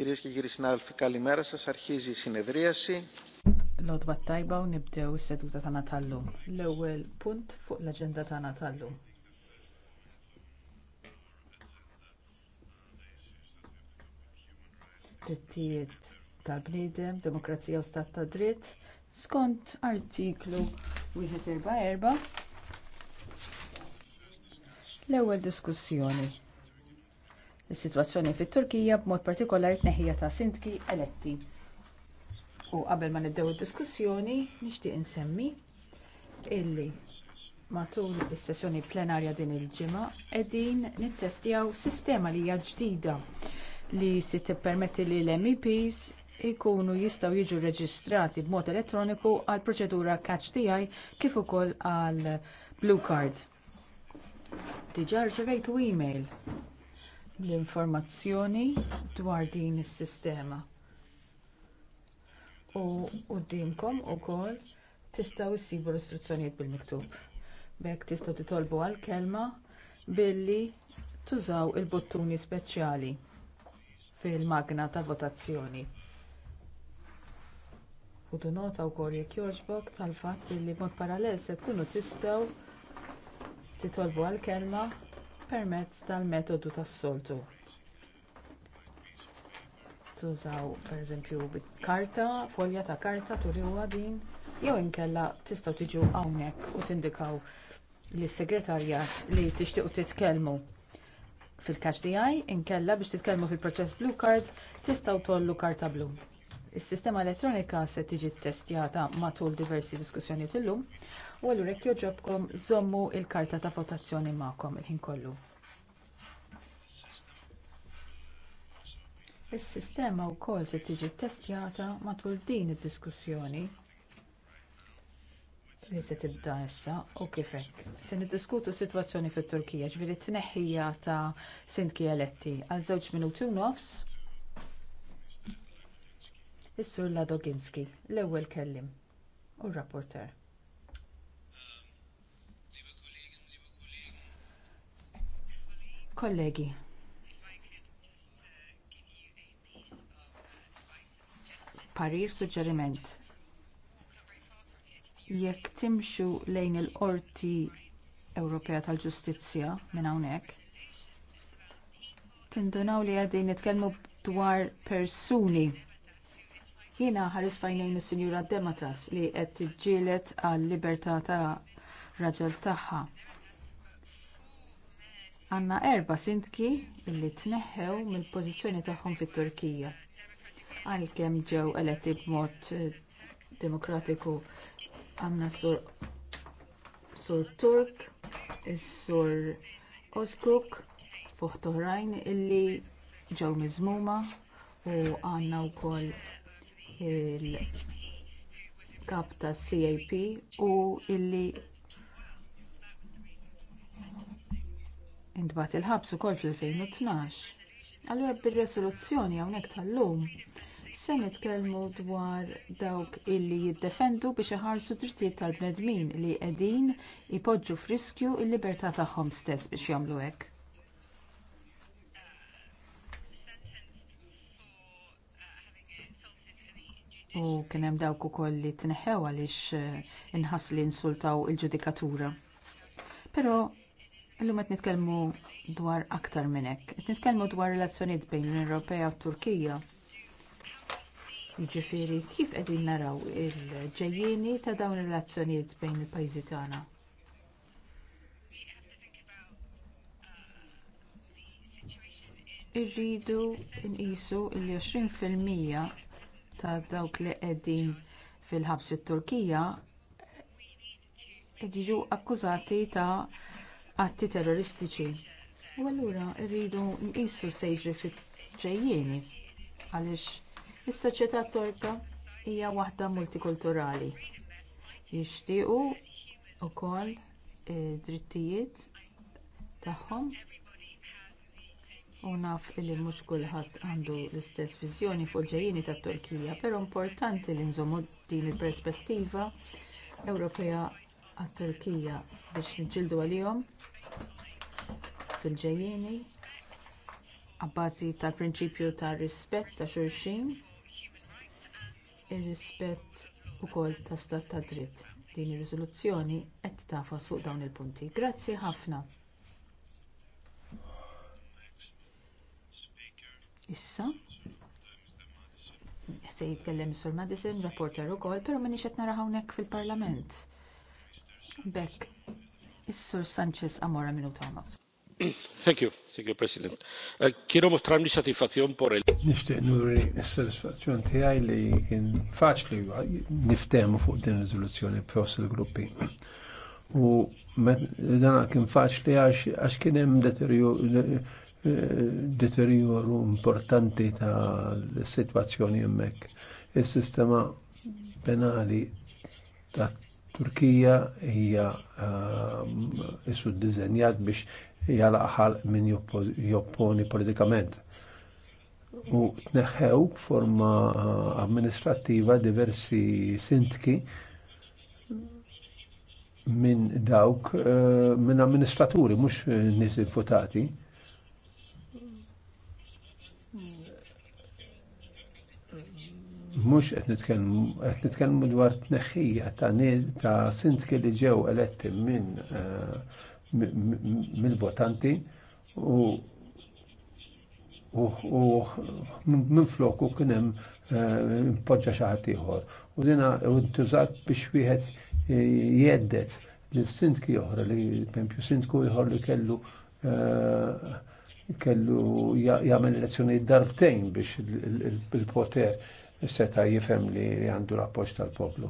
Κυρίες και κύριοι συνάδελφοι, καλημέρα σας. Αρχίζει η συνεδρίαση. Λόδβα Τάιμπα, νιμπτέου σε τούτα τα Νατάλου. Λεουέλ πούντ, φου τα Νατάλου. Drittijiet tal-bniedem, demokrazija u stat ta' dritt, skont artiklu 144. L-ewwel diskussjoni is-sitwazzjoni fit-Turkija b'mod partikolari t-tneħħija ta' sindki eletti. U qabel ma nibdew id-diskussjoni nixtieq insemmi illi matul is-sessjoni plenarja din il-ġimgħa qegħdin nittestjaw sistema li hija ġdida li se tippermetti li l-MEPs ikunu jistgħu jiġu rreġistrati b'mod elettroniku għall proċedura catch tiegħi kif ukoll għall blue card. Diġà rċevejtu email l-informazzjoni dwar din is-sistema. U quddiemkom ukoll tistgħu issibu l-istruzzjonijiet bil-miktub. B'hekk tistgħu titolbu għall kelma billi tużaw il-bottuni speċjali fil-magna ta' votazzjoni. U du nota wkoll jekk jogħġbok tal-fatt li b'mod parallel se tkunu tistgħu titolbu għall kelma permezz tal-metodu tas-soltu. Tużaw pereżempju karta, folja ta' karta turiwa din, jew inkella tistgħu tiġu hawnhekk u tindikaw lis segretarjat li tixtiequ titkellmu fil-kaċ DI, inkella biex titkellmu fil-proċess Blue Card tistgħu tollu karta blu. Is-sistema elettronika se tiġi ttestjata matul diversi diskussjonijiet illum u allura jekk jogħġobkom żommu l-karta ta' votazzjoni magħkom il-ħin kollu. Is-sistema wkoll se tiġi ttestjata matul din id-diskussjoni li se tibda issa u kif hekk. Se niddiskutu s-sitwazzjoni fit-Turkija, ġifieri t-tneħħija ta' sindki eletti għal żewġ minuti u nofs. Is-Sur Ladoginski, l-ewwel kellim u r-rapporter. Kollegi, parir suġġeriment. Jekk timxu lejn il-Qorti Ewropea tal-Ġustizzja minn hawnhekk, tindunaw li qegħdin nitkellmu dwar persuni. Jiena ħares fajnejn is-Sinjura Dematas li qed tiġġieled għal libertà ta' raġel tagħha Għandna erba' sindki li tneħħew mill-pożizzjoni tagħhom fit-Turkija għalkemm ġew eletti b'mod eh, demokratiku għandna sur sur Turk, is-sur Oskuk, fuq oħrajn illi ġew miżmuma u għandna wkoll il-kap tas CAP u illi intbagħat il-ħabs ukoll fl-2012. Allura bir-resoluzzjoni hawnhekk tal-lum se nitkellmu dwar dawk illi jiddefendu biex iħarsu drittijiet tal-bnedmin li qegħdin ipoġġu f'riskju l-libertà tagħhom stess biex jagħmlu hekk. U kien hemm dawk ukoll li tneħħew għaliex inħass li insultaw il-ġudikatura. Però Illum qed nitkellmu dwar aktar minn hekk. Qed nitkellmu dwar relazzjonijiet bejn l-Unjoni Ewropea u Turkija. Jiġifieri kif qegħdin naraw il-ġejjieni ta' dawn ir-relazzjonijiet bejn il-pajjiżi tagħna. Irridu nqisu il 20% fil-mija ta' dawk li qegħdin fil-ħabs fit-Turkija qed akkużati ta' atti terroristiċi. U allura rridu nqisu sejġri fit ġejjieni għaliex is-soċjetà torka hija waħda multikulturali. Jixtiequ wkoll drittijiet tagħhom u naf li mhux kulħadd għandu l-istess viżjoni fuq il-ġejjieni tat-Turkija, però importanti li nżommu din il-perspettiva Ewropea għat-Turkija biex niġġieldu għalihom fil-ġejjieni abbażi tal-prinċipju tar-rispett ta' xulxin ir-rispett ukoll ta' stat ta' dritt. Din ir-riżoluzzjoni qed tafas fuq dawn il-punti. Grazzi ħafna. Issa se jitkellem is-Sur Madison, rapporter ukoll, però m'inhiex qed nara hawnhekk fil-Parlament. Bekk, is-Sur Sanchez Amora minuta nofs. Thank you, thank you, President. Kienu eh, muhtram li satisfazzjon por il. Nishtiq nuri s-satisfazzjon tijaj li kien faċli niftemu fuq din rizoluzzjoni fos il-gruppi. U dan kien faċli għax kien hemm deterioru importanti ta' situazzjoni jemmek. il sistema penali ta' Turkija hija eh, issu ddiżenjat biex jalaqħal min jopponi politikament. U tneħħew forma eh, amministrattiva diversi sintki minn dawk eh, minn amministraturi, mhux nies infutati mhux qed nitkellmu dwar tneħħija ta' ta' sindki li ġew eletti minn eh, mill-votanti u u minn floku kien hemm eh, impoġġa xi ħadd ieħor. U dina ntużat biex wieħed eh, jeddet li sindki oħra li pempju sindku ieħor li kellu kellu jagħmel elezzjoni darbtejn biex il-poter seta' jifhem li għandu l-appoġġ tal-poplu.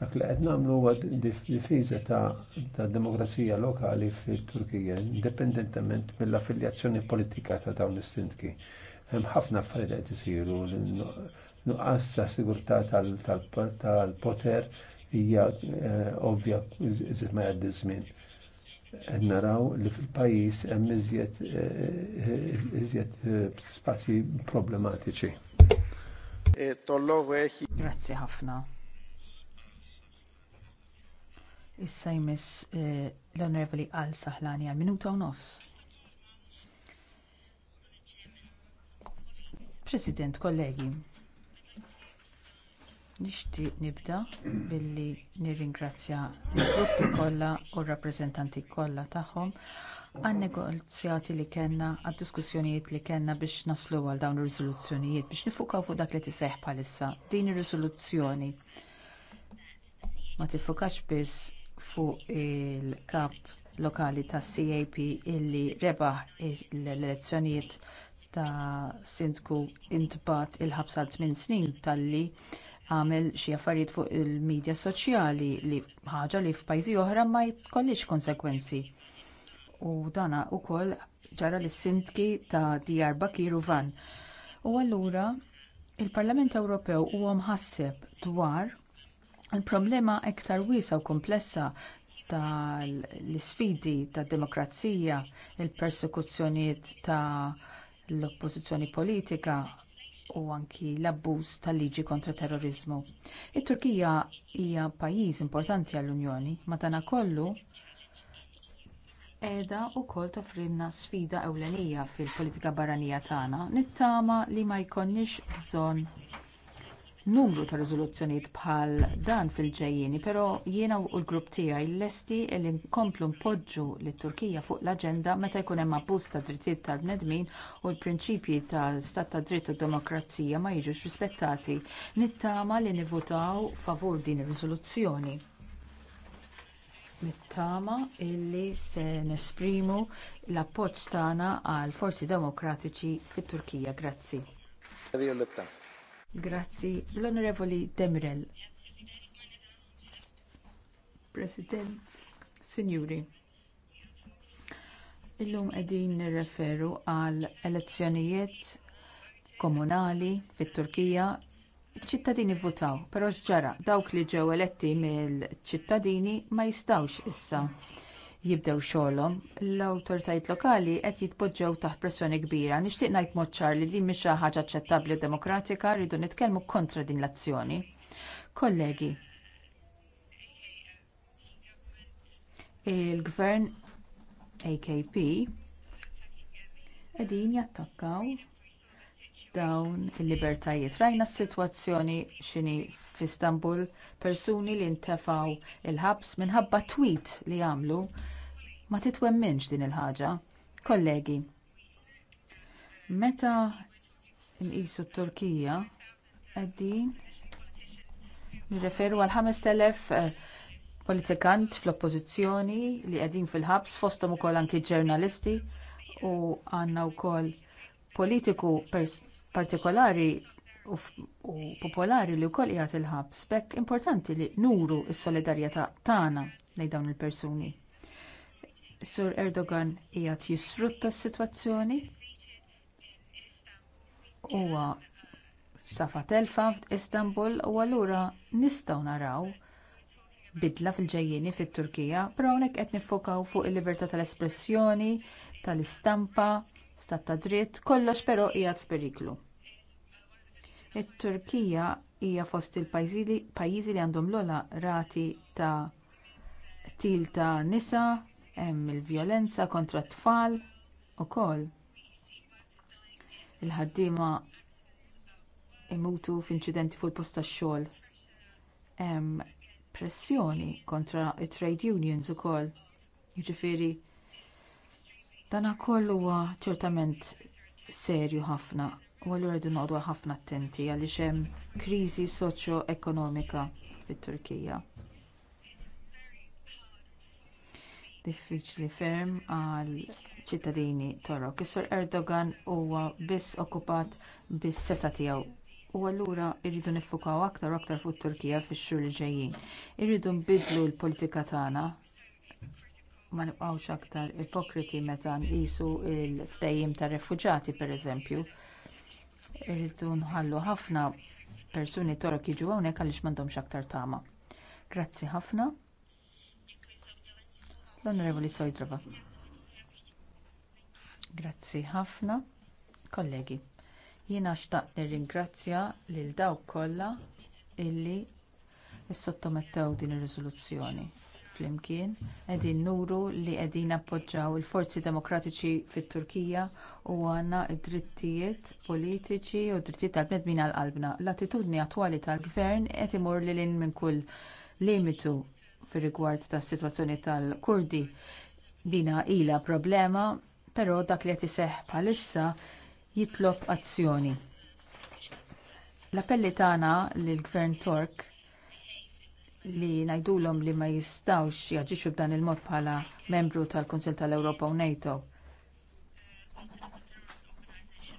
Dak li qed nagħmlu huwa difiża ta' demokrazija lokali fit-Turkija, indipendentement mill-affiljazzjoni politika ta' dawn istintki Hemm ħafna affarijiet qed isiru nuqqas ta' sigurtà tal-poter hija eh, ovvja iżid ma jgħaddi żmien naraw li fil pajjiż hemm iżjed eh, eh, spazji problematiċi. Eh, Grazzi ħafna. Issa jmiss eh, l-Onorevoli Al Saħlani għal minuta u nofs. President, kollegi, nishti nibda billi nirringrazzja l-gruppi kollha u r-rappreżentanti kollha tagħhom għan-negozjati li kellna għad-diskussjonijiet li kellna biex naslu għal dawn ir-riżoluzzjonijiet biex nifukaw fuq dak li tiseħħ bħalissa din ir-riżoluzzjoni ma tiffokax biss fuq il-kap lokali tas CAP illi rebaħ l-elezzjonijiet ta' sindku intbat il-ħabsa tmien snin talli għamel xi affarijiet fuq il-medja soċjali li ħaġa li f'pajjiżi oħra ma jkollix konsegwenzi u dana ukoll ġara lis sindki ta' djar Bakir u Van. U allura il-Parlament Ewropew huwa mħasseb dwar il-problema iktar wiesa u komplessa tal-isfidi tad-demokrazija, il-persekuzzjonijiet ta' l-oppożizzjoni politika, u anki l-abbuż tal-liġi kontra terrorizmu. it-Turkija hija pajjiż importanti għall-Unjoni, kollu qiegħda wkoll tofrilna sfida ewlenija fil-politika barranija tagħna nittama li ma jkollniex bżonn numru ta' riżoluzzjonijiet bħal dan fil-ġejjieni, però jiena u l-grupp tiegħi lesti li nkomplu npoġġu lit turkija fuq l-aġenda meta jkun hemm abbuż ta' drittijiet tal-bnedmin u l-prinċipji ta' stat ta' dritt u demokrazija ma jiġux rispettati. Nittama li nivvutaw favur din ir-riżoluzzjoni nittama illi se nesprimu l-appoġġ tagħna għal forzi demokratiċi fit-Turkija. Grazzi. Grazzi l-Onorevoli Demirel. President, Sinjuri. Illum qegħdin nirreferu għal elezzjonijiet komunali fit-Turkija iċ ċittadini votaw, però x'ġara dawk li ġew eletti mill-ċittadini ma jistgħux issa jibdew xogħolhom. L-awtoritajiet lokali qed jitpoġġew taħt pressjoni kbira. Nixtieq ngħid mod ċar li din mhix xi ħaġa aċċettabbli u demokratika rridu nitkellmu kontra din l-azzjoni. Kollegi, il-gvern AKP qegħdin jattakkaw dawn il-libertajiet. Rajna s-sitwazzjoni x'inhi f'Istanbul, persuni li ntefgħu il-ħabs minħabba tweet li għamlu ma titwemminx din il-ħaġa. Kollegi, meta nqisu t-Turkija qegħdin nirreferu għal 5000 eh, politikant fl-oppożizzjoni li qegħdin fil-ħabs fosthom ukoll anki ġurnalisti u għandna wkoll politiku pers partikolari u popolari li wkoll jagħti il-ħabs b'hekk importanti li nuru s-solidarjetà tagħna lejn dawn il-persuni. Sur Erdogan qiegħed jisfrutta s-sitwazzjoni huwa safat elfa f'Istanbul u allura nistgħu naraw bidla fil-ġejjieni fit-Turkija, però hawnhekk qed niffokaw fuq il-libertà tal-espressjoni, tal-istampa, stat ta' dritt, kollox però qiegħed f'periklu. It-Turkija hija fost il-pajjiżi li għandhom l-ogħla rati ta' qtil ta' nisa, hemm il-vjolenza kontra t-tfal ukoll. Il-ħaddiema imutu f'inċidenti fuq il-post tax-xogħol. Hemm pressjoni kontra t trade unions ukoll. Jiġifieri Dan kollu huwa ċertament serju ħafna u allura rridu noqogħdu ħafna attenti għaliex hemm kriżi soċjo-ekonomika fit-Turkija. Diffiċli ferm għal ċittadini Torok. Isur Erdogan huwa biss okkupat bis-seta tiegħu u allura rridu nifukaw aktar aktar fuq it Turkija fix-xhur li ġejjin. Irridu nbiddlu l-politika tagħna ma nibqgħux aktar ipokriti meta nqisu l-ftehim tar-refuġati pereżempju. Irridu nħallu ħafna persuni torok jiġu hawnhekk għaliex m'għandhomx aktar tama. Grazzi ħafna. L-Onorevoli Sojdrova. Grazzi ħafna. Kollegi, jiena xtaqt nirringrazzja lil dawk kollha illi s-sottomettew din ir-riżoluzzjoni flimkien qegħdin nuru li qegħdin nappoġġjaw il-forzi demokratiċi fit-Turkija u għandna d-drittijiet politiċi u d-drittijiet tal-bnedmin għal qalbna. L-attitudni attwali tal-gvern qed imur lil minn kull limitu fir-rigward tas-sitwazzjoni tal-Kurdi. Dina ilha problema, però dak li qed iseħħ bħalissa jitlob azzjoni. L-appelli tagħna lill-Gvern Tork li ngħidulhom li ma jistgħux jaġixxu b'dan il-mod bħala membru tal-Kunsill tal-Ewropa u NATO.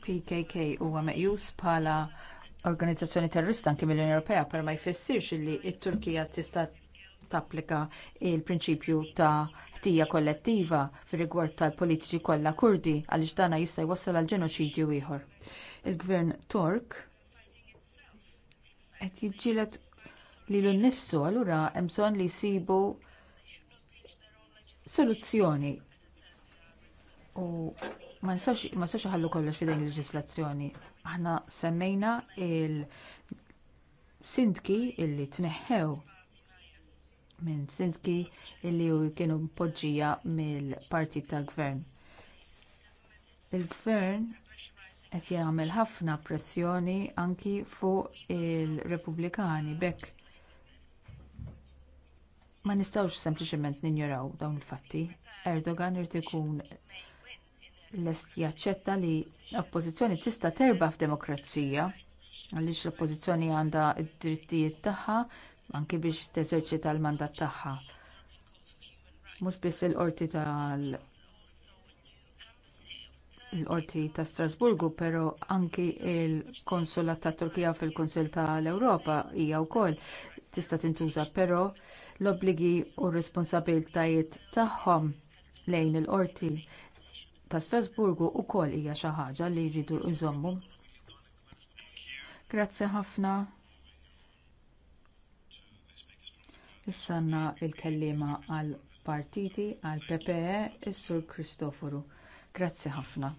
PKK huwa meqjus bħala organizzazzjoni terrorista anke mill-Unjoni Ewropea per ma jfissirx li t-Turkija tista' tapplika l prinċipju ta' ħtija kollettiva fir-rigward tal-politiċi kollha Kurdi għaliex dana jista' jwassal għal ġenoċidju ieħor. Il-Gvern Tork qed jiġġieled lilu nnifsu allura hemm bżonn li jsibu soluzzjoni u ma nistax iħallu kollox f'idejn il-leġiżlazzjoni. Aħna semmejna il-sindki illi tneħħew minn sindki illi kienu mpoġġija mill-partit tal-gvern. Il-gvern qed jagħmel ħafna pressjoni anki fuq ir repubblikani b'hekk ma nistgħux sempliċement ninjoraw dawn il-fatti erdogan irid ikun lest jaċċetta li l-oppożizzjoni tista' terba' f'demokrazija għaliex l-oppożizzjoni għandha d-drittijiet tagħha anke biex teżerċita l-mandat tagħha mhux biss il-qorti tal qorti ta' Strasburgu, però anki l konsulat tat Turkija fil-Kunsill tal-Ewropa hija wkoll tista' tintuża però l-obbligi u r-responsabbiltajiet tagħhom lejn il-qorti ta' strasburgu wkoll hija xi ħaġa li jridu jżommu grazzi ħafna issa għandna l-kelliema għall-partiti għall-ppe is-sur kristoforu grazzi ħafna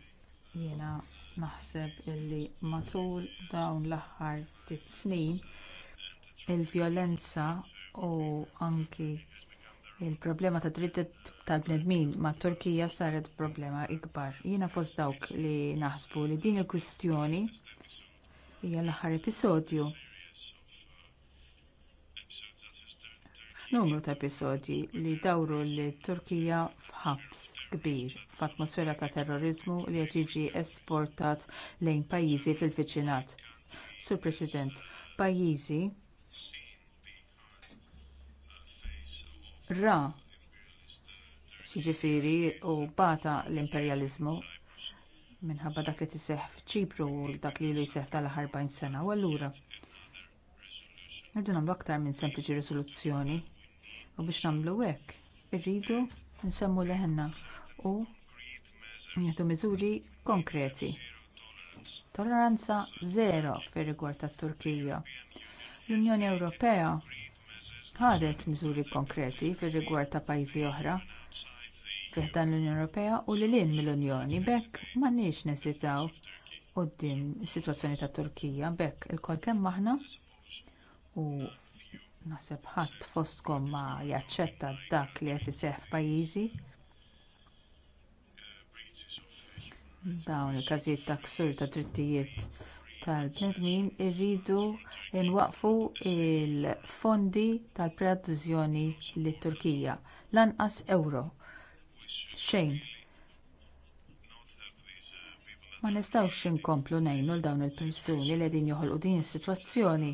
jiena naħseb illi matul dawn l-aħħar ftit snin il-vjolenza u anki il-problema ta' dritt tal-bnedmin mat Turkija saret problema ikbar. Jiena fost dawk li naħsbu li din il-kwistjoni hija l-aħħar episodju f'numru ta' episodji li dawru lit Turkija f'ħabs kbir f'atmosfera ta' terrorizmu li qed jiġi esportat lejn pajjiżi fil-viċinat. Sur President, pajjiżi ra jiġifieri u bata l-imperjaliżmu minħabba dak li tiseħħ f'ċipru u dak li ilu jseħħ tal-aħħar 40 sena u allura irridu nagħmlu aktar minn sempliċi riżoluzzjoni u biex nagħmlu hekk irridu nsemmu leħenna u nieħdu miżuri konkreti tolleranza żero fir-rigward tat-turkija l-unjoni ewropea ħadet miżuri konkreti fir-rigward ta' pajjiżi oħra fih dan l-Unjoni Ewropea u lil hinn mill-Unjoni b'hekk m'għandniex neżitaw quddiem is-sitwazzjoni tat-Turkija b'hekk ilkoll kemm aħna u naħseb ħadd fostkom ma jaċċetta dak li qed iseħħ f'pajjiżi dawn il-każijiet ta' ksur ta' drittijiet tal-bnedmin irridu nwaqqfu l-fondi tal-preadeżjoni lit-turkija lanqas ewro xejn ma nistgħux inkomplu ngħinu lil dawn il-persuni li qegħdin joħolqu din is-sitwazzjoni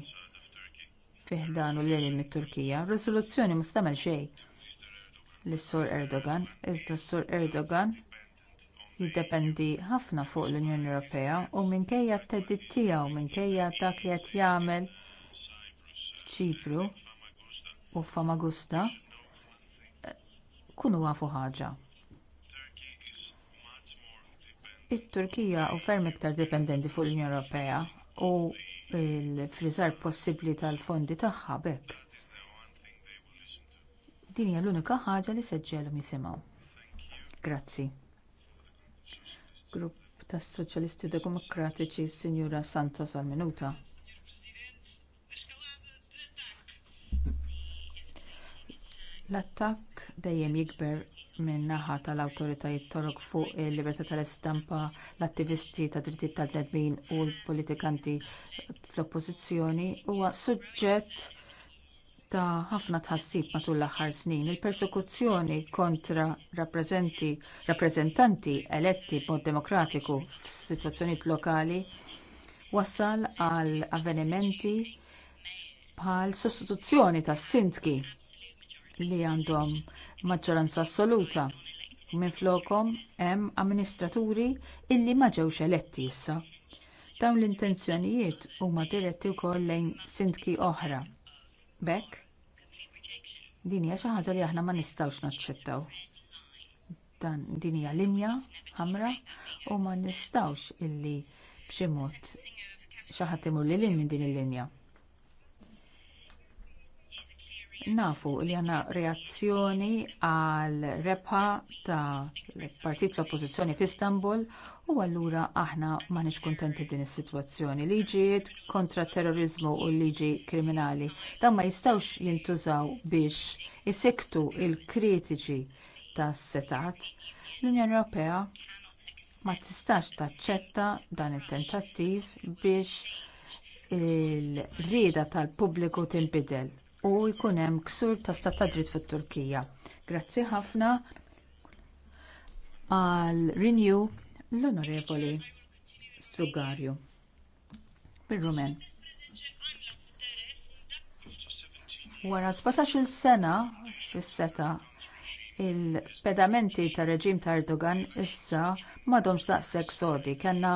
fih dan u lil mit-Turkija. Riżoluzzjoni ma stamel xejn lis-Sur Erdogan, iżda s-Sur Erdogan jiddependi ħafna fuq l-Unjoni Ewropea u minkejja t-theddid tiegħu minkejja dak li qed jagħmel Ċipru u Famagusta, kunu nafu ħaġa. It-Turkija u ferm iktar dipendenti fuq l-Unjoni Ewropea u l-friżar possibbli tal-fondi tagħha b'hekk. Din hija l-unika ħaġa li seġġelhom jisimgħu. Grazzi grupp tas-Soċjalisti Demokratiċi Sinjura Santos għal minuta. L-attakk dejjem jikber min naħa tal-awtoritajiet torok fuq il-libertà tal-istampa l-attivisti ta' drittijiet tal-bnedmin u l-politikanti fl-oppożizzjoni huwa suġġett ta' ħafna tħassib matul l-aħħar snin. Il-persekuzzjoni kontra rappreżentanti eletti b'mod demokratiku f'sitwazzjonijiet lokali wassal għal avvenimenti bħal sostituzzjoni tas sindki li għandhom maġġoranza assoluta minflokhom hemm amministraturi illi ma ġewx eletti issa. Dawn l-intenzjonijiet huma diretti wkoll lejn sindki oħra B'hekk din hija xi ħaġa li aħna ma nistgħux naċċettaw. Dan din hija linja ħamra u ma nistgħux illi b'xi mod xi ħadd imur lil minn din il-linja. nafu li għandna reazzjoni għal rebħa ta' partit tal oppożizzjoni f'Istanbul u allura aħna m'aħniex kuntenti din is-sitwazzjoni. Liġijiet kontra t terrorizmu u liġi kriminali dan ma jistgħux jintużaw biex isektu l kritiċi tas-setat. L-Unjoni Ewropea ma tistax taċċetta dan it-tentattiv biex il-rieda tal-pubbliku tinbidel u jkun hemm ksur ta' stat ta' dritt fit-Turkija. Grazzi ħafna għal Renew l-Onorevoli Strugarju. Bir-Rumen. Wara 17-il sena fis-seta il-pedamenti tar-reġim ta' Erdogan issa m'għadhomx daqshekk sodi. Kellna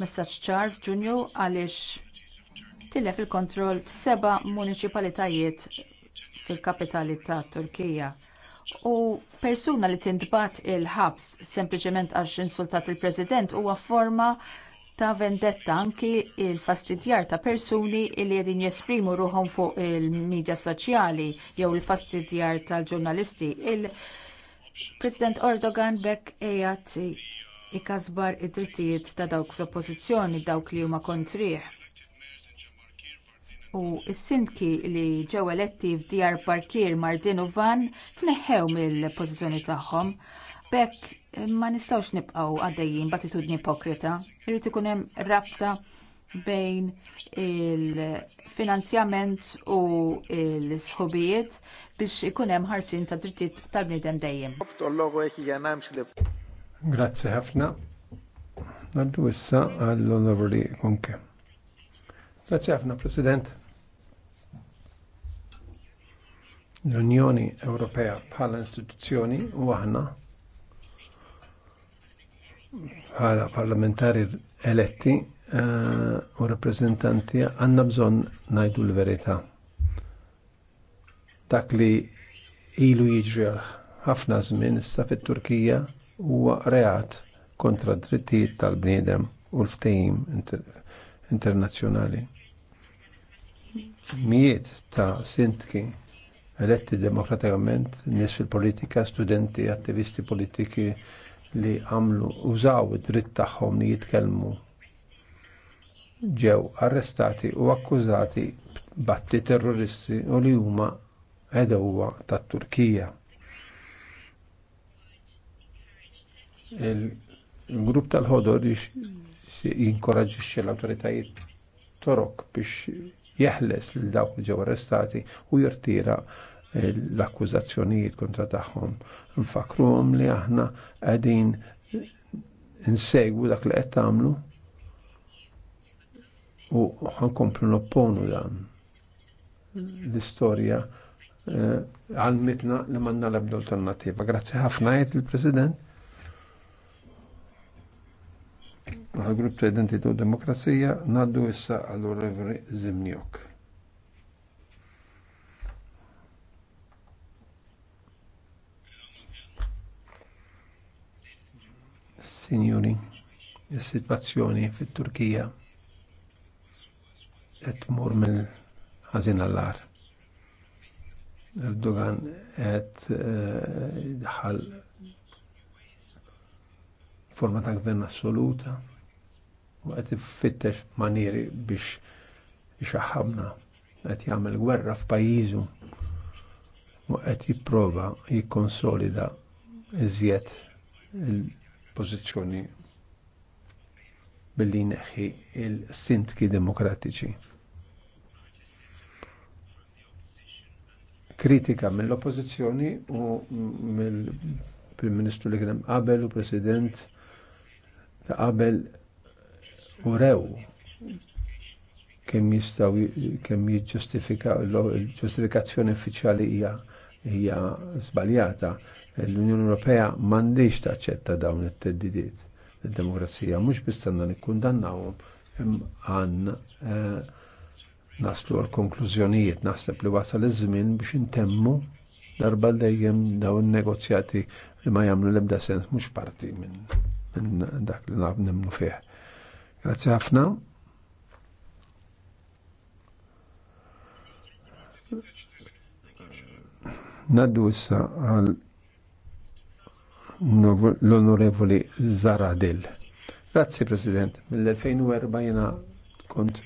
messaġġ ċar f'Ġunju għaliex tilef il-kontroll f'seba' muniċipalitajiet fil-kapitali tat Turkija. U persuna li tintbat il-ħabs sempliċement għax insultat il-President huwa forma ta' vendetta anki l fastidjar ta' persuni li qegħdin jesprimu ruhom fuq il-medja soċjali jew il-fastidjar tal-ġurnalisti. Il-President Erdogan bekk ejat ikasbar id-drittijiet ta' dawk fl-oppożizzjoni dawk li huma kontrih u s-sindki li ġew eletti f'djar parkir Mardin u Van tneħħew mill-pożizzjoni tagħhom. B'hekk ma nistgħux nibqgħu għaddejjin b'attitudni ipokrita. Irid ikun hemm rabta bejn il-finanzjament u l-sħubijiet biex ikun hemm ħarsien ta' drittijiet tal-bniedem dejjem. Grazzi ħafna. Għaddu issa għall-Onorevoli konke. Grazzi ħafna, President. l-Unjoni Ewropea bħala istituzzjoni u aħna bħala parlamentari eletti eh, u rappresentanti għanna bżon najdu l-verità. Dak li ilu jiġri ħafna żmien issa fit-Turkija huwa reat kontra drittijiet tal-bniedem u l-ftehim internazzjonali. Mijiet ta' sintki eletti demokratikament, nies fil-politika, studenti, attivisti politiki li għamlu użaw id-dritt tagħhom li jitkellmu ġew arrestati u akkużati batti terroristi u li huma edewwa tat-Turkija. Il-grupp tal-ħodor jinkoraġġixxi l-awtoritajiet torok biex jeħles lil dawk li ġew arrestati u jirtira eh, l-akkużazzjonijiet kontra tagħhom. Nfakruhom li aħna qegħdin insegwu dak li qed tagħmlu u ħankomplu nopponu dan l-istorja eh, għalmitna li manna l-ebda alternativa. Grazzi ħafna jgħid il-President. għal-grupp ta' identitu demokrazija naddu issa għal-Revri Zimniok. Signori, il-situazzjoni fit-Turkija et mur mill ħażin għallar. ar Erdogan qed eh, daħal forma ta' gvern assoluta, qed fittex maniri biex ixaħħabna qed jagħmel gwerra f'pajjiżu u qed jipprova jikonsolida iżjed il pozizjoni billi neħi il-sintki demokratiċi. Kritika mill oppozizjoni u mill-Prim Ministru li kien qabel u President ta' qabel u rew kemm jistgħu kemm jiġġustifika l-ġustifikazzjoni uffiċjali hija hija żbaljata. L-Unjoni Ewropea m'għandix taċċetta dawn it-teddidiet. il demokrazija mhux biss għandna nikkundannawhom għan eh, naslu għal konklużjonijiet naħseb li wasal iż-żmien biex intemmu darba dejjem il negozjati li ma jagħmlu l-ebda sens mhux parti minn dak li naf fih. Grazie ħafna. Naddu issa għal l-onorevoli Zara Zaradil. Grazie President, mill-2004 jena kont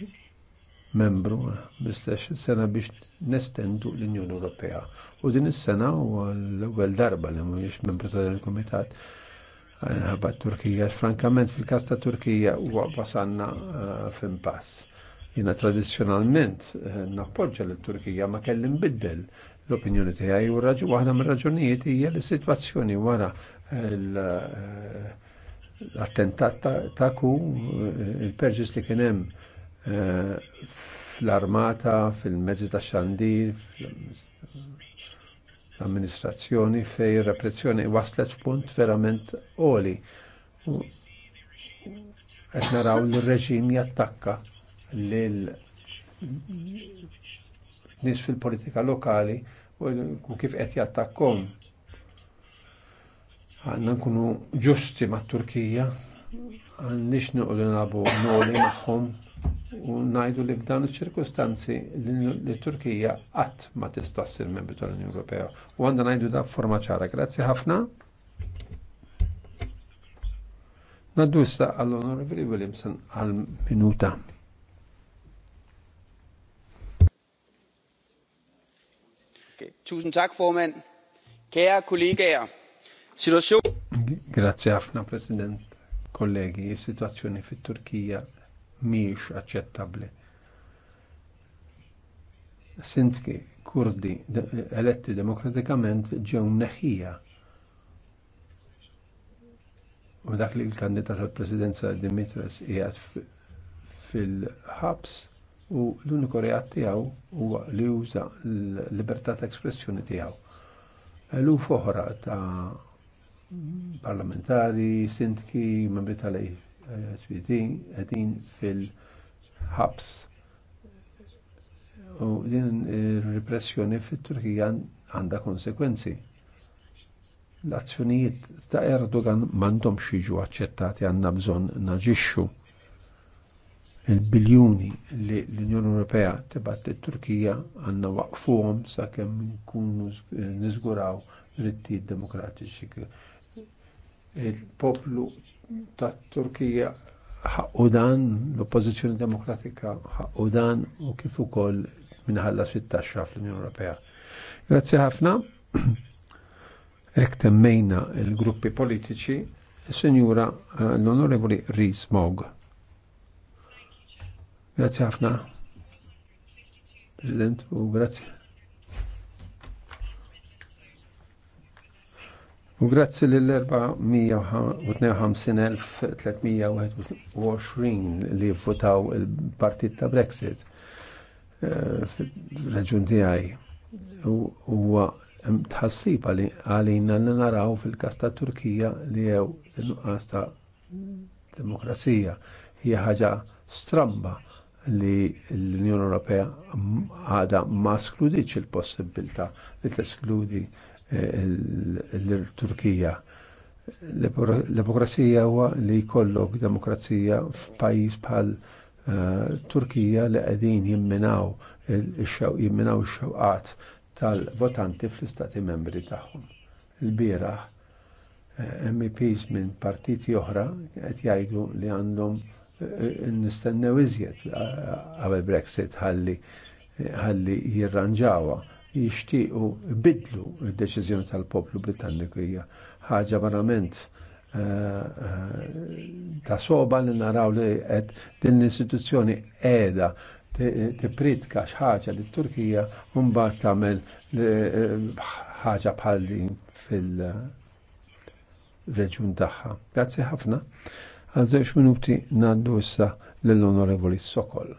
membru bistax sena biex nestendu l-Unjoni Ewropea. U din is-sena u l-ewwel darba li mhuwiex membru tal-Kumitat ħabba Turkija. Frankament fil-kas ta' Turkija huwa wasanna eh, f'impass. Jina tradizjonalment eh, nappoġġa l turkija ma kelli nbiddel l-opinjoni tiegħi u raġu waħda mir-raġunijiet hija li situazzjoni wara l-attentat eh, ta' ku il-perġis li kien hemm fl-armata, fil-mezzi ta' xandir, amministrazzjoni fej repressjoni waslet f'punt verament oli. Qed naraw l-reġim jattakka lil nies fil-politika lokali u kif qed jattakkom. Għanna nkunu ġusti mat-Turkija, għannix nuqdu nabu noli magħhom u najdu li f'dan iċ-ċirkustanzi li Turkija qatt ma tista' ssir membri tal-Unjoni Ewropea. U għandha ngħidu da forma ċara. Grazzi ħafna. Naddu issa għall-Onorevoli Williamson għal-minuta. Tusind tak, formand. Kære kollegaer, situation... Grazie Afna, President. Kollegi, situationen i turkija miex aċċettabbli. Sintki kurdi eletti demokratikament ġew neħija u dak li l-kandidat għal-presidenza Dimitris qiegħed fil-ħabs u l-uniku reat tiegħu huwa li juża l-libertà ta' espressjoni tiegħu. Eluf foħra ta' parlamentari, sindki, membri tal għedin fil-ħabs. U din ir-repressjoni fit-Turkija għandha konsekwenzi l-azzjonijiet ta' Erdogan mandom xieġu accettati għanna bżon naġixxu il-biljuni li l-Unjoni Ewropea tibat il turkija għanna waqfuhom sakemm nkunu niżguraw drittijiet demokratiċi il-poplu ta' Turkija ħaqqu dan, l-oppozizjoni demokratika ħaqqu dan u kif ukoll minħalla fit fl-Unjoni Ewropea. Grazzi ħafna. Hekk temmejna il-gruppi politiċi, il-Senjura l-Onorevoli Rees Mogg. Grazzi ħafna. President, u grazzi U grazzi l-452.321 li votaw il-partit ta' Brexit eh, fil-reġun tiegħi. Huwa tħassib għalina li naraw fil każ tat Turkija li jew nuqqas ta' demokrazija. Hija ħaġa stramba li l-Unjoni Ewropea għada ma skludiċ il-possibilità li teskludi Eh, l-Turkija. L-demokrazija huwa li jkollok demokrazija f'pajjiż bħal eh, Turkija li qegħdin jimminaw jimminaw ix-xewqat tal-votanti fl-istati membri tagħhom. Il-bieraħ eh, MEPs minn partiti oħra qed jgħidu li għandhom nistennew iżjed qabel Brexit ħalli ħalli jirranġawha jixtiequ bidlu il deċiżjoni tal-poplu Britanniku hija ħaġa verament eh, eh, ta' soba li naraw li qed din l-istituzzjoni qiegħda tipritka ħaġa li turkija u mbagħad tagħmel eh, ħaġa bħal din fil-reġjun tagħha. Grazzi ħafna. Għal minuti ngħaddu issa lill-Onorevoli Sokol.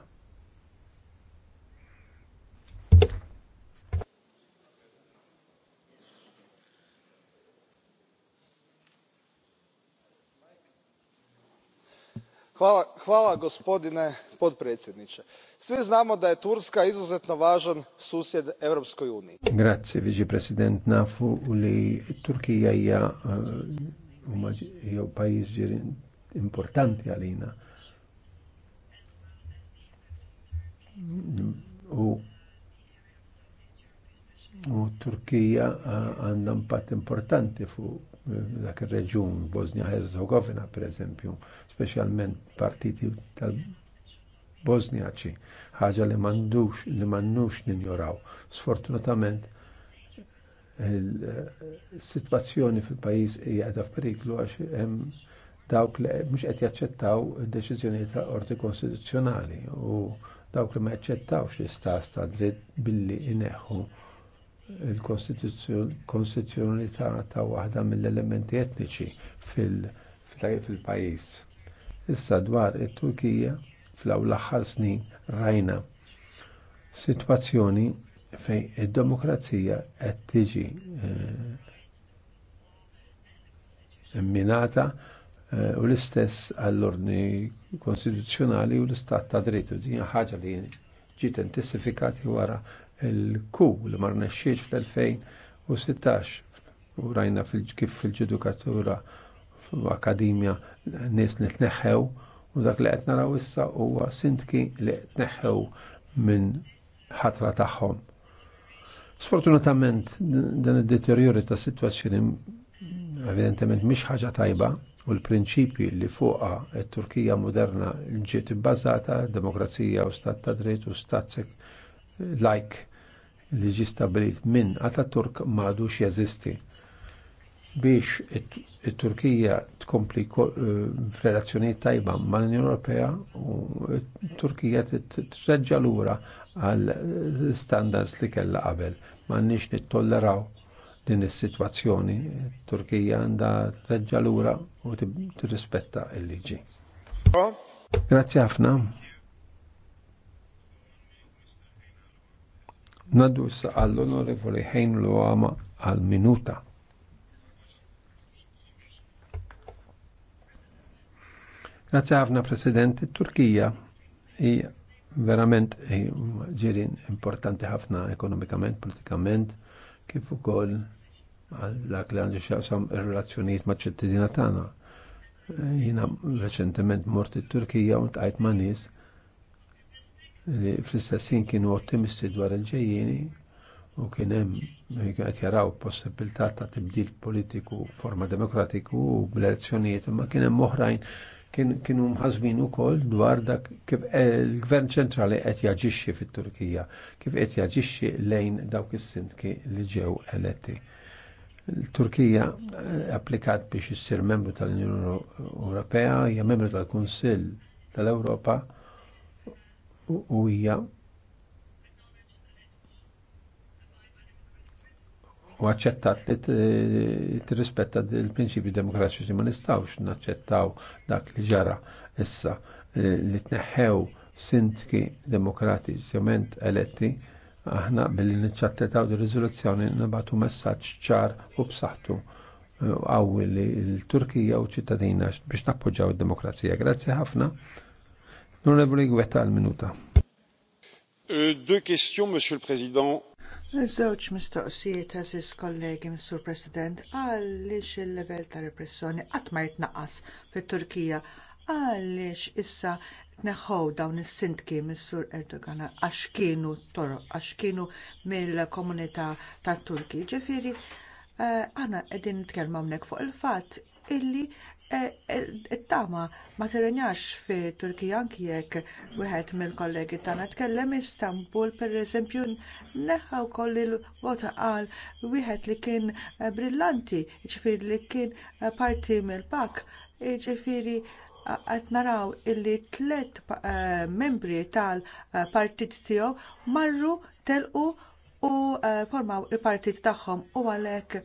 gospodine potpredsjednie svi znamo da je turska izuzetno vaan susjed europskoj uniji. grazzi viċi nafu li turkija hija jew eh, pajjiż importanti għalina u u Turkija għandha eh, impatt importanti fuq dak ir-reġjun Bosnia Herzegovina pereżempju, speċjalment partiti tal-Bosniaċi, ħaġa li m'għandux li m'għandux ninjoraw. Sfortunatament il-sitwazzjoni fil-pajjiż hija qiegħda f'periklu għax hemm dawk li mhux qed jaċċettaw deċiżjonijiet ta' qorti konstituzzjonali u dawk li ma jaċċettawx l-istas ta' dritt billi ineħħu il-konstituzzjonalità ta' waħda mill-elementi etniċi fil-pajjiż. Issa dwar it-Turkija fl ewwel l-aħħar snin rajna sitwazzjoni fejn id-demokrazija qed tiġi eh, imminata eh, u l-istess għall-ordni konstituzzjonali u l-istat ta' drittu. Din ħaġa li ġiet intensifikati wara il-ku li ma rnexxiex fl-2016 u rajna kif fil-ġedukatura f'akademja nies li u dak li qed naraw issa huwa sintki li neħħew minn ħatra tagħhom. Sfortunatament dan id-deteriori ta' sitwazzjoni evidentement mhix ħaġa tajba u l-prinċipji li fuqha t-Turkija moderna ġiet ibbażata, demokrazija u stat ta' dritt u stat like li ġi stabilit minn għata Turk madu jeżisti. Biex it-Turkija tkompli eh, f'relazzjonijiet tajba mal-Unjoni Ewropea u Turkija treġġa lura għal standards li kellha qabel. M'għandniex nittolleraw din is-sitwazzjoni. Turkija għandha treġġa lura u tirrispetta l-liġi. Grazzi ħafna. Naddu issa għall-onorevoli ħejn l għal-minuta. Grazie ħafna President, Turkija hija verament ġirin importanti ħafna ekonomikament, politikament, kif ukoll dak li għandu xaqsam ir-relazzjonijiet ma' ċittadina tagħna. Jiena reċentement morti turkija u tqajt ma' nies li fl-istessin kienu ottimisti dwar il-ġejjini u kien hemm qed jaraw possibilità ta' tibdil politiku forma demokratiku u bl-elezzjonijiet, imma kien hemm oħrajn kienu mħazmin ukoll dwar dak kif il-gvern ċentrali qed jaġixxi fit-Turkija, kif qed jaġixxi lejn dawk is-sindki li ġew eletti. Turkija eh, applikat biex issir membru tal-Unjoni Ewropea, hija membru tal-Kunsill tal-Ewropa, tal kunsill tal ewropa u hija u għacċettat li tirrispetta il-prinċipju demokratiċi ma nistawx naċċettaw dak li ġara issa eh, li tneħħew sindki demokratiċement eletti aħna billi niċċattetaw di riżoluzzjoni nibatu messaġġ ċar u b'saħħtu eh, għawwi li l-Turkija u ċittadina biex nappoġġaw id-demokrazija. Grazzi ħafna. L'onorevole Gwetta għal-minuta. Euh, deux questions, Monsieur le Président. Żewġ mistoqsijiet eżis kollegi, Mr. President, għaliex il-level ta' repressjoni qatt ma jitnaqqas fit-Turkija, għaliex issa neħħow dawn is-sindki mis-Sur Erdogan għax kienu toro, għax kienu mill-komunità tat Turki. Ġifieri, għana eh, qegħdin nitkellmu hawnhekk fuq il-fatt illi E, e, it-tama ma tirenjax fi Turkija anki jekk wieħed mill-kollegi tagħna tkellem Istanbul pereżempju neħħa wkoll il-vota qal wieħed li kien e, brillanti, jiġifieri li kien parti mill-pak, jiġifieri qed naraw illi tliet membri tal-partit tiegħu marru telqu u formaw il-partit tagħhom u għalhekk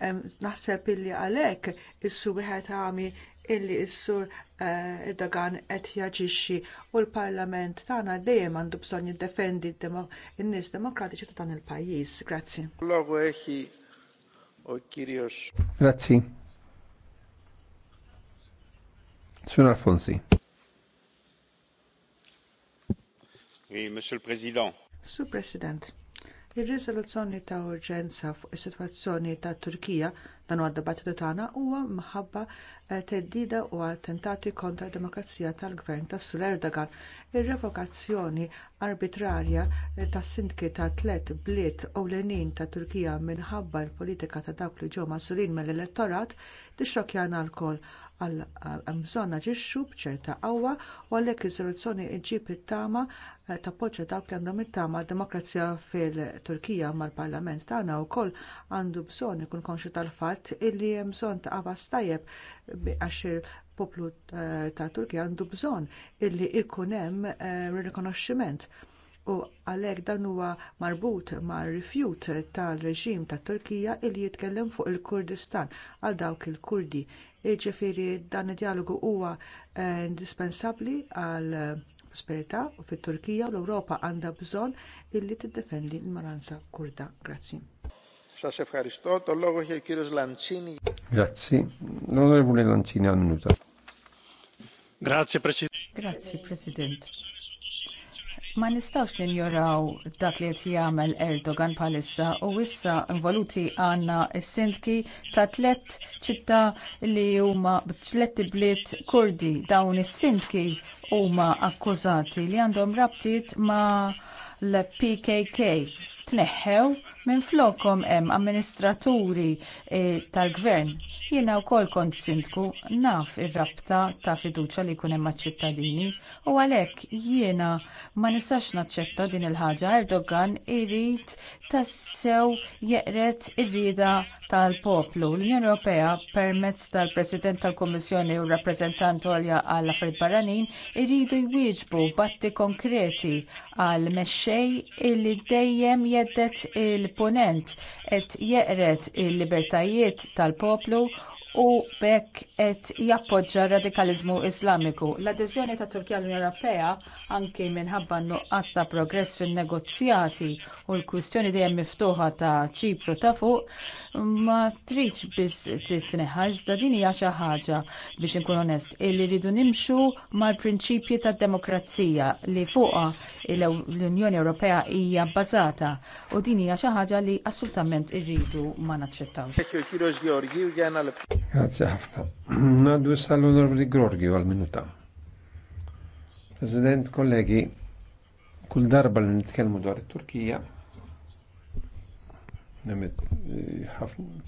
naħseb illi għalhekk issu wieħed għami illi s-sur eh, Erdogan qed jaġixxi u l-Parlament tagħna dejjem għandu bżonn jiddefendi n-nies demokratiċi ta' dan il-pajjiż. Grazzi. Grazzi. Sun Alfonsi. Oui, Monsieur le Président. Monsieur le Président. Ir-riżoluzzjoni ta' urġenza fuq is-sitwazzjoni tat Turkija dan huwa dibattitu tagħna huwa minħabba eh, theddida u attentati kontra d demokrazija tal-gvern tas Sur Erdogan. Ir-revokazzjoni arbitrarja eh, tas-sindki ta' tliet bliet ewlenin tat Turkija minħabba l-politika ta' dawk li ġew magħżulin mill-elettorat tixxokjana lkoll għal bżonn naġixxu b'ċerta qawwa u għalhekk iż-riżoluzzjoni ġġib it-tama eh, tappoġġja dawk li għandhom it-tama demokrazija fil-Turkija mal-Parlament tagħna wkoll għandu bżonn ikun konxu tal-fatt illi hemm bżonn ta' qafas tajjeb għax il-poplu eh, ta' Turkija għandu bżonn illi ikun hemm eh, rikonoxximent u għalhekk dan huwa marbut mar rifjut tal-reġim tat Turkija li jitkellem fuq il-Kurdistan għal dawk il-Kurdi Jiġifieri dan id-dialogu huwa eh, indispensabbli għal eh, prosperità u fit-Turkija u l-Ewropa għandha bżonn illi tiddefendi l-minoranza kurda. Grazzi. Σας ευχαριστώ. Το λόγο έχει ο κύριος Λαντσίνη. Grazie. L'onorevole Lancini al minuto. Grazie, Presidente. Grazie, Presidente. Ma nistgħux ninjoraw dak li qed jagħmel Erdogan bħalissa u issa involuti għandna s-sindki ta' tliet ċittà li huma tliet bliet Kurdi dawn is-sindki huma akkużati li għandhom rabtiet ma' l-PKK tneħħew Minn hemm amministraturi e, tal-gvern. Jiena wkoll kont sindku naf ir-rabta ta' fiduċja li jkun hemm ċittadini u għalhekk jiena ma nistax naċċetta din il-ħaġa Erdogan irid tassew jeqret ir-rieda tal-poplu. L-Unjoni Ewropea permezz tal-President tal-Kummissjoni u rappreżentant għolja għall affarijiet barranin iridu jwieġbu batti konkreti għal mexxej illi dejjem jeddet il esponent punent qed jeqret il-libertajiet tal-poplu u bekk qed jappoġġa r-radikaliżmu Islamiku. L-adeżjoni ta' Turkija l-Unjoni Ewropea anke minħabba nuqqas ta' progress fin-negozjati u l-kwistjoni dejjem miftuħa ta' Ċipru ta' fuq ma tridx biss titneħħaġ da din hija xi ħaġa biex inkun onest illi rridu nimxu mal-prinċipji tad-demokrazija li fuqha l-Unjoni Ewropea hija bbażata u din hija xi ħaġa li assolutament irridu ma naċċettawx. Grazie ħafna. Nandu issa l-Onorevoli Gorgi għal-minuta. President, kollegi, kull darba li nitkellmu dwar it-Turkija, nemet eh,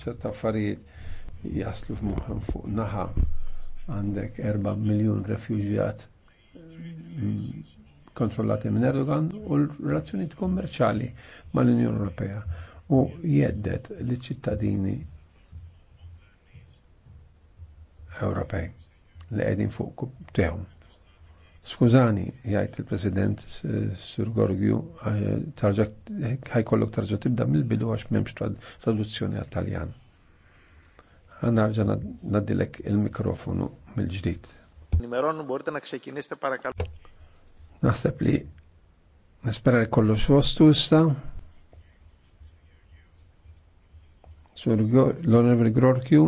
ċerta affarijiet jaslu f'muħan fuq naħa għandek 4 miljon refugjat mm, kontrollati minn Erdogan u l-razzjoniet kommerċali mal-Unjoni Ewropea u jeddet li ċittadini Ewropej li qegħdin fuq tehom. Skużani, jgħid il-President Sur Gorgju, ħajkollok tarġa tibda mill-bidu għax m'hemmx traduzzjoni għat-Taljan. Għanarġa naddilek il-mikrofonu mill-ġdid. Nimeron borta na kxekiniste parakal. Naħseb li nispera li kollox fostu issa. Sur l-Onorevoli Gorgju,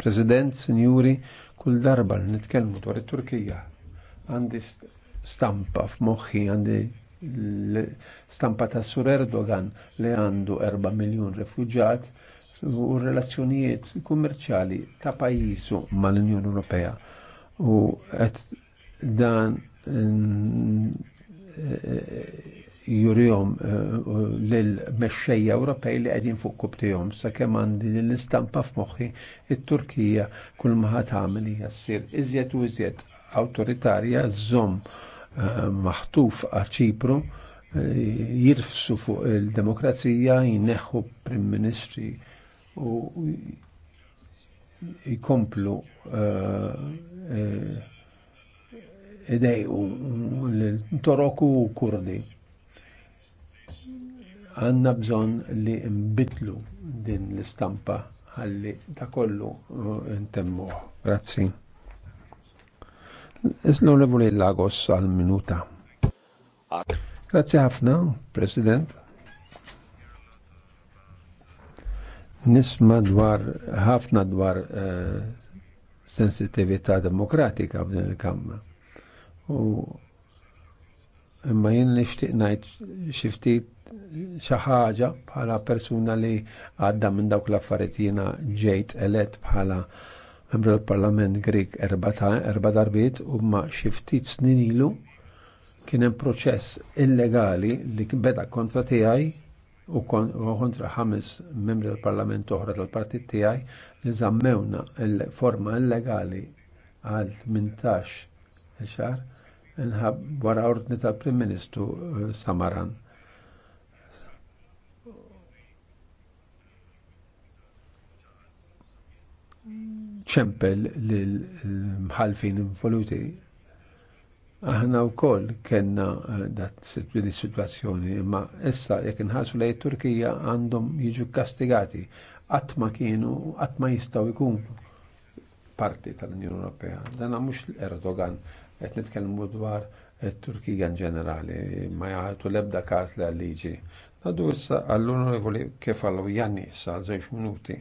President, Sinjuri, kull darba li nitkellmu dwar it-Turkija għandi stampa f'moħħi għandi stampa ta' Sur Erdogan li għandu 4 miljon refugjat u relazzjonijiet kummerċali ta' pajjiżu mal-Unjoni Ewropea u qed dan eh, eh, jurihom eh, l mesċeja Ewropej li qegħdin fuq Sa sakemm għandi l-istampa f'moħħi il turkija kull maħat ħadd tagħmel ssir iżjed u iżjed awtoritarja żomm eh, maħtuf għal Ċipru eh, jirfsu fuq il-demokrazija, jineħu prim ministri u idej u l-Toroku Kurdi Għanna bżon li nbidlu din l-istampa għalli ta' kollu uh, ntemmuħ. Grazzi. Islu l Lagos għal-minuta. Grazzi ħafna, President. Nisma dwar, ħafna dwar uh, sensitività demokratika b'din il-Kamra. U imma jien nixtieq ngħid xi ftit xi ħaġa bħala persuna li għadda minn dawk l-affarijiet jiena ġejt elett bħala membru tal-Parlament Grik erba' darbiet huma xi ftit snin ilu kien hemm proċess illegali li beda kontra tiegħi u kontra ħames membri tal-Parlament oħra tal-partit tiegħi li żammewna l-forma illegali għal 18 xahar nħab wara ordni tal-Prim Ministru eh, Samaran. ċempel l-mħalfin eh, involuti. Aħna u koll kena eh, dat situazzjoni, ma issa jek nħasu lej Turkija għandhom jiġu kastigati, għatma kienu, għatma jistaw ikunu parti tal-Unjoni Ewropea. mux l Erdogan qed nitkellmu dwar it-Turkija ġenerali ma jagħtu l-ebda każ li għal-liġi. Nadu issa għall-onorevoli kif għallu Janni issa żewġ minuti.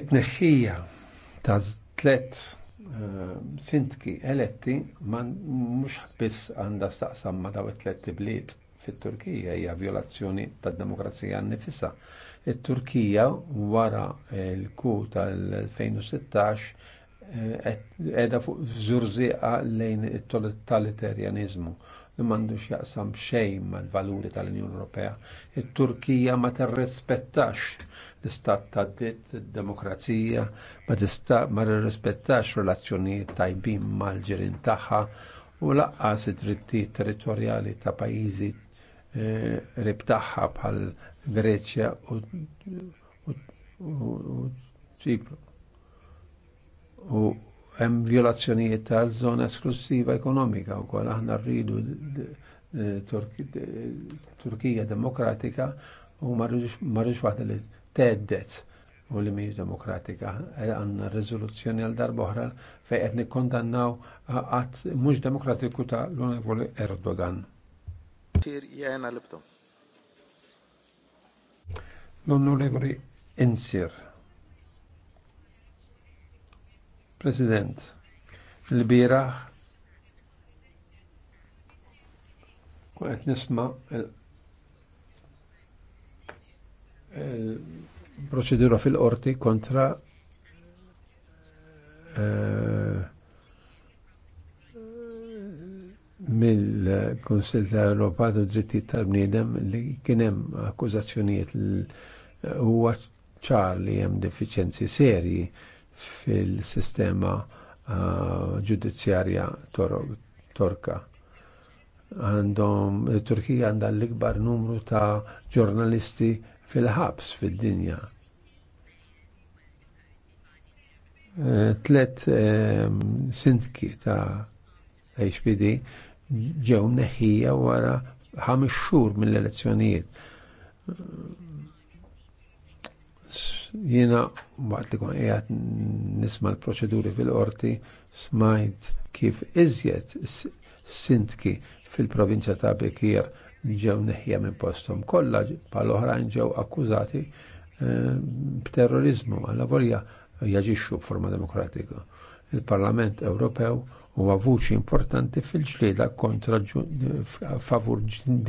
It-tneħħija ta' tlet eh, sintki eletti ma mhux biss għandha staqsam ma daw it-tlet tibliet fit-Turkija hija violazzjoni tad-demokrazija nnifisha. It-Turkija wara l-ku tal-2016 edha fuq żurziqa lejn it-totalitarianizmu li m'għandux jaqsam xejn mal-valuri tal-Unjoni Ewropea. It-Turkija ma tirrispettax l-istat ta' ditt, id-demokrazija, ma tirrispettax relazzjonijiet tajbin mal-ġirin tagħha u laqqas id-drittijiet territorjali ta' pajjiżi eh, ribtaħħa bħal Greċja u Ċipru u hemm violazzjonijiet tal-żona esklusiva ekonomika wkoll aħna rridu Turkija demokratika u marriġ waħda li teddet u li mhijiex demokratika. Għandna riżoluzzjoni għal darba oħra fejn qed nikkondannaw qatt mhux demokratiku ta' l-Onorevoli Erdogan. L-Onorevoli Insir. President, l-biraħ nisma il-proċedura fil-qorti kontra eh, mill-Konsil ta' Europa u dritti tal-bniedem li kien hemm akkużazzjonijiet huwa ċar li hemm deficienzi serji fil-sistema uh, ġudizzjarja torka. Għandhom, Turkija għandha l-ikbar numru ta' ġurnalisti fil-ħabs fil dinja uh, Tlet uh, sindki ta' HPD ġew neħija wara ħames xhur mill-elezzjonijiet Jiena waqt li kon jgħat nisma' l-proċeduri fil-qorti smajt kif iżjed sintki fil-provinċja ta' Bekir ġew neħja minn postom kollha pal oħrajn ġew akkużati eh, b'terrorizmu għal volja jaġixxu b'forma demokratika. Il-Parlament Ewropew huwa vuċi importanti fil-ġlieda kontra eh, favur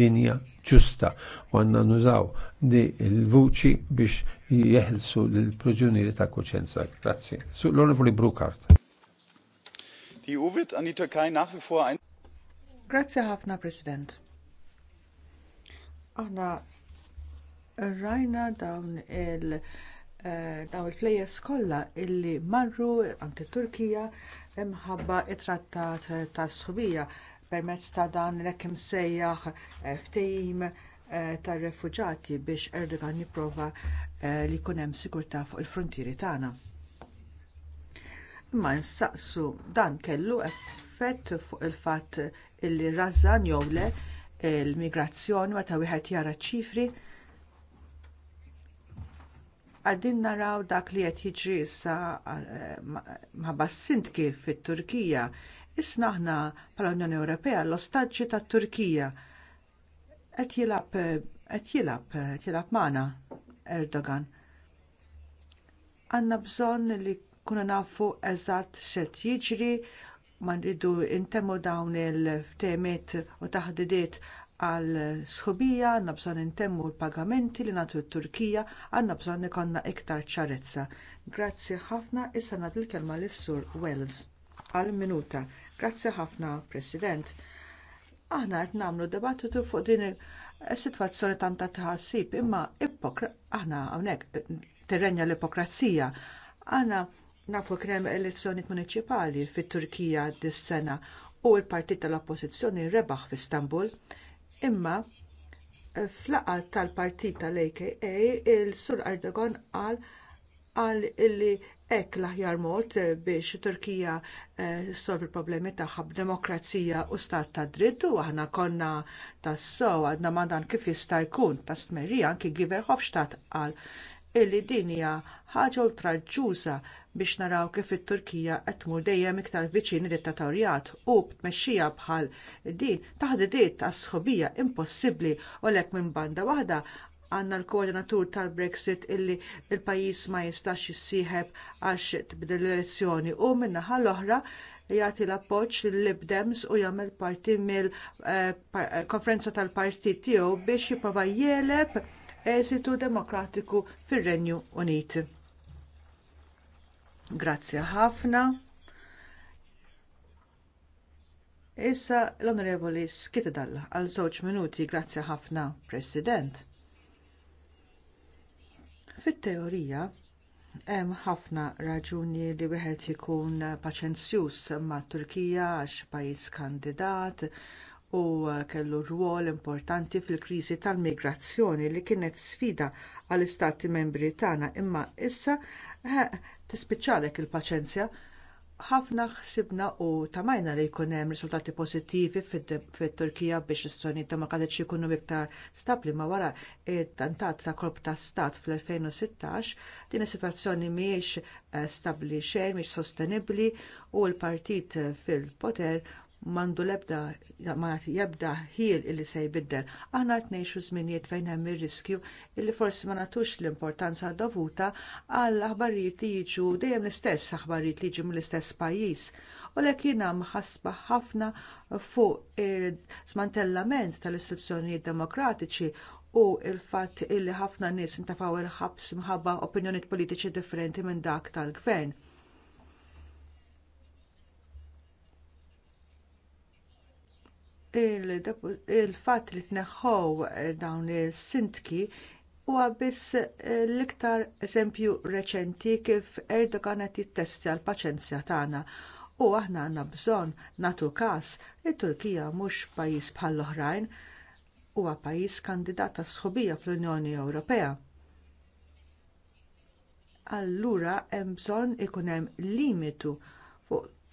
dinja ġusta u għanna nużaw di l-vuċi biex jieħlsu l-proġunieri ta' koċenza. Grazzi. Su l-onorevoli Brukart. Die EU wird Türkei nach wie vor ein Grazzi ħafna, President. Aħna rajna dawn il- eh, dawn il-plejers kollha illi marru anke Turkija imħabba t trattat tas sħubija permezz ta' dan l-ekim sejjaħ eh, ftehim eh, tar refuġati biex Erdogan jipprova eh, li jkun hemm sigurtà fuq il-frontieri tagħna. Imma nsaqsu dan kellu effett fuq il-fatt illi r jew le l-migrazzjoni meta wieħed jara ċ ċifri Għaddin naraw dak li qed jiġri issa eh, ma' kif fit-Turkija. Issa aħna bħala Unjoni Ewropea l-ostaġġi tat-Turkija qed jilab qed jilab qed jilab magħna Erdogan. Għandna bżonn li kuna nafu eżatt xed jiġri ma rridu intemmu dawn il-ftemiet u taħdidiet għal sħubija għandna bżonn intemmu l-pagamenti li nagħtu t-Turkija għandna bżonn ikollna iktar ċarezza. Grazzi ħafna issa nagħti l-kelma lis sur Wells għal minuta. Grazzi ħafna, President. Aħna qed nagħmlu dibattitu fuq din is-sitwazzjoni tanta tħassib imma aħna hawnhekk tirrenja l-ipokrazija. Aħna nafu krem elezzjonijiet muniċipali fit-Turkija dis-sena u l-partit tal-Oppożizzjoni rebaħ fi Istanbul Imma eh, fl-laqgħa tal-partit tal-AKA il-Sur Erdogan qal qal illi hekk l-aħjar mod eh, biex Turkija eh, solvi l-problemi tagħha b'demokrazija u stat ta' dritt u aħna konna tas-sow għadna madan kif jista' jkun ta' stmerija anki Giver Hofstadt qal illi din hija ħaġa oltraġġuża biex naraw kif it-Turkija qed tmur dejjem iktar viċin id-dittatorjat u b'tmexxija bħal din taħdidiet għas sħobija impossibbli u lek minn banda waħda għandna l-koordinatur tal-Brexit illi l il pajjiż ma jistax jissieħeb għax tbidel l-elezzjoni u min-naħa l-oħra jagħti l-appoġġ lill-libdems u jagħmel parti mill-konferenza eh, eh, tal-partit tiegħu biex jipprova jeleb eżitu demokratiku fir-Renju Unit. Grazzi ħafna. Issa l-Onorevoli Skitadal għal żewġ minuti grazzi ħafna, President. Fit-teorija, hemm ħafna raġuni li wieħed ikun paċenzjuż mat Turkija għax pajjiż kandidat u kellu rwol importanti fil-kriżi tal-migrazzjoni li kienet sfida għall istati membri tagħna imma issa tispiċċalek il-paċenzja ħafna ħsibna u tamajna li jkun hemm riżultati pożittivi fit-Turkija biex is istituzzjonijiet demokratiċi jkunu iktar stabbli ma wara it-tantat ta' korp ta' stat fl-2016 din is-sitwazzjoni mhijiex eh, stabbli xejn mhix sostenibbli u l-partit fil-poter mandu lebda, ma jebda ħir illi se jbiddel. Aħna qed ngħixu żminijiet fejn hemm ir-riskju illi forsi ma nagħtux l-importanza dovuta għall aħbarijiet li jiġu dejjem l-istess aħbarijiet li jiġu mill-istess pajjiż. U lek jiena mħassba ħafna fuq eh, smantellament tal-istituzzjonijiet demokratiċi u l fatt illi ħafna nies intafaw il-ħabs minħabba opinjonijiet politiċi differenti minn dak tal-gvern il-fatt li tneħħow eh, dawn is-sintki huwa biss eh, l-iktar eżempju reċenti kif Erdogan qed jittestja l-paċenzja tagħna u aħna għandna bżonn nagħtu każ it-Turkija mhux pajjiż bħall-oħrajn huwa pajjiż kandidat għas sħubija fl-Unjoni Ewropea. Allura hemm bżonn ikun hemm limitu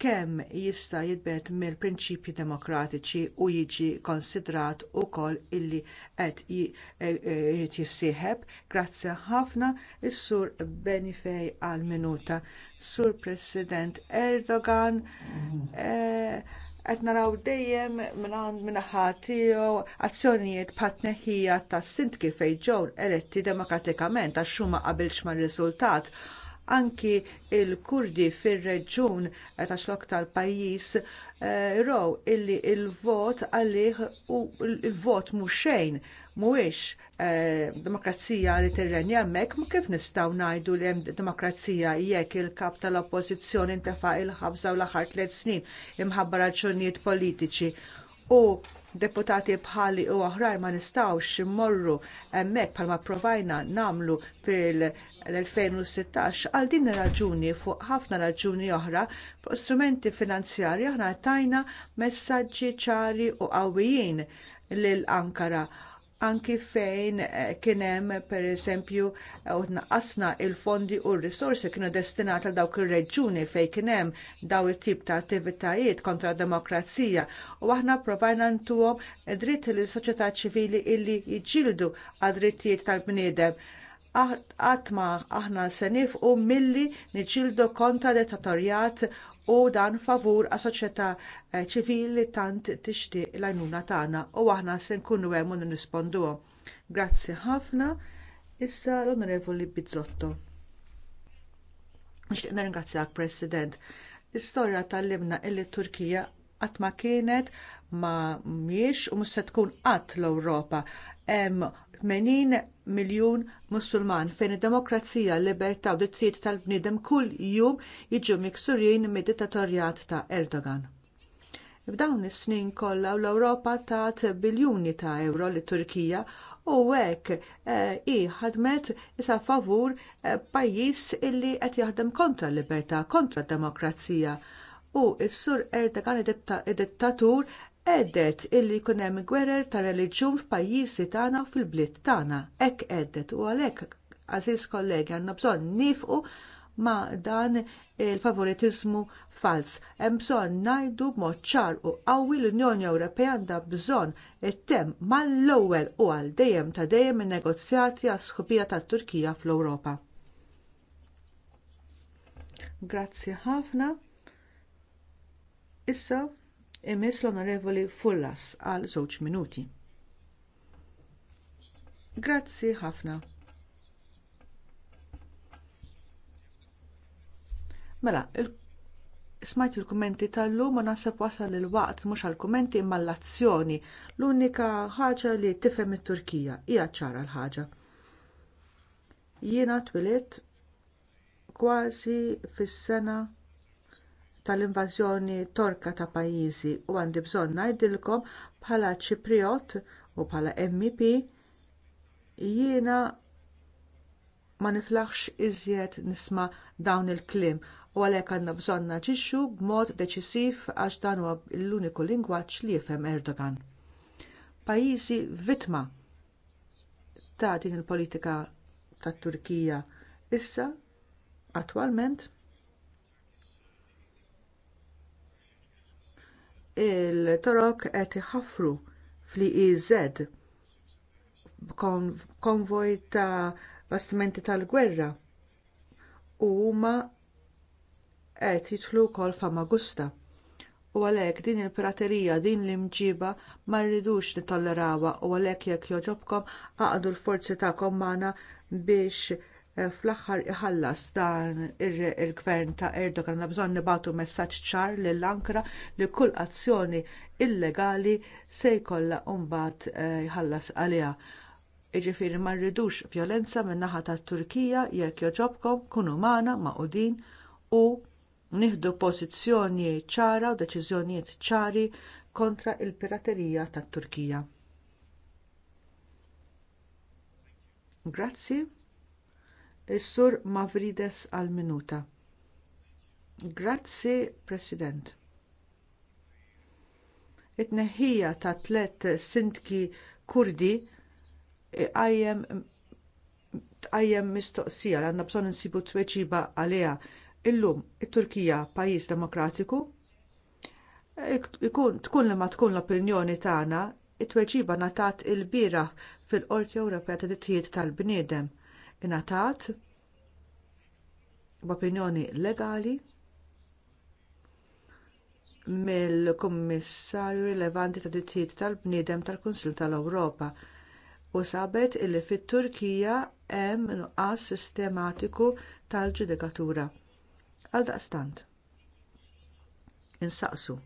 kemm jista' jitbet mill-prinċipji demokratiċi u jiġi konsidrat ukoll illi qed e- e- jissieħeb. Grazzi ħafna is-Sur Benifej għal minuta. Sur President Erdogan e, qed naraw dejjem min-naħa tiegħu azzjonijiet pat-tneħħija tas-sindki fejn ġew eletti demokratikament għax huma qabilx mar-riżultat Anki l kurdi fir-reġjun ta' xlok tal-pajjiż eh, raw illi l vot għalih u il-vot mhux xejn mhuwiex eh, demokrazija li tirrenja hemmhekk ma kif nistgħu ngħidu li hemm demokrazija jekk il-kap tal-oppożizzjoni intefa' il-ħabsa u l tliet snin imħabba raġunijiet politiċi u deputati bħali u oħrajn ma nistgħux immorru hemmhekk bħalma provajna nagħmlu fil l-2016 għal din ir raġuni fuq ħafna raġuni oħra strumenti finanzjarji aħna tajna messaġġi ċari u qawwijin lil Ankara anki fejn eh, kien hemm pereżempju eh, tnaqqasna l fondi u r-risorsi kienu destinati għal dawk ir-reġjuni fejn kien hemm dawn it-tip ta' attivitajiet kontra d demokrazija u aħna provajna ntuhom dritt lis soċjetà ċivili illi jiġġieldu għad-drittijiet tal-bniedem għatma aħna se nifqu milli niġildu kontra dettatorjat u dan favur għas soċjetà eh, ċivili tant tixtieq l-għajnuna tagħna u aħna se nkunu hemm u nirrispondu. Grazzi ħafna. Issa l-Onorevoli Bizzotto. Nixtieq nirringrazzjak President. L-istorja tal-limna illi Turkija qatt ma kienet ma mhijiex u mhux se tkun qatt l-Ewropa. Hemm 80 miljun Musulman fejn id-demokrazija, l-libertà u d dritt tal-bniedem kull jum jiġu miksurin mid-dittatorjat ta' Erdogan. F'dawn is-snin kollha l-Ewropa tat biljuni ta' euro lit Turkija u hekk hi eh, ħadmet isa favur eh, pajjiż illi qed jaħdem kontra l-libertà, kontra d-demokrazija. U s-sur Erdogan id-dittatur għeddet illi jkun hemm gwerer ta' reliġjun f'pajjiżi tagħna u fil-bliet tagħna. Hekk għeddet u għalhekk Aziz kollegi għandna bżonn nifqu ma' dan il-favoritiżmu fals. Hemm bżonn ngħidu b'mod ċar u qawwi l-Unjoni Ewropea għandha bżonn ttemm mal-ewwel u għal dejjem ta' dejjem in-negozjati għas-sħubija tat-Turkija fl-Ewropa. Grazzi ħafna. Issa Imis l-Onorevoli Fullas għal żewġ minuti. Grazzi ħafna. Mela, smajt il-kummenti tal-lum u naħseb wasal il-waqt mhux għall-kumenti imma l-azzjoni. L-unika ħaġa li tifhem il turkija hija ċara l-ħaġa. Jiena twilet kważi fis-sena tal-invażjoni torka ta' pajjiżi u għandi bżonn ngħidilkom bħala Ċipriot u bħala MEP jiena ma niflaħx iżjed nisma dawn il-kliem u għalhekk għandna bżonn naġixxu b'mod deċisiv għax dan huwa l-uniku lingwaġġ li jifhem Erdogan. Pajjiżi vittma ta' din il-politika tat Turkija issa attwalment il-torok qed iħaffru fl-IZ konvoj ta' bastimenti tal-gwerra u huma qed jidħlu wkoll f'Amagusta. U għalhekk din il-praterija, din l-imġiba ma rridux nitollerawha u għalhekk jekk jogħġobkom aqdu l-forzi tagħkom magħna biex Eh, fl-aħħar iħallas dan il-gvern ta' Erdogan na bżonn nibatu messaġġ ċar lill ankara li kull azzjoni illegali se jkollha mbagħad jħallas eh, għaliha. Jiġifieri ma rridux vjolenza min-naħa tat-Turkija jekk jogħġobkom kun umana maqudin u nieħdu pożizzjoni ċara u deċiżjonijiet ċari kontra l piraterija tat-Turkija. Grazzi. Is-sur Mavrides għal minuta. Grazzi, President. It-neħija ta' tliet sindki kurdi għajjem mistoqsija li għandna bżonn insibu tweġiba għaliha. Illum it-Turkija pajjiż demokratiku ikun tkun li ma tkun l-opinjoni tagħna it-tweġiba ngħatat ilbieraħ fil-Qorti Ewropea ta' Dittijiet tal-Bniedem ingħatat b'opinjoni legali mill-Kummissarju Rilevanti tad Drittijiet tal-Bniedem tal-Kunsill tal-Ewropa u sabet illi fit-Turkija hemm nuqqas sistematiku tal-ġudikatura. Għaldaqstant, insaqsu.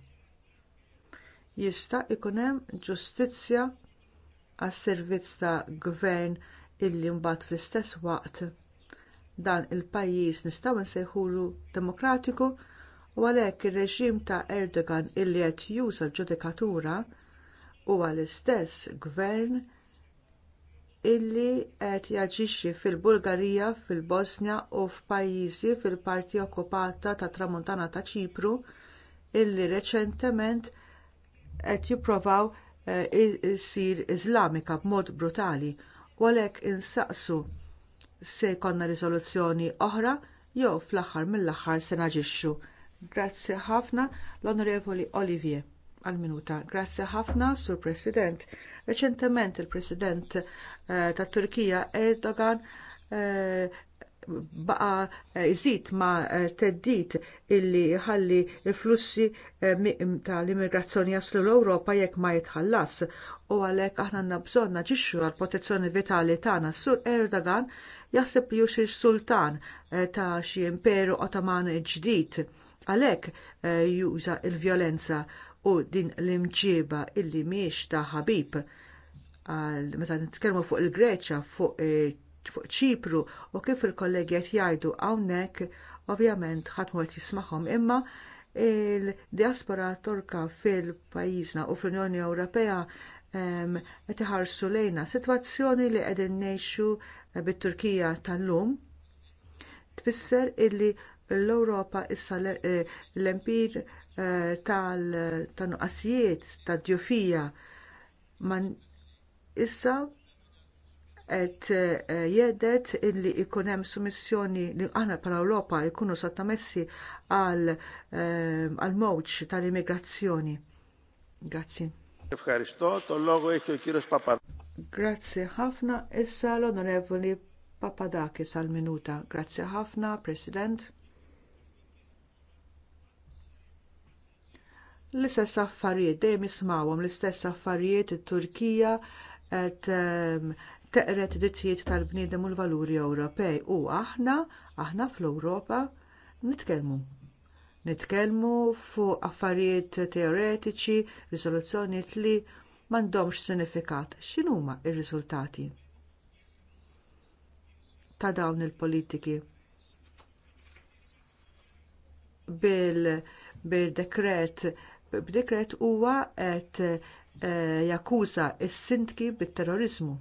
Jista' jkun hemm ġustizzja għas-servizz ta' gvern illi mbagħad fl-istess waqt dan il-pajjiż nistgħu nsejħulu demokratiku u għalhekk ir-reġim ta' Erdogan illi qed juża l-ġudikatura huwa l-istess gvern illi qed jaġixxi fil-Bulgarija, fil-Bosnja u f'pajjiżi fil-parti okkupata tat Tramuntana ta' Ċipru illi reċentement qed jippruvaw eh, issir Iżlamika b'mod brutali u għalhekk insaqsu se jkollna riżoluzzjoni oħra jew fl-aħħar mill-aħħar se naġixxu. Grazzi ħafna l-Onorevoli Olivier għal-minuta. Grazzi ħafna, Sur President. Reċentement il-President eh, tat Turkija Erdogan eh, baqa jżid eh, ma' eh, teddit illi ħalli l-flussi eh, tal-immigrazzjoni jaslu l-Ewropa jekk ma jitħallas u għalhekk aħna għandna bżonn naġixxu għall protezzjoni vitali tagħna. Sur Erdogan jaħseb li xi sultan ta' xi imperu Ottoman ġdid għalhekk juża l vjolenza u din l-imġiba illi mhijiex ta' ħabib meta nitkellmu fuq il-Greċja fuq fuq ċipru u kif il-kollegi jgħidu hawnhekk ovvjament ħadd mod jismagħhom imma il-diaspora torka fil-pajjiżna u fl-Unjoni Ewropea qed iħarsu lejna sitwazzjoni li qegħdin ngħixu bit-Turkija tal-lum tfisser illi l-Ewropa issa e, l-empir e, tal-nuqqasijiet tad-djufija issa qed eh, jedet illi jkun hemm sumissjoni li aħna bħala Ewropa jkunu sottomessi għal ehm, mowġ tal-immigrazzjoni. Grazzi. Grazzi ħafna issa l-Onorevoli Papadakis għal minuta. Grazzi ħafna, President. L-istess affarijiet dejjem ismawhom l-istess affarijiet it-Turkija qed ehm, teqret dizzijiet tal-bniedem u l-valuri Ewropej u aħna, aħna fl-Ewropa, nitkellmu. Nitkellmu fuq affarijiet teoretiċi, risoluzzjonijiet li m'għandhomx sinifikat. X'inhuma r-riżultati ta' dawn il-politiki? Bil-dekret bil huwa qed eh, jakkuża s-sindki bit-terrorizmu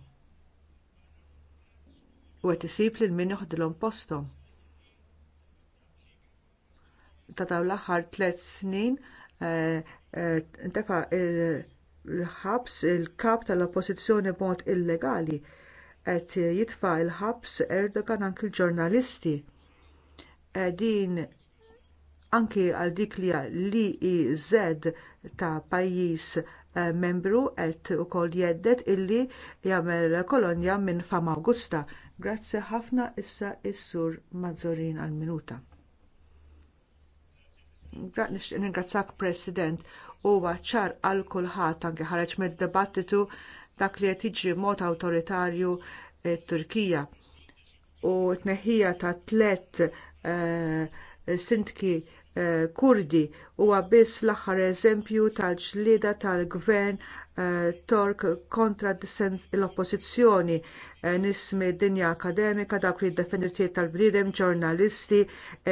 u qed isib lil min joħdilhom posthom. Ta' dawn l-aħħar tliet snin eh, eh, intefa' il-ħabs il-kap tal-oppożizzjoni b'mod illegali qed jitfa' il-ħabs Erdogan anki l-ġurnalisti. Qegħdin eh, anki għal dik li l-IZ ta' pajjiż membru qed ukoll jeddet illi jagħmel kolonja minn Fama Augusta Grazzi ħafna issa is-sur Mazzorin għall minuta Ningrazzak President huwa ċar għal kulħadd anke ħareġ mid-dibattitu dak li qed jiġri mod awtoritarju t eh, Turkija u t-tneħħija ta' tliet eh, sindki kurdi huwa biss l-aħħar eżempju tal-ġlieda tal-gvern eh, Tork kontra l-oppożizzjoni eh, nismi dinja akademika dawk li jiddefendu tal-bniedem ġurnalisti,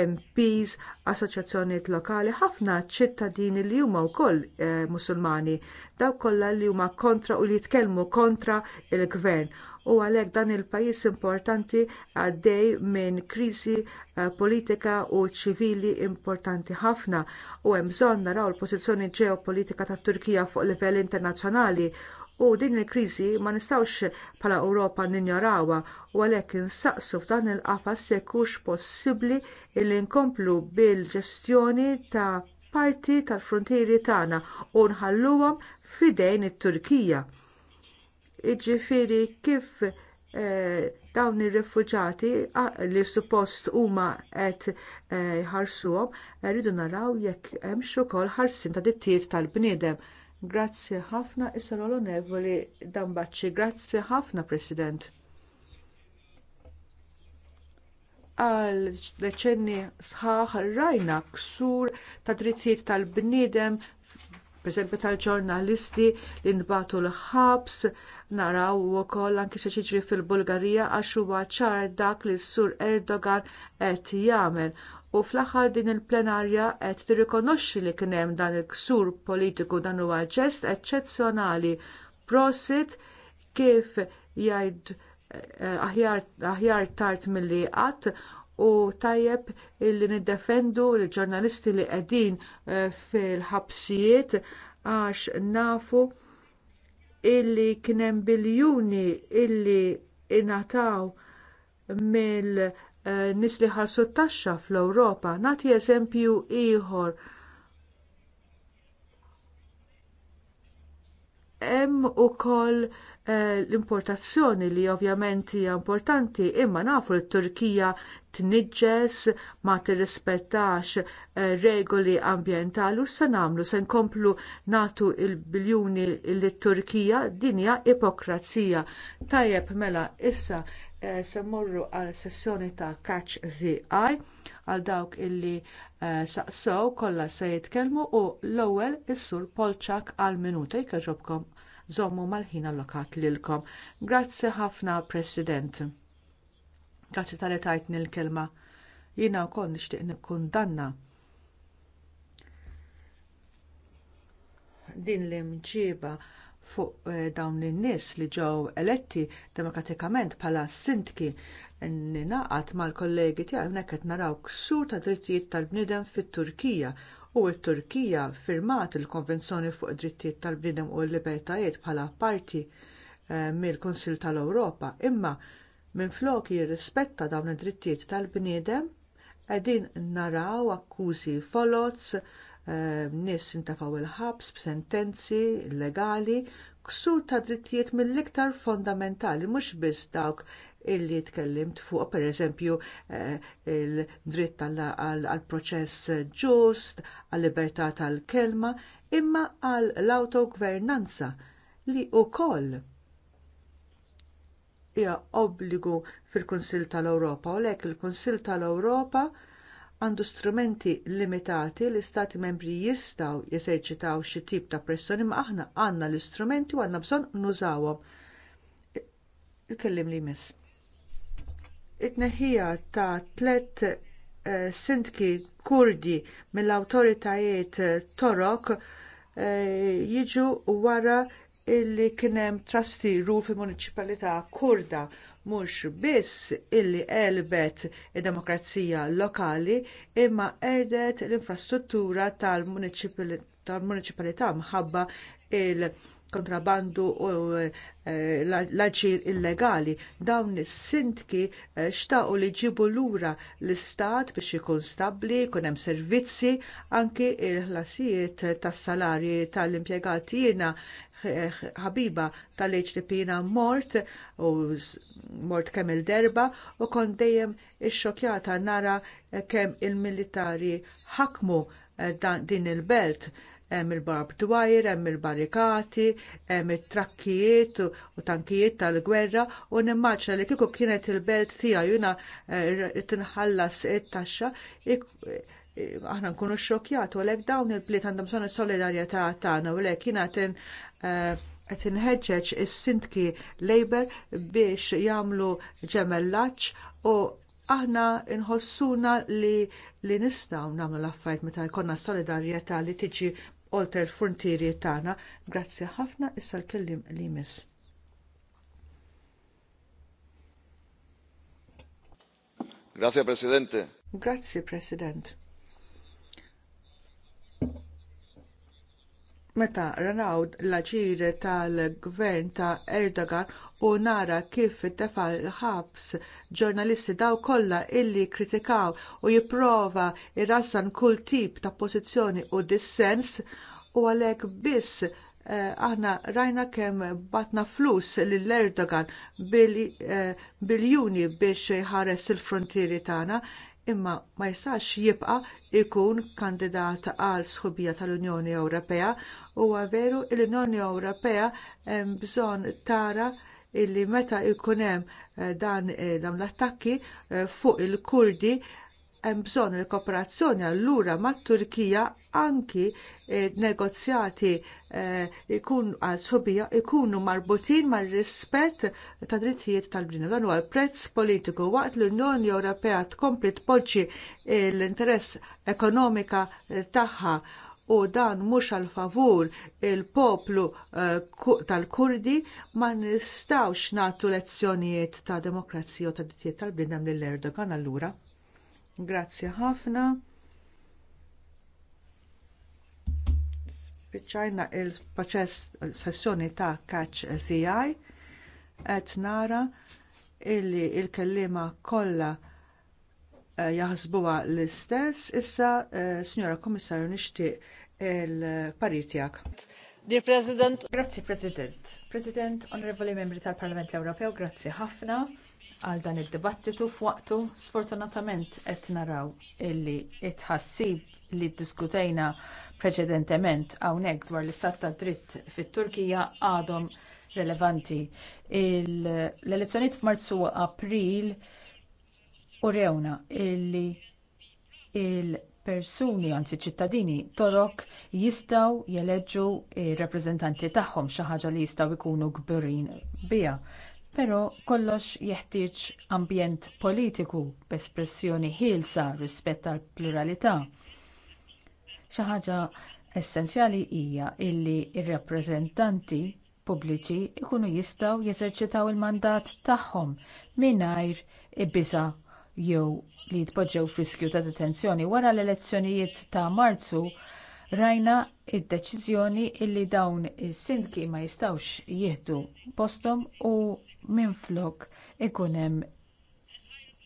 MPs, assoċjazzjonijiet lokali, ħafna ċittadini li huma wkoll eh, Musulmani, dawk kollha li huma kontra u li jitkellmu kontra l gvern u għalhekk dan il-pajjiż importanti għaddej minn kriżi eh, politika u ċivili importanti ħafna u hemm bżonn naraw il-pożizzjoni ġeopolitika tat-Turkija fuq livell internazzjonali u din il-kriżi ma nistgħux bħala Ewropa ninjorawha u għalhekk insaqsu f'dan il-qafas se jkunx possibbli li nkomplu bil-ġestjoni ta' parti tal-frontieri tagħna u nħalluhom f'idejn it-Turkija Jiġifieri kif eh, dawn ir-refuġati li suppost huma qed eh, jħarsuhom rridu naraw jekk hemmx ukoll ħarsin ta' dittijiet tal-bniedem. Grazzi ħafna issa l-Onorevoli Dambaċċi. Grazzi ħafna President. Għal deċenni sħaħ rajna ksur ta' drittijiet tal-bniedem pereżempju tal-ġurnalisti li nbatu l-ħabs, naraw ukoll anki se jiġri fil-Bulgarija għax huwa ċar dak li s-sur Erdogan qed jagħmel. U fl-aħħar din il-plenarja qed tirrikonoxxi li kien hemm dan il-ksur politiku dan huwa ġest eċċezzjonali. Prosit kif jgħid eh, aħjar tard milli qatt u tajjeb illi niddefendu l-ġurnalisti li qegħdin eh, fil-ħabsijiet għax nafu illi kien hemm biljuni illi ingħataw mill-nies eh, li ħarsu t-taxxa fl-Ewropa. Nagħti eżempju ieħor hemm ukoll Eh, l-importazzjoni li ovvjament hija importanti imma nafu li t Turkija tniġġes ma tirrispettax eh, regoli ambjentali u se nagħmlu se nkomplu nagħtu l biljuni lit Turkija din hija ipokrazija. Tajjeb mela issa eh, se mmorru għal sessjoni ta' Catch the Eye għal dawk illi saqsow kollha se jitkellmu u l-ewwel is-sur Polċak għal minuta jkeġobkom żommu mal-ħin allokat lilkom. Grazzi ħafna, President. Grazzi tal tajtni l-kelma. Jiena wkoll nixtieq nikkundanna din l-imġiba fuq eh, dawn in-nies li ġew eletti demokratikament bħala sindki ninaqat mal-kollegi tiegħi hawnhekk qed naraw ksur ta' drittijiet tal-bniedem fit-Turkija u t-Turkija ffirmat il-Konvenzjoni fuq id drittijiet tal-bniedem u l-libertajiet bħala parti eh, mill kunsill tal-Ewropa, imma minflok jirrispetta dawn id-drittijiet tal-bniedem qegħdin naraw akkużi folots, eh, nies intafaw il-ħabs b'sentenzi illegali ksur ta' drittijiet mill-iktar fondamentali mhux biss dawk illi tkellimt fuq pereżempju eh, il-dritt għal proċess ġust, għall-libertà tal-kelma, imma għall-autogvernanza li wkoll hija obbligu fil-Kunsill tal-Ewropa u lek il-Kunsill tal-Ewropa għandu strumenti limitati li stati membri jistgħu jeżerċitaw xi tip ta' pressjoni ma aħna għandna l-istrumenti u għandna bżonn nużawhom. kellim li jmiss it-neħija ta' tliet eh, sindki kurdi mill awtoritajiet eh, torok eh, jiġu wara illi kien hemm trastiru fil muniċipalità kurda mhux biss illi qelbet id-demokrazija lokali imma qerdet l-infrastruttura tal-muniċipalità mħabba il- kontrabandu u eh, l-aġir illegali. Dawn is sintki eh, xtaqu li jġibu lura l-istat biex ikun stabbli, jkun hemm servizzi, anki l ħlasijiet tas-salarji tal-impjegati jiena eh, ħabiba tal-HDP jina mort u mort kemm il-derba u kont dejjem ixxokjata nara kemm il-militari ħakmu din il-belt hemm il-barb wire, hemm il-barrikati, hemm it-trakkijiet u tankijiet tal-gwerra u nimmaġna li kieku kienet il-belt tiegħi juna tinħallas eh, it-taxxa eh, aħna nkunu xokjat u għalhekk dawn il-bliet għandhom bżonn is-solidarjetà tagħna u lek jiena qed eh, inħeġġeġ is-sintki Labour biex jagħmlu ġemellaġġ u aħna nħossuna li li nistgħu nagħmlu l-affarijiet meta jkollna solidarjetà li tiġi oltre l-frontieri tagħna. Grazzi ħafna issa l-kellim li miss. Grazie Presidente. Grazie President. meta ranaw l-aġir tal-gvern ta' Erdogan u nara kif l ħabs ġurnalisti daw kollha illi kkritikaw u jipprova irrassan kull tip ta' pożizzjoni u dissens u għalhekk biss eh, aħna rajna kemm batna flus lill Erdogan eh, biljuni biex jħares il-frontieri tagħna imma ma jistax jibqa ikun kandidat għal sħubija tal-Unjoni Ewropea huwa veru l-Unjoni Ewropea hemm bżonn tara illi meta jkun hemm eh, dan eh, dawn l-attakki eh, fuq il-Kurdi hemm bżonn il-kooperazzjoni allura mat-Turkija anki eh, negozjati jkun eh, għal subija jkunu marbutin mar-rispett ta' drittijiet tal-bnina. Dan huwa prezz politiku waqt l-Unjoni Ewropea tkompli tpoġġi l-interess ekonomika eh, tagħha u dan mhux għal favur il-poplu tal-Kurdi ma nistgħux nagħtu lezzjonijiet ta' demokrazija u ta' dittijiet tal-bnidem lill-Erdogan allura. Grazzi ħafna. Spiċċajna il-proċess sessjoni ta' catch CI qed nara illi l il kelliema kollha eh, jaħsbuha l-istess issa eh, Sinjora Komissarju nixtieq il-parir Dear President. grazie President. President, Onorevoli Membri tal-Parlament Ewropew, grazzi ħafna għal dan id-dibattitu f'waqtu sfortunatament qed naraw illi t tħassib li ddiskutejna preċedentement hawnhekk dwar l-istat tad dritt fit-Turkija għadhom relevanti. L-elezzjonijiet f'Marzu April urewna illi il persuni anzi ċittadini torok jistgħu jeleġġu r rappreżentanti tagħhom xi ħaġa li jistgħu jkunu kburin biha. Però kollox jeħtieġ ambjent politiku b'espressjoni ħielsa rispett għall pluralità. Xi ħaġa essenzjali hija li r-rappreżentanti pubbliċi jkunu jistgħu jeżerċitaw il-mandat tagħhom mingħajr ibiża' jew li jitpoġġew f'riskju ta' detenzjoni wara l-elezzjonijiet ta' Marzu rajna d-deċiżjoni li dawn is-sindki ma jistgħux jieħdu posthom u minflok ikun hemm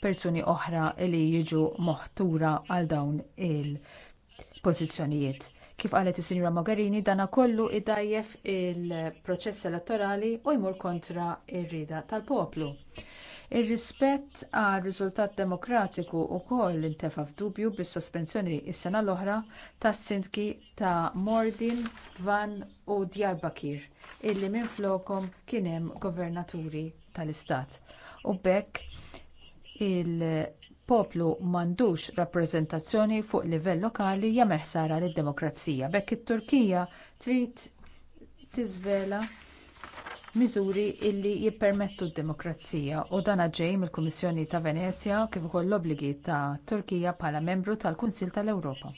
persuni oħra li jiġu moħtura għal dawn il-pożizzjonijiet. Kif qalet is-Sinjura Mogherini dana kollu idajjef il-proċess elettorali u jmur kontra r-rieda tal-poplu. Ir-rispett għar riżultat demokratiku wkoll intefa' f'dubju bis-sospensjoni is sena l-oħra tas-sindki ta' Mardin Van u Diyarbakir illi minflokhom kien hemm governaturi tal-istat u b'hekk il-poplu m'għandux rappreżentazzjoni fuq livell lokali jagħmel ħsara lid-demokrazija b'hekk it-turkija trid tiżvela miżuri li jippermettu d-demokrazija u dan ġej mill-kummissjoni ta' venezja kif ukoll l-obbligi ta' turkija bħala membru tal-kunsill tal-ewropa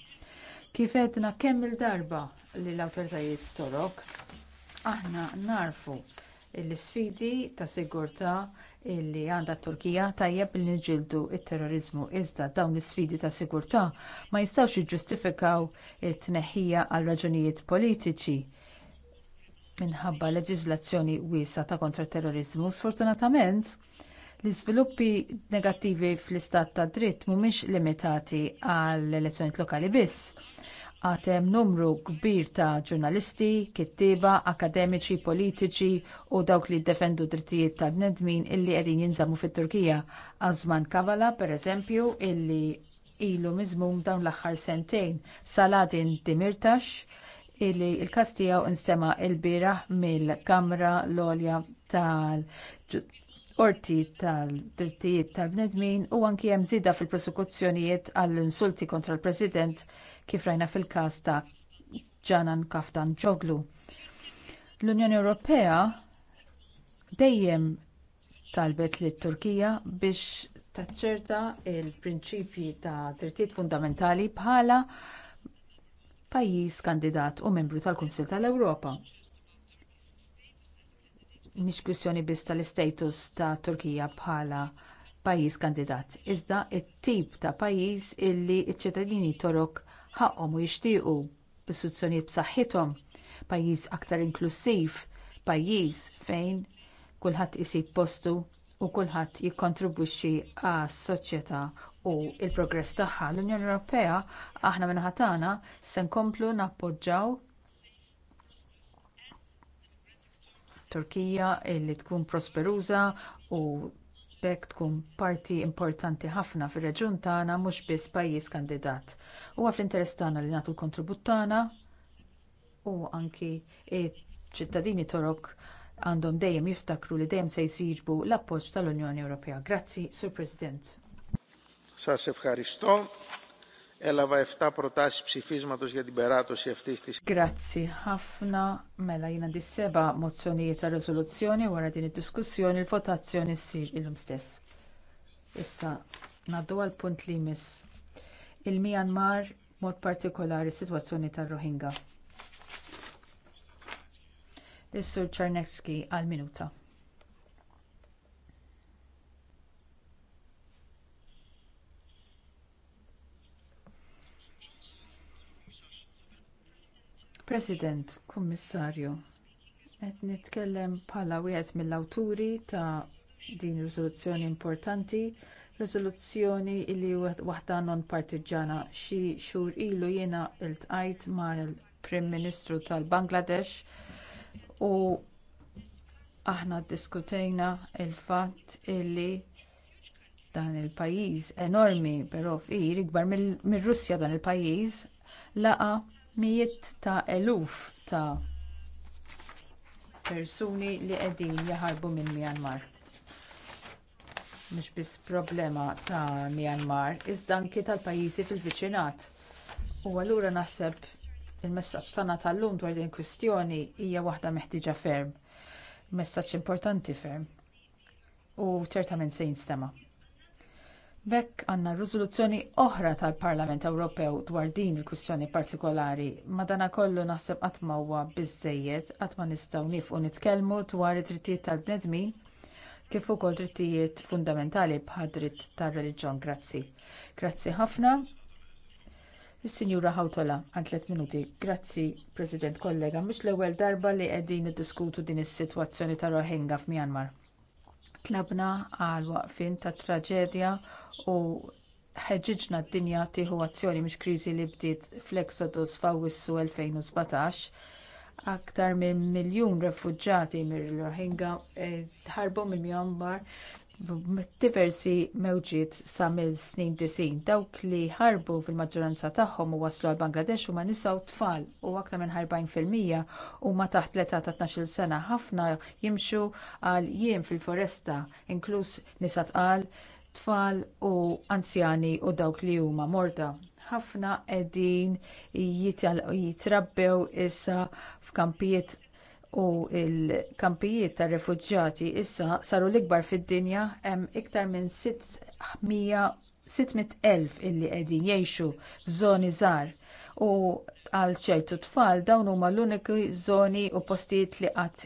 kif għedna kemm il-darba lill-awtoritajiet torok Aħna narfu l isfidi ta' sigurtà li għandha t Turkija tajjeb li niġildu t terrorizmu iżda dawn l isfidi ta' sigurtà ma jistgħux jiġġustifikaw it-tneħħija għal raġunijiet politiċi minħabba leġiżlazzjoni wiesa ta' kontra-terrorizmu. Sfortunatament, l-iżviluppi negattivi fl-istat tad dritt mhumiex limitati għall elezzjonijiet lokali biss għatem numru kbir ta' ġurnalisti, kittieba, akademiċi, politiċi u dawk li defendu drittijiet tal-nedmin illi qegħdin jinżammu fit-Turkija. Azman Kavala, pereżempju, illi ilu mizmum dawn l-aħħar sentejn. Saladin Dimirtax, illi l il każ tiegħu instema il bieraħ mill-Kamra l-Olja tal qorti tal-drittijiet tal-bnedmin u anki hemm żieda fil-prosekuzzjonijiet għall-insulti kontra l-President kif rajna fil-każ ta' Ġanan Kaftan Ġoglu. L-Unjoni Ewropea dejjem talbet lit Turkija biex taċċerta l prinċipji ta' drittijiet fundamentali bħala pajjiż kandidat u membru tal-Kunsil tal-Ewropa mhix kwistjoni biss tal-istatus ta' Turkija bħala pajjiż kandidat, iżda t tip ta' pajjiż illi ċ-ċittadini Torok ħaqhom u jixtiequ b'istituzzjonijiet b'saħħithom, pajjiż aktar inklusiv, pajjiż fejn kulħadd isib postu u kulħadd jikkontribwixxi għas-soċjetà u l-progress tagħha. L-Unjoni Ewropea aħna minħa tagħna se nkomplu nappoġġjaw Turkija li tkun prosperuża u bekk tkun parti importanti ħafna fir-reġjun tagħna mhux biss pajjiż kandidat. Huwa fl-interess tagħna li nagħtu l-kontribut tagħna u anki ċittadini Torok għandhom dejjem jiftakru li dejjem se jsibu l-appoġġ tal-Unjoni Ewropea. Grazzi, Sur President. Sasef Haristo. Έλαβα 7 προτάσεις ψηφίσματος για την περάτωση αυτής της. Grazzi ħafna mela jina di seba mozzjonijiet ta' rezoluzzjoni wara din id-diskussjoni l-votazzjoni ssir illum stess. Issa ngħaddu għal punt li jmiss. Il-Myanmar mod partikolari sitwazzjoni tar-Rohingya. Is-Sur Czarnecki għal minuta. President, Kummissarju, qed nitkellem bħala wieħed mill-awturi ta' din riżoluzzjoni importanti, riżoluzzjoni li waħda non partiġana xi xhur ilu jiena ltqajt mal-Prim Ministru tal-Bangladesh u aħna ddiskutejna il-fatt illi dan il-pajjiż enormi però fqir ikbar mir-Russja dan il-pajjiż laqa mijiet ta' eluf ta' persuni li qegħdin jaħarbu minn myanmar mhux biss problema ta' myanmar iżda anki tal-pajjiżi fil-viċinat u allura naħseb il-messaġġ tagħna tal-lum dwar din kwistjoni hija waħda meħtieġa ferm messaġġ importanti ferm u ċertament se jinstema' B'hekk għandna riżoluzzjoni oħra tal-Parlament Ewropew dwar din il-kwistjoni partikolari. Madanakollu naħseb qatt huwa biżżejjed qatt ma nistgħu nifqu nitkellmu dwar it-drittijiet tal-bnedmin kif ukoll drittijiet fundamentali bħad-dritt tar-reliġjon. Grazzi. Grazzi ħafna. Is-Sinjura Hawtola għal tliet minuti. Grazzi, President kollega, mhux l-ewwel darba li qegħdin niddiskutu din is-sitwazzjoni tar-Rohingya f'Myanmar tlabna għal waqfien tat-traġedja u ħeġġiġna d-dinja tieħu azzjoni mhix kriżi li bdiet fl-exodus f'awwissu 2017 aktar minn miljun refuġġati mir-rohingya eh, tħarbu minn myanmar diversi mewġiet sa mill-snin 90 dawk li ħarbu fil-maġġoranza tagħhom u waslu għal bangladesh huma nisa u tfal u aktar minn 40% huma taħt l-età ta' 12-il sena ħafna jimxu għal jiem fil-foresta inkluż nisa tqal tfal u anzjani u dawk li huma morda ħafna qegħdin jitrabbew issa f'kampijiet u l-kampijiet tar-refuġġati issa saru l-ikbar fid-dinja hemm iktar minn 600,000 illi qegħdin jgħixu f'żoni żgħar u għal ċertu tfal dawn huma l-uniki żoni u postijiet li qatt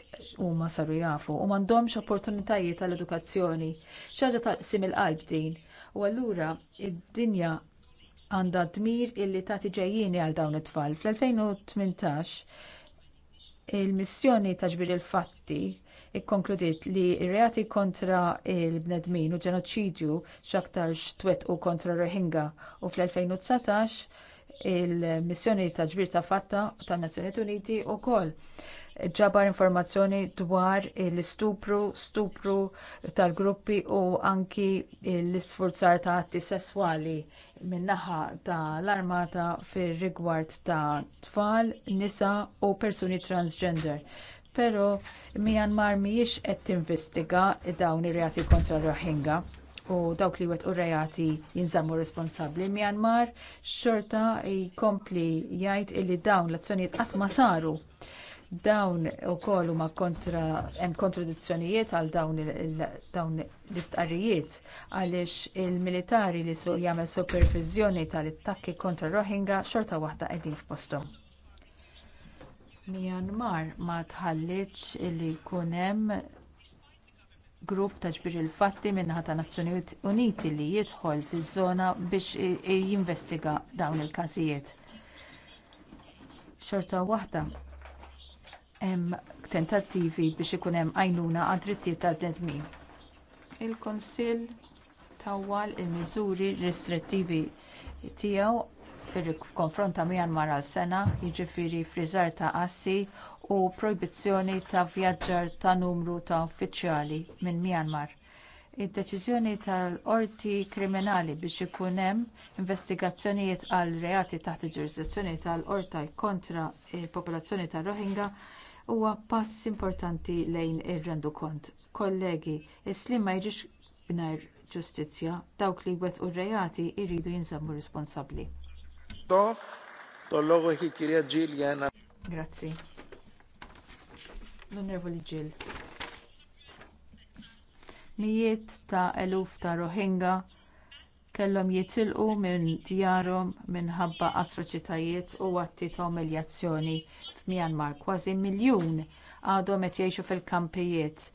huma saru jafu u m'għandhomx opportunitajiet tal edukazzjoni xi ħaġa taqsim il-qalb din u allura id-dinja għandha dmir illi tagħti ġejjieni għal dawn it-tfal fl-2018 il-missjoni ta' ġbir il-fatti ikkonkludiet li r-reati kontra l-bnedmin u ġenoċidju x'aktarx twettqu kontra rohingya u fl-2019 il-missjoni ta' ġbir ta' fatta tan-Nazzjonijiet Uniti wkoll ġabar informazzjoni dwar l-istupru, stupru, tal-gruppi u anki l-isfurzar ta' atti sesswali min-naħa tal armata fir-rigward ta' tfal, nisa u persuni transgender però Myanmar mhijiex qed tinvestiga dawn ir-reati kontra Rohingya u dawk li wettqu reati jinżammu responsabbli. Myanmar xorta jkompli jgħid li dawn l-azzjonijiet qatt ma saru Dawn ukoll huma kontra hemm kontradizzjonijiet għal dawn l-istqarrijiet għaliex il-militari li suq jagħmel superviżjoni tal-attakki kontra Rohingya xorta waħda qegħdin f'posthom. Myanmar ma tħallitx li jkun hemm grupp ta' ġbir il-fatti min-naħa ta' Nazzjonijiet Uniti li jidħol fiż-żona biex jinvestiga dawn il-każijiet. Xorta waħda hemm tentattivi biex ikun hemm għajnuna għad-drittijiet tal-bnedmin. Il-Kunsill tawwal il-miżuri restrittivi tiegħu fir-konfront ta' Myanmar għal sena, jiġifieri friżar ta' assi u projbizzjoni ta' vjaġġar ta' numru ta' uffiċjali minn Myanmar. Id-deċiżjoni tal-qorti kriminali biex ikun hemm investigazzjonijiet għal reati taħt il-ġurisdizzjoni tal qorta kontra l popolazzjoni tar-Rohingya huwa pass importanti lejn ir-rendikont. Kollegi, is-slim ma jiġix bingħajr ġustizzja, dawk li jwettqu r-reati jridu jinżammu responsabbli. Grazzi. L-Onorevoli Ġil. Mijiet ta' eluf ta' Rohingya kellhom jitilqu minn djarhom minħabba atroċitajiet u atti ta' umiljazzjoni f'myanmar kważi miljun għadhom qed jgħixu fil-kampijiet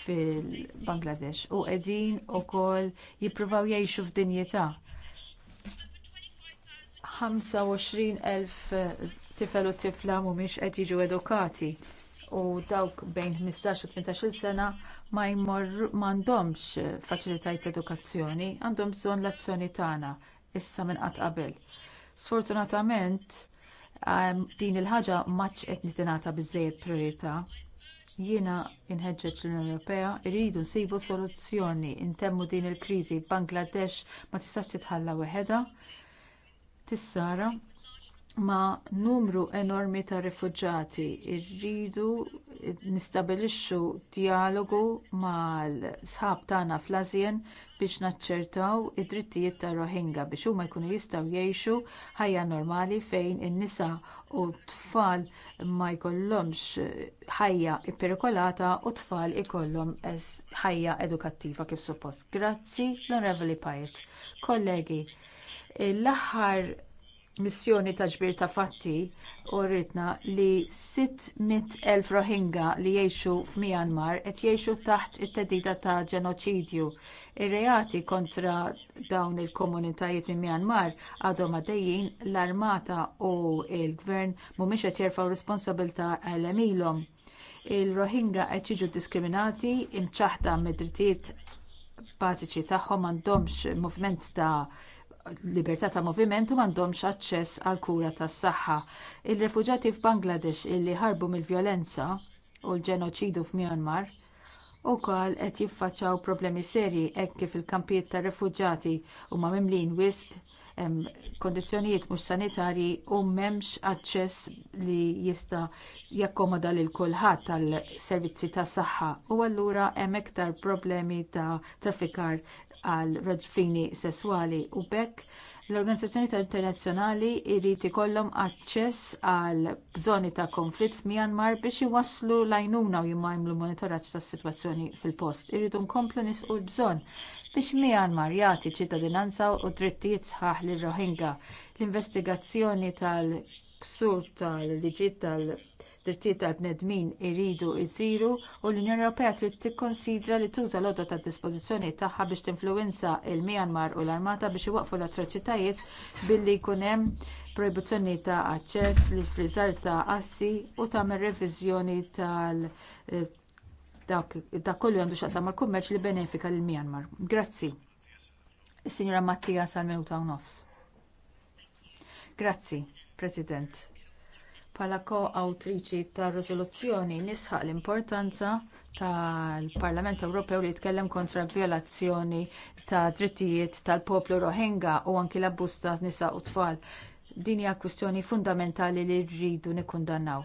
fil-bangladesh u qegħdin ukoll jippruvaw jgħixu f'dinjità 25,000 tifel u tifla mhumiex qed jiġu edukati u dawk bejn 15 u 18 sena ma għandhomx m'għandhomx ta' edukazzjoni, għandhom bżonn l-azzjoni tagħna issa minn qatt qabel. Sfortunatament din il-ħaġa maċ qed nitingħata biżżejjed priorità. Jiena inħeġġeġ l-Unjoni Ewropea jridu nsibu soluzzjoni intemmu din il-kriżi. Bangladesh ma tistax titħalla weħedha. Tissara ma' numru enormi ta' rifuġġati rridu nistabbilixxu dijalogu mal-sħab tagħna fl-asien biex naċċertaw id-drittijiet tar-rohingya biex huma jkunu jistgħu jgħixu ħajja normali fejn in-nisa u t-tfal ma jkollhomx ħajja pperikolata u t-tfal ikollhom ħajja edukattiva kif suppost. Grazzi l-Onorevoli Pajt. Kollegi, l-aħħar missjoni ta' ġbir ta' fatti uritna li 600,000 rohingya li jgħixu f'myanmar qed jgħixu taħt it tedida ta' ġenoċidju ir-reati kontra dawn il-komunitajiet minn myanmar għadhom għaddejjin l-armata u l-gvern mhumiex qed jerfgħu responsabbiltà għal ilhom il-rohingya qed jiġu ddiskriminati imċaħħda mid-drittijiet bażiċi tagħhom m'għandhomx moviment ta' libertà ta' moviment u m'għandhomx aċċess għal kura tas-saħħa. Ir-refuġjati f'Bangladesh illi ħarbu mill-vjolenza u l-ġenoċidu f'Myanmar ukoll qed jiffaċċjaw problemi serji hekk kif il-kampijiet tar-refuġjati huma mimlijin wisq hemm kondizzjonijiet mhux sanitarji u m'hemmx aċċess li jista' jakkomoda lil kulħadd tal servizzi tas-saħħa u allura hemm iktar problemi ta' traffikar għal raġfini sesswali u bekk l-organizzazzjoni internazzjonali jrid ikollhom aċċess għal żoni ta' konflitt f'myanmar biex iwasslu l-għajnuna u jmajmlu monitoraġġ tas-sitwazzjoni fil-post irridu nkomplu nisqu l-bżonn biex myanmar jagħti ċittadinanza u drittijiet sħaħ lir rohingya l-investigazzjoni tal-ksur tal-liġi tal-, -liġi tal liġi drittijiet tal-bnedmin iridu jsiru u l-Unjoni Ewropea trid tikkonsidra li tuża l-għodda tad-dispożizzjoni tagħha biex tinfluwenza l-Myanmar u l-Armata biex iwaqqfu l-atroċitajiet billi jkun hemm proibizzjoni ta' aċċess lill friżar ta' assi u tagħmel reviżjoni tal dak kollu għandu x'aqsam mal-kummerċ li benefika lil Myanmar. Grazzi. Signora Mattia sal-minuta u nofs. Grazzi, President Bħala ko-awtriċi tar-riżoluzzjoni nisħaq l-importanza tal-Parlament Ewropew li jitkellem kontra l-vjolazzjoni ta' drittijiet tal-poplu Rohingya u anki l-abbuż ta' nisa u tfal. Din hija kwistjoni fundamentali li rridu nikkundannaw.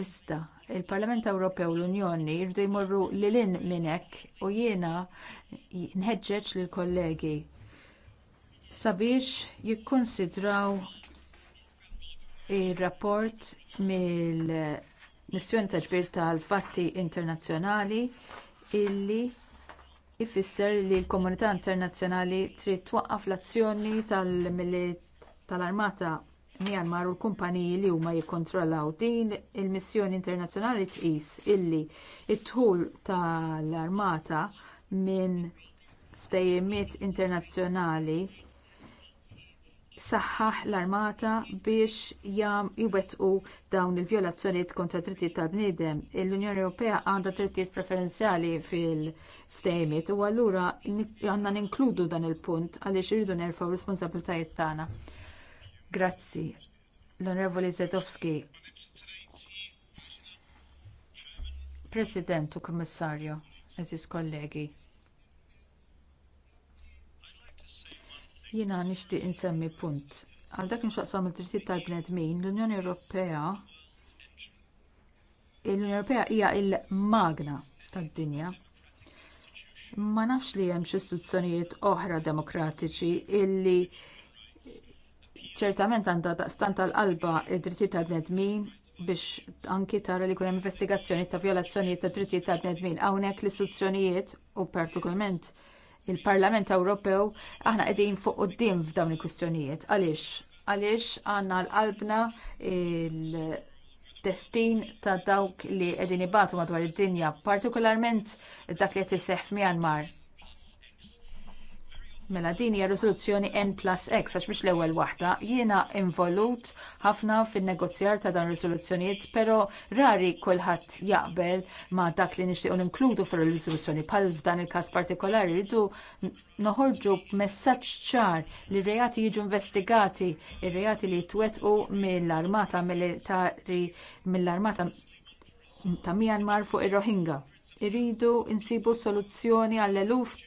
Iżda, il-Parlament Ewropew l-Unjoni jridu jmorru lil hinn minn hekk u jiena nħeġġeġ lill kollegi sabiex jikkonsidraw ir-rapport mill-missjoni ta' ġbir tal-fatti internazzjonali illi ifisser li l-komunità internazzjonali trid twaqqaf l-azzjoni tal-armata myanmar u l-kumpaniji li huma jikkontrollaw din il-missjoni internazzjonali tqis illi t-dħul tal-armata minn ftehimiet internazzjonali saħħaħ l-armata biex jwettqu dawn il-vjolazzjonijiet kontra drittijiet tal-bniedem. L-Unjoni Ewropea għandha drittijiet preferenzjali fil-ftehimiet u allura għandna ninkludu dan il-punt għaliex irridu nerfgħu r-responsabbiltajiet tagħna. Grazzi. L-Onorevoli Zedowski. President u Kummissarju, eżis kollegi. Jiena nixtieq insemmi punt. Għal dak inxaqsam il-drittijiet tal-bnedmin, l-Unjoni Ewropea l-Unjoni Ewropea hija l-magna tad-dinja. Ma nafx li hemm xi istituzzjonijiet oħra demokratiċi illi ċertament għandha daqstant tal-qalba id-drittijiet tal-bnedmin biex anki tara li jkun hemm investigazzjoni ta' vjolazzjonijiet tad drittijiet tal-bnedmin hawnhekk l-istituzzjonijiet u partikularment il-Parlament Ewropew aħna qegħdin fuq quddiem f'dawn il-kwistjonijiet. Għaliex? Għaliex għandna l-qalbna il-destin ta' dawk li qegħdin ibatu madwar id-dinja, partikolarment dak li qed iseħħ f'Myanmar. Mela din hija riżoluzzjoni N plus X għax mhux l-ewwel waħda. Jiena involut ħafna fin-negozjar ta' dan riżoluzzjonijiet, però rari kulħadd jaqbel ma' dak li nixtiequ ninkludu fir-riżoluzzjoni bħal f'dan il-każ partikolari rridu noħorġu b'messaġġ ċar li r-reati jiġu investigati, ir-reati li jitwettqu mill-armata militari mill-armata ta' Myanmar fuq ir-Rohingya. Irridu insibu soluzzjoni għall eluf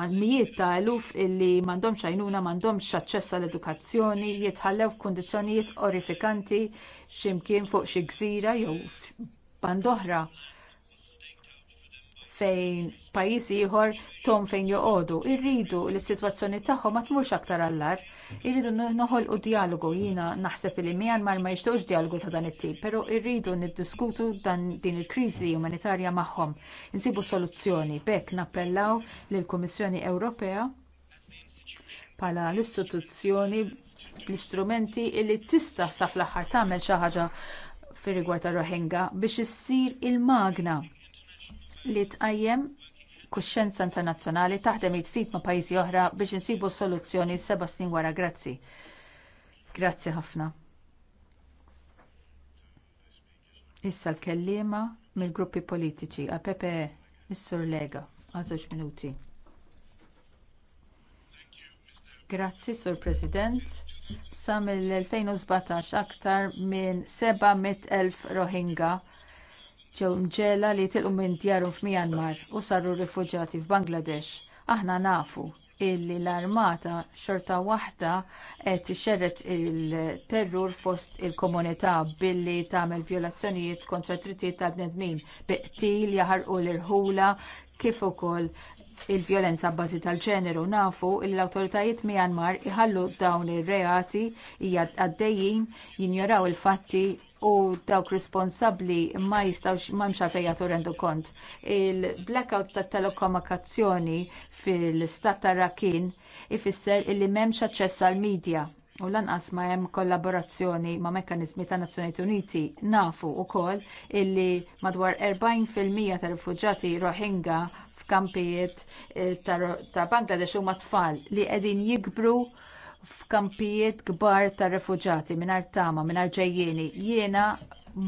għannijiet ta' eluf illi m'għandhomx għajnuna m'għandhomx aċċess għall edukazzjoni jitħallew f'kundizzjonijiet orifikanti x'imkien fuq xi gżira jew band oħra fejn pajjiż ieħor tom fejn joqogħdu. Irridu li s-sitwazzjoni tagħhom ma tmurx aktar allar. Irridu noħolqu dialogu jiena naħseb li Myanmar ma jixtieqx dialogu ta' dan it-tip, però irridu niddiskutu dan din il-kriżi umanitarja magħhom. Insibu soluzzjoni b'hekk nappellaw lill-Kummissjoni Ewropea bħala l-istituzzjoni bl-istrumenti li tista' sa fl-aħħar tagħmel xi ħaġa fir-rigward tar-Rohingya biex issir il-magna li tqajjem kuxjenza internazzjonali taħdem jitfid ma' pajjiżi oħra biex insibu soluzzjoni seba' snin wara grazzi. Grazzi ħafna. Issa l-kellima mill-gruppi politiċi għal PPE is-Sur Lega għal żewġ minuti. Grazzi, Sur President. Sa mill-2017 aktar minn 700.000 Rohingya ġew mġela li tilqu minn djarhom f'Myanmar u saru rifuġjati f'Bangladesh. Aħna nafu illi l-armata xorta waħda qed tixxerret il-terrur fost il-komunità billi tagħmel vjolazzjonijiet kontra t-trittijiet tal-bnedmin biqtil jaħarqu l-irħula kif ukoll il-vjolenza bbażi tal-ġeneru nafu li l-awtoritajiet Myanmar iħallu dawn ir-reati hija għaddejjin jinjoraw il-fatti u dawk responsabbli ma jistawx ma mxafej jagħtu rendu kont. Il-blackouts tat telekomunikazzjoni fil-istat ta' Rakin ifisser illi m'hemmx aċċess għall media u lanqas ma hemm kollaborazzjoni ma' mekkaniżmi ta' Nazzjonijiet Uniti nafu wkoll illi madwar 40% ta' rifuġġati Rohingya f'kampijiet eh, ta', ta Bangladesh huma tfal li qegħdin jikbru f'kampijiet kbar ta' refuġati mingħajr tama, mingħajr ġejjieni. Jiena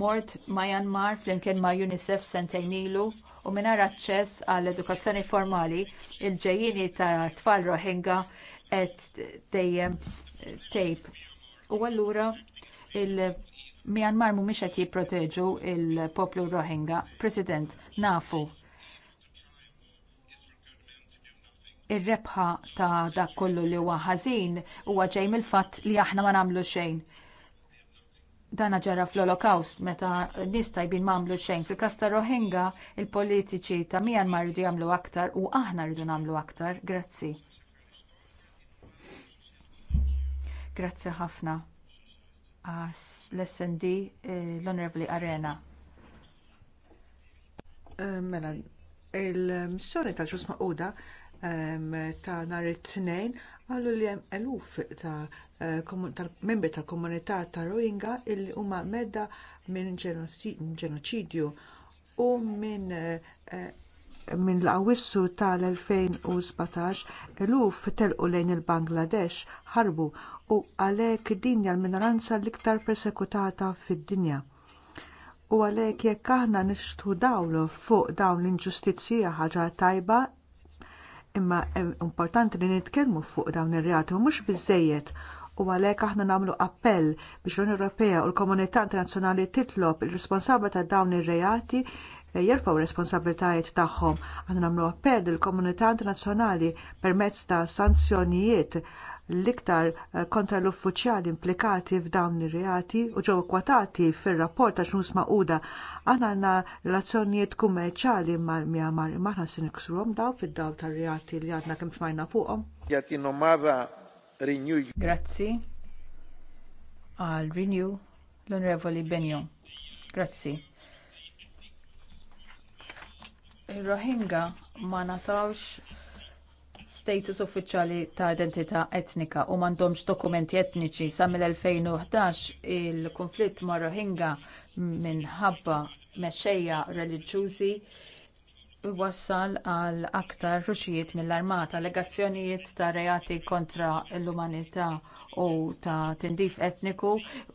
mort ma' Janmar flimkien ma' UNICEF sentejn ilu u mingħajr aċċess għall edukazzjoni formali il-ġejjieni ta' tfal Rohingya qed dejjem tejb. U allura il- Myanmar mhumiex qed jipproteġu l poplu Rohingya. President, nafu ir-rebħa ta' dak kollu li huwa ħażin huwa ġej mill-fatt li aħna ma nagħmlu xejn. Dan ġara fl-Holocaust meta n-nies tajbin ma għamlu xejn. Fil-każ ta' Rohingya il-politiċi ta' Myanmar rridu jagħmlu aktar u aħna rridu nagħmlu aktar. Grazzi. Grazzi ħafna għas l-SND eh, l-Honorable Arena. Eh, mela, il-missjoni tal-ġus maquda ta' nhar it-tnejn qalu li hemm eluf ta' eh, membri tal-komunità ta' Rohingya li huma medda minn ġenoċidju u minn eh, eh, minn l-awissu tal-2017 eluf telqu lejn il-Bangladesh ħarbu u għalhekk din hija l-minoranza l-iktar persekutata fid-dinja u għalhekk jekk aħna nixtu dawlu fuq dawn l inġustizzji ħaġa tajba Imma importanti li nitkellmu fuq dawn ir-reati u mhux biżżejjed u għalhekk aħna nagħmlu appell biex l-Unjoni Ewropea u l-Komunità Internazzjonali titlob il-responsabbli ta' dawn ir-reati eh, jerfgħu responsabbiltajiet tagħhom. Aħna nagħmlu appell lill komunità internazzjonali permezz ta' sanzjonijiet l-iktar eh, kontra l-uffiċjali implikati f'dawn ir-reati u ġew kwatati fir-rapport ta' xnus maquda aħna għandna relazzjonijiet kummerċjali mal-Myanmar imma aħna se niksruhom daw fid-dawl tar-reati li għandna kemm smajna fuqhom. Grazzi għal Renew l-Onorevoli Grazzi. Ir-Rohingya ma natawx status uffiċjali ta' identità etnika u m'għandhomx dokumenti etniċi sa mill-2011 il-konflitt mar-rohingya minħabba mexxejja reliġjużi Wassal għal aktar ruxijiet mill-armata allegazzjonijiet ta' reati kontra l-umanità u ta' tindif etniku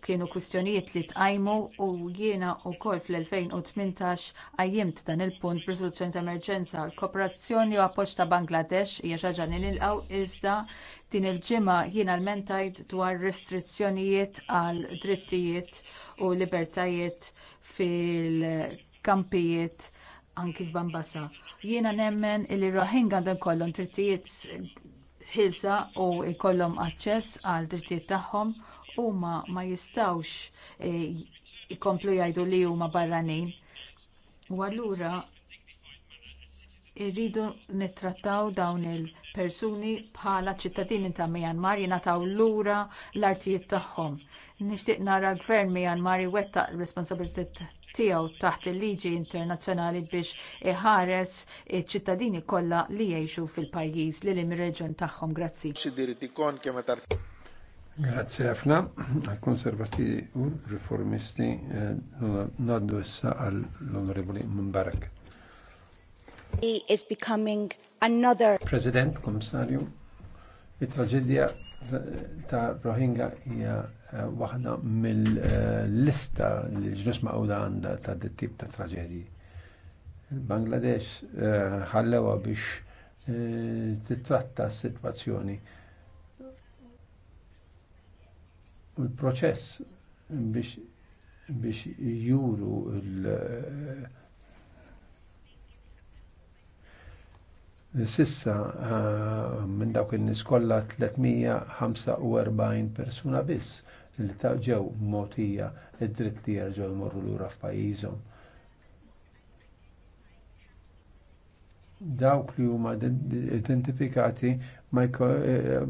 kienu kwistjonijiet li tqajmu u jiena wkoll fl-2018 qajjimt dan il-punt b'riżoluzzjoni ta' emerġenza l-kooperazzjoni u appoġġ ta' Bangladesh hija xi ħaġa li nilqgħu iżda din il-ġimgħa jiena l-mentajt dwar restrizzjonijiet għal drittijiet u libertajiet fil-kampijiet anki f'Bambasa. Jiena nemmen li Rohingya għandhom kollhom drittijiet ħilsa u jkollhom aċċess għal drittijiet tagħhom huma ma jistgħux ikomplu e, jgħidu li huma barranin. U allura irridu nittrattaw dawn il-persuni bħala ċittadini ta' Myanmar jingħataw lura l-artijiet tagħhom. Nixtieq nara gvern Myanmar iwettaq responsabilitet tiegħu taħt il-liġi internazzjonali biex iħares iċ-ċittadini kollha li jgħixu fil-pajjiż li lim reġjun tagħhom. Grazzi. Grazzi ħafna għal konservativi u riformisti eh, naddu issa għal l-Onorevoli Mbarak. Is becoming another. President, Komissarju, it-traġedja ta' Rohingya hija eh, waħda mill-lista li ġnus maqawda għandha ta' dit-tip ta' traġedji. Bangladesh eh, ħallewa biex eh, titratta s-sitwazzjoni. U l-proċess biex juru l- Sissa eh, minn dawk il-nies kollha 345 persuna biss li ta' ġew mogħtija id-dritt li jerġgħu jmorru lura f'pajjiżhom. Dawk li huma identifikati ma eh,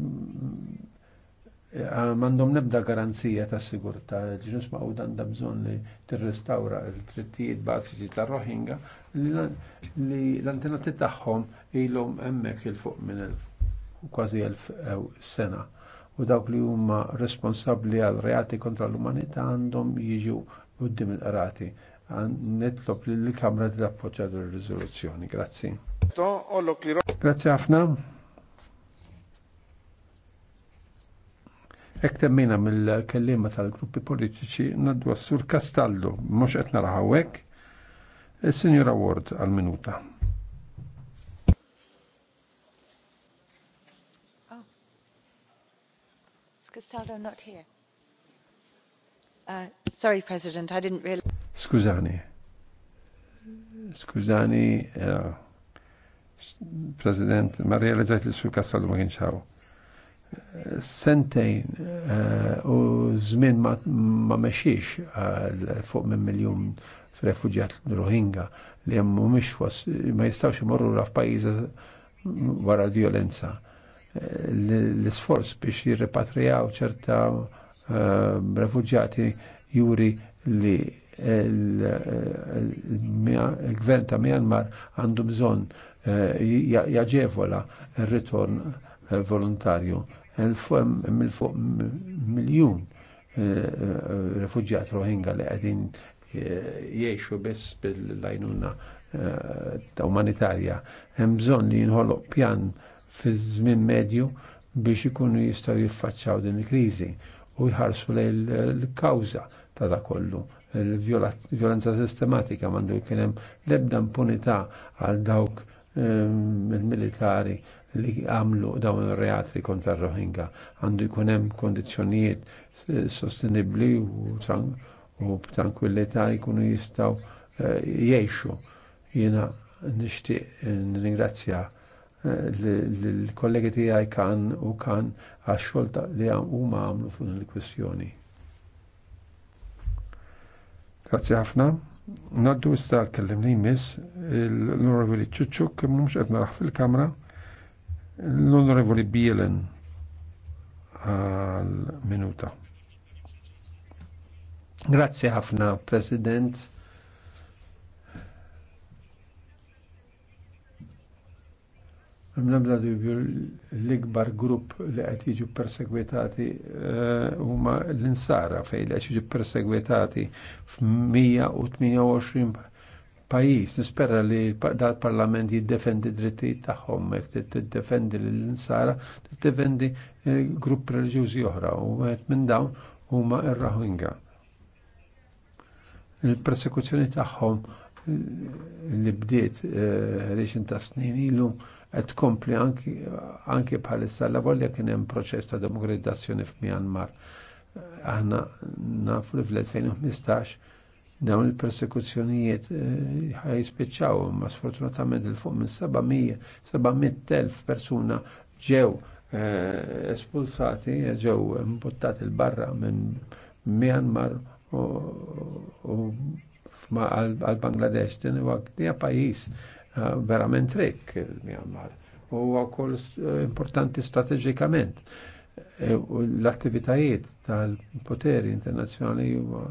għandhom nibda garanzija ta' sigurta, ġinus ma' da' bżon li t-restawra l-trittijiet bażiċi ta' Rohingya li l-antenati tagħhom ilhom hemmhekk il fuq minn kważi elf sena. U dawk li huma responsabbli għal reati kontra l-umanità għandhom jiġu qudiem il-qrati. Nitlob li l-Kamra t-appoġġa r-riżoluzzjoni. Grazzi. Grazzi ħafna. Ek temmina mill-kellima tal-gruppi politiċi naddu għassur Kastaldo, mux etna raħawek, il-Signora Ward għal-minuta. Oh. Castaldo not here? Uh, sorry, President, I didn't realize. Scusani. Scusani. uh, President, ma realizzajt li su Castaldo ma kienx sentejn eh, u żmien ma mexiex eh, fuq minn miljun refugjat Rohingya li hemm mhumiex ma jistgħux imorru ra f'pajjiża wara violenza. Eh, l-isforz biex jirrepatrijaw ċerta refugjati juri li il-gvern ta' Myanmar għandu bżonn jaġevola r-ritorn volontarju mill-fuq miljun rifugġjat Rohingya li qegħdin eh, jgħixu biss bil-lajnuna eh, ta' umanitarja. Hemm bżonn li jinħoloq pjan fi żmien medju biex ikunu jistgħu jiffaċċaw din il-kriżi u jħarsu lejn l-kawża ta' da kollu il-violenza sistematika mandu kien hemm l-ebda impunità għal dawk eh, il-militari li għamlu dawn ir-reati kontra r-Rohingya. Għandu jkun hemm kondizzjonijiet sostenibbli u b'tankwillità jkunu jistgħu eh, jgħixu. Jiena nixtieq nringrazzja eh, l-kollegi tiegħi kan u kan għax-xogħol li huma għamlu fuq il-kwistjoni. Grazzi ħafna. Naddu issa kellimni miss l-onorevoli Ċuċċuk mhux qed naraħ fil-kamra. L-Onorevoli Bielen għal minuta. Grazie ħafna, President. Mnabda dubju l-ikbar grupp li qed jiġu persegwitati eh, huma l-insara fej li qed jiġu persegwitati f-128 pajjiż nispera li dal-Parlament jiddefendi drittijiet tagħhom hekk tiddefendi lill-insara, tiddefendi eh, grupp reliġjużi oħra u għet minn dawn huma r rahwinga Il-persekuzzjoni tagħhom eh, li bdiet eh, rixin ta' snin ilu qed tkompli anke bħalissa la volja kien hemm proċess ta' demokratizzazzjoni f'Myanmar. Aħna nafu li fl-2015 dawn il-persekuzzjonijiet eh, ħajspiċċaw, ma sfortunatament il-fuq minn 700, 700.000 persuna ġew eh, espulsati, ġew imbuttati l-barra minn Myanmar u għal-Bangladesh, din huwa pajis eh, verament trik il-Myanmar u għakol importanti strateġikament Eh, l-attivitajiet tal-poteri internazjonali huwa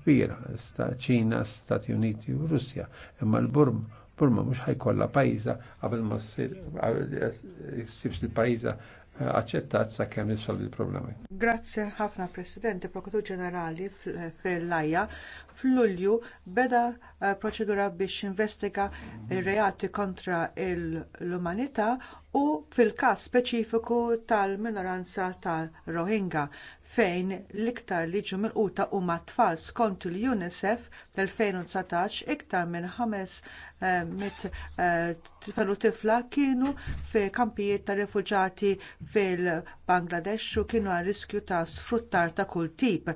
kbira sta Ċina, Stati Uniti u Russja, imma l-Burma Burma mhux ħajkollha pajjiża qabel ma ssir eh, sibx il-pajjiża aċċettat sakemm nisolvi l-problemi. Grazzi ħafna Presidenti, Prokuratur Ġenerali fil-Lajja fl-Lulju beda eh, proċedura biex investiga reati kontra l-umanità u fil-każ speċifiku tal-minoranza tal-Rohingya fejn l-iktar li ġu milquta huma tfal skont il-UNICEF fl-2019 iktar minn 500 eh, eh, tifel u tifla kienu fi kampijiet ta' rifuġati fil-Bangladesh u kienu għal riskju ta' sfruttar ta' kull tip.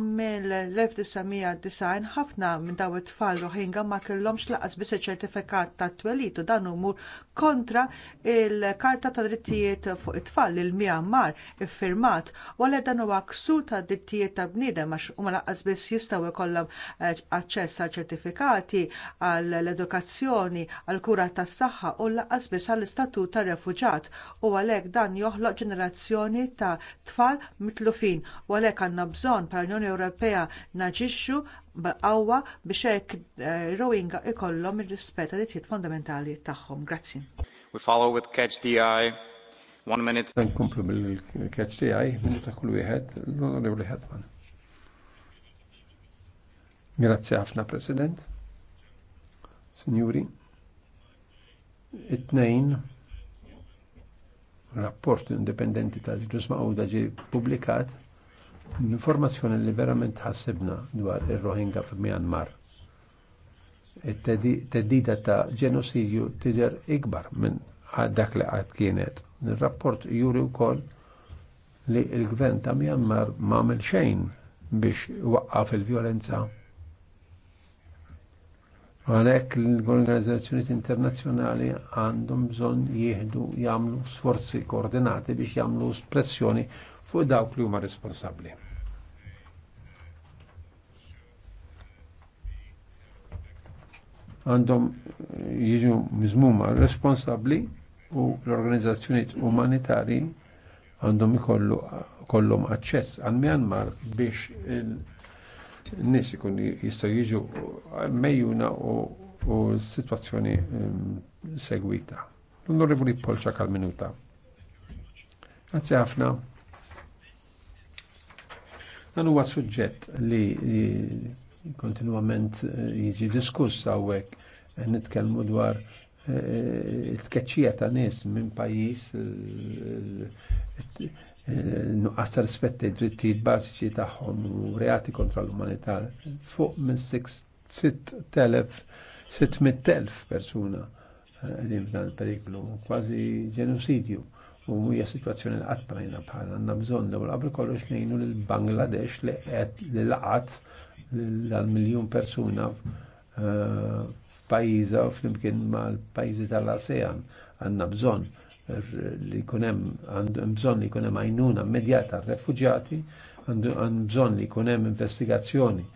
Mill-1990 ħafna minn daw it-tfal Rohingya ma kellhomx lanqas biss iċ-ċertifikat ta' twelid u dan umur kontra il-Karta ta' Drittijiet fuq it-tfal il-Myanmar iffirmat wara dan huwa ksur ta' drittijiet ta' bniedem għax huma laqqas biss jistgħu jkollhom eh, aċċess għal ċertifikati għall edukazzjoni għall kura tas-saħħa u laqqas biss għall istatut ta' refuġat u għalhekk dan joħloq ġenerazzjoni ta' tfal mitlufin u għalhekk għandna bżonn bħall Unjoni Ewropea naġixxu b'qawwa biex hekk eh, Rowinga ikollhom ir-rispett għad fondamentali tagħhom. Grazzi. We follow with catch the eye. One minute. Nkomplu bil-catch the eye, minuta kull wieħed, l-onorevoli Hetman. Grazzi ħafna, President. Signori, it-tnejn rapport indipendenti tal-ġusma' ġie publikat L-informazzjoni li verament ħassibna dwar ir-Rohingya f'Myanmar. It-teddida ta' ġenosidju tidher ikbar minn dak li qatt kienet. ir rapport juri wkoll li l-gvern ta' Myanmar ma' għamel xejn biex waqqaf il-vjolenza. Għalhekk l organizzazzjonijiet internazzjonali għandhom bżonn jieħdu jagħmlu sforzi koordinati biex jagħmlu pressjoni fuq dawk li huma responsabbli. Għandhom jiġu mizmuma responsabbli u l-organizzazzjoni umanitari għandhom ikollu kollhom aċċess għal Myanmar biex n nis ikun jistaw jiġu mejjuna u u situazzjoni sitwazzjoni um, segwita. L-Onorevoli Polċa kal-minuta. Grazie ħafna. Dan huwa suġġett li kontinuament eh, jiġi diskuss hawnhekk eh, nitkellmu dwar eh, il-tkeċċija ta' nies minn pajjiż nuqqas ta' rispetti d-drittijiet bażiċi tagħhom u reati kontra l-umanità fuq minn 600,000 persuna qegħdin f'dan il-periklu, kważi ġenosidju u hija situazzjoni li qatt marajna bħala għandna bżonn l qabel kollox ngħinu lil Bangladesh li qed li laqat għal miljun persuna eh, f'pajjiża u flimkien mal-pajjiżi tal-ASEAN għandna bżonn li jkun hemm għandhom bżonn li jkun hemm għajnuna immedjata refugjati refuġjati għandhom bżonn li jkun hemm investigazzjoni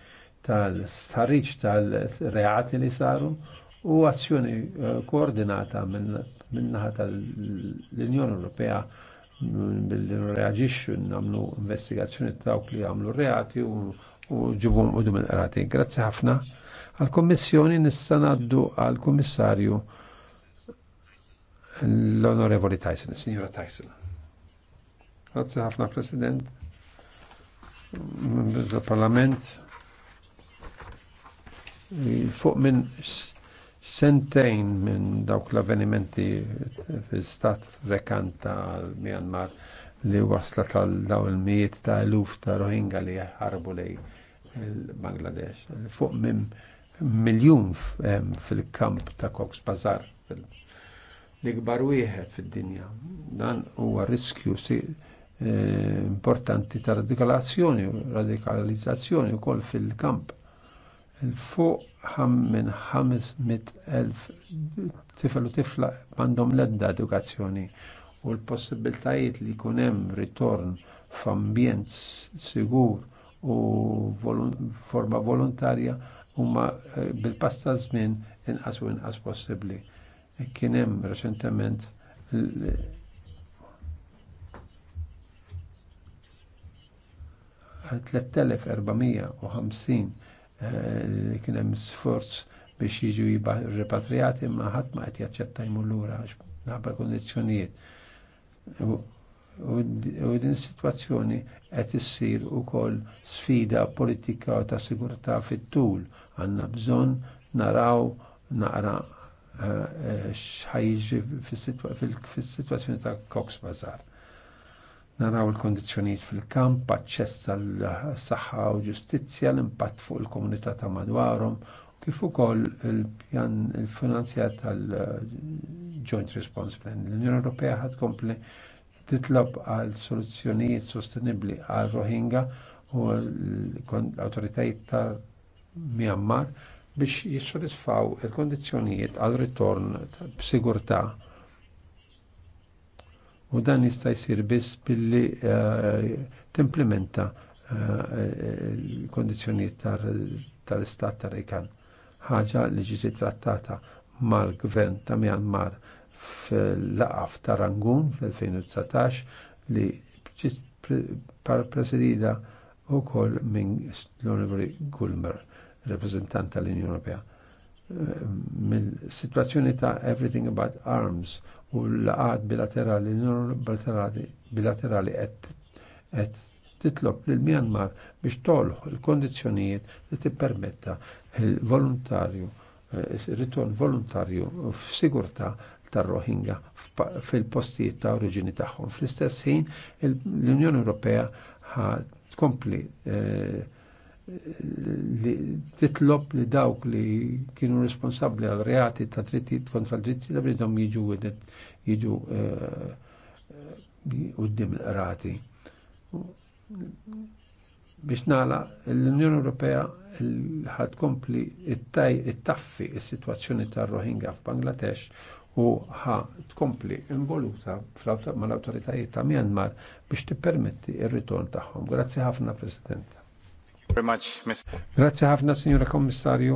tal-sarriċ tal-reati li saru u azzjoni eh, koordinata minn naħa l unjoni Ewropea mm, billi reagixxu namlu investigazzjoni ta' li għamlu reati u ġibum u minn qrati. Grazie ħafna. Għal-Kommissjoni nissan għaddu għal kommissarju l-Onorevoli Tyson, Signora Tyson. Grazie ħafna President, membri parlament fuq minn sentejn minn dawk l-avvenimenti fil-stat ta' Myanmar li wasla tal-daw il-mijiet ta' eluf ta' Rohingya li ħarbu lej il-Bangladesh. Fuq minn miljun fil-kamp ta' Cox Bazar l-ikbar wieħed fid-dinja. Dan huwa riskju eh, importanti ta' radikalazzjoni, radikalizzazzjoni wkoll fil-kamp il-fuq minn 500.000 tifel u tifla m'għandhom l-edda edukazzjoni u l-possibiltajiet li jkun hemm ritorn f'ambjent sigur u forma volontarja huma eh, bil-pass ta' żmien inqas u inqas possibbli. E kien hemm reċentement għal 3450 Eh, kien hemm sforz biex jiġu repatriati imma ħadd ma qed jaċċetta jmur lura naħba kondizzjonijiet. U din situazzjoni qed issir ukoll sfida politika u ta' sigurtà fit-tul għandna bżonn naraw naqra eh, eh, xħajġi fis situazzjoni ta' Cox Bazar naraw il kondizjoniet fil-kamp, aċċess għal saħħa u ġustizzja, l-impatt fuq il-komunità ta' madwarhom, kif ukoll il-pjan il-finanzjat tal-Joint Response Plan. L-Unjoni Ewropea ħad kompli titlob għal soluzzjonijiet sostenibbli għal Rohingya u l-autoritajiet ta' Myanmar biex jissodisfaw il-kondizjonijiet għal ritorn b'sigurtà u dan jista' jsir biss billi eh, timplementa eh, l-kondizzjonijiet tal-istat tarikan. Ħaġa li ġiet trattata mal-gvern ta' Myanmar fil-laqaf ta' Rangun fl-2019 li presidida u koll minn l-Onorevoli Gulmer, reprezentant tal-Unjoni Ewropea eh, mill-situazzjoni ta' Everything About Arms u l-laqat bilaterali bilaterali bilaterali qed titlob l Myanmar biex tolħu l-kondizzjonijiet li tippermetta il-volontarju eh, ritorn volontarju f'sigurtà tar rohingja fil-postijiet ta' oriġini tagħhom. Fl-istess ħin l-Unjoni Ewropea tkompli eh, li titlob li dawk li kienu responsabbli għal reati ta' drittijiet kontra dritti li bridhom jiġu jiġu għoddim eh, eh, l-qrati. Biex nala l-Unjoni Ewropea ħad kompli it-taffi il sitwazzjoni tar-Rohingya f'Bangladesh u ħa tkompli involuta mal-awtoritajiet ta' Myanmar biex tippermetti il ritorn tagħhom. Grazzi ħafna President. Grazie ħafna, Signora Kommissarju.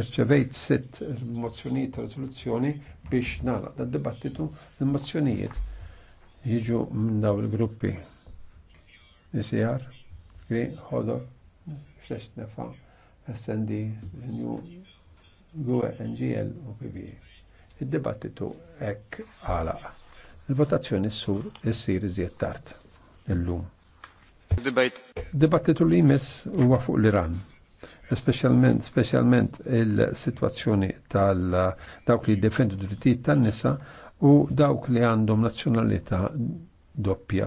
Irċevejt sitt mozzjonijiet ta' rezoluzzjoni biex nagħlaq da' dibattitu il-mozzjonijiet jiġu minn daw il-gruppi. Nisijar, e Gri, Hodor, Xlex Nefa, SND, New, GUE, NGL u PBE. Id-dibattitu ek għala. Il-votazzjoni s-sur issir iżjed tard il-lum. Dibattitu li jmiss huwa fuq l-Iran, specialment, specialment il-situazzjoni tal-dawk li jiddefendu drittijiet tan-nisa u dawk li għandhom nazzjonalità doppja,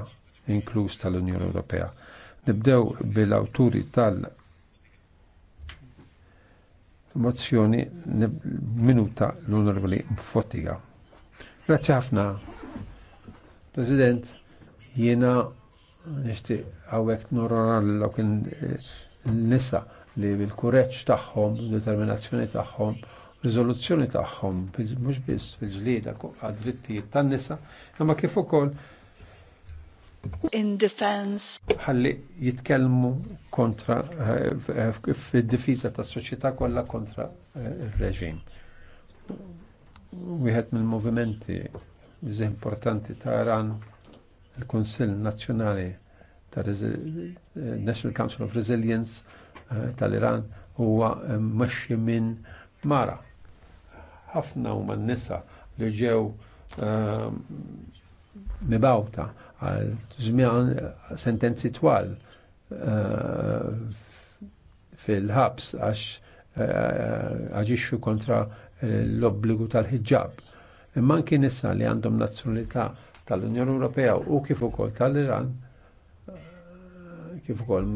inkluż tal-Unjoni Ewropea. Nibdew bil-awturi tal- mozzjoni minuta l-onorevoli Mfotiga. Grazie ħafna, President, jena nishti għawek nurrona l-lok nisa li bil-kureċ taħħom, determinazzjoni taħħom, rizoluzzjoni taħħom, mux biss fil-ġlida għad-drittijiet tan-nisa, imma kif ukoll in defense. Ħalli jitkellmu kontra eh, fid-difiża tas-soċjetà kollha kontra eh, ir-reġim. Wieħed mill-movimenti importanti ta' Iran il-Kunsill Nazzjonali tal eh, National Council of Resilience eh, tal-Iran huwa eh, mmexxi minn Mara. Ħafna huma n-nisa li ġew mibawta għal żmien sentenzi twal fil-ħabs għax aġixxu kontra l-obbligu tal-ħiġab. Imma anki nisa li għandhom nazzjonalità tal-Unjoni Ewropea u kif ukoll tal-Iran kif ukoll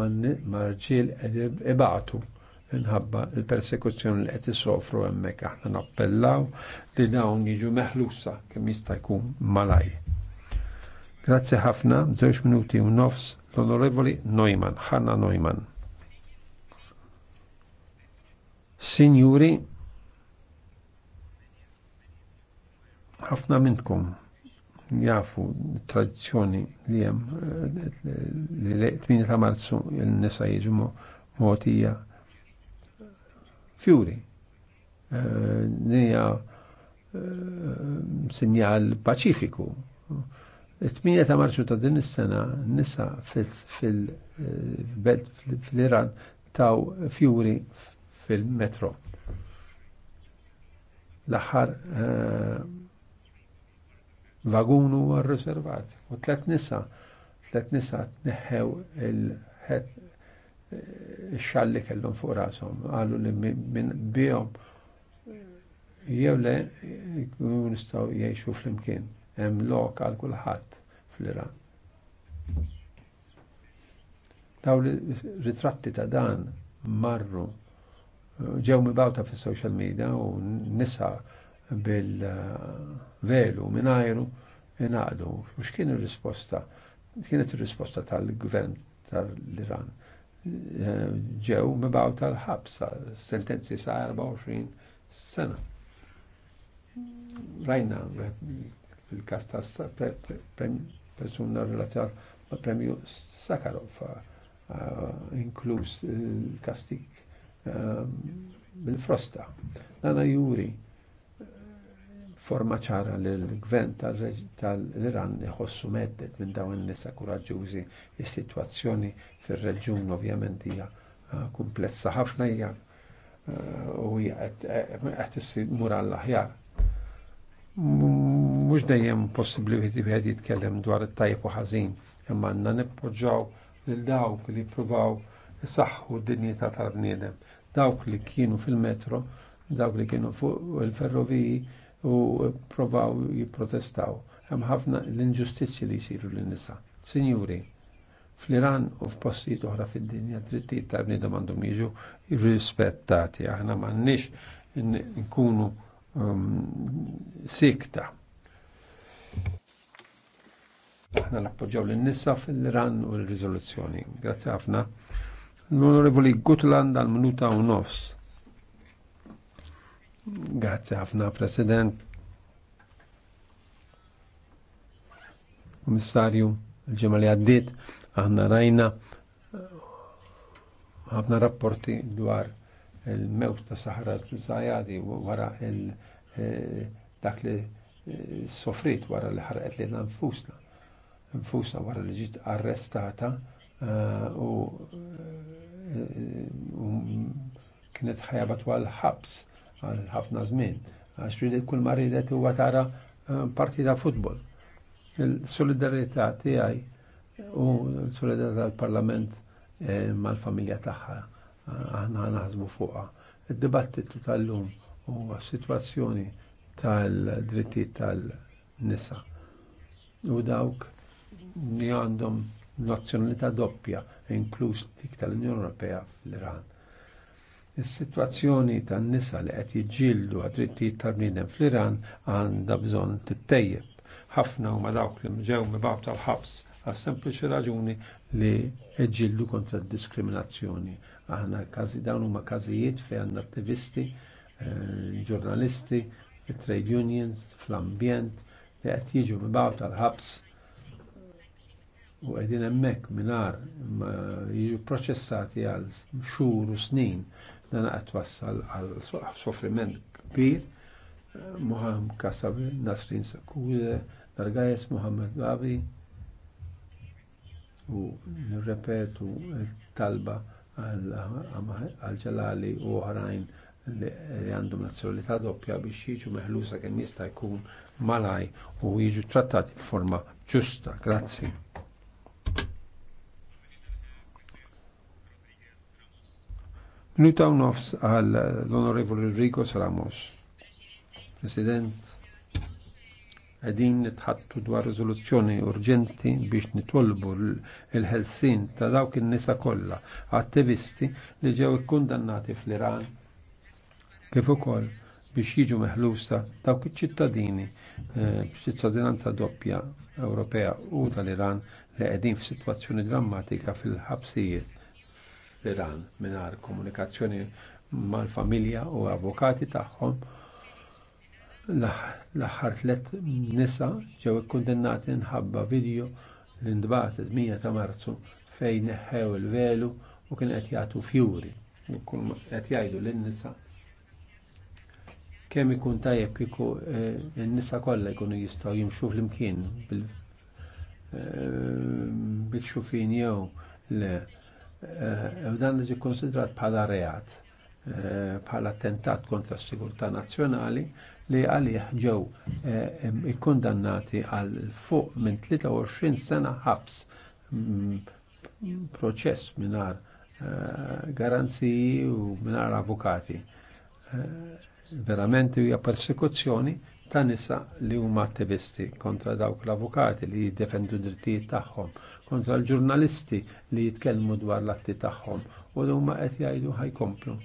marġil ibatu minħabba il-persekuzzjoni li qed isofru hemmhekk aħna nappellaw li dawn jiġu meħlusa kemm jista' jkun malaj. Grazzi ħafna, żewġ minuti u nofs l-Onorevoli Neumann, Hanna Neumann. Signori ħafna minnkom jafu tradizzjoni li jem eh, li 8 ta' marzu il-nisa jiġu motija fjuri. Eh, Nija eh, sinjal paċifiku. 8 ta' marzu ta' din is-sena nisa fil-Iran belt taw fjuri fil-metro. L-aħħar vagunu għal rriservat. U tlet nisa, tlet nisa tneħħew il-xalli ħet kellhom fuq rashom, għallu li minn bihom jew le jkunu jiexu jgħixu flimkien hemm lok għal kulħadd fl-Iran. Daw ritratti ta' dan marru ġew mibawta fis-social media u nisa' bil-velu minajru inaqdu. Mux kien il-risposta, kienet il-risposta tal-gvern tal-Iran. Ġew mibaw tal-ħabsa, sentenzi sa' 24 sena. Rajna fil-kas ta' persuna relatar ma' premju Sakharov, inkluż il-kastik bil-frosta. Nana juri forma ċara li l-gvern tal-Iran iħossu meddet minn dawn in-nisa kuraġġużi. Is-sitwazzjoni fir-reġjun ovvjament hija eh, komplessa ħafna hija eh, u hija qed eh, issir aħjar Mhux dejjem possibbli wieħed jitkellem dwar it-tajb u ħażin, imma għandna nippoġġaw lil dawk li jippruvaw isaħħu d-dinjità tal-bniedem, dawk li kienu fil-metro, dawk li kienu fuq il-ferroviji u provaw jiprotestaw. Hemm ħafna l-inġustizzji li jsiru lin-nisa. Sinjuri, fl-Iran u f'postijiet oħra fid-dinja drittijiet tal-bniedem għandhom jiġu rispettati. Aħna m'għandniex nkunu um, sikta. Aħna l-appoġġaw l-nissa fil-Iran u l riżoluzzjoni Grazzi ħafna. L-Onorevoli Gutland għal-minuta u nofs. Grazie ħafna, President. Komissarju, l ġemma li għaddit, aħna rajna eh, ħafna rapporti dwar il-mewt ta' Sahara Zajadi wara il-dak eh, li eh, soffrit wara li ħarqet li l-anfusna. Nfusna wara li ġiet arrestata u kienet ħajabat għal ħabs għal ħafna żmien għax ridet kull ma ridet huwa tara eh, partita futbol. il Solidarietà tiegħi u solidarità tal-Parlament eh, mal-familja tagħha eh, aħna naħsbu fuqha. Id-dibattitu tal-lum u situazzjoni tal-dritti tal-nisa. U dawk li għandhom nazzjonalità doppja, inkluż dik tal-Unjoni Ewropea fl-Iran Is-sitwazzjoni tan-nisa li qed jiġġieldu għad-drittijiet tal-bniedem fl-Iran għandha bżonn tittejjeb. Ħafna huma dawk li ġew mibgħu tal-ħabs għas sempliċi raġuni li ġildu kontra diskriminazzjoni. Aħna każi dawn huma każijiet fejn għandna attivisti, eh, ġurnalisti, trade unions, fl-ambjent li qed jiġu mibgħu tal-ħabs u qegħdin hemmhekk mingħajr jiġu proċessati għal xhur u snin dan għat wassal għal soffriment kbir eh, Muhammad Kasabi, Nasrin Sakude, Nargajes Muhammad Gavi u nirrepetu talba għal-ġalali u oħrajn li għandhom nazzjonalità doppja biex jiġu meħlusa kemm jista' jkun malaj u jiġu trattati b'forma ġusta. Grazzi. Minuta nofs għal l-Onorevoli Enrico Salamos. President, għedin nitħattu dwar rizoluzzjoni urġenti biex nitolbu l-ħelsin ta' dawk in-nisa kollha, attivisti li ġew ikkundannati fl-Iran kif ukoll biex jiġu meħlusa dawk iċ-ċittadini b'ċittadinanza eh, doppja Ewropea u tal-Iran li qegħdin f'sitwazzjoni drammatika fil-ħabsijiet fl-Iran mingħajr komunikazzjoni mal-familja u avukati tagħhom l-aħħar tliet nisa ġew ikkundennati nħabba video li ndbat 100 ta' Marzu fejn neħħew il-velu u kien qed jagħtu fjuri. Kull qed jgħidu lin-nisa kemm ikun tajjeb kieku eh, n-nisa kollha jkunu jistgħu jimxu flimkien bil eh, xufin jew le u eh, dan ġi konsidrat bħala reat, eh, bħala attentat kontra s-sigurtà nazzjonali li għalih ġew eh, ikkondannati għal fuq minn 23 sena ħabs mm, proċess minar garanziji u minar avukati. Verament hija persekuzzjoni ta' nisa li huma attivisti kontra dawk l-avukati li jiddefendu drittijiet tagħhom, kontra l-ġurnalisti li jitkellmu dwar l-atti tagħhom u li huma qed jgħidu ħajkomplu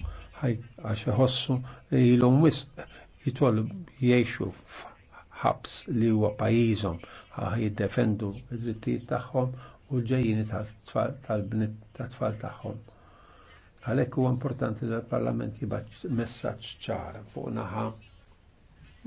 għax iħossu li ilhom wisq jitolb jgħixu ħabs li huwa pajjiżhom jiddefendu d-drittijiet tagħhom u l-ġejjini tat-tfal tagħhom. Għalhekk huwa importanti li l-Parlament jibgħat messaġġ ċara fuq naħa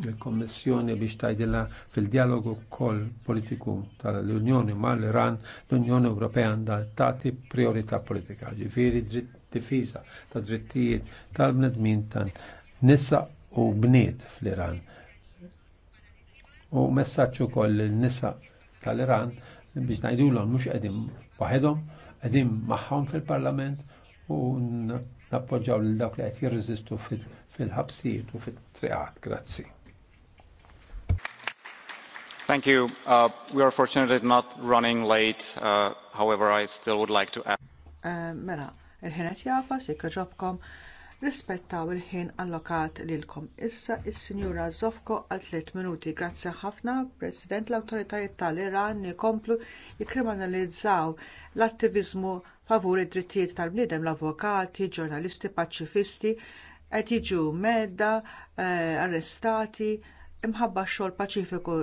il-Kommissjoni biex tajdilha fil-dialogu kol politiku tal-Unjoni mal-Iran, l-Unjoni Ewropea għandha tagħti priorità politika, ġifieri dritt difiża ta' drittijiet tal-bnedmin tan nisa u bniet fl-Iran. U messaċċ ukoll il-nisa tal-Iran biex ngħidulhom mhux qegħdin waħedhom, qegħdin magħhom fil-Parlament u nappoġġaw lil dawk li qed jirreżistu fil-ħabsijiet u fit-triqat. Grazzi. Thank you. Uh, we are fortunately not running late. Uh, however, I still would like to add. Uh, mela, il-ħin qed jafas, jekk ġobkom, rispettaw il-ħin allokat lilkom. Issa is-Sinjura Zofko għal tliet minuti. Grazzi ħafna, President l-Awtoritajiet tal-Iran nikomplu jikkriminalizzaw l-attiviżmu favur id-drittijiet tal-bniedem l-avukati, ġurnalisti, paċifisti, għet jiġu medda, eh, arrestati, imħabba x-xogħol paċifiku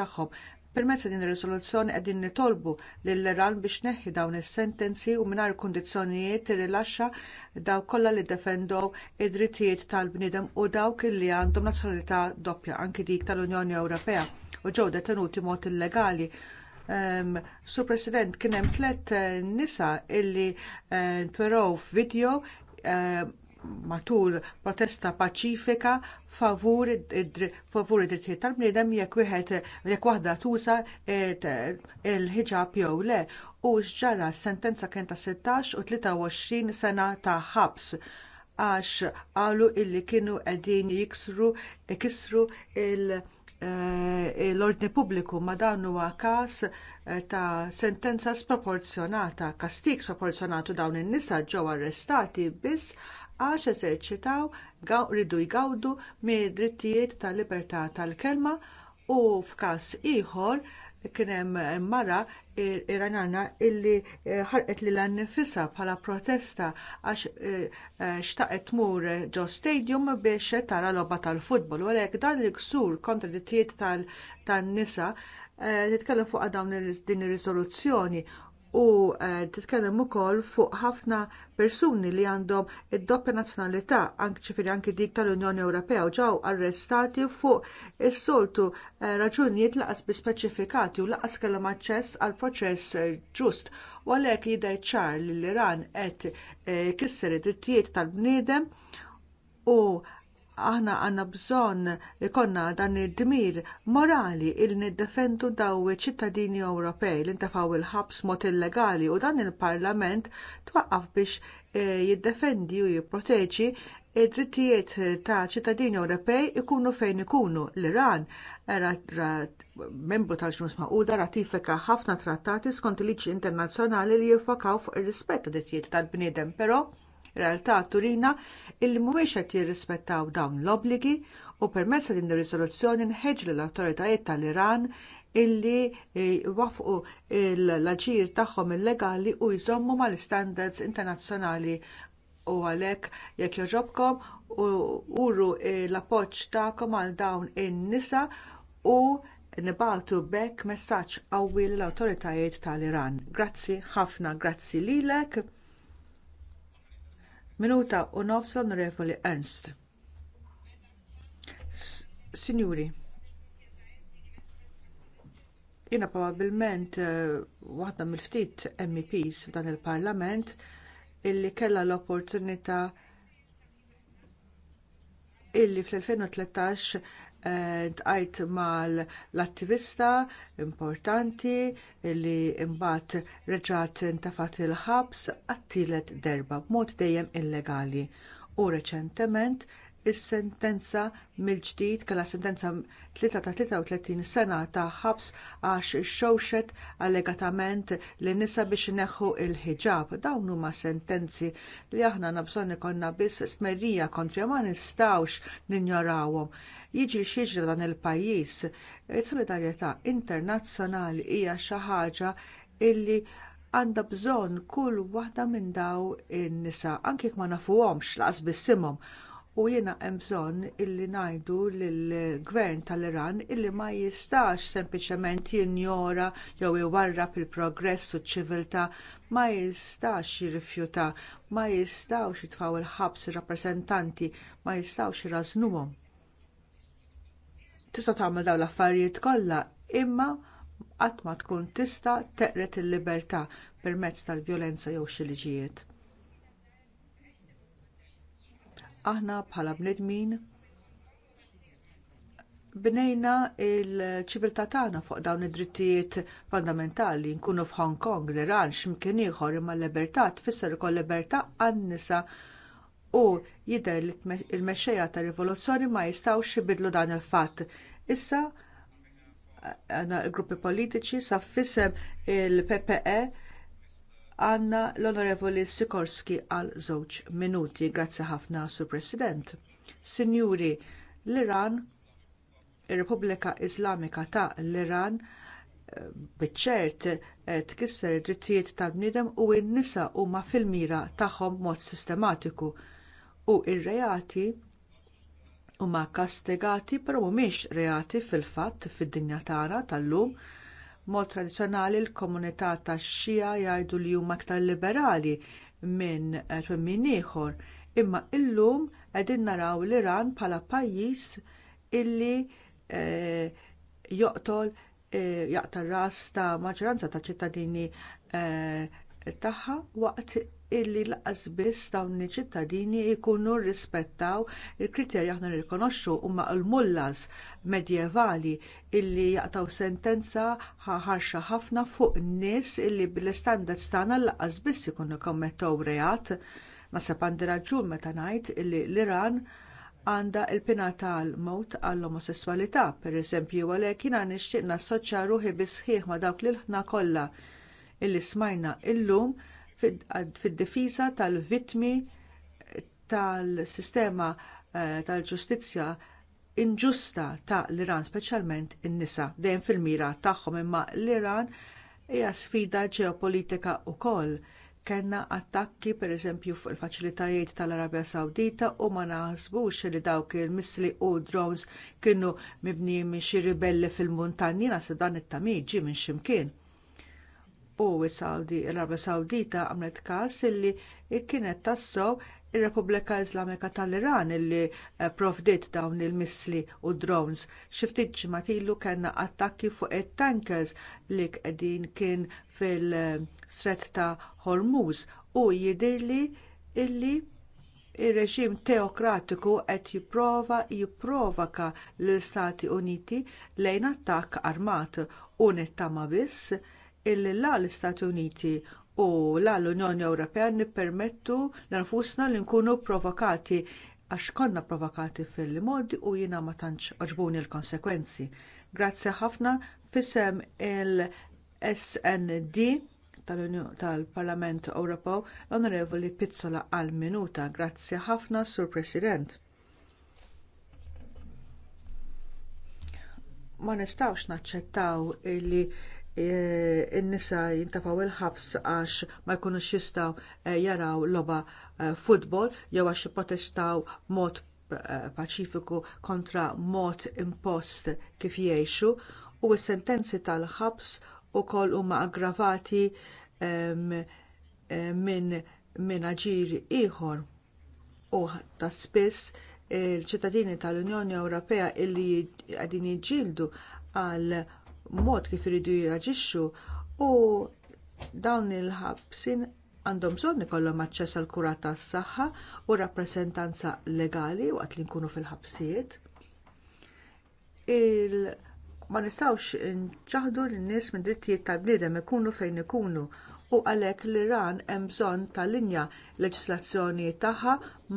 tagħhom. Permezz din ir-riżoluzzjoni qegħdin nitolbu lill Iran biex neħħi dawn is-sentenzi u mingħajr kundizzjonijiet tirrilaxxa dawk kollha li defendow id-drittijiet tal-bniedem u dawk li għandhom nazzjonalità doppja anki dik tal-Unjoni Ewropea u ġew detenuti mod illegali. Um, Sur President, kien hemm tliet eh, nisa illi uh, eh, tweraw uh, matul protesta paċifika favur id-drittijiet tal-bniedem jekk wieħed jekk waħda tuża l ħiġab jew le u x'ġara sentenza kien ta' 16 u 23 sena ta' ħabs għax qalu illi kienu qegħdin jiksru ikisru il- eh, l-ordni pubbliku ma dan huwa każ eh, ta' sentenza sproporzjonata, kastik sproporzjonatu dawn in-nisa ġew arrestati biss għax eżerċitaw ridu jgawdu mid-drittijiet tal-libertà tal-kelma u f'każ ieħor kien hemm mara iranana illi eh, ħarqet lilha nnifisha bħala protesta għax eh, eh, xtaqet tmur ġo stadium biex tara logħba tal-futbol u għalhekk dan il-ksur kontra drittijiet tan-nisa titkellem fuq dawn din ir-riżoluzzjoni u eh, titkellem ukoll fuq ħafna persuni li għandhom id-doppja nazzjonalità anke anki dik tal-Unjoni Ewropea u ġew arrestati fuq is-soltu eh, raġunijiet laqas bi speċifikati u laqas kellhom aċċess għal proċess eh, ġust u għalhekk jidher ċar li l-Iran qed kisser id-drittijiet tal-bniedem u aħna għandna bżonn ikonna dan id-dmir morali il niddefendu daw ċittadini Ewropej li ntefgħu il-ħabs mod illegali u dan il-Parlament twaqqaf biex e, jiddefendi u jipproteġi id-drittijiet ta' ċittadini Ewropej ikunu fejn ikunu l-Iran membru tal-ġnus maquda ratifika ħafna trattati skont il-liġi internazzjonali li jiffokaw fuq ir-rispett tad drittijiet tal-bniedem, però realtà turina illi mhumiex qed jirrispettaw dawn l-obbligi u permezz din ir-riżoluzzjoni nħeġġu l-awtoritajiet tal-Iran illi eh, wafqu l-aġir tagħhom illegali u jżommu mal-istandards internazzjonali u għalhekk jekk jogħġobkom uru eh, l-appoġġ tagħkom għal dawn in-nisa u nibagħtu b'hekk messaġġ qawwi lill-awtoritajiet tal-Iran. Grazzi ħafna, grazzi lilek. Minuta u nofs l-Onorevoli Ernst. Signuri, jiena probabbilment eh, waħda mill-ftit MEPs f'dan il-Parlament illi kellha l-opportunità illi fl-2013 Eh, tqajt mal l-attivista importanti li mbagħad reġgħet intafat il-ħabs qattilet darba b'mod dejjem illegali. U reċentement is-sentenza mill-ġdid kellha sentenza ta' 33 sena ta' ħabs għax xewxet allegatament li nisa biex ineħħu l ħiġab Dawn huma sentenzi li aħna nabżon ikollna biss smerija kontra ma nistgħux ninjorawhom jiġi xieġri dan il-pajjiż. Is-solidarjetà internazzjonali hija xi ħaġa illi għandha bżonn kull waħda minn daw in-nisa anke jekk ma nafuhomx laqas bissimhom. U jiena hemm bżonn illi ngħidu lill-Gvern tal-Iran illi ma jistax sempliċement jinjora jew iwarrab il-progress u ċ-ċiviltà ma jistax jirrifjuta, ma jistax jitfgħu il-ħabs ir-rappreżentanti, ma jistax irrażnuhom tista' tagħmel dawn l-affarijiet kollha imma qatt ma tkun tista' teqret il-libertà permezz tal-vjolenza jew xi liġijiet. Aħna bħala bnedmin bnejna il-ċiviltà tagħna fuq dawn id-drittijiet fondamentali nkunu f'Hong Kong, l-Iran, x'imkien ieħor imma l-libertà tfisser ukoll libertà għan-nisa u jidher li l mexxejja tar rivoluzzjoni ma jistgħux ibidlu dan il-fatt. Issa l gruppi politiċi sa fissem il-PPE għandna l-Onorevoli Sikorski għal żewġ minuti. Grazzi ħafna, Sur President. Sinjuri, l-Iran, ir-Repubblika Islamika ta' l-Iran, qed eh, tkisser id-drittijiet tal-bniedem u n-nisa huma fil-mira tagħhom b'mod sistematiku u r reati huma kastigati però mhumiex reati fil-fatt fid-dinja tagħna tal-lum mod tradizzjonali l-komunità tax-xija jgħidu li huma aktar liberali minn min ieħor imma llum qegħdin naraw l-Iran bħala pajjiż illi eh, joqtol e, jaqta' ras ta' maġġoranza ta' ċittadini eh, tagħha waqt illi lanqas biss dawn iċ-ċittadini jkunu rrispettaw il-kriterji aħna nirrikonoxxu huma l-mullas medjevali illi jaqtaw sentenza ħarxa ħafna fuq nies illi bl-istandards tagħna lanqas biss ikunu kommettew reat. Naħseb għandi raġun meta ngħid illi l-Iran għandha l-pina tal-mewt għall-omosesswalità, pereżempju għalhekk jiena nixtieq nassoċja ruħi bi sħiħ ma' dawk l-ħna kollha illi smajna illum fid-difiża tal-vittmi tal-sistema eh, tal-ġustizzja inġusta ta' l-Iran, speċjalment in-nisa, dejjem fil-mira tagħhom imma l-Iran hija sfida ġeopolitika wkoll. Kellna attakki pereżempju fuq il-faċilitajiet tal-Arabja Sawdita u ma naħsbux li dawk il-misli u drones kienu mibni minn xi ribelli fil-muntanji nasa dan it-tamiġi minn ximkien u s-Saudi, l-Arabja Sawdita għamlet każ illi kienet tassew ir-Repubblika Iżlamika tal-Iran illi eh, provdiet dawn il-missli u drones. Xi ftit ġimgħat kellna attakki fuq it-tankers li qegħdin kien fil-Stret ta' Hormuz u jidhirli illi ir-reġim teokratiku qed jipprova jipprovoka lill istati Uniti lejn attakk armat u nittama biss illi la l-Istati Uniti u la l-Unjoni Ewropea nippermettu l anfusna li nkunu provokati għax konna provokati fil-modi u jiena ma tantx oġbuni l-konsekwenzi. Grazzi ħafna fisem il-SND tal-Parlament Ewropew l-Onorevoli Pizzola għal minuta. Grazzi ħafna, Sur President. Ma nistgħux naċċettaw li illi E, in-nisa jintafaw il-ħabs għax ma jkunux jistgħu e, jaraw logħba e, futbol jew għax jipprotestaw b'mod paċifiku kontra mod impost kif jgħixu u s-sentenzi tal-ħabs ukoll huma aggravati minn min aġir ieħor u ta' spiss il-ċittadini tal-Unjoni Ewropea illi qegħdin jiġġieldu għal mod kif iridu jaġixxu u dawn il-ħabsin għandhom bżonn ikollhom aċċess għall kurata tas-saħħa u rappreżentanza legali waqt li nkunu fil-ħabsijiet. ma nistgħux nċaħdu lin nies minn drittijiet tal bniedem ikunu fejn ikunu u għalhekk l-Iran hemm bżonn ta' linja leġislazzjoni tagħha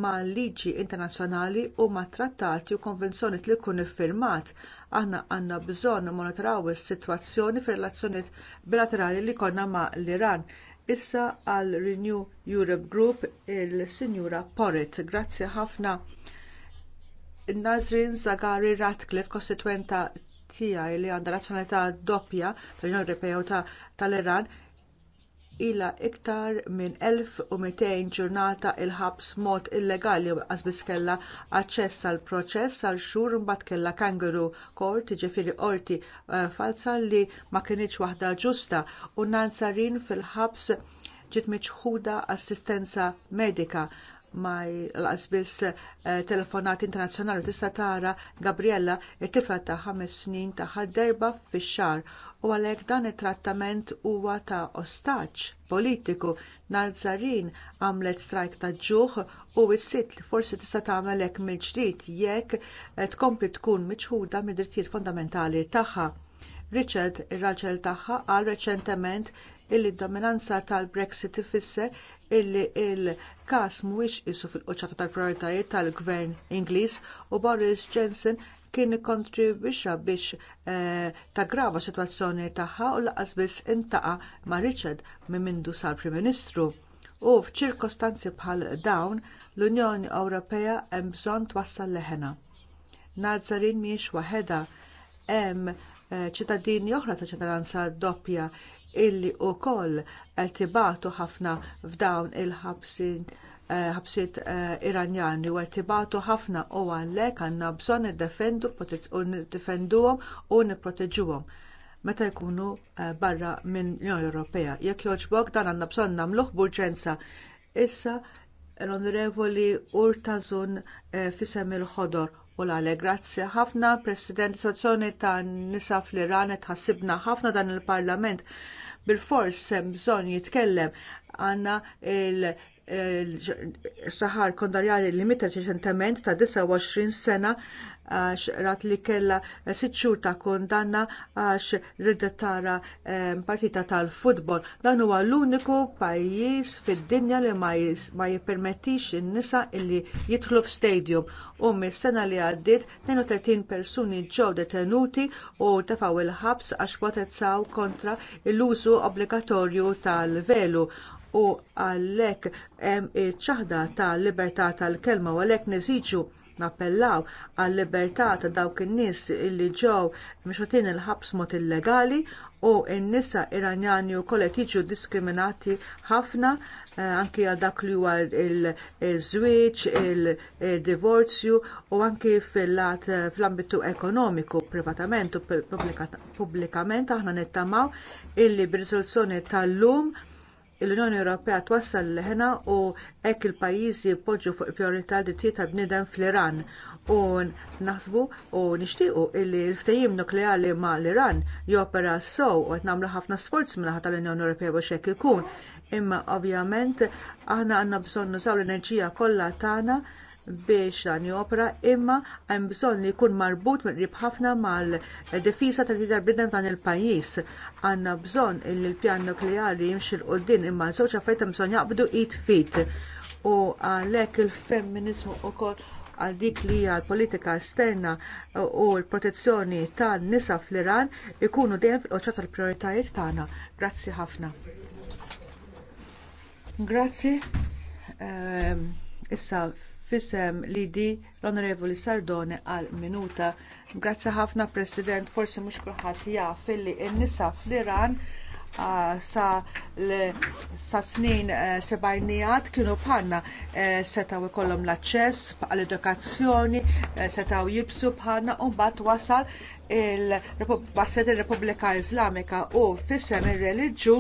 mal liġi internazzjonali u mat trattati u konvenzjonijiet li jkun iffirmat. Aħna għandna bżonn monitoraw is-sitwazzjoni fir-relazzjonijiet bilaterali li jkollna ma' l-Iran. Issa għal Renew Europe Group il-Sinjura Porritt. Grazzi ħafna. Nazrin Zagari Ratcliffe, kostitwenta tiegħi li għandha razzjonalità doppja tal-Unjoni Ewropea u tal-Iran, ilha iktar minn 1200 ġurnata il-ħabs mod illegali u biss kellha aċċess għall proċess għal xhur mbagħad kellha kanguru court, jiġifieri qorti eh, falsa li ma kinitx waħda ġusta u nanzarin fil-ħabs ġiet miċħuda assistenza medika ma l-qasbis eh, telefonat internazzjonali tista' tara Gabriella irtifa ta' ħames snin ta' derba fix-xahar u għalhekk dan it-trattament huwa ta' ostaġġ politiku Nalzarin għamlet strajk ta' ġuħ u s-sitt li forsi tista' tagħmel hekk mill-ġdid jekk tkompli tkun miċħuda mid-drittijiet fundamentali tagħha. Richard, ir-raġel tagħha, qal reċentement illi d-dominanza tal-Brexit ifisser illi l każ mhuwiex isu fil quċċata tal-prioritajiet tal-Gvern Ingliż u Boris Johnson kien ikkontribwixxa biex eh, tagrava sitwazzjoni tagħha u lanqas biss intaqa' ma' Richard minn mindu sar Prim Ministru. U f'ċirkostanzi bħal dawn l-Unjoni Ewropea hemm bżonn twassal leħena. Nazarin mhijiex waħedha hemm eh, ċittadini oħra ta' ċittadinanza doppja illi wkoll qed ibatu ħafna f'dawn il-ħabsin Eh, ħabsit eh, iranjani u għetibatu ħafna u għallek għandna bżonn niddefendu u niddefenduhom u nipproteġuhom meta jkunu eh, barra minn l-Unjoni Ewropea. Jekk jogħġbok, dan għandna bżonn nagħmluh b'urġenza. Issa l-Onorevoli Urtazun fisem il-ħodor u l-għale grazzi ħafna, President sezzjoni ta' nisa fl-Iran tħassibna ħafna dan il-Parlament bil-fors bżonn jitkellem għandna saħar li limited reċentament ta' 29 sena għax rat li kellha sitt xhur ta' kundanna għax ridet tara partita tal-futbol. Dan huwa l-uniku pajjiż fid-dinja li ma jippermettix in-nisa illi jidħlu f'stadium. U mis-sena li għaddiet 32 persuni ġew detenuti u tefaw il-ħabs għax protezzaw kontra l-użu obbligatorju tal-velu u għalhekk hemm iċ-ċaħda tal libertà tal-kelma u għalhekk nisiġu nappellaw għal libertà ta' dawk in-nies li ġew mixotin il-ħabs mod illegali u n-nisa iranjani wkoll qed jiġu diskriminati ħafna Anke eh, anki għal dak li huwa il-żwieġ, il-divorzju u anki fil-lat fl-ambitu ekonomiku privatament u pubblikament aħna nittamaw illi bir-riżoluzzjoni tal-lum l-Unjoni Ewropea twassal leħna u hekk il-pajjiżi jpoġġu fuq il-priorità li tiet ta' bniedem fl-Iran u naħsbu u nixtiequ li l-ftehim nukleali ma' l-Iran jopera sew u qed nagħmlu ħafna sforz mingħata tal-Unjoni Ewropea biex hekk ikun. Imma ovvjament aħna għandna bżonn nużaw l-enerġija kollha tagħna biex dan jopra imma hemm bżonn li jkun marbut mill-qrib ħafna mal ta' tal-lider bidem dan il-pajjiż. Għandna bżonn li l-pjan nukleari jimxi l qudiem imma l-żewġ affarijiet hemm bżonn jaqbdu id fit. U għalhekk il-femminizmu wkoll għal dik li hija l-politika esterna u l-protezzjoni tan-nisa fl-Iran ikunu dejjem fil-qoċċa tal-prijoritajiet tagħna. Grazzi ħafna. Grazzi. Ehm, issa fisem li di l-Onorevoli Sardone għal minuta. Grazzi ħafna President, forsi mhux kulħadd jaf illi n-nisa fl-Iran ah, sa, sa snin eh, sebajnijat kienu bħalna eh, setgħu jkollhom l-aċċess għall-edukazzjoni, eh, setgħu jibsu bħalna u mbagħad wasal il-Repubblika Islamika u fissem ir reliġu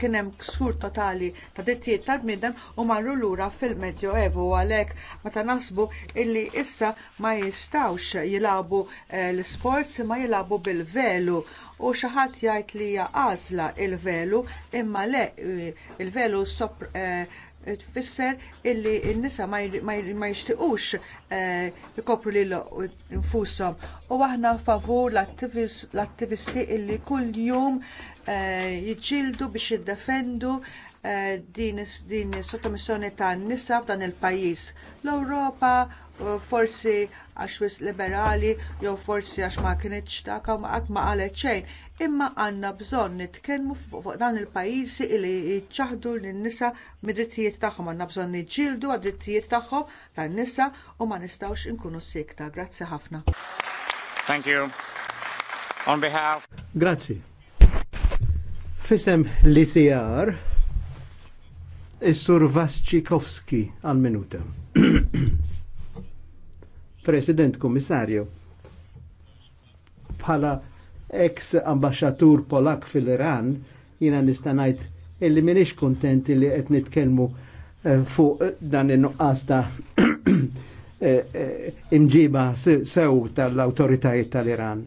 kien hemm ksur totali ta' dittijiet tal-bniedem u marru lura fil-Medjoevu medju għalhekk meta naħsbu illi issa ma jistgħux jilagħbu eh, l-sports ma jilagħbu bil-velu u xi ħadd jgħid li hija għażla l velu imma le eh, il-velu eh, tfisser illi n-nisa ma jixtiequx jkopru lil infushom u aħna favur l-attivisti illi kuljum Eh, jiġġieldu biex jiddefendu eh, din is-sottomissjoni tan-nisa f'dan il-pajjiż. L-Ewropa forsi għax wis liberali jew forsi għax ma kinitx dak qatt ma qalet xejn, imma għandna bżonn nitkellmu fuq dawn il-pajjiżi li jċaħdu lin-nisa mid-drittijiet tagħhom, għandna bżonn niġġieldu għad-drittijiet tagħhom tan-nisa u ma nistgħux inkunu sikta. Grazzi ħafna. Thank you. On behalf. Grazzi. Fisem li sijar, Is-sur Vasċikowski għal minuta. President Komissarju, bħala ex ambasġatur Polak fil-Iran, jina nistanajt illi minix kontent li qed nitkellmu eh, fuq dan in-nuqqas ta' eh, eh, imġiba sew tal-autoritajiet tal-Iran. tal tal autoritajiet tal iran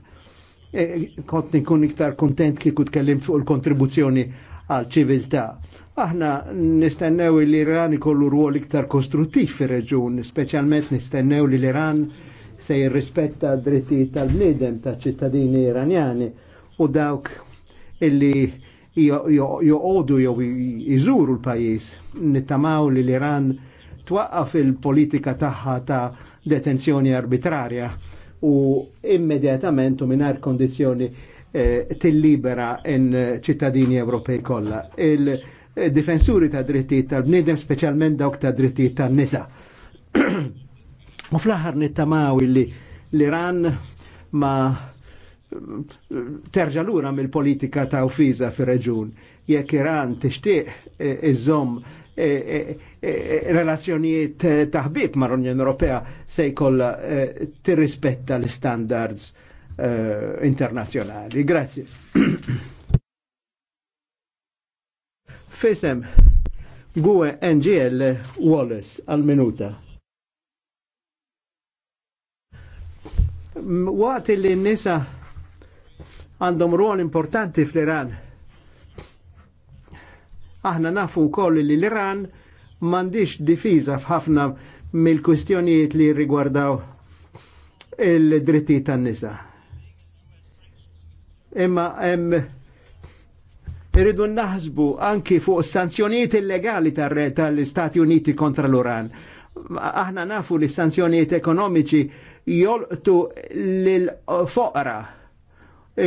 E, kont nikun iktar kontent kieku tkellim fuq il-kontribuzzjoni għal ċiviltà. Aħna nistennew li l-Iran ikollu ruol iktar kostruttiv fir-reġun, speċjalment nistennew li l-Iran se jirrispetta dritti tal bnidem ta' ċittadini iranjani u dawk illi joqodu jew iżuru l-pajis. Nittamaw li l-Iran twaqqaf il-politika tagħha ta' detenzjoni arbitrarja u immediatament u minar kondizjoni eh, tillibera in eh, ċittadini Ewropej kollha. Il-difensuri ta' drittijiet tal-bniedem speċjalment dawk ta' drittijiet tan-nisa. U fl-aħħar nittamaw li l-Iran ma terġa lura mill-politika ta' ufiza fir reġun Jekk Iran tixtieq eh, iżomm eh, relazzjonijiet eh, taħbib mar unjoni Ewropea se jkollha eh, tirrispetta l-standards eh, internazzjonali. Grazzi. Fisem, Gue NGL Wallace għal-minuta. Waqt li n-nisa għandhom ruol importanti fl-Iran. Aħna nafu koll li l-Iran mandiċ difiża f'ħafna mill-kwistjonijiet li rigwardaw il-dritti tan-nisa. Imma hemm irridu naħsbu anki fuq sanzjonijiet illegali tal-Istati Uniti kontra l-Uran. Aħna nafu li sanzjonijiet ekonomiċi jolqtu lil-foqra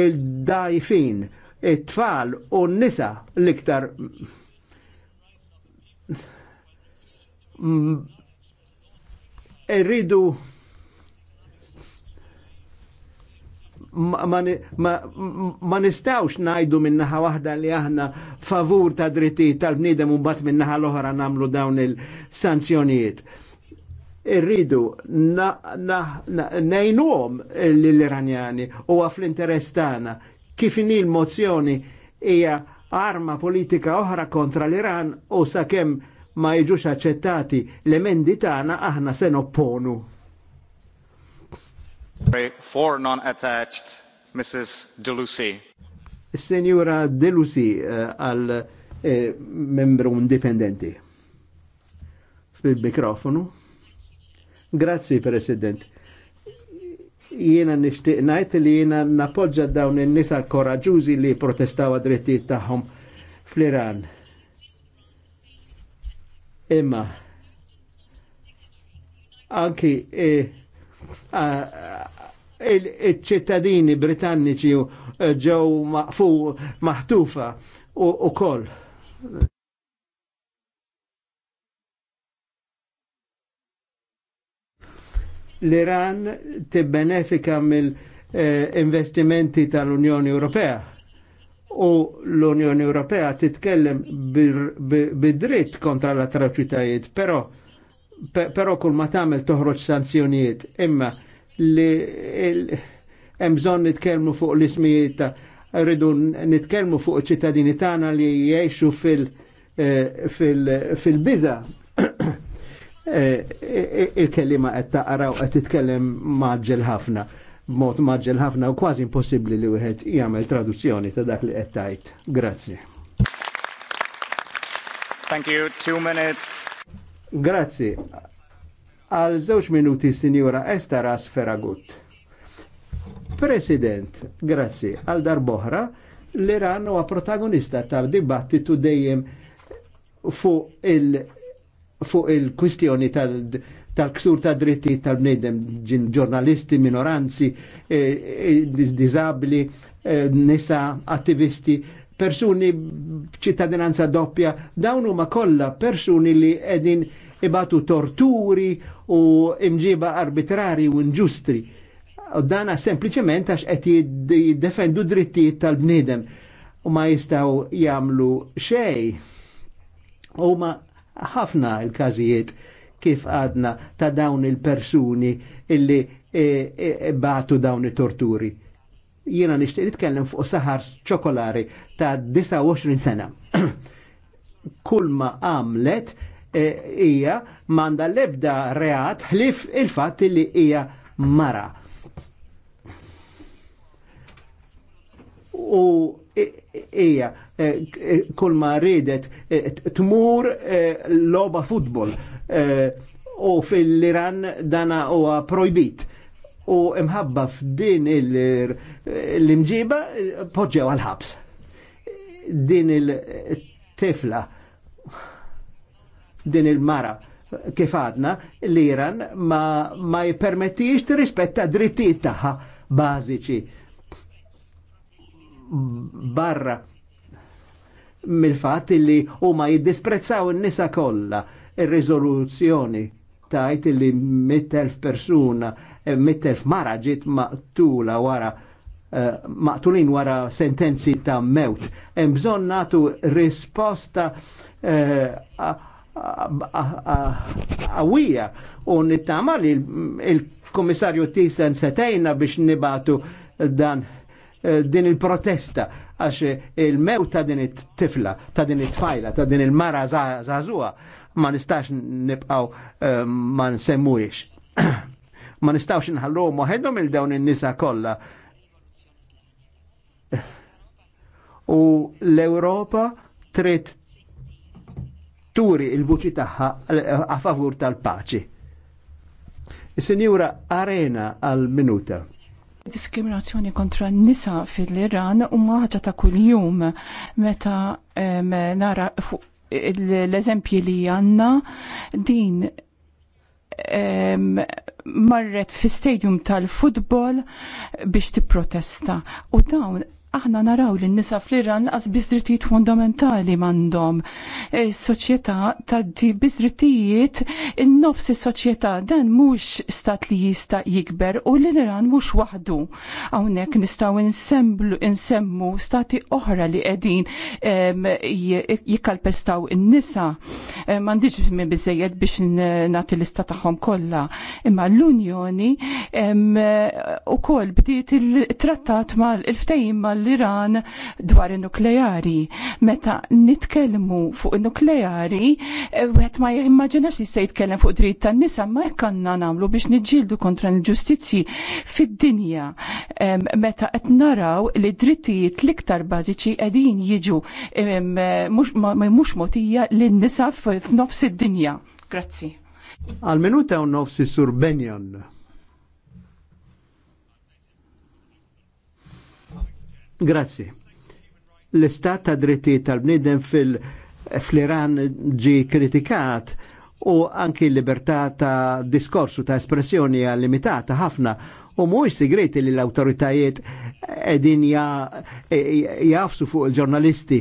il-dajfin, it-tfal u n-nisa l-iktar Irridu mm. ma nistawx najdu minnaħa wahda li aħna favur ta' dritti tal-bnidem un bat minnaħa l-oħra namlu dawn il-sanzjonijiet. Irridu nejnuhom l-Iranjani u fl interess tagħna kif inhi mozzjoni hija arma politika oħra kontra l-Iran u sakemm ma jiġux aċċettati l-emendi tagħna aħna se nopponu. Four non-attached, Mrs. Delusi. Senjura Delusi eh, għal eh, membru indipendenti. Fil-mikrofonu. Grazzi, President. Jiena nishtiq najt li jiena napoġġa dawn in-nisa koraġużi li protestaw għad drittijiet tagħhom fl-Iran imma anki e, il-ċittadini britanniċi e, ġew maqfu maħtufa u koll. L-Iran tibbenefika mill-investimenti e, tal-Unjoni Ewropea u l-Unjoni Ewropea titkellem bid-dritt kontra l-atroċitajiet, però però kull ma tagħmel toħroġ sanzjonijiet, imma li hemm bżonn nitkellmu fuq l-ismijiet ta' rridu nitkellmu fuq ċittadini tagħna li jgħixu fil- eh, fil-biża. Eh, Il-kelima qed taqra u qed titkellem maġġel ħafna mod maġġel ħafna u kważi impossibbli li wieħed jagħmel traduzzjoni ta' dak li qed tajt. Grazzi. Thank you. Two minutes. Grazzi. Għal żewġ minuti sinjura Estaras Feragut. President, grazzi, għal darboħra li iran huwa protagonista ta' dibattitu dejjem fuq il- il-kwistjoni tal- tal-ksur ta' dritti tal-bnedem ġurnalisti, minoranzi, eh, eh, disabili, eh, nisa, attivisti, persuni ċittadinanza doppja, dawn huma kollha persuni li qegħdin ibatu torturi u imġiba arbitrari u inġustri. Dana sempliciment għax qed jiddefendu drittijiet tal-bniedem u ma jistgħu jagħmlu xej. Huma ħafna l-każijiet kif għadna ta' dawn il-persuni illi e, e, e, batu dawn it-torturi. Jiena nixtieq nitkellem fuq saħar ċokolari ta' 29 sena. Kull ma għamlet e, hija e, manda lebda reat ħlif il-fatt li hija mara. U ija eh, kull ma ridet eh, tmur eh, loba futbol u fil-Iran dana u projbit. U imħabba f'din l-imġiba poġġew għal-ħabs. Din il-tifla, din il-mara kifadna l-Iran ma, ma jipermettix t-rispetta drittijiet taħħa bażiċi barra mill-fatt li huma jiddisprezzaw in-nisa kollha ir-riżoluzzjoni tajt li mittelf persuna, eh, mittelf mara ġiet maqtula wara uh, maqtulin wara sentenzi ta' mewt. Hemm bżonn nagħtu risposta għawija eh, uh, u nittama li il komissarju Tisen setejna biex nibatu dan Eh, din il-protesta għax il-mew ta' din it-tifla, ta' din it fajla ta' din il-mara zazua ma nistax nibqaw eh, ma nsemmuix. ma nistax nħallu moħedhom il-dawn in-nisa kolla. U l-Europa trid turi il-vuċi taħħa eh, a favur tal-paċi. Il-Senjura Arena għal-Minuta diskriminazzjoni kontra n-nisa fil-Iran huma ħaġa ta' kuljum meta nara l-eżempji li għanna din marret fi stadium tal-futbol biex tipprotesta u dawn aħna naraw li n-nisa fl-Iran laqas biżrittijiet fundamentali m'għandhom. Is-soċjetà taddi biżrittijiet in-nofs is-soċjetà dan mhux stat li jista' jikber u l-Iran mhux waħdu. Hawnhekk nistgħu insemmu stati oħra li qegħdin jikkalpestaw n nisa M'għandix żmien bizzejed biex nagħti l-lista tagħhom kollha. Imma l-Unjoni kol bdiet il-trattat mal-ftehim mal l iran dwar il-nukleari. Meta nitkellmu fuq il-nukleari, eh, wieħed ma jimmaġinax li se jitkellem fuq dritt tan-nisa ma jekk għandna nagħmlu biex niġġieldu kontra l-ġustizzji fid-dinja. Meta qed naraw li drittijiet l-iktar bażiċi qegħdin jiġu mhux motija lin-nisa f'nofs id-dinja. Grazzi. Għal-minuta un nofsi sur Benjon. Grazzi. L-istat ta' dritti tal-bnidem fil-Iran ġi kritikat u anki l-libertà ta' diskorsu ta' espressjoni għal limitata ħafna u mhuwiex segreti li l-awtoritajiet qegħdin e- jafsu fuq il-ġurnalisti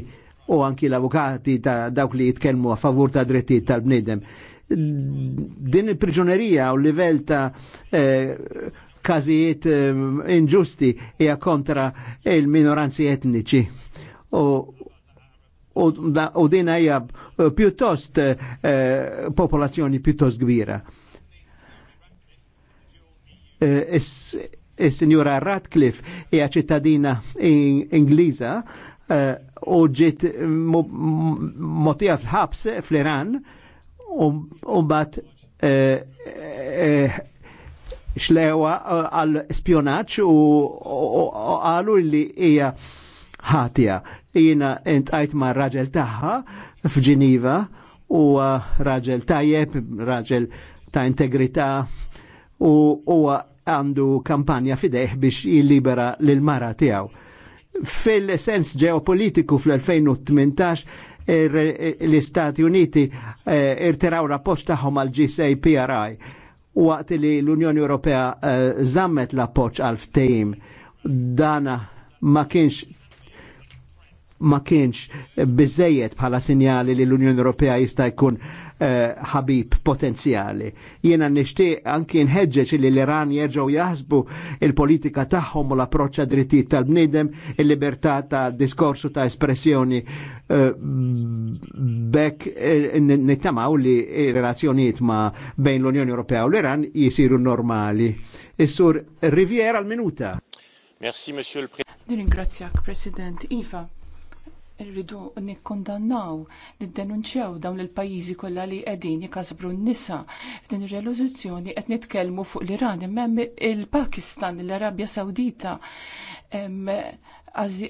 u anki l-avukati ta' dawk li jitkellmu a favur ta' dritti tal bnidem din il-prigjonerija u livell ta' eh, kazijiet ehm, inġusti hija kontra il-minoranzi etniċi. U dina hija eh, pjuttost eh, popolazzjoni pjuttost kbira. Eh, Is-Sinjura Radcliffe hija ċittadina Ingliża u ġiet motija fl-ħabs fl-Iran u mbagħad xlewa eh, għal spionaċ u għalu li hija ħatija. Jina intqajt ma' raġel taħħa f'Ġiniva u eh, raġel tajjeb, raġel ta' integrità u huwa għandu kampanja fideħ biex jillibera l mara tiegħu. Fil-sens ġeopolitiku fl-2018 l-Istati Uniti eh, irtiraw rapport taħħom għal GCPRI waqt li l-Unjoni Ewropea eh, zammet l-appoċ għal ftehim dana ma kienx ma kienx bizzejiet bħala sinjali li l-Unjoni Ewropea jista' jkun uh, ħabib potenzjali. Jiena nixtieq anki nħeġġeġ li l-Iran jerġgħu jaħsbu il-politika tagħhom u l-approċċ drittijiet tal-bniedem, il-libertà ta' diskorsu ta' espressjoni uh, eh, bekk eh, nittamaw li relazzjonijiet ma' bejn l-Unjoni Ewropea u l-Iran jisiru normali. Is-sur Riviera l-minuta. Merci, Monsieur le Président. Nirringrazzjak, President. Iva, Irridu nikkondannaw, niddenunċjaw dawn il-pajjiżi kollha li qegħdin jikasbru n-nisa. F'din ir-relużizzjoni qed nitkellmu fuq l-Iran imma il-Pakistan, l-Arabja Sawdita,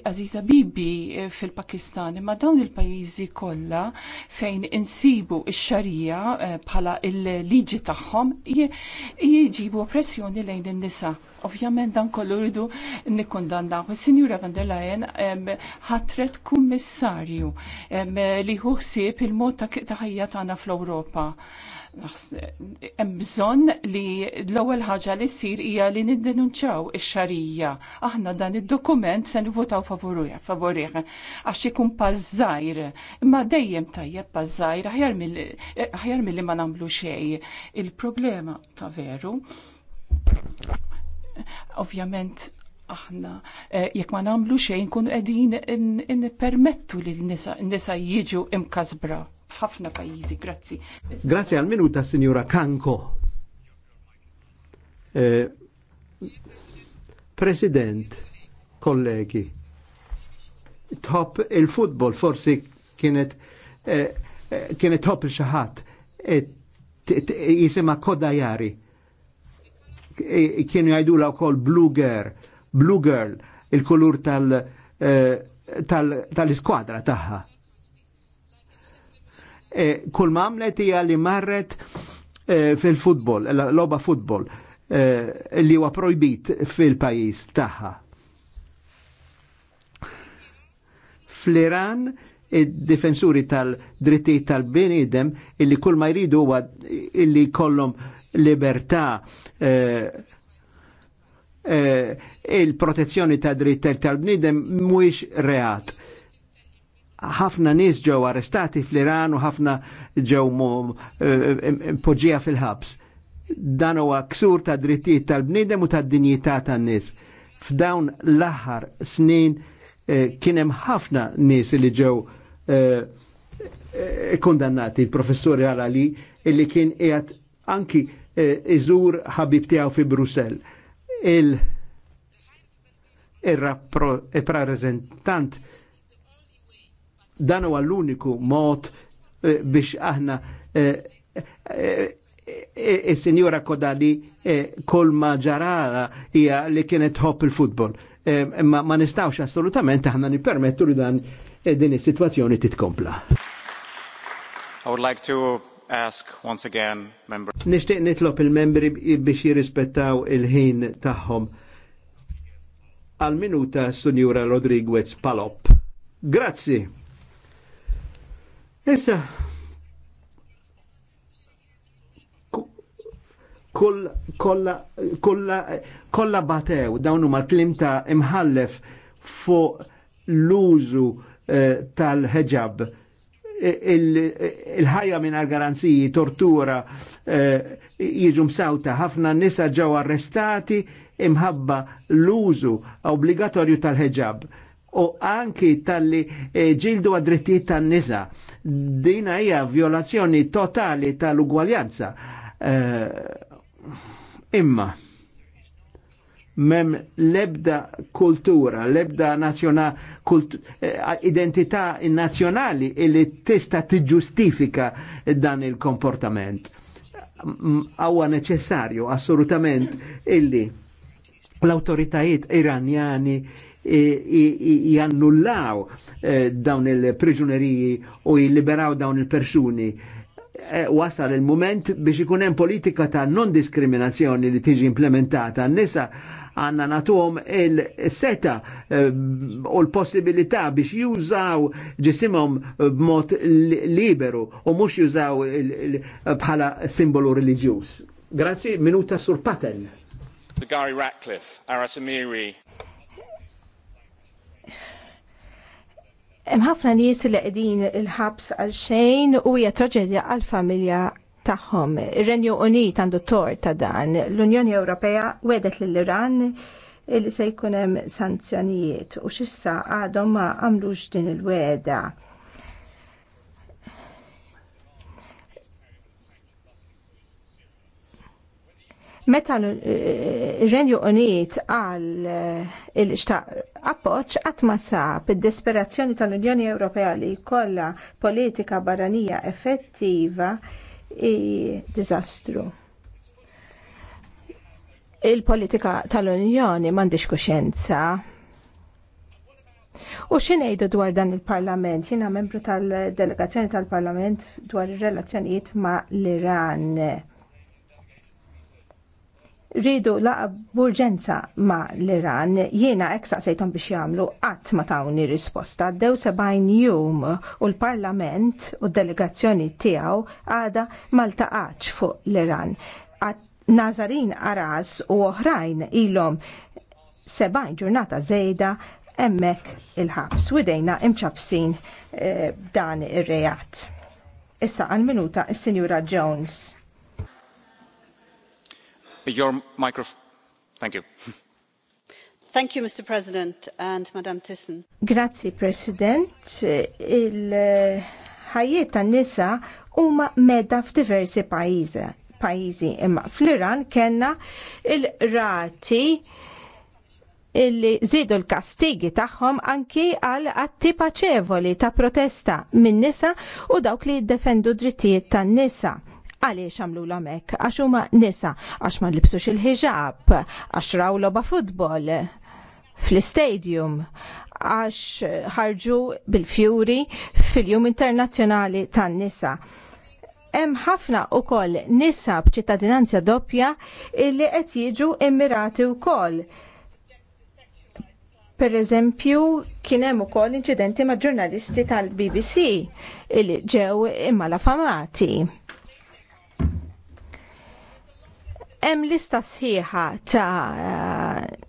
Aziza Bibi eh, fil-Pakistan, imma dawn il-pajjiżi kollha fejn insibu x-xarija eh, bħala il-liġi tagħhom jiġibu oppressjoni lejn in-nisa. Ovvjament dan kollu rridu nikkondanna. Is-Sinjura van der Leyen ħatret kummissarju li ħsieb il-mod ta' ħajja tagħna fl-Ewropa hemm bżonn li l-ewwel ħaġa li ssir hija li niddenunċaw ix-xarija. Aħna dan id-dokument se nivvotaw favorih favorih għax ikun pażżajr. Imma dejjem tajjeb pażżajr aħjar milli ma nagħmlu xejn. Il-problema ta' veru ovvjament aħna eh, jekk ma nagħmlu xejn kun qegħdin nippermettu lil nisa jiġu imkasbra f'ħafna pajjiżi. Grazzi. Grazzi għal minuta Sinjura Kanko. Eh, President, kollegi, top il-futbol forsi kienet eh, eh kienet top il-xaħat eh, jisima Kodajari eh, kienu jajdu la kol Blue Girl, Blue Girl, il-kulur tal tal, iskwadra tal taħħa. Eh, kull ma għamlet hija li marret eh, fil-futbol, l-loba futbol, eh, li huwa projbit fil-pajis tagħha. Fl-Iran, id-difensuri tal-drittijiet tal-bnidem illi kull ma jridu huwa illi kollhom libertà il-protezzjoni ta' dritt tal-bnidem mhuwiex reat ħafna nies ġew arrestati fl-Iran u ħafna ġew eh, poġija fil-ħabs. Dan huwa ksur ta' drittijiet tal-bniedem u tad-dinjità tan-nies. F'dawn l-aħħar snin eh, kien hemm ħafna nies li ġew eh, kondannati il-professur Alali illi kien qiegħed anki iżur ħabib tiegħu fi Brussell. Il-rappreżentant il Dan huwa l-uniku mod eh, biex aħna eh, eh, il-Sinjora Kodali kol ma ġarara hija li kienet tħobb il-futbol. Ma, ma nistawx assolutament aħna nippermettu li dan din is-sitwazzjoni titkompla. I would like to ask once again member. Nishtiq nitlob il-membri biex jirrispettaw il-ħin tagħhom. Al minuta Sunjura Rodriguez Palop. Grazzi. Issa, kolla, kolla, batew dawnu ma tlim ta' imħallef fuq l-użu eh, tal-ħeġab il-ħajja il minn garanziji, tortura, eh, jiġu msawta, ħafna nisa ġew arrestati imħabba l-użu obbligatorju tal-ħeġab u anki tal-li eh, ġildu għadrittijiet tan-nisa. Dina hija violazzjoni totali tal-ugwaljanza. Eh, imma mem lebda kultura, lebda nazjonal, kult, eh, identità nazjonali illi tista tiġustifika dan il-komportament. Għawa neċessarju assolutament illi l-autoritajiet iranjani jannullaw eh, dawn il-priġuneriji u jilliberaw dawn il-persuni eh, wasal il-moment biex ikun hemm politika ta' non-diskriminazzjoni li tiġi implementata. Nisa għanna natuhom il-seta eh, u l-possibilità biex jużaw ġisimhom b'mod liberu u mhux jużaw bħala simbolu reliġjuż. Grazzi, minuta sur Patel. Gary Ratcliffe, Aras Amiri. Hemm ħafna nies li qegħdin il-ħabs għal xejn u hija traġedja għall familja tagħhom. Ir-Renju Unit għandu tort ta' dan. L-Unjoni Ewropea wedet lill-Iran li se jkun hemm sanzjonijiet u x'issa għadhom ma għamlux din il-weda. Meta eh, Renju Unit għal eh, il-xtaq appoċ għatma sab id-desperazzjoni tal-Unjoni Ewropea li kolla politika barranija effettiva i dizastru. Il-politika tal-Unjoni mandiġ kuxenza U xinejdu dwar dan il-parlament? Jina membru tal-delegazzjoni tal-parlament dwar il-relazzjonijiet ma l-Iran rridu laqab urġenza ma l-Iran, jiena eksa sejtom biex jagħmlu qatt ma tawni risposta. Dew 70 jum u l-Parlament u d-delegazzjoni tiegħu għada ma taqaċ fuq l-Iran. Nazarin Aras u oħrajn ilhom 70 ġurnata żejda emmek il-ħabs u dejna imċabsin eh, dan ir-rejat. Issa għal-minuta il sinjura Jones mr president and madam thyssen grazzi president il ħajjiet tan-nisa huma meda f'diversi pajjiżi imma fl-Iran kellna il-rati illi żiedu l-kastigi tagħhom anki għal atti paċevoli ta' protesta minn nisa u dawk li jiddefendu drittijiet tan-nisa. Għaliex għamlu l-amek? Għax huma nisa, għax ma nlibsux il-ħiġab, għax raw loba futbol fl-istadium, għax ħarġu bil-fjuri fil-jum internazzjonali tan-nisa hemm ħafna koll nisa b'ċittadinanza doppja illi qed jiġu immirati wkoll. Per eżempju, kien hemm ukoll inċidenti ma' ġurnalisti tal-BBC illi ġew imma la famati. Hemm lista sħiħa ta'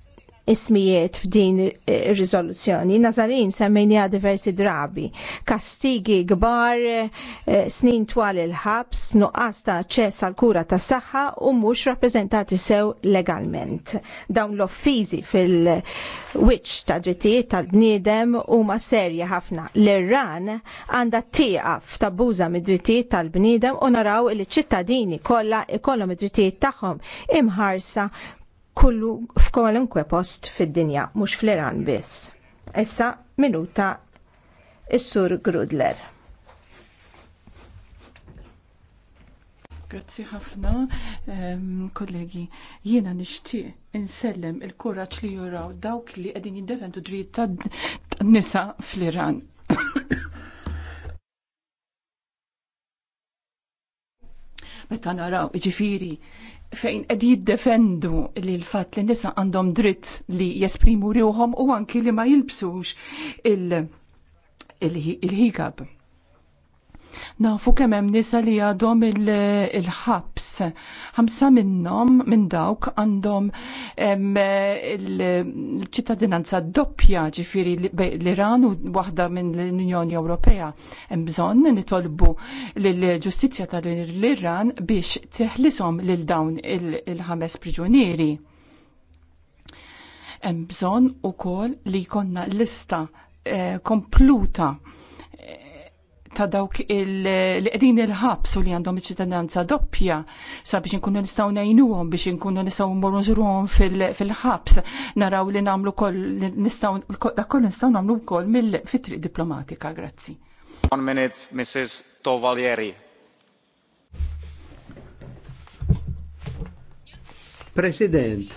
ismijiet f'din ir-riżoluzzjoni. Nazarin semmejniha diversi drabi. Kastigi kbar, eh, snin twal il-ħabs, nuqqas ta' ċess għal kura tas saħħa u mhux rappreżentati sew legalment. Dawn l-offiżi fil-wiċċ ta' drittijiet tal-bniedem huma serja ħafna. L-Iran għandha tieqaf tabbuża mid-drittijiet tal-bniedem u naraw li ċittadini kollha ikollhom id-drittijiet tagħhom imħarsa kullu f'kolunkwe post fid-dinja, mhux fl-Iran biss. Issa minuta is-sur Grudler. Grazzi ħafna, ehm, kollegi. Jiena nixtieq insellem il-kuraġġ li juraw dawk li qegħdin jiddefendu dritt tan-nisa fl-Iran. Meta naraw, ġifiri, fejn qed jiddefendu li l-fatt li nisa għandhom dritt li jesprimu rihom u anki li ma jilbsux il-ħikab. Il Nafu kemm hemm nisa li għadhom il-ħabs. Ħamsa minnhom minn dawk għandhom il-ċittadinanza doppja ġifieri l-Iran u waħda minn l-Unjoni Ewropea. Hemm bżonn nitolbu lill-ġustizzja tal-Iran biex teħlisom lil dawn il-ħames priġunieri. Hemm bżonn ukoll li jkollna lista eh, kompluta ta' dawk li qegħdin il-ħabs u li għandhom iċ-ċittadinanza doppja sabiex inkunu nistgħu ngħinuhom biex inkunu nistgħu mmorru nżurhom fil-ħabs naraw li nagħmlu koll nistgħu dak kollu nistgħu nagħmlu wkoll mill-fitriq diplomatika. Grazzi. One minute, Mrs. Tovalieri. President,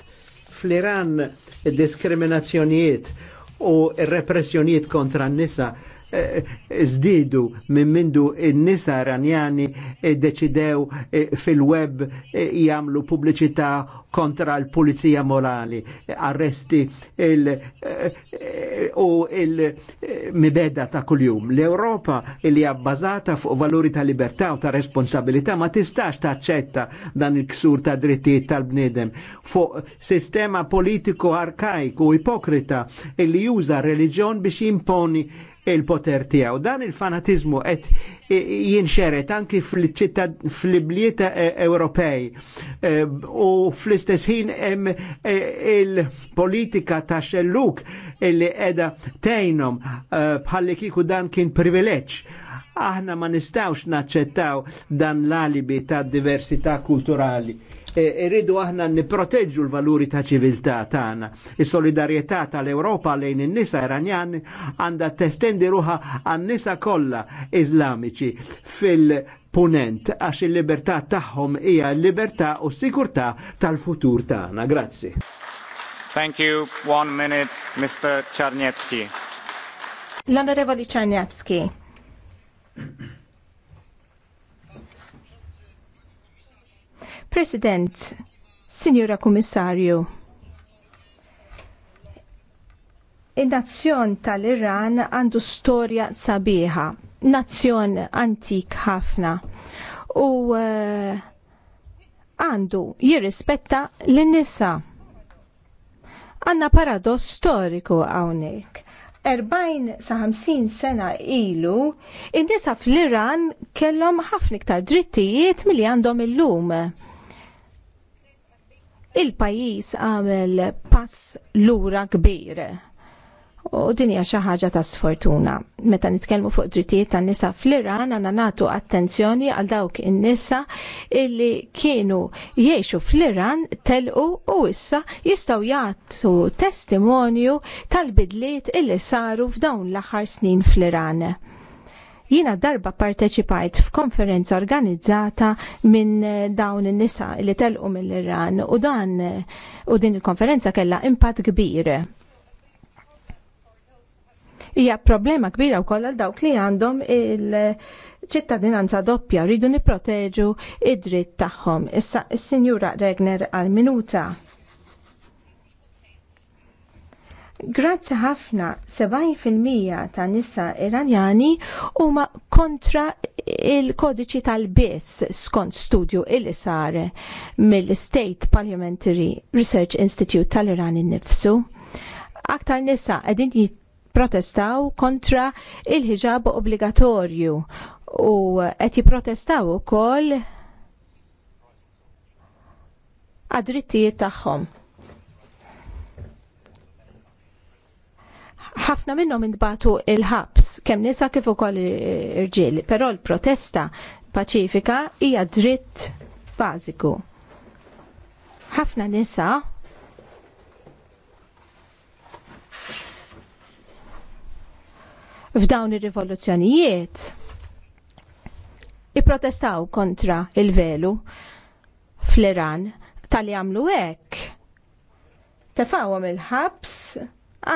fl-Iran diskriminazzjonijiet u repressjonijiet kontra n-nisa zdidu minn mindu n-nisa ranjani e, deċidew e, fil-web e, jamlu pubbliċità kontra l-pulizija morali, arresti u il-mibeda ta' kuljum. L-Europa li għabbażata fuq valuri ta' libertà u ta' responsabilità ma tistax ta' ċetta dan il-ksur ta' drittijiet tal-bnidem fuq sistema politiku arkajku u ipokrita li juża reliġjon biex jimponi il-poter tiegħu. Dan il-fanatizmu qed jinxeret anki fl-bliet eh, Ewropej eh, u fl-istess ħin hemm eh, il-politika ta' xelluk illi edha tgħinhom bħalli kiku dan kien privileġġ. Aħna ma nistawx naċċettaw dan l-alibi ta' diversità kulturali E, irridu aħna niproteġġu l-valuri ta' ċiviltà tagħna. Is-solidarjetà tal-Ewropa lejn in-nisa Iranjan għandha testendi ruha għan-nisa kollha Iżlamiċi fil- punent għax il-libertà tagħhom hija l-libertà u s-sikurtà tal-futur tagħna. Grazzi. Thank you. One minute, Mr. Czarniecki. L-Onorevoli Czarniecki. President, Sinjura Kommissarju, in-nazzjon tal-Iran għandu storja sabiħa, nazzjon antik ħafna u eh, għandu jirrispetta l-nisa. Għanna paradoss storiku għawnek. 40 sa 50 sena ilu, in-nisa fl-Iran kellhom ħafna iktar drittijiet milli għandhom illum. lum il-pajjiż għamel pass lura kbir. U din hija xi ħaġa ta' sfortuna. Meta nitkellmu fuq drittijiet tan-nisa fl-Iran għandna nagħtu attenzjoni għal dawk in-nisa illi kienu jgħixu fl-Iran telqu u issa jistgħu jagħtu testimonju tal-bidliet illi saru f'dawn l-aħħar snin fl-Iran. Jiena darba parteċipajt f'konferenza organizzata minn eh, dawn in-nisa li telqu mill-Iran u dan eh, u din il-konferenza kellha impatt kbir hija problema kbira wkoll għal dawk li għandhom il-ċittadinanza doppja rridu nipproteġu id-dritt tagħhom. Issa is-Sinjura Regner għal minuta. Grazzi ħafna 70% ta' nisa iranjani huma kontra il-kodiċi tal-bis skont studju il sar mill-State Parliamentary Research Institute tal-Iran innifsu. Aktar nisa qegħdin jipprotestaw kontra il-ħiġab obbligatorju u qed jipprotestaw ukoll għad-drittijiet tagħhom. ħafna minnhom intbatu il-ħabs kemm nisa kif ukoll irġiel, però l-protesta paċifika hija dritt bażiku. Ħafna nisa f'dawn ir-rivoluzzjonijiet ipprotestaw kontra il-velu fl-Iran tal jamlu għamlu hekk tefawhom il-ħabs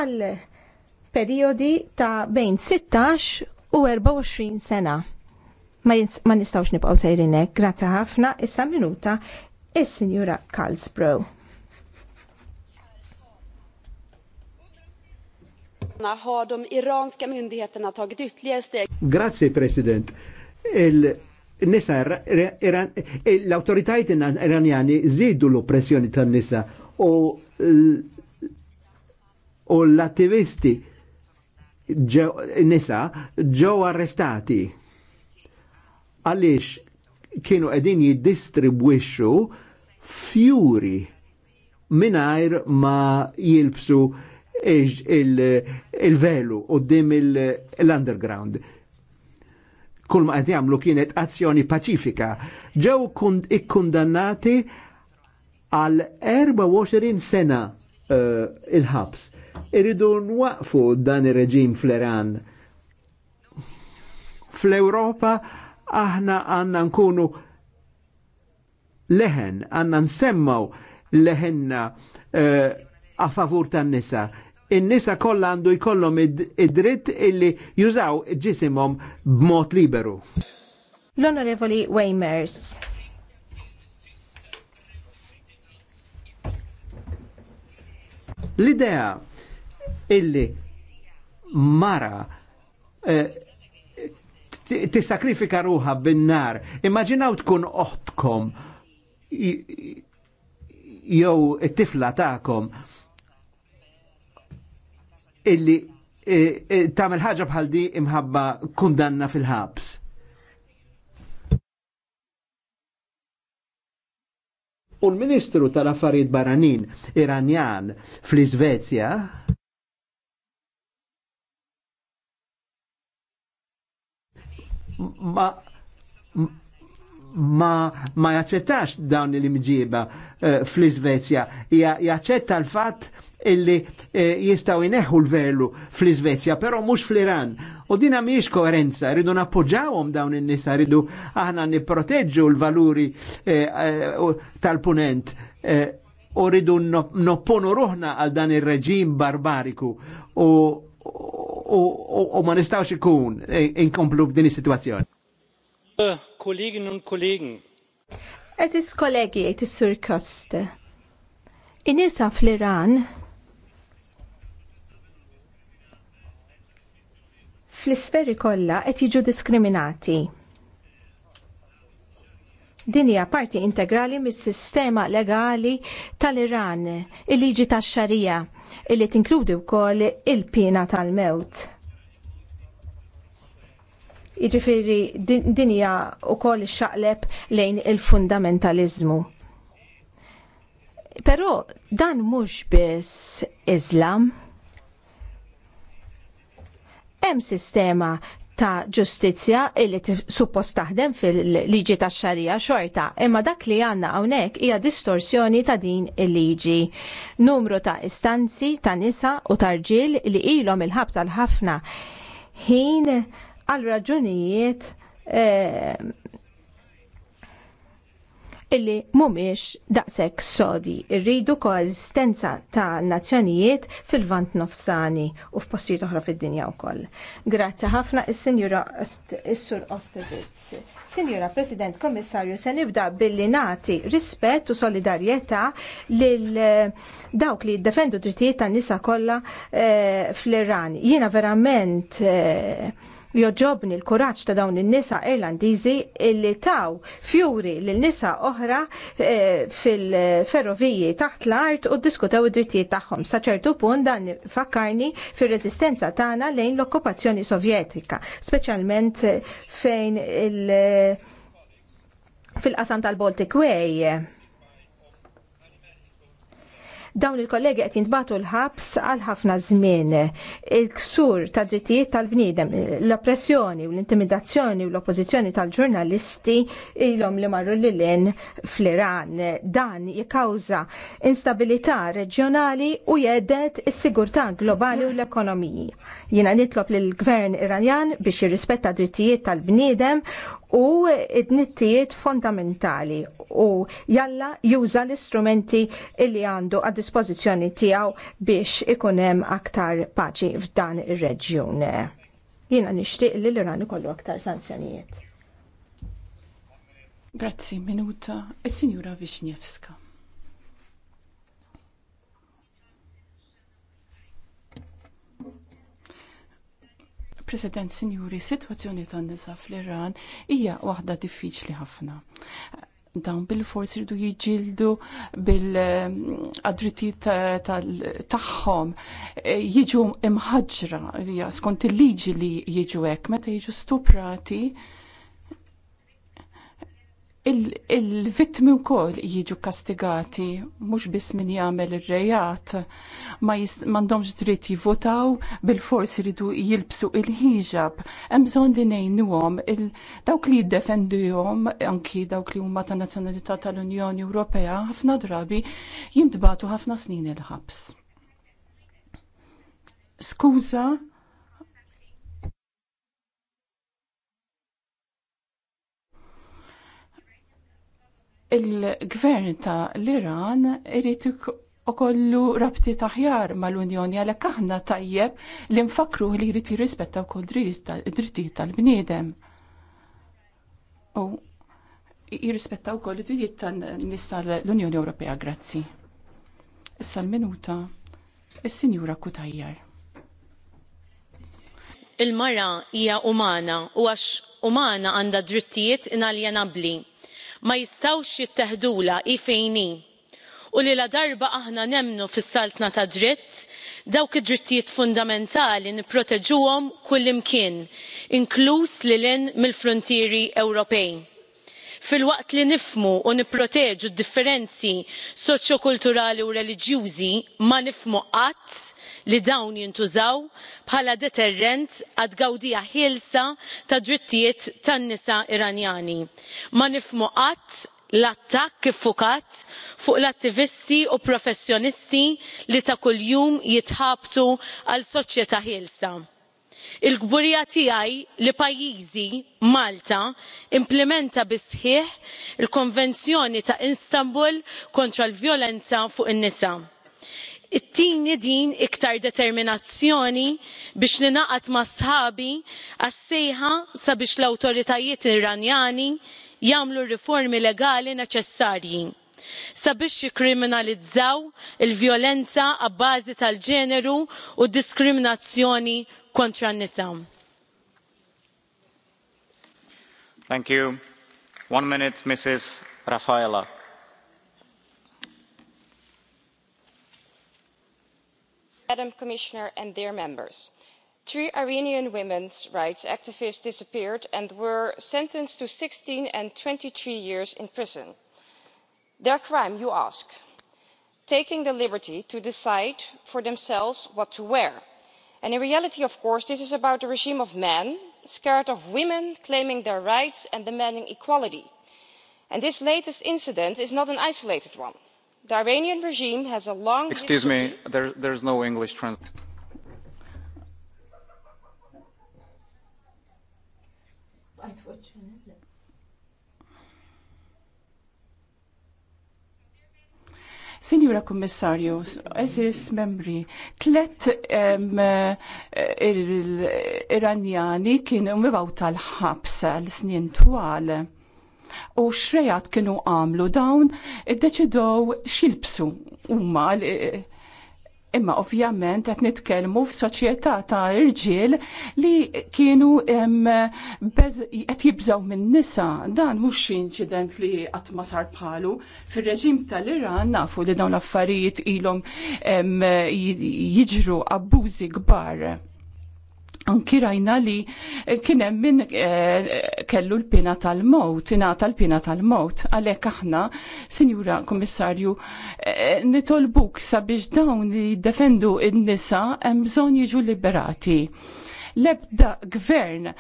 għal periodi ta' bejn 16 u 24 sena. Ma, ma nistawx nibqaw sejrinek, grazzi ħafna, issa minuta, il-Signora Kalsbro. har de iranska myndigheterna tagit ytterligare steg. Grazie president. Il nisa eran er, er, l-autoritajiet iranjani zidu l-oppressjoni tan-nisa u l-attivisti nisa ġew arrestati għaliex kienu qegħdin jiddistribwixxu fjuri mingħajr ma jilbsu il-velu il qudiem l-underground. Kull ma qed jagħmlu kienet azzjoni paċifika. Ġew ikkundannati għal 24 sena uh, il-ħabs Iridu nwaqfu dan ir-reġim fl-Iran. Fl-Europa aħna għanna nkunu leħen, għanna nsemmaw leħenna uh, a favur tan-nisa in-nisa kollha għandu jkollhom id-dritt illi jużaw ġisimhom b'mod liberu. L-Onorevoli Weimers. L-idea illi mara eh, tisakrifika ruħa bin-nar. Immaginaw tkun oħtkom jew it-tifla tagħkom illi eh, eh, tagħmel ħaġa bħal di imħabba kundanna fil-ħabs. U l-Ministru tal-Affarijiet Baranin Iranjan fl-Iżvezja ma ma ma jaċċettax dawn l-imġiba uh, eh, fl-Iżvezja, jaċċetta l-fatt illi eh, jistaw ineħu l velu fl iżvezja però mhux fl-Iran. U dina miex koerenza, rridu nappoġawhom dawn in-nisa, rridu aħna nipproteġġu l-valuri eh, eh tal-punent eh, u rridu nopponu ruħna għal dan ir-reġim barbariku u u ma nistawx ikun inkomplu b'din is-sitwazzjoni. Äh, Kollegin un kollegen. Eżis kollegi jgħid is-Sur Kost. Inisa fl-Iran fl-isferi kollha qed jiġu diskriminati. Din hija parti integrali mis-sistema legali tal-Iran, il-liġi tax-xarija, illi tinkludi wkoll il-pina tal-mewt. Jiġifieri din hija wkoll xaqleb lejn il-fundamentaliżmu. Però dan mhux biss Iżlam, hemm sistema ta' ġustizzja illi suppost taħdem fil-liġi ta' xarija xorta, imma dak li għanna hawnhekk hija distorsjoni ta' din il-liġi. Numru ta' istanzi ta' nisa u ta' rġil li ilhom il-ħabsa l-ħafna ħin għal raġunijiet eh, illi mhumiex daqshekk sodi. Irridu koeżistenza ta' nazzjonijiet fil-vant nofsani u f'postijiet oħra fid-dinja wkoll. Grazzi ħafna is-Sinjura sur Ostevitz. Sinjura President Kommissarju se nibda billi nagħti rispett u solidarjetà lil eh, dawk li jiddefendu drittijiet tan-nisa kollha eh, fl-Iran. Jiena verament eh, joġobni l-kuraġġ ta' dawn in-nisa Irlandiżi illi taw fjuri lil nisa oħra eh, fil-ferroviji taħt l-art u ddiskutew id-drittijiet tagħhom. Sa ċertu punt dan fakkarni fir-reżistenza tagħna lejn l-okkupazzjoni Sovjetika, speċjalment eh, fejn il- fil-qasam tal-Baltic Way Dawn il-kollegi qed jintbatu l-ħabs għal ħafna żmien. Il-ksur ta' drittijiet tal-bniedem, l-oppressjoni u l-intimidazzjoni u l-oppożizzjoni tal-ġurnalisti ilhom li marru lilin fl-Iran. Dan jikkawża instabilità reġjonali u jedet is-sigurtà globali u l-ekonomiji. Jiena nitlob lill gvern Iranjan biex jirrispetta drittijiet tal-bniedem u id-nittijiet fondamentali u jalla juża l-istrumenti li għandu għad dispożizzjoni tiegħu biex ikun hemm aktar paċi f'dan ir-reġjun. Jiena nixtieq li l-Iran ikollu aktar sanzjonijiet. Grazzi, minuta. Is-Sinjura Vixniewska. President Sinjuri, situazzjoni tan nisa fl-Iran hija waħda diffiċli ħafna dawn bil-fors irdu jiġildu bil-adrittijiet tagħhom e, jiġu imħaġġra skont il-liġi li jiġu hekk meta jiġu stuprati il-vittmi il wkoll jiġu kastigati mhux biss min jagħmel ir-rejat ma m'għandhomx dritt jivvotaw bil-fors iridu jilbsu il-ħiġab hemm bżonn li ngħinuhom dawk li jiddefenduhom anki dawk li huma ta' nazzjonalità tal-Unjoni Ewropea ħafna drabi jindbatu ħafna snin il-ħabs. Skuża il-gvern ta' l-Iran irid ukollu rabti taħjar mal-Unjoni għalhekk aħna tajjeb li nfakru li jrid jirrispetta wkoll drittijiet tal-bniedem. U jirrispetta wkoll id-drittijiet tan-nies tal-Unjoni Ewropea, grazzi. Issa l-minuta is-Sinjura Kutajjar. Il-mara hija umana u għax umana għandha drittijiet inaljenabbli ma jistgħux jittieħdulha ifejni hi u li la darba aħna nemmnu fis-saltna ta' dritt dawk id-drittijiet fundamentali nipproteġuhom kullimkien inkluż lil hinn mill-fruntieri ewropej filwaqt li nifhmu u nipproteġu d-differenzi soċjokulturali u reliġjużi ma nifhmu qatt li dawn jintużaw bħala deterrent għad gawdija ħielsa ta' drittijiet tan-nisa iranjani. ma nifhmu qatt l-attakk iffukat fuq l-attivisti u professjonisti li ta' kuljum jitħabtu għal soċjetà ħielsa il gburija tiegħi li pajjiżi malta implementa bi sħieħ il konvenzjoni ta' istanbul kontra l vjolenza fuq in nisa. ittini din iktar determinazzjoni biex ninaqad ma' sħabi għas sejħa sabiex l-awtoritajiet iranjani jagħmlu r-riformi legali neċessarji sabiex jikkriminalizzaw il vjolenza abbażi tal ġeneru u d diskriminazzjoni kontra n-nisa. Thank you. One minute, Mrs. Rafaela. Madam Commissioner and dear members, three Iranian women's rights activists disappeared and were sentenced to 16 and 23 years in prison. Their crime, you ask, taking the liberty to decide for themselves what to wear and in reality of course this is about a regime of men scared of women claiming their rights and demanding equality and this latest incident is not an isolated one. the iranian regime has a long excuse me there, is no english Sinjura Kommissarju, eżis membri, tlet iranjani kienu mivaw tal-ħabs l-snin twal u xrejat kienu għamlu dawn id-deċidow xilbsu umma Imma ovvjament qed nitkellmu f'soċjetà ta' irġiel li kienu qed jibżgħu minn nisa. Dan mhux xi inċident li qatt ma sar bħalu. Fir-reġim tal-Iran nafu li dawn l-affarijiet ilhom jiġru abbużi kbar Anki rajna li kienem min eh, kellu l-pina tal-mot, ingħata l-pina tal-mot, għalhekk aħna, Sinjura Kommissarju, eh, nitolbuk sabiex dawn li defendu n-nisa hemm bżonn jiġu liberati. Lebda gvern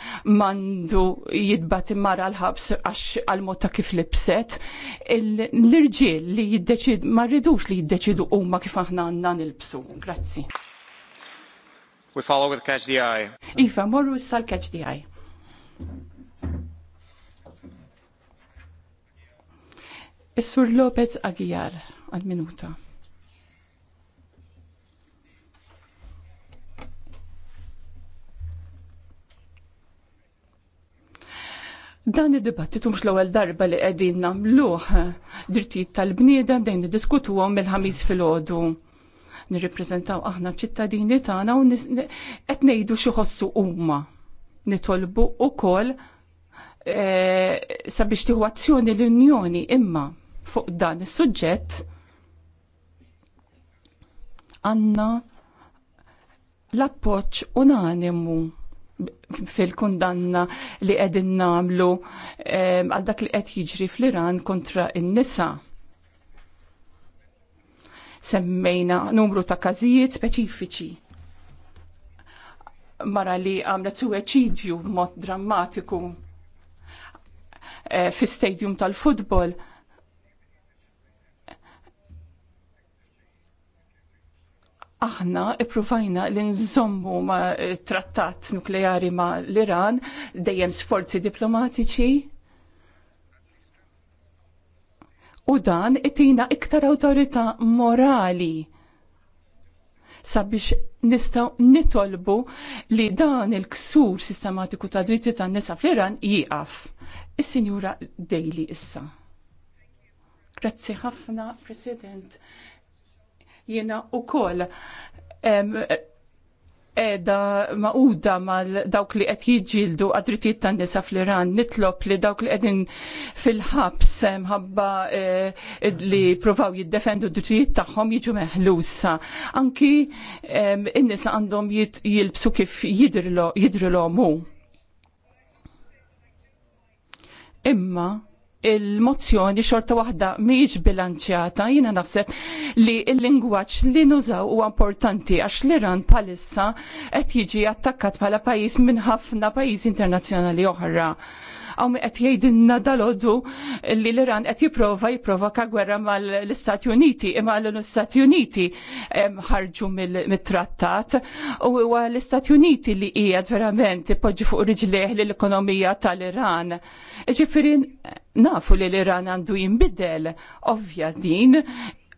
mandu jidbati mara l-ħabs għax għal-motta kif libset, l-irġiel li jiddeċid, ma rridux li jiddeċidu huma kif aħna għandna nilbsu. Grazzi. We follow with Catch the Eye. Iva, morru sal catch the Eye. Is-Sur Lopez Aguiar għal-minuta. Dan id-dibattitu mhux l-ewwel darba li qegħdin namluħ drittijiet tal-bniedem dejn għom mill-ħamis filgħodu nirrippreżentaw aħna ċittadini tagħna u qed ngħidu xi ħossu huma. Nitolbu ukoll e, sabiex tieħu azzjoni l-Unjoni imma fuq dan is-suġġett għandna l appoġġ unanimu fil-kundanna li qegħdin namlu e, għal dak li qed jiġri fl-Iran kontra in-nisa Semmejna numru ta' każijiet speċifiċi mara li għamlet suwiċidju mod drammatiku e, fi stadium tal-futbol. Aħna ippruvajna li nżommu ma trattat nukleari ma l-Iran dejjem sforzi diplomatiċi u dan itina iktar awtorità morali sabiex nistaw nitolbu li dan il-ksur sistematiku ta' dritti ta' nisa fl-Iran jiqaf. Is-Sinjura Dejli issa. Grazzi ħafna, President. Jena u koll edha maquda mal dawk li qed jiġildu għad tan-nisa fl-Iran nitlob li dawk li qegħdin fil-ħabs mħabba eh, li provaw jiddefendu d-drittijiet tagħhom jiġu meħlusa. Anki in-nisa għandhom jilbsu kif jidrilhom hu. Imma il-mozzjoni xorta waħda mhijiex bilanċjata, jiena naħseb li l-lingwaġġ li nużaw huwa importanti għax l-Iran bħalissa qed jiġi attakkat bħala pajjiż minn ħafna pajis internazzjonali oħra għaw mi qed jgħidilna dalodu li l-Iran qed jipprova jipprovoka gwerra mal-Istati Uniti imma l-Istati Uniti ħarġu mit-trattat u huwa l-Istati Uniti li qiegħed verament ipoġġi fuq riġleħ l-ekonomija tal-Iran. Ġifieri nafu li l-Iran għandu jinbidel, ovvja din,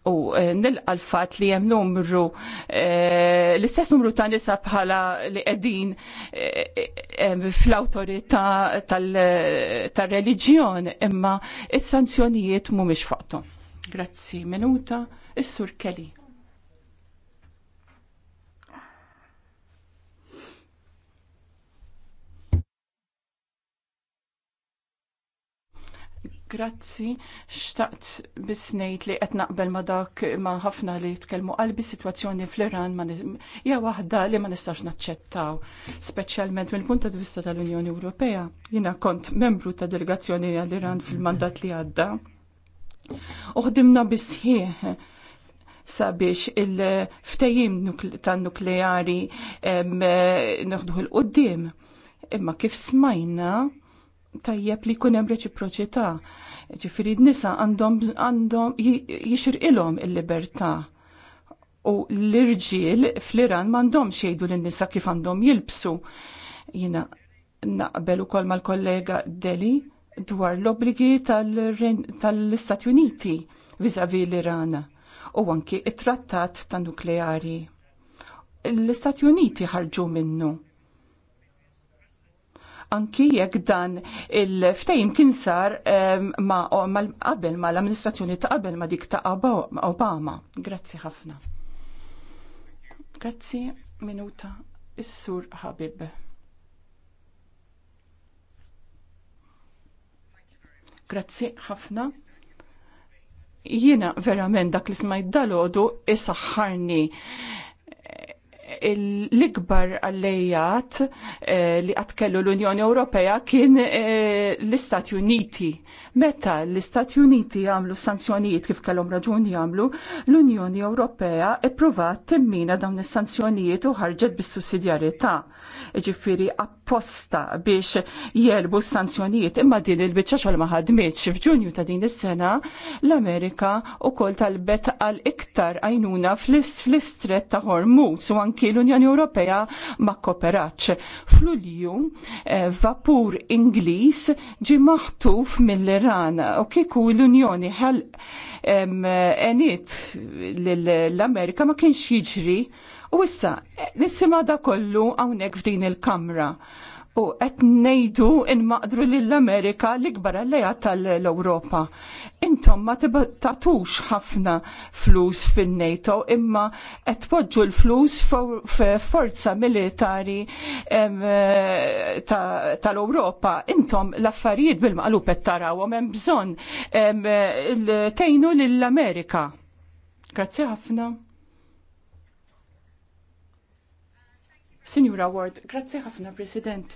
u eh, nilqa l-fat li hemm numru eh, l-istess numru ta' nisa bħala li qegħdin eh, fl-awtorità tal-reliġjon imma il sanzjonijiet mhumiex faqthom. Grazzi, minuta, is-sur Kelly. Grazzi, xtaqt bisnejt li qed naqbel ma dak ma ħafna li tkellmu qalbi situazzjoni fl-Iran ma hija waħda li ma nistax naċċettaw, speċjalment mill-punt vista tal-Unjoni Ewropea. Jiena kont membru ta' delegazzjoni għall-Iran fil-mandat li għadda. Uħdimna bisħieħ sabiex il-ftejim tan-nukleari eh, nuħduh il qudiem Imma kif smajna, tajjeb li jkun hemm reċiproċità. Ġifieri d nisa għandhom għandhom jixirqilhom il-libertà. U l-irġiel fl-Iran m'għandhom jgħidu lin-nisa kif għandhom jilbsu. Jiena naqbel ukoll mal-kollega Deli dwar l-obbligi tal-Istati Uniti viżavi l-Iran u anki it-trattat tan nukleari. L-Istati Uniti ħarġu minnu anki jekk dan il-ftejm kien sar qabel ma' l-amministrazzjoni ta' qabel ma' dik ta' Obama. Grazzi ħafna. Grazzi, minuta, is-sur ħabib. Grazzi ħafna jiena verament dak li smajt dalodu isaħħarni l-ikbar allejat eh, li għatkellu l-Unjoni Ewropea kien eh, l-Istati Uniti. Meta l-Istati Uniti għamlu sanzjonijiet kif kellhom raġuni jagħmlu, l-Unjoni Ewropea ppruvat timmina dawn is-sanzjonijiet u ħarġet bis-sussidjarità. Ġifieri apposta biex jelbu s-sanzjonijiet imma din il-biċċa xogħol ma ħadmitx f'Ġunju ta' din is-sena l-Amerika wkoll talbet għal iktar għajnuna fl-istret ta' Hormuz u anke anki l-Unjoni Ewropea ma kooperaċ. F'Lulju eh, vapur Ingliż ġi maħtuf mill-Iran u kieku l-Unjoni ħal enit l-Amerika ma kienx jiġri u issa eh, nisimgħa da kollu hawnhekk f'din il-Kamra u qed ngħidu inmaqdru lill-Amerika l-ikbar alleja tal-Ewropa. Intom ma tibattatux ħafna flus fin-NATO imma qed tpoġġu l-flus forza militari eh, tal-Ewropa. Intom l-affarijiet bil-maqlub qed tarawhom hemm bżonn eh, tgħinu lill-Amerika. Grazzi ħafna. Signora Ward, grazie ħafna, President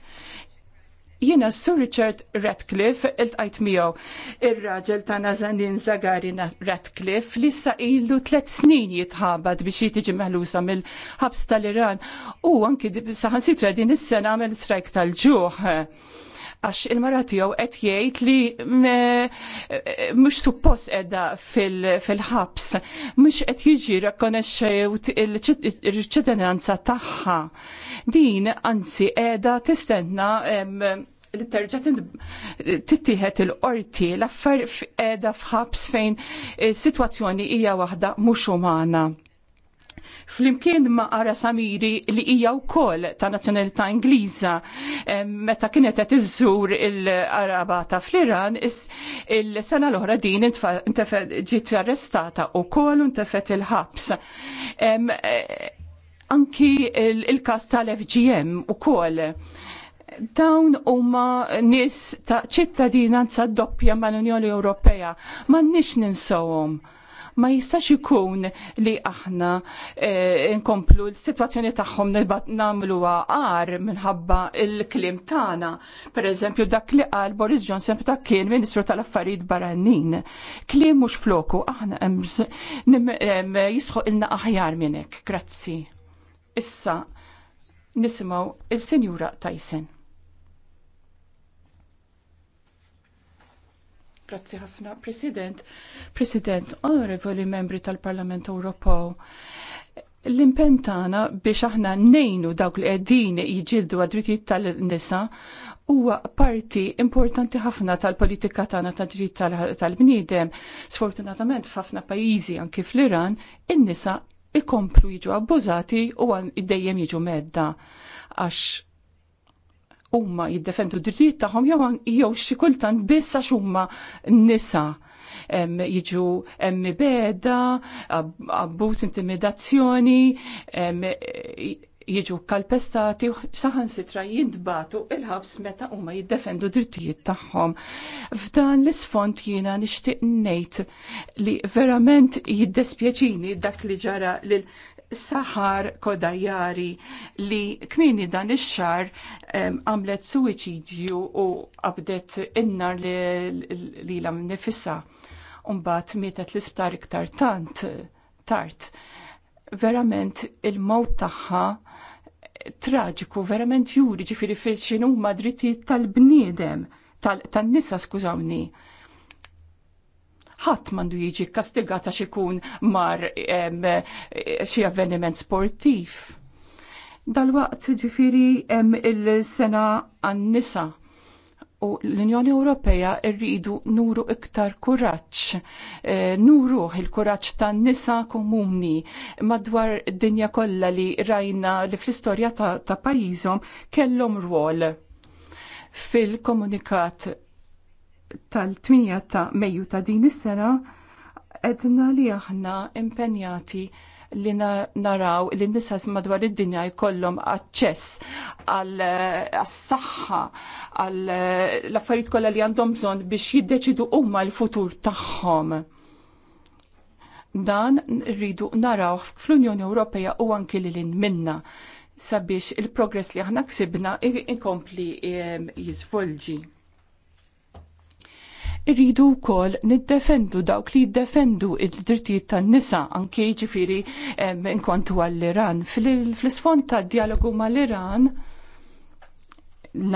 jiena Sir Richard Radcliffe il-tajt miegħu ir-raġel ta' Nazanin Zagarina Radcliffe li sa ilu tliet snin jitħabad biex jitiġi meħlusa mill-ħabs tal-Iran u anki saħansitra din is-sena għamil strajk tal-ġuħ għax il-mara tiegħu qed jgħid li mhux suppost qiegħda fil-ħabs, mhux qed jiġi rikkonexxewt il-ċittadinanza tagħha. Din anzi qiegħda tistenna li terġa tittieħed il-qorti l-affar qiegħda f'ħabs fejn is-sitwazzjoni hija waħda mhux umana. Flimkien ma' Ara Samiri li hija wkoll ta' nazzjonalità Ingliża meta kienet qed iżżur il-Araba ta' fl-Iran il-sena l-oħra din ġiet arrestata wkoll kol ntefet il-ħabs. Anki il-każ tal-FGM ukoll dawn huma nis ta' ċittadinanza doppja mal-Unjoni Ewropea. M'għandniex ninsawhom ma jistax ikun li aħna eh, nkomplu l-situazzjoni tagħhom nagħmluha għar minħabba l-klim tagħna. Pereżempju dak li qal Boris Johnson ta' kien Ministru tal-Affarijiet Barranin. Klim mhux floku aħna jisħoq ilna aħjar minnek. Grazzi. Issa nisimgħu il-Sinjura Tyson. Grazzi ħafna, President. President, onorevoli membri tal-Parlament Ewropew, l-impentana biex aħna nejnu dawk li qegħdin jiġildu għad-drittijiet tal-nisa huwa parti importanti ħafna tal-politika tagħna ta' dritt tal-bniedem. Sfortunatament f'ħafna pajjiżi anki fl-Iran, in-nisa ikomplu jiġu abbużati u dejjem jiġu medda għax huma jiddefendu d-drittijiet tagħhom jew jew xi kultant biss għax huma nisa jiġu beda, abbuż intimidazzjoni, jiġu kalpestati saħan sitra jindbatu il-ħabs meta huma jiddefendu drittijiet tagħhom. F'dan l-isfond jiena nixtieq ngħid li verament jiddespieċini dak li ġara lil Sahar Kodajari li kmini dan ix-xar għamlet suwiċidju u abdet innar li l nifissa. Umbat mietet l-isptar iktar tant, tart. Verament il-mowt tagħha traġiku, verament juri ġifiri fi xinu madriti tal-bniedem, tal-nisa skużawni ħadd mandu jiġi kastigata għax ikun mar xi avveniment sportiv. Dalwaqt ġifiri il-sena għan-nisa u l-Unjoni Ewropea rridu nuru iktar kuraġġ, eh, nuru il-kuraġġ tan nisa komuni madwar dinja kollha li rajna li fl-istorja ta', ta pajjiżhom kellhom rwol fil-komunikat tal-8 ta' Mejju ta' din is-sena edna li aħna impenjati li naraw li nisa madwar id-dinja jkollhom aċċess għall-saħħa, għal l-affarijiet kollha li għandhom bżonn biex jiddeċidu huma l-futur tagħhom. Dan rridu naraw fl-Unjoni Ewropea u anki li lin minna sabiex il-progress li aħna ksibna inkompli jizvolġi. Irridu wkoll niddefendu dawk li jiddefendu id-drittijiet tan-nisa anke ġifiri inkwantu għall-Iran. Fl-isfond tad-dialogu mal-Iran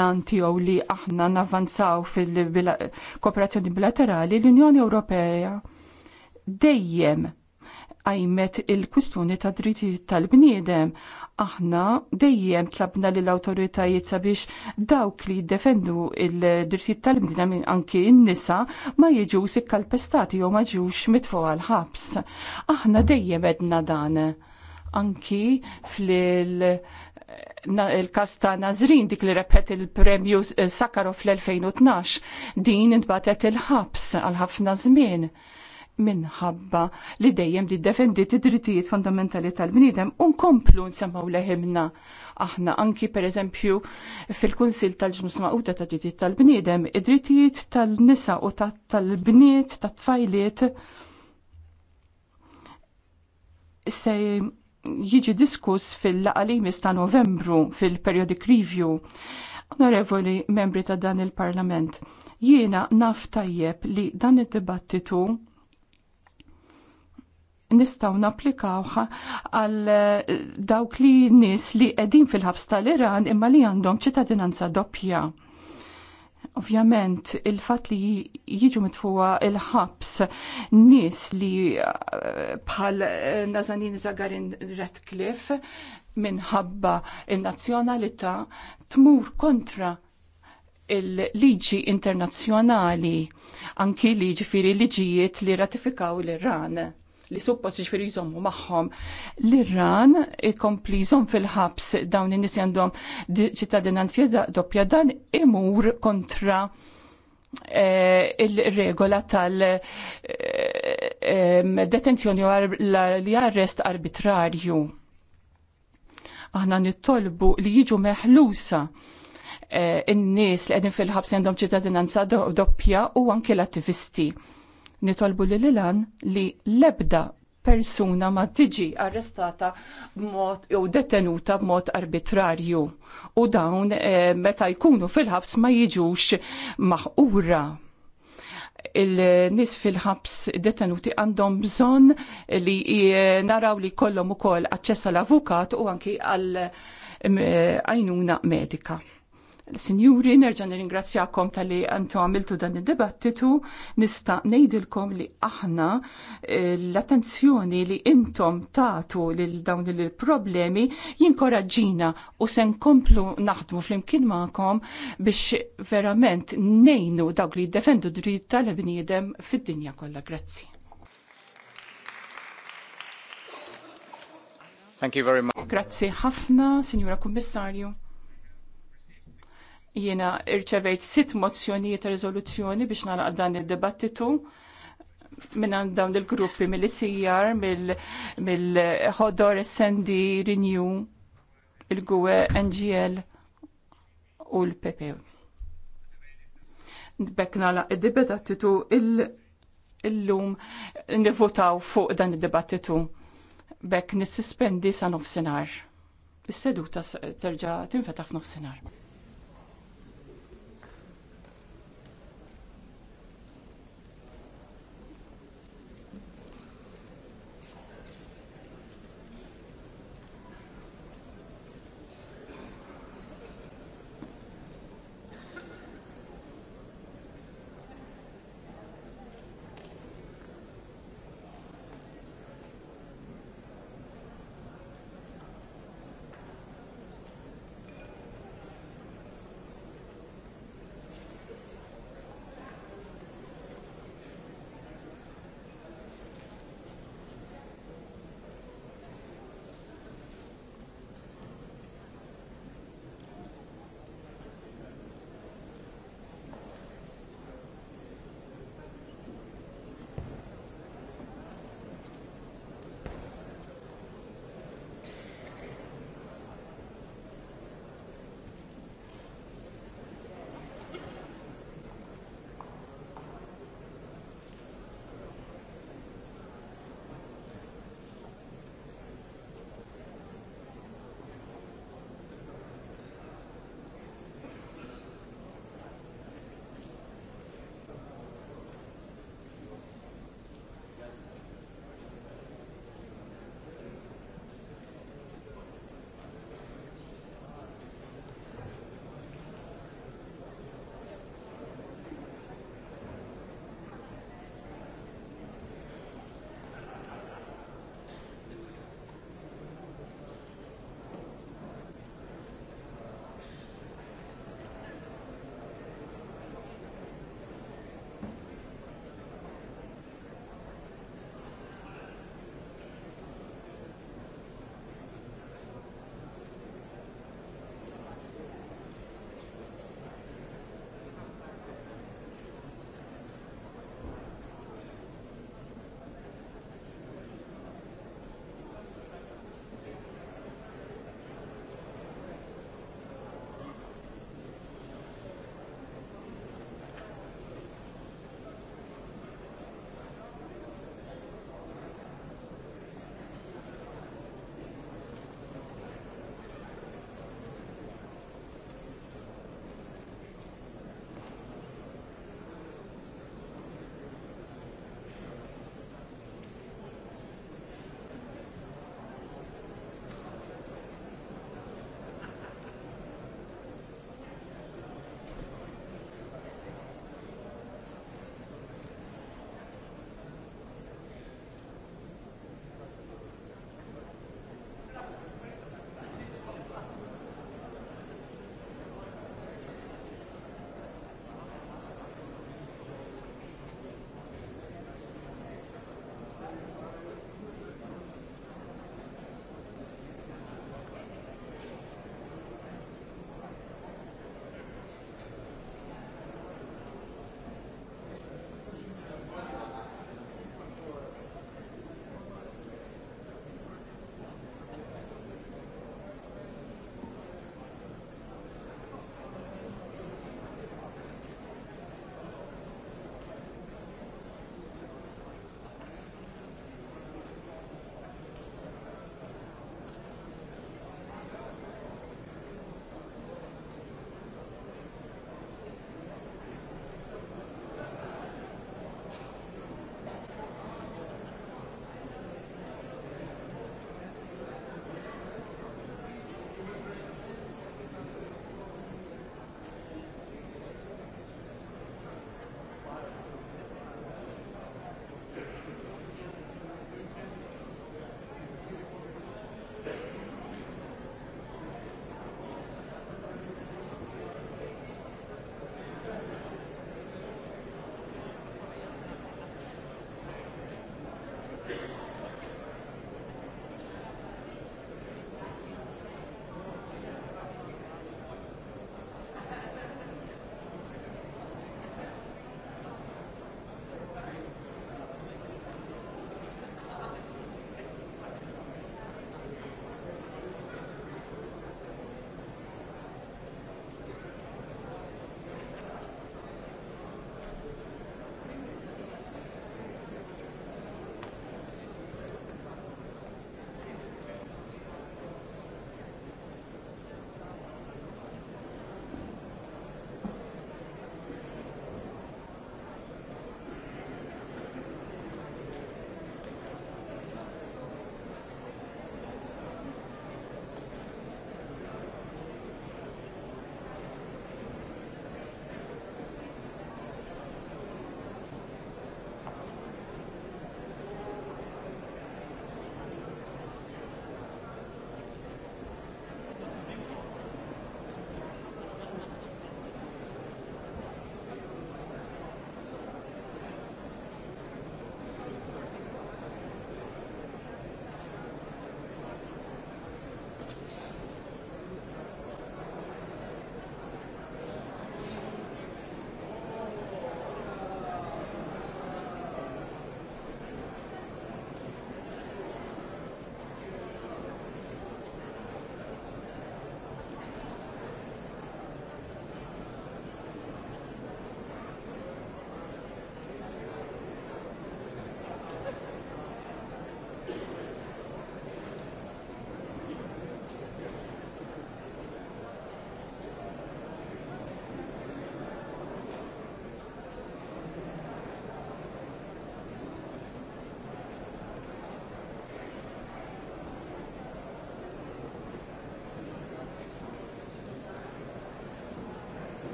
lan u li aħna navanzaw fil-kooperazzjoni bilaterali l-Unjoni Ewropea dejjem għajmet il-kwistjoni ta' drittijiet tal-bniedem aħna dejjem tlabna li l-autoritajiet sabiex dawk li jiddefendu il-drittijiet tal mdina minn anki n-nisa ma jiġu sikkalpestati jew ma ġux mitfu għal-ħabs. Aħna dejjem edna dan anki fil- il-kas ta' Nazrin dik li repet il-premju eh, Sakarov fl-2012 din intbatet il-ħabs għal ħafna żmien minħabba li dejjem li defendit id-drittijiet fundamentali tal-bniedem unkomplu nsemmaw leħimna. Aħna anki per eżempju fil-Kunsil tal-ġnus Mauda ta' drittijiet tal-bniedem, id-drittijiet tal-nisa u tal-bniet, tat-tfajliet se jiġi diskuss fil-laqalimis ta' novembru fil-periodic review. Onorevoli membri ta' dan il-Parlament, jiena naf tajjeb li dan id-dibattitu nistaw naplikawħa għal eh, dawk li nis li edin fil-ħabs tal-Iran imma li għandhom ċittadinanza doppja. Ovvjament, il-fat li jiġu mitfuwa il-ħabs nis li eh, bħal eh, Nazanin Zagarin Radcliffe minħabba il-nazzjonalità tmur kontra il-liġi internazzjonali, anki liġi firi liġijiet li ratifikaw l-Iran li suppost ġifiri jżommu maħħom. L-Iran ikompli jżomm fil-ħabs dawn in-nies għandhom ċittadinanzi doppja dan imur kontra eh, il-regola tal-detenzjoni eh, li arrest arbitrarju. Aħna nittolbu li jiġu meħlusa eh, in-nies li qegħdin fil-ħabs għandhom ċittadinanza doppja u anke l-attivisti Nitolbu li l-ilan li lebda persuna ma tiġi arrestata b'mod jew detenuta b'mod arbitrarju u dawn e, meta jkunu fil-ħabs ma jiġux maħqura il-nis fil-ħabs detenuti għandhom bżon li eh, naraw li kollhom ukoll aċċess għall avukat u anki għal eh, għajnuna medika. Sinjuri, nerġa' nirringrazzjakom tal-li għantu għamiltu dan id-dibattitu, nista' ngħidilkom li aħna eh, l-attenzjoni li intom tatu lil dawn il-problemi jinkoraġġina u se nkomplu naħdmu flimkien maħkom biex verament nejnu dawk li jiddefendu dritt tal-bniedem fid-dinja kollha. Grazzi. Thank you very much. Grazzi ħafna, Signora Kummissarju. Jiena irċevejt sitt mozzjonijiet ta' riżoluzzjoni biex nagħlaq dan id-dibattitu minn dawn il-gruppi mill-ICR, mill-ħodor, SND, Renew, il-GUE, NGL u e, l-PP. Bekk nagħlaq id-dibattitu lum nivvotaw fuq dan id-dibattitu. Bekk nissispendi sa' nofsinhar. Is-seduta terġa' tinfetaħ f'nofsinhar.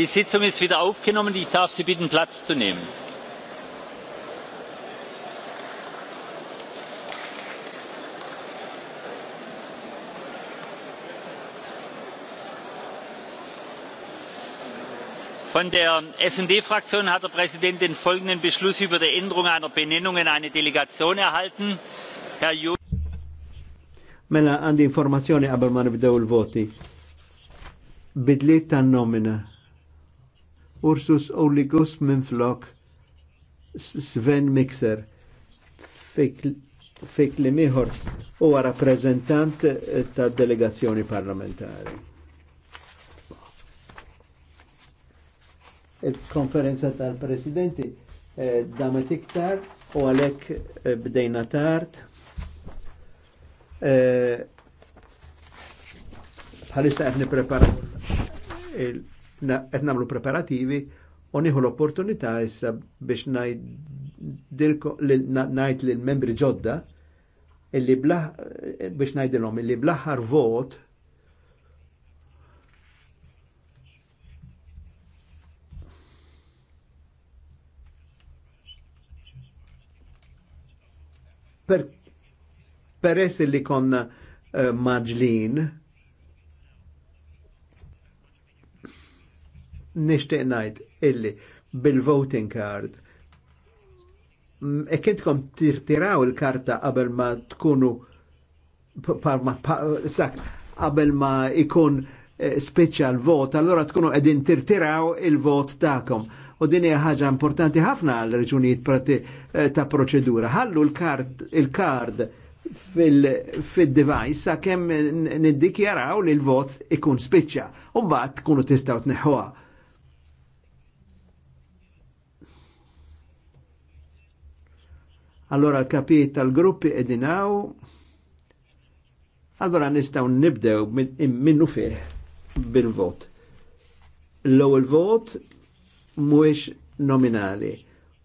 die sitzung ist wieder aufgenommen. ich darf sie bitten platz zu nehmen. von der sd fraktion hat der präsident den folgenden beschluss über die änderung einer benennung in eine delegation erhalten. herr Jung... Mela għandi informazzjoni qabel ma nibdew il-voti. Bidliet tan-nomina Ursus Oligus flok Sven Mixer fejk li miħor u rappreżentant eh, tad delegazzjoni parlamentari. Il-konferenza tal-presidenti eh, damet iktar u għalek eh, bdejna tard. Eh, bħalissa eh, għetni preparaw il- qed nagħmlu preparativi u nieħu l-opportunità issa biex ngħid lill-membri ġodda illi biex ngħidilhom illi bl-aħħar vot per per essi li konna uh, eh, maġlin nishtiq ngħid illi bil-voting card e tirtiraw il-karta qabel ma tkunu qabel ma ikun e, speċjal vot, allora tkunu edin tirtiraw il-vot tagħkom. U din hija ħaġa importanti ħafna għal reġunijiet e, ta' proċedura. Ħallu l-kard il-kard fil-device sa' kemm niddikjaraw li l-vot ikun spiċċa. mbagħad tkunu tistaw tneħħuha. Allora l-kapijiet tal-gruppi edinaw, allora nistaw nibdew minnu fih bil-vot. L-ewwel vot mhuwiex nominali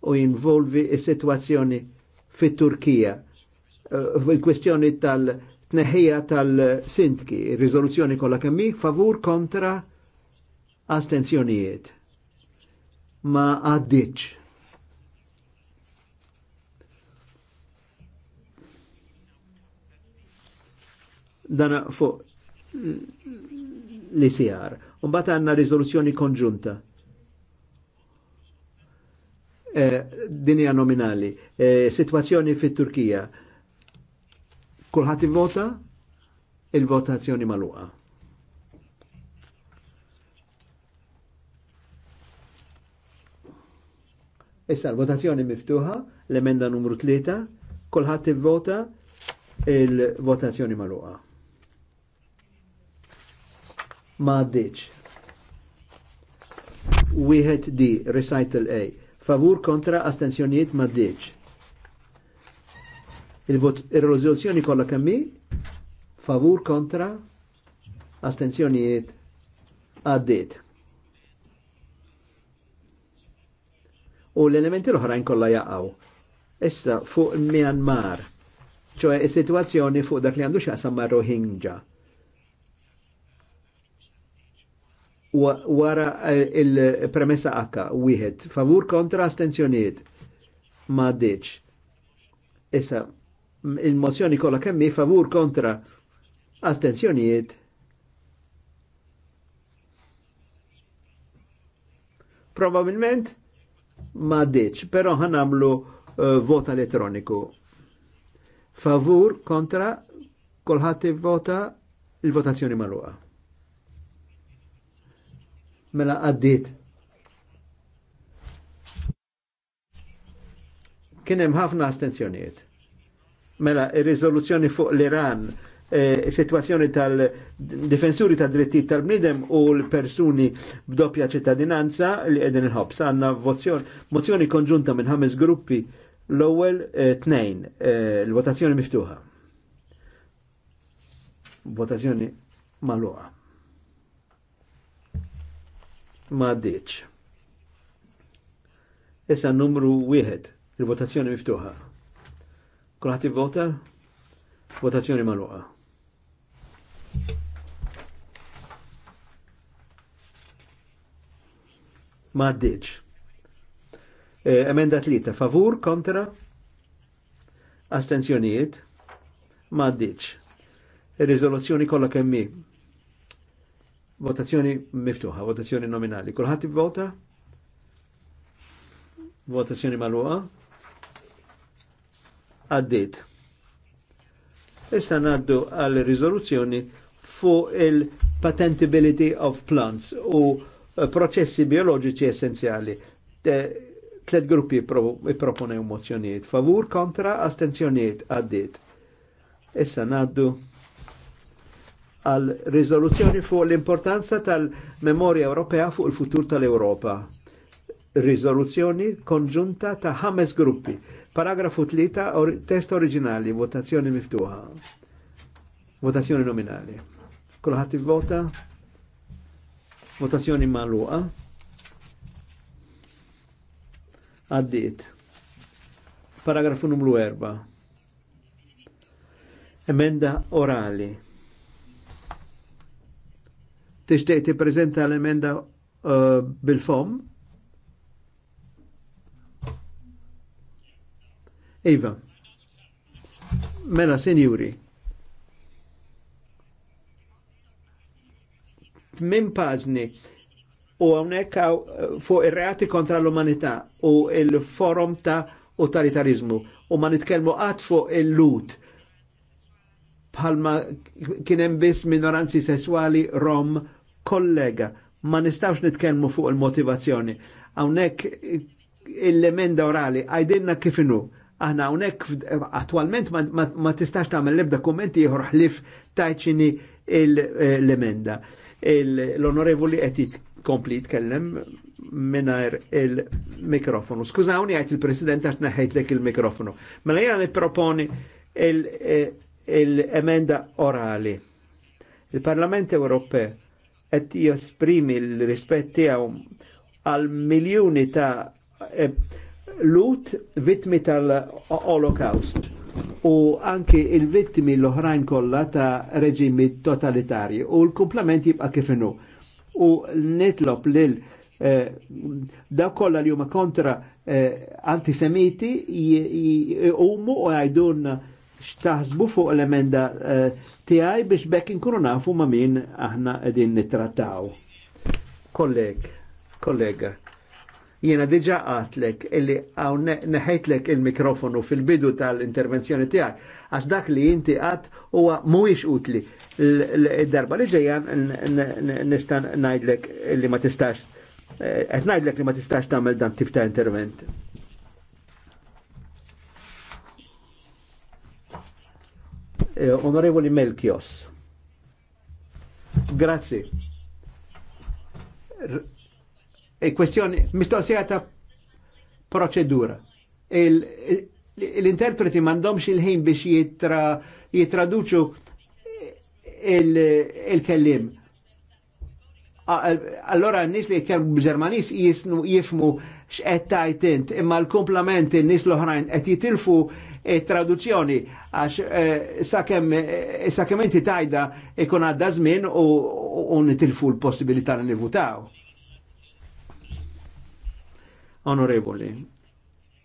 u jinvolvi is-sitwazzjoni fit-Turkija eh, il-kwestjoni tal-tneħija tal-sintki, ir-riżoluzzjoni kolla kemmi, favur kontra astenzjonijiet. Ma għaddiċ. dana fuq li sijar. Unbat għanna rizoluzzjoni konġunta. Eh, dinja nominali. Eh, situazzjoni fit turkija Kulħat vota il-votazzjoni maluqa. Issa l-votazzjoni miftuħa, l-emenda numru 3, kulħadd vota il-votazzjoni maluqa ma għaddiċ. Wieħed D, recital A. Favur kontra astensjonijiet ma għaddiċ. Il-vot, il-rezoluzzjoni kollha kemmi? Favur kontra astensjonijiet għaddiet. U l-elementi l-oħrajn kollha jaqgħu. Issa fuq Myanmar, ċoħe is-sitwazzjoni fuq dak li għandu x'aqsam ma' Rohingya. wara eh, il-premessa akka wieħed, favur kontra astenzjoniet, ma deċ. Issa, il-mozzjoni kolla kemmi favur kontra astenzjoniet. Probabilment ma deċ, pero ħanamlu uh, eh, vota elettroniku. Favur kontra kolħati vota il-votazzjoni maluqa mela għaddit. Kien hemm ħafna astenzjonijiet. Mela ir-riżoluzzjoni fuq l-Iran eh, situazzjoni tal-difensuri ta' drittijiet tal-bnidem u l-persuni b'doppja ċittadinanza li qegħdin il-ħobs. Għandna mozzjoni konġunta minn ħames gruppi l-ewwel eh, tnejn eh, l-votazzjoni miftuħa. Votazzjoni maluqa ma għaddiċ. Issa numru wieħed, il-votazzjoni miftuħa. Kulħadd vota, votazzjoni magħluqa. Ma għaddiċ. E, emenda tlieta, favur, kontra, astenzjonijiet, ma għaddiċ. E, kollha kemm Votazzjoni miftuħa, votazzjoni nominali. Kulħadd vota? Votazzjoni magħluqa? Għaddiet. Issa ngħaddu għal riżoluzzjoni fuq il-patentability of plants u proċessi bioloġiċi essenzjali. Tlet gruppi proponew mozzjonijiet. Favur, kontra, astenzjonijiet, għaddiet. Issa ngħaddu għal riżoluzzjoni fuq l-importanza tal-Memorja Ewropea fuq il-futur tal-Ewropa. Riżoluzzjoni konġunta ta' ħames gruppi. Paragrafu 3, or test oriġinali, votazzjoni miftuħa. Votazzjoni nominali. Kulħadd vota votazzjoni magħluqa. Għaddiet. Paragrafu numru 4. Emenda orali tixtieq tippreżenta l-emenda uh, bil-fom? Iva. Mela, sinjuri. Tmim pażni u għonek eh, fuq ir-reati kontra l-umanità u il-forum ta' utilitarizmu u ma nitkellmu għad fuq il-lut bħalma kienem biss minoranzi sessuali rom kollega. Ma nistawx nitkellmu fuq il-motivazzjoni. Hawnhekk il-emenda orali għajdinna kifinu. Aħna hawnhekk attualment ma, tistax tagħmel l-ebda kummenti ieħor ħlif tajċini l-emenda. L-onorevoli qed kompli jitkellem minnajr il-mikrofonu. Skużawni għajt il-president għax neħejt lek il-mikrofonu. Mela jgħan proponi il- eh, l emenda orali. Il-Parlament Ewropew qed jesprimi l-rispett tiegħu għal miljuni ta' eh, lut vittmi tal-Holocaust u anki il-vittmi l-oħrajn kollha ta' reġimi totalitarji u l-kumplament jibqa' kifinu. U nitlob lil eh, daw kollha li huma kontra eh, antisemiti umu u għajdunna xtaħsbu fuq l-emenda eh, tiegħi biex bekk inkunu nafu ma' min aħna qegħdin nittrattaw. Kolleg, kollega, jiena diġa għatlek illi għaw neħejtlek il-mikrofonu fil-bidu tal-intervenzjoni tiegħek għax dak li inti għat huwa mhuwiex utli. Id-darba li ġejjan nista' ngħidlek li ma tistax eh, qed ngħidlek li ma tistax tagħmel dan tip ta' intervent. Eh, onorevoli Melchios. Grazie. R E kwestjoni, mistoqsija ta' proċedura. l L'interprete mandomx il-ħin biex jitra, jitraduċu il-kellim. Il eh, Allora nisli nis li jitkellmu b'Ġermanis jifmu x'qed tajt int, imma l-komplement in-nies l-oħrajn qed jitilfu traduzzjoni għax eh, eh, sakemm inti tajda ikun għadda żmien u, nitilfu l-possibilità li nivutaw. Onorevoli,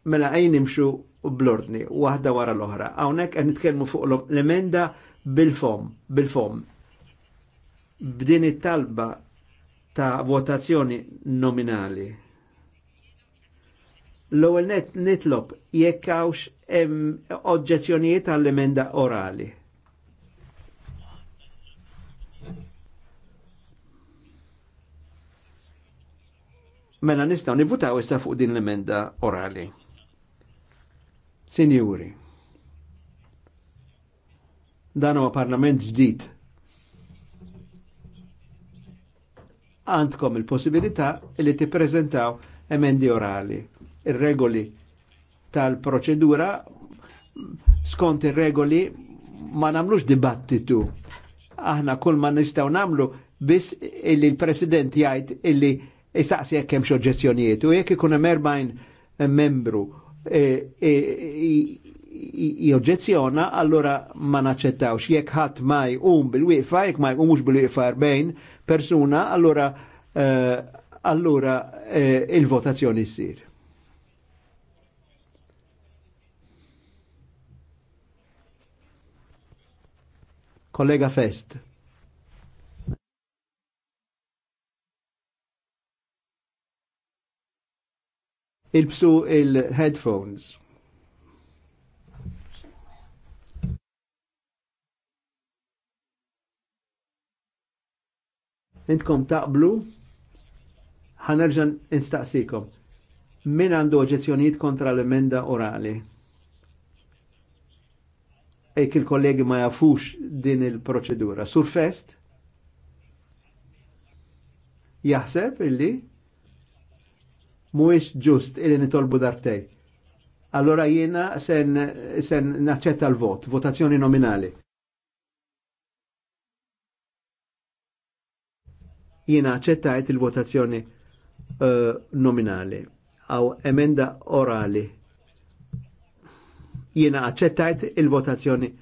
mela għajn nimxu blordni, waħda wara l-oħra. Hawnhekk qed nitkellmu fuq l-emenda bil-fom, bil-fom. B'din it-talba ta' votazzjoni nominali. L-ewwel nitlob jekk hawnx hemm oġġezzjonijiet għall-emenda orali. Mela nistgħu nivutaw issa fuq din l-emenda orali. Sinjuri, dan huwa parlament ġdid. Għandkom il-possibilità li tippreżentaw emendi orali ir-regoli tal-proċedura skont ir-regoli ma namlux dibattitu. Aħna kull ma nistgħu namlu biss illi l-President jgħid illi jistaqsi jekk hemm oġġezzjonijiet u jekk ikun hemm erbajn membru joġġezzjona, e, e, allora ma naċċettawx. Jekk ħadd ma jqum bil-wieqfa, jekk ma jqumux bil-wieqfa erbejn persuna, allora e, allura il-votazzjoni ssir. Kollega Fest. Ilbsu il-headphones. Intkom taqblu, ħanerġan instaqsikom. Min għandu oġezzjonijiet kontra l-emenda orali? jekk il-kollegi ma jafux din il-proċedura. Surfest. jaħseb illi mhuwiex ġust illi nitolbu dartej. Allora jiena sen, sen naċċetta l-vot, votazzjoni nominali. Jiena aċċettajt il-votazzjoni uh, nominali aw emenda orali Jiena accettajt il-votazzjoni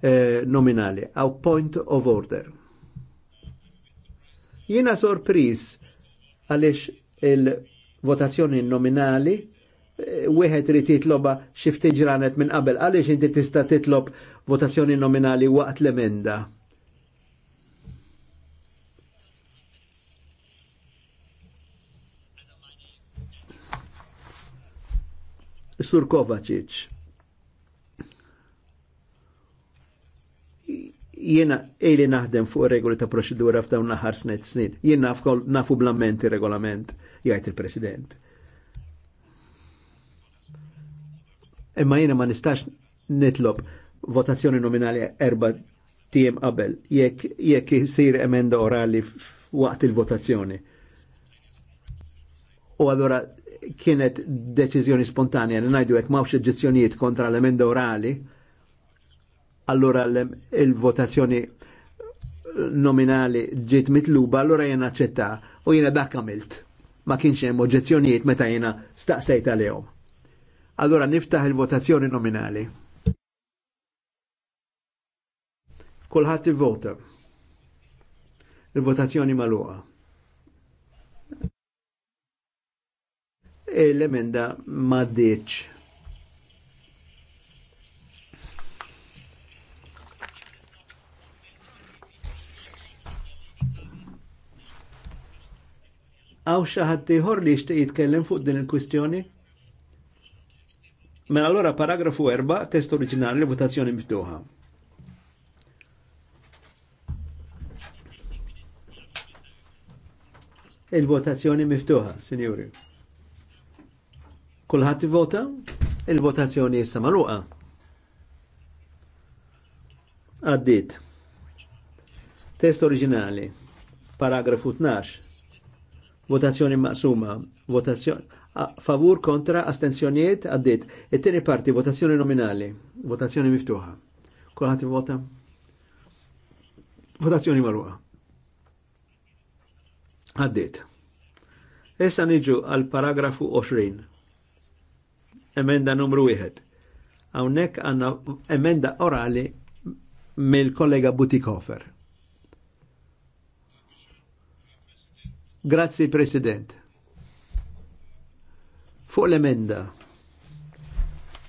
eh, nominali. Aw point of order. Jiena sorpris għaliex il-votazzjoni nominali eh, wieħed irid jitloba xi ftit ġranet minn qabel għaliex inti tista' titlob votazzjoni nominali waqt l-emenda. Sur Kovacic. Jiena ili naħdem fuq regoli ta' proċedura f'dawn naħar snet snin. Jien nafu blamment il-regolament, jgħid il-President. Imma jiena ma nistax nitlob votazzjoni nominali erba tiem qabel jekk jekk isir emenda orali waqt il-votazzjoni. U għadora kienet deċiżjoni spontanja li ngħidu jekk mawx oġġezzjonijiet kontra l-emenda orali, allora il-votazzjoni nominali ġiet mitluba, allora jena ċetta u jena dak għamilt. Ma kienx hemm oġġezzjonijiet meta jena staqsejt għalihom. Allora niftaħ il-votazzjoni nominali. Kulħadd ivvota. Il-votazzjoni magħluqa. E l-emenda ma ddiċ. Għaw xaħat tiħor li jixtieq jitkellem fuq din il-kwistjoni? Mela allora paragrafu 4, test oriġinali, votazzjoni miftuħa. Il-votazzjoni miftuħa, signori. Kulħadd vota? Il-votazzjoni issa maluqa. Għaddit. Test oriġinali, paragrafu 12, votazzjoni maqsuma, votazzjoni favur kontra astensjonijiet għaddit. It-tieni parti votazzjoni nominali, votazzjoni miftuħa. Kulħadd vota? Votazzjoni marruqa. Għaddit. Issa niġu għal paragrafu 20. Emenda numru 1. Hawnhekk għandna emenda orali mill-kollega Butikofer. Grazzi President. Fuq l-emenda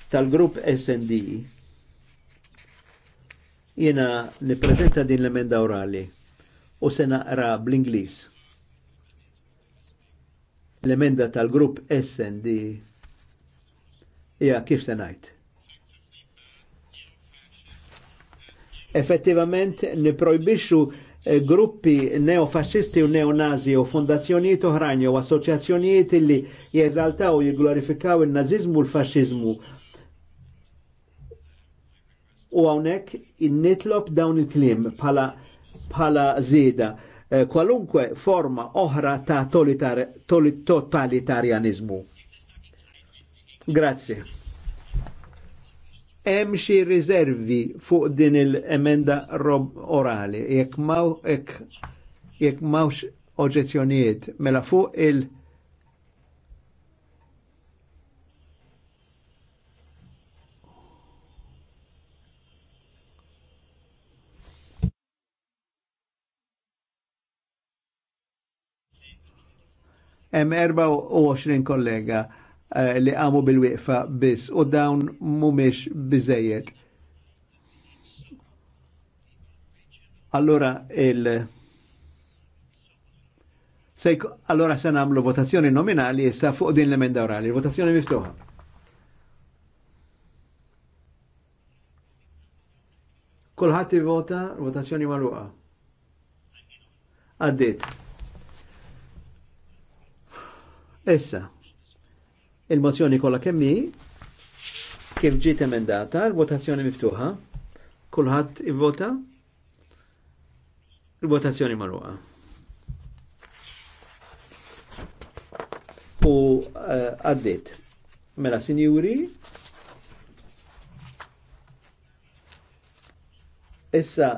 tal-grupp SND jena niprezenta din l-emenda orali u se naqra bl-Inglis. L-emenda tal-grupp SND hija kif se ngħid. Effettivament niprojbixxu Eh, gruppi neofasċisti u neonazi u fondazzjonijiet oħrajn u assoċjazzjonijiet li jeżaltaw u jigglorifikaw il-nazizmu u l-fasċizmu. U hawnhekk innitlob dawn il-kliem bħala pala żieda eh, kwalunkwe forma oħra ta' totalitarjanizmu. Grazie hemm xi riservi fuq din il-emenda rob orali, jekk maw jekk mawx oġezzjonijiet mela fuq il- Hemm 24 kollega Eh, li għamu bil-wieqfa biss u dawn mumiex biżejjed. Allora il Sejk, allora se namlu votazzjoni nominali issa fuq din l-emenda orali, votazzjoni miftuħa. Kolħati vota votazzjoni maluqa? Għaddiet. Issa, Il-mozzjoni kollha kemm hi kif ġiet emendata, l-votazzjoni miftuħa, kulħadd ivvota, il votazzjoni magħluqa. U eh, għaddit. mela, sinjuri, issa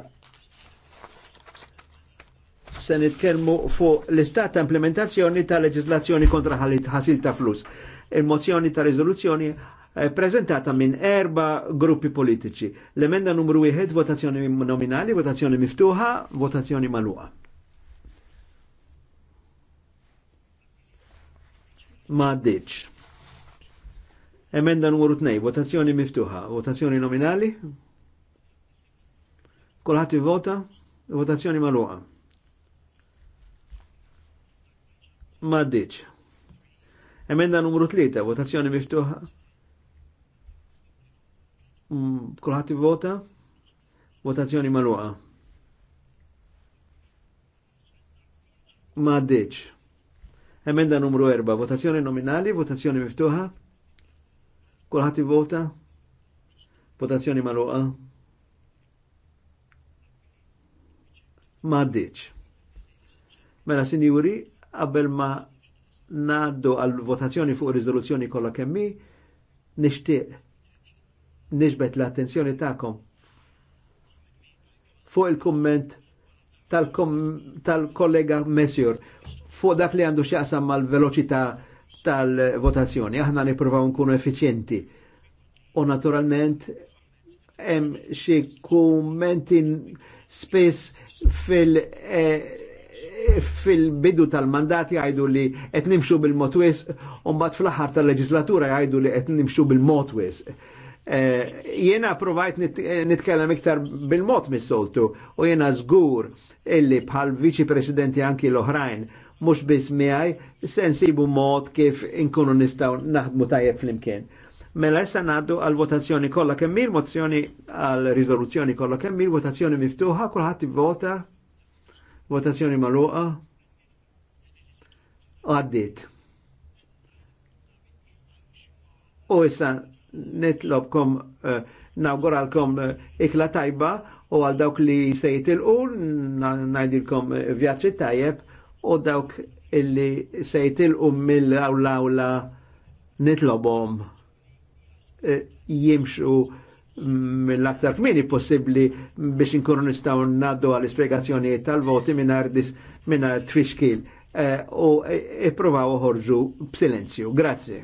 se nitkellmu fuq l-istat ta' implementazzjoni ta' leġislazzjoni kontra ħasil ta' flus il-mozzjoni ta' rezoluzzjoni eh, prezentata minn erba gruppi politiċi. L-emenda numru 1, votazzjoni nominali, votazzjoni miftuħa, votazzjoni maluqa. Ma ddiċ. Emenda numru 2, votazzjoni miftuħa, votazzjoni nominali. Kolħati vota, votazzjoni maluqa. Ma ddiċ. Emenda numru 3, votazzjoni miftuħa. Mm, Kulħat vota? Votazzjoni maluqa. Ma deċ. Emenda numru 4, votazzjoni nominali, votazzjoni miftuħa. Kulħat vota? Votazzjoni maluqa. Ma deċ. Mela sinjuri, qabel ma' naddu għal votazzjoni fuq riżoluzzjoni kollha kemmi nixtieq nixbet l-attenzjoni tagħkom fuq il-kumment tal-kollega tal Messior fuq dak li għandu x'jaqsam mal-veloċità tal-votazzjoni. Aħna nippruvaw nkunu effiċjenti. U naturalment hemm xi kummenti spess fil- eh, fil-bidu tal-mandat jgħidu li qed nimxu bil-motwis u mbagħad fl-aħħar tal-leġislatura jgħidu li qed nimxu bil-motwis. Eh, jiena jena provajt nitkellem iktar bil-mod mis-soltu u jena zgur illi bħal viċi presidenti anki l-oħrajn mux biss miħaj sensibu mod kif inkunu nistaw naħdmu tajjeb fl-imkien. Mela issa naddu għal votazzjoni kollha kemm mozzjoni għal riżoluzzjoni kollha kemm il votazzjoni miftuħa kulħadd ivvota Votazzjoni marruqa. Għaddit. U issa nitlobkom eh, nawguralkom eh, ikla tajba u għal dawk li se jitilqu najdilkom eh, vjaċi tajjeb u dawk illi se jitilqu mill-awla-awla nitlobhom jimxu mill-aktar kmini possibli biex inkunu nistgħu ngħaddu għall ispjegazzjonijiet tal-voti mingħajr mingħajr twixkil eh, u i-provaw uħorġu b-silenzju. Grazie.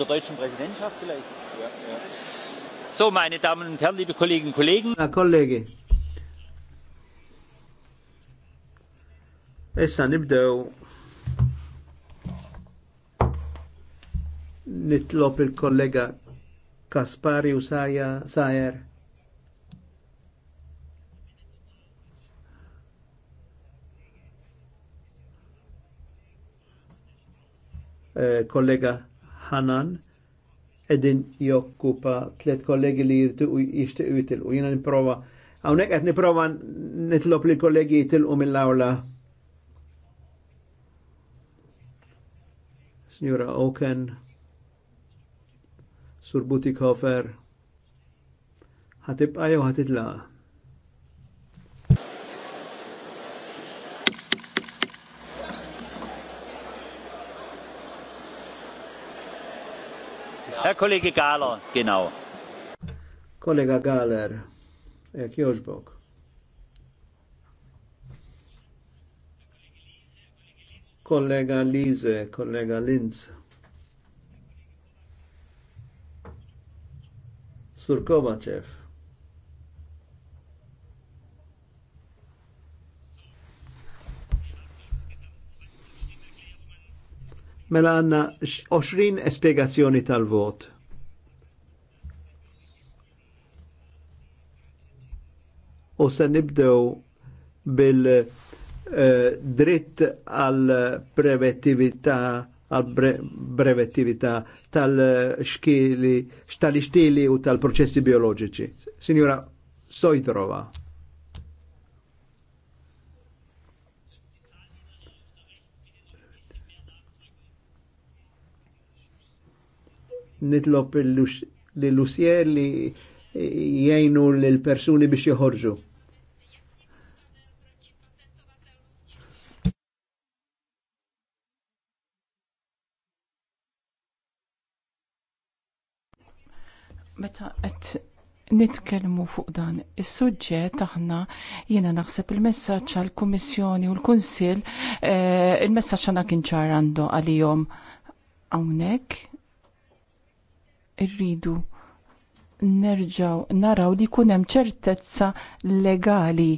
der deutschen Präsidentschaft vielleicht. Ja, ja. So, meine Damen und Herren, liebe Kolleginnen und Kollegen. Herr Kollege, Issa nibdew nitlob il-kollega Kaspari u Sayer. Sajer. Eh, kollega Hanan edin jokkupa tlet kollegi li jirtu u jitil u Jina niprofa, għawnek għet niprofa nitlop li kollegi u mill-awla. Signora Oken, Sur Butikofer, ħatibqa jew ħatitlaq. Herr Kollege Gahler, genau. Kollega Galer, ek joġbok. Kollega Lise, kollega Linz. Surkovacev. Kovacev. Mela għanna 20 espiegazzjoni tal-vot. U se nibdew bil-dritt eh, għal prevettività għal brevettività tal-xkili, tal-ixtili u tal-proċessi biologiċi. Signora Sojtrova. nitlob l-lusjer li jgħinu l-persuni biex joħorġu. Meta qed nitkellmu fuq dan is-suġġett aħna jiena naħseb il-messaġġ għall-Kummissjoni u l-Kunsill eh, il-messaġġ għandna kien ċar għandu għalihom hawnhekk irridu nerġaw naraw li jkun hemm ċertezza legali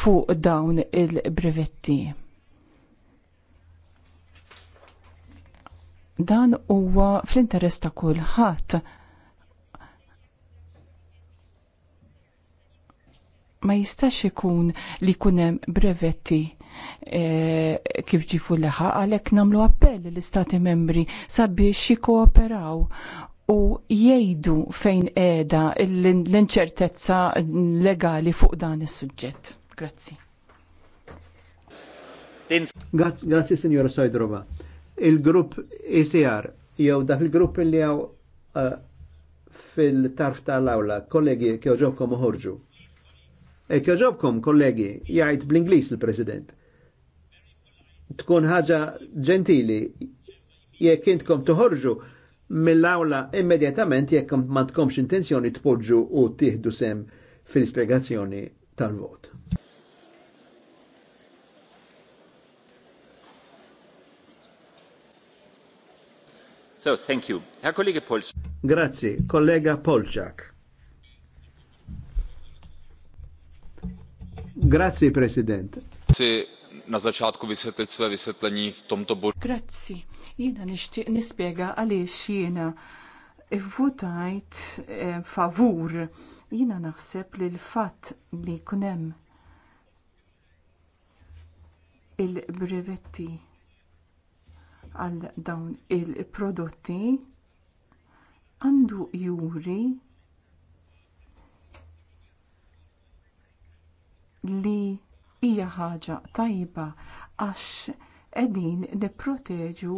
fuq dawn il-brevetti. Dan huwa fl-interess ta' kulħadd ma jistax ikun li kunem brevetti e, kif ġifu leħa għalhekk nagħmlu appell l-istati membri sabiex jikkooperaw u jgħidu fejn qiegħda l-inċertezza legali fuq dan is-suġġett. Grazzi. Grazzi Sinjora Sajdrova. Il-grupp ECR jew dak il-grupp li jew uh, fil-tarf tal-awla, kollegi kjo ġobkom uħorġu. E kjo ġobkom, kollegi, jgħid bl-Inglis il-President. Tkun ħaġa ġentili, jekk intkom toħorġu, mill-awla immedjatament jekk ma tkomx intenzjoni tpoġġu u tieħdu sem fil-spiegazzjoni tal-vot. So, thank you. Herr Kollege Polczak. Grazie, kollega Polczak. Grazie, President. Grazie na začátku vysvětlit své vysvětlení v tomto bodu. Grazzi, jiena nixtieq nispjega għaliex jiena votajt favor. Eh, favur. Jiena naħseb li l-fatt li jkun hemm il-brevetti għal dawn il-prodotti għandu juri li hija ħaġa tajba għax qegħdin nipproteġu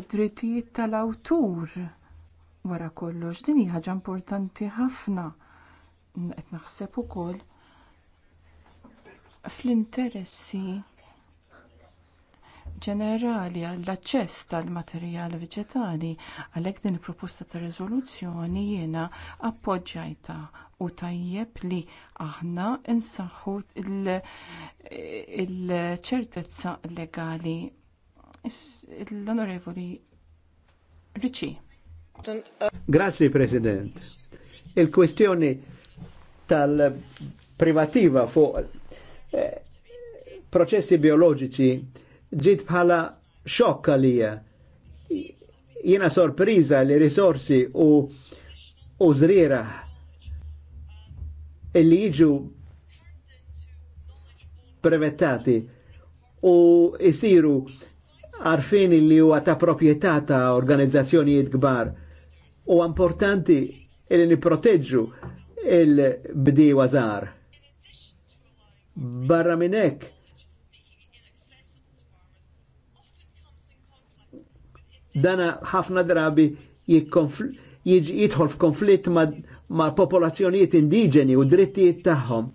id-drittijiet tal-awtur wara kollox din hija ħaġa importanti ħafna qed naħseb ukoll fl-interessi ġenerali għall-aċċess tal-materjal veġetali għalhekk din il proposta ta' riżoluzzjoni jiena appoġġjajtha u tajjeb li aħna insaħħu il-ċertezza legali l-onorevoli Ricci. Grazie President. Il-kwestjoni tal-privativa fuq eh, processi biologiċi ġit bħala xokk għalija. Jiena sorpriża li risorsi u, u zrira illi jiġu brevettati u jisiru għarfin li huwa ta' proprjetà ta' organizzazzjonijiet kbar u importanti illi niproteġġu il-bdiewa żgħar. Barra minn dana ħafna drabi jidħol f'konflitt ma' mal popolazzjonijiet indiġeni u drittijiet tagħhom.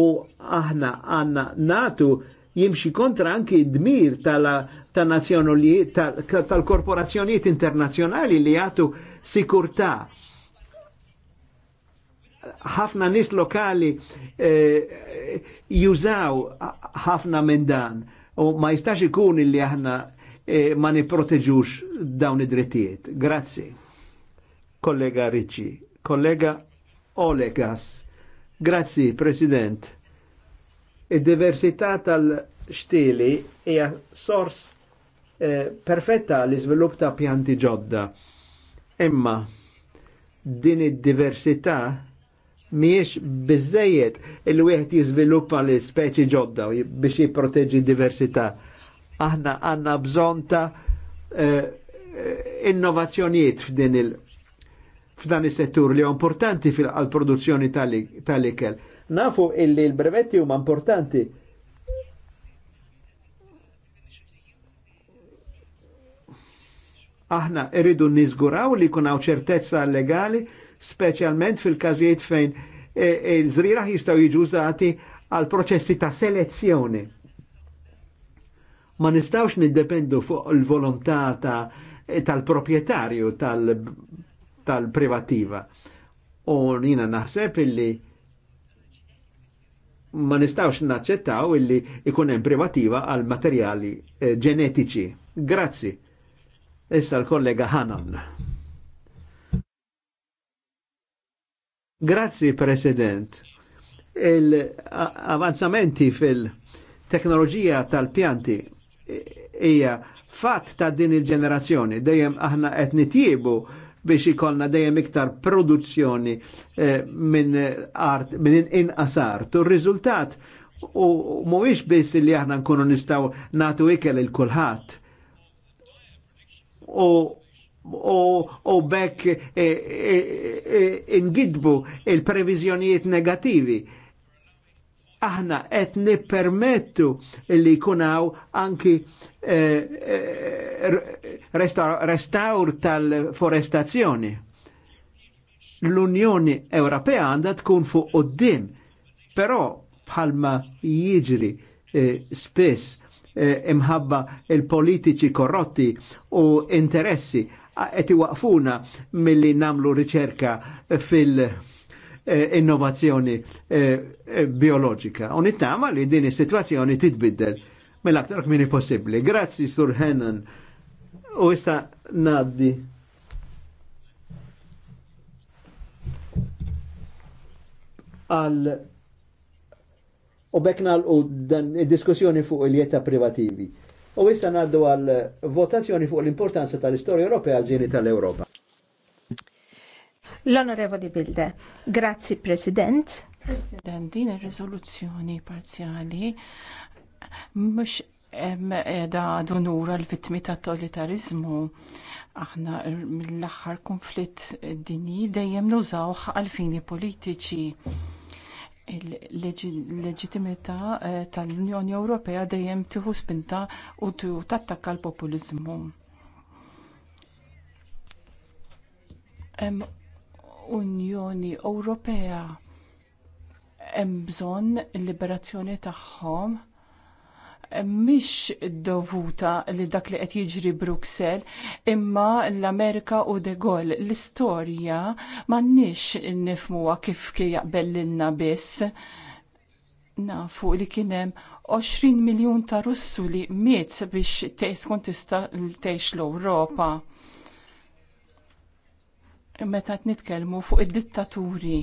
U aħna għanna natu jimxi kontra anki dmir tal-korporazzjonijiet tal internazzjonali li għatu sikurtà. Ħafna nis lokali eh, jużaw ħafna minn dan u ma jistax ikun illi aħna eh, ma niproteġux dawn id-drittijiet. Grazzi. Kollega Ricci kollega Olegas. Grazzi, President. Id-diversità tal-xtili hija sors eh, perfetta l iżvilupp ta' pjanti ġodda. Imma din id-diversità miex biżejjed il-wieħed jiżviluppa l speċi ġodda biex jipproteġi diversità. Aħna għandna bżonn ta' eh, eh innovazzjonijiet f'din il- f'dan is-settur li importanti għal-produzzjoni tal-ikel. Nafu illi l-brevetti huma importanti aħna irridu nizguraw li kunaw ċertezza legali, speċjalment fil-każijiet fejn il-żriraħ e, e, jistgħu jiġu użati għal proċessi ta' selezzjoni. Ma nistawx niddependu fuq il-volontà tal-proprietarju tal tal-privativa. U jina naħseb illi ma nistawx naċċettaw illi ikun hemm privativa għal materjali eh, ġenetiċi. Grazzi. Issa l-kollega Hanan. Grazzi, President. Il-avanzamenti fil-teknoloġija tal-pjanti hija fatt ta' din il-ġenerazzjoni. Dejjem aħna qed nitjiebu biex ikollna dejjem iktar produzzjoni eh, minn art, minn inqas art. U r-riżultat u mhuwiex biss li aħna nkunu nistgħu nagħtu ikel il kulħadd. U u, u bekk eh, eh, ingidbu il-previżjonijiet negativi aħna qed nippermettu li jkunaw anki eh, eh, restaur tal-forestazzjoni. L-Unjoni Ewropea għandha tkun fuq qoddim, però bħalma jiġri eh, spess imħabba il-politiċi korrotti u interessi qed iwaqfuna milli namlu riċerka fil- Eh, innovazzjoni eh, eh, biologika. U nittama li din is-sitwazzjoni titbiddel mill-aktar kmini possibbli. Grazzi, Sur Henan. U issa naddi. Għal u beknal u dan diskussjoni fuq il-jeta privativi. U issa naddu għal votazzjoni fuq l-importanza tal-istoria Ewropea għal ġini tal-Europa. L-Onorevoli Bilde. Grazzi, President. President, din ir-riżoluzzjoni parzjali mhux da donura għal vittmi ta' totalitarizmu. Aħna mill-aħħar konflitt dinji dejjem għal għalfini politiċi. Il-leġitimità eh, tal-Unjoni Ewropea dejjem tieħu spinta u tattakka l-populizmu. Unjoni Ewropea hemm bżonn il-liberazzjoni tagħhom mhix dovuta li dak li qed jiġri Bruxelles, imma l-Amerika u De Gaulle l-istorja m'għandniex nifmuha kif jaqbel lilna biss. Nafu li kien hemm 20 miljun ta' Russu li miet biex tkun tista' tgħix l-Ewropa meta nitkellmu fuq id-dittaturi.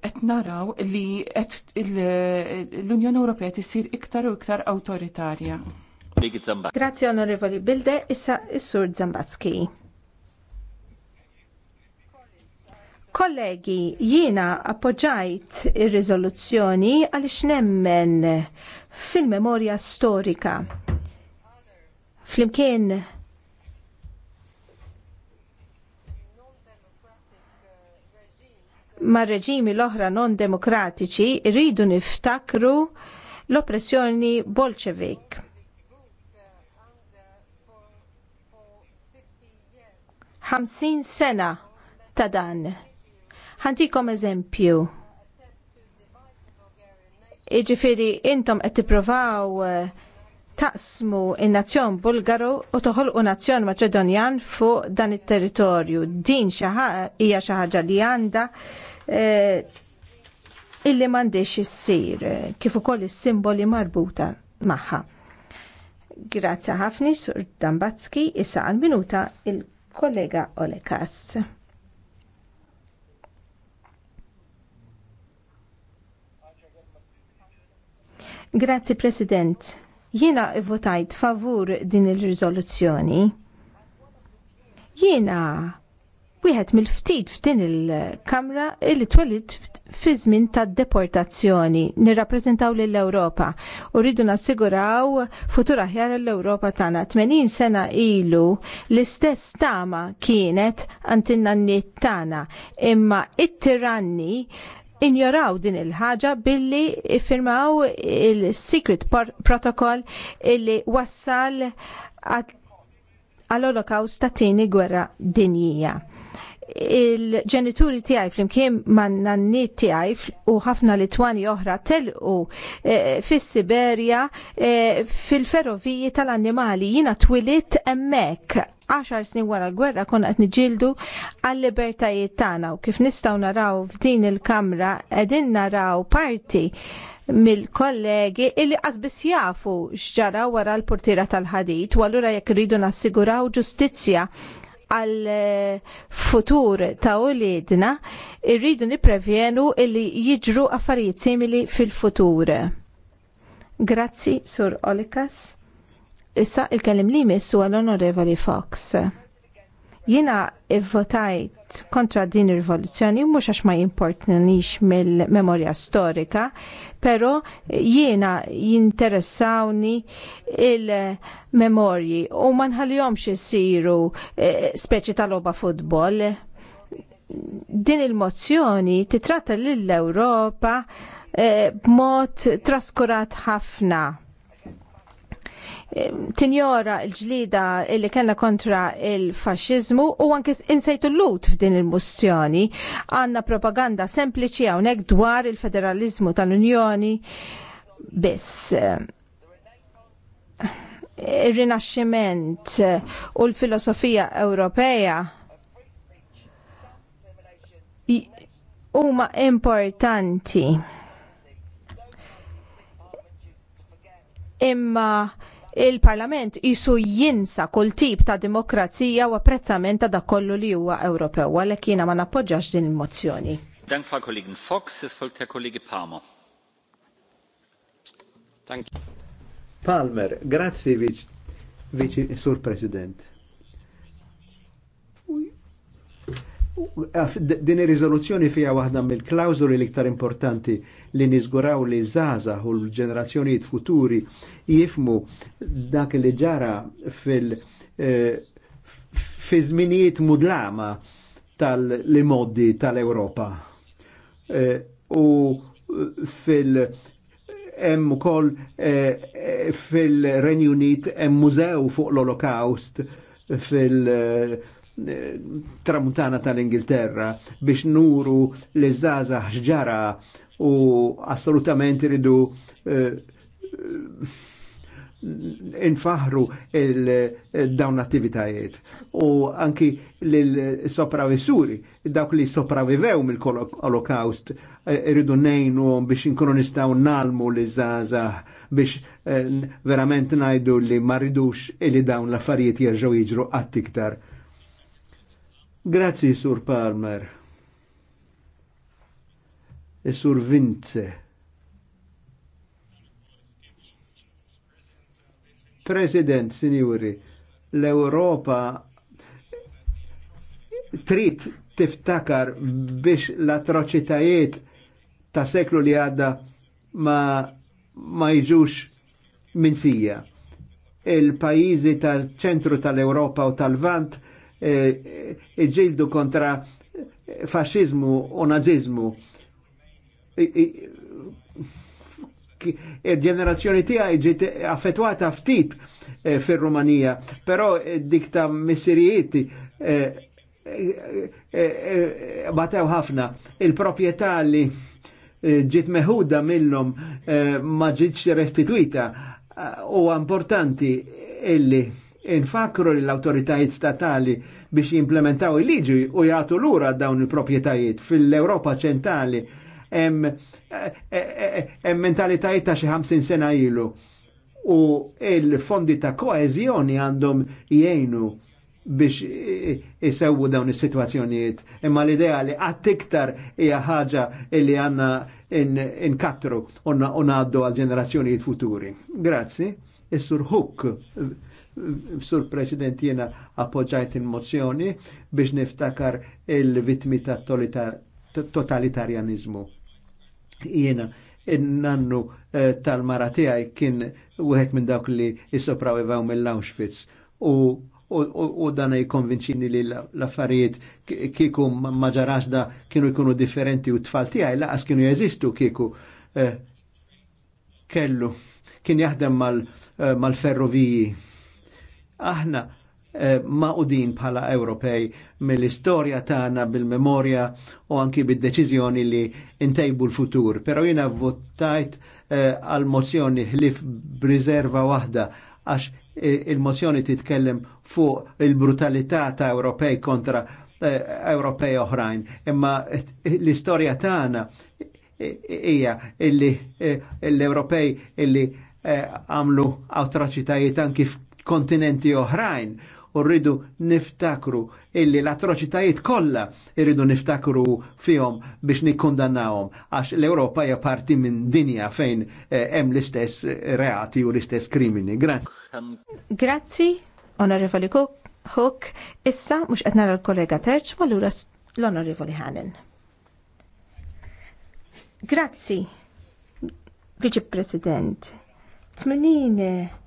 Qed naraw li l-Unjoni Ewropea tisir iktar u iktar awtoritarja. Grazzi onorevoli Bilde, issa is-sur Zambatski. Kollegi, jiena appoġġajt ir-riżoluzzjoni għaliex nemmen fil-memorja storika. Flimkien ma' reġimi l-oħra non demokratiċi rridu niftakru l-oppressjoni bolċevik. Ħamsin sena ta' dan. Ħantikom eżempju. Iġifiri, intom qed tippruvaw uh, eh, taqsmu in-nazzjon Bulgaru u toħolqu nazzjon Maċedonjan fuq dan it-territorju. Din hija xi ħaġa li għandha e, illi m'għandix issir kif ukoll is-simboli marbuta magħha. Grazzi ħafni Sur Dambatzki issa għal minuta il-kollega Olekas. Grazzi President. Jiena votajt favur din il-riżoluzzjoni. Jiena wieħed mill-ftit f'din il-Kamra li twelid fi żmien tad-deportazzjoni nirrappreżentaw lill ewropa u rridu nassiguraw futur aħjar l-Ewropa tagħna. 80 sena ilu l-istess tama kienet antinna n imma it-tiranni injoraw din il-ħaġa billi iffirmaw il-Secret Protocol illi wassal għall olokaust ta' tieni gwerra dinjija. Il-ġenituri tiegħi flimkien man nannit tiegħi u ħafna Litwani oħra telqu eh, fis-Siberja eh, fil-ferroviji tal-annimali jiena twilit hemmhekk 10 snin wara l-gwerra konna qed niġildu għall-libertajiet tagħna u kif nistgħu naraw f'din il-kamra qegħdin naraw parti mill-kollegi illi qasbis jafu x'ġara wara l-portira tal-ħadit u allura jekk iridu nassiguraw ġustizzja għal futur ta' uliedna irridu niprevjenu illi jiġru affarijiet simili fil-futur. Grazzi, Sur Olikas. Issa il-kellim li missu għal-Onorevoli Fox. Jina votajt kontra din ir-rivoluzzjoni mhux għax ma jimportnanix mill-memorja storika, però jiena jinteressawni il-memorji u ma nħallihomx isiru e, speċi tal-logħba futbol din il-mozzjoni titratta lill-Ewropa e, b'mod traskurat ħafna tinjora l-ġlida illi kellna kontra il-faxxiżmu u anke insejtu l-lut f'din il mussjoni Għandna propaganda sempliċi hawnhekk dwar il-federalizmu tal-Unjoni biss ir-rinaxximent u l-filosofija Ewropea huma importanti imma il-Parlament isu jinsa kull tip ta' demokrazija u apprezzament ta' dak kollu li huwa Ewropew, għalhekk jiena ma nappoġġax din il-mozzjoni. Dank fa' Kollegin Fox, es folgt Herr Kollege Palmer. Dank. Palmer, grazzi Vice Sur President. din ir-riżoluzzjoni fija waħda mill-klawżoli l-iktar importanti li niżguraw li zaza u l-ġenerazzjonijiet futuri jifmu dak li ġara fil- eh, fi żminijiet mudlama tal-modi tal-Ewropa. Eh, u fil- hemm ukoll eh, fil-Renju Unit hemm mużew fuq l-Olokawst fil- tramuntana tal-Ingilterra biex nuru l zaza ħġara u assolutament ridu eh, eh, infaħru eh, dawn attivitajiet u anki l-sopravissuri dawk li sopravivew mill-Holocaust eh, irridu nejnu biex inkunu nistaw nalmu l żaza biex verament najdu li ma il li dawn l-affarijiet jerġgħu jiġru qatt iktar Grazzi, Sur Palmer. E Sur Vince. President, signori, l'Europa trit tiftakar biex l-atroċitajiet ta' seklu li għadda ma, ma jġux minsija. Il-pajizi tal-ċentru tal-Europa u tal-Vant E, e, iġildu kontra fasċizmu u nazizmu. Il-ġenerazzjoni e, tija ġiet affetwata ftit fir-Rumanija, però dikta ta' missirijiet batew ħafna. Il-proprjetà li ġiet meħuda minnhom ma ġietx restituita u importanti illi infakru li l-autoritajiet statali biex jimplementaw il-liġi u jgħatu l-ura dawn il-propietajiet fil-Europa ċentrali hemm eh, eh, eh, mentalitajiet ta' xi 50 sena ilu u il-fondi ta' koezjoni għandhom jgħinu biex jisewwu dawn is-sitwazzjonijiet. Imma l-idea li qatt iktar hija ħaġa li għandna inkattru u ngħaddu għal ġenerazzjonijiet futuri. Grazzi, is-sur Hook sur President jena appoġġajt il-mozzjoni biex niftakar il-vitmi ta' totalitarianizmu. Jena nannu eh, tal-mara tiegħi kien wieħed minn dawk li jisopravivaw mill-Auschwitz u u dan jikonvinċini li l-affarijiet kieku maġarax da kienu jkunu differenti u tfal tiegħi laqas kienu jeżistu kieku eh, kellu kien jaħdem eh, mal-ferroviji Aħna eh, ma' udin bħala Ewropej mill-istorja tagħna bil-memorja u anki bid-deċiżjoni li intejbu l-futur. Però jiena votajt eh, għal eh, mozzjoni ħlif b'riserva waħda għax eh, il-mozzjoni titkellem fuq il-brutalità ta' Ewropej kontra eh, Ewropej oħrajn. Imma l-istorja tagħna hija l-Ewropej illi għamlu awtraċitajiet anki kontinenti oħrajn u rridu niftakru illi l-atroċitajiet kollha rridu niftakru fihom biex nikkundannawhom għax l-Ewropa hija parti minn dinja fejn eh, hemm l-istess reati u l-istess krimini. Grazzi. Grazzi, onorevoli Hook, issa mhux qed nara l-kollega Terċ, allura l-onorevoli Hanen. Grazzi, Viċi President. 80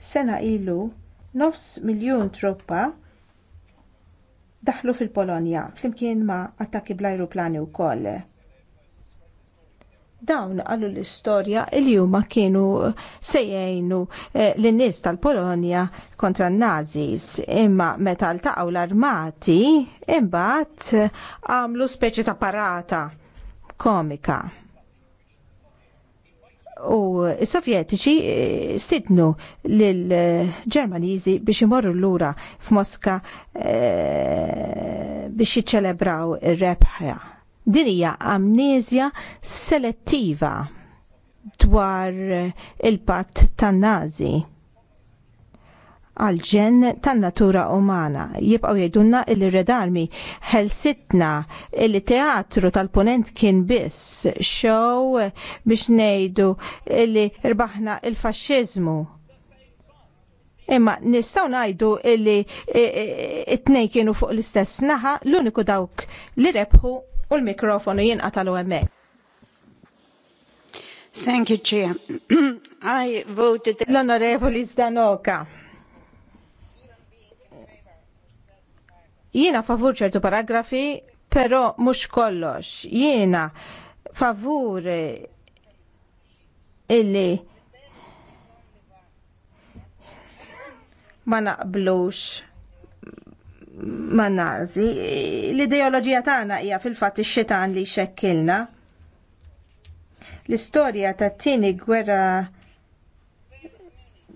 sena ilu nofs miljun truppa daħlu fil-polonja flimkien ma' attakki bl-ajruplani wkoll dawn qalu l-istorja li huma kienu eh, se jgħinu eh, lin nies tal-Polonja kontra n-Nazis imma meta ltaqgħu l-armati imbagħad għamlu speċi ta' parata komika u s-Sovjetiċi eh, stidnu l-Ġermaniżi biex imorru l-lura f'Mosca eh, biex jiċċelebraw ir-rebħa. Din hija amnezja selettiva dwar eh, il-patt tan-Nazi għal ġen tan-natura umana. Jibqgħu jgħidulna il redarmi ħelsitna il teatru tal-ponent kien biss show biex ngħidu illi rbaħna il-faxxiżmu. Imma nistgħu ngħidu illi it-tnejn kienu fuq l-istess naħa l-uniku dawk li rebħu u l-mikrofonu jinqatalu hemmhekk. Thank you, Chair. I voted... L-Onorevoli Zdanoka. Jiena favur ċertu paragrafi, però mhux kollox. Jiena favur illi ma naqblux ma nazi. L-ideoloġija tagħna hija fil-fatt ix-xitan li xekkilna. L-istorja tat-tieni gwerra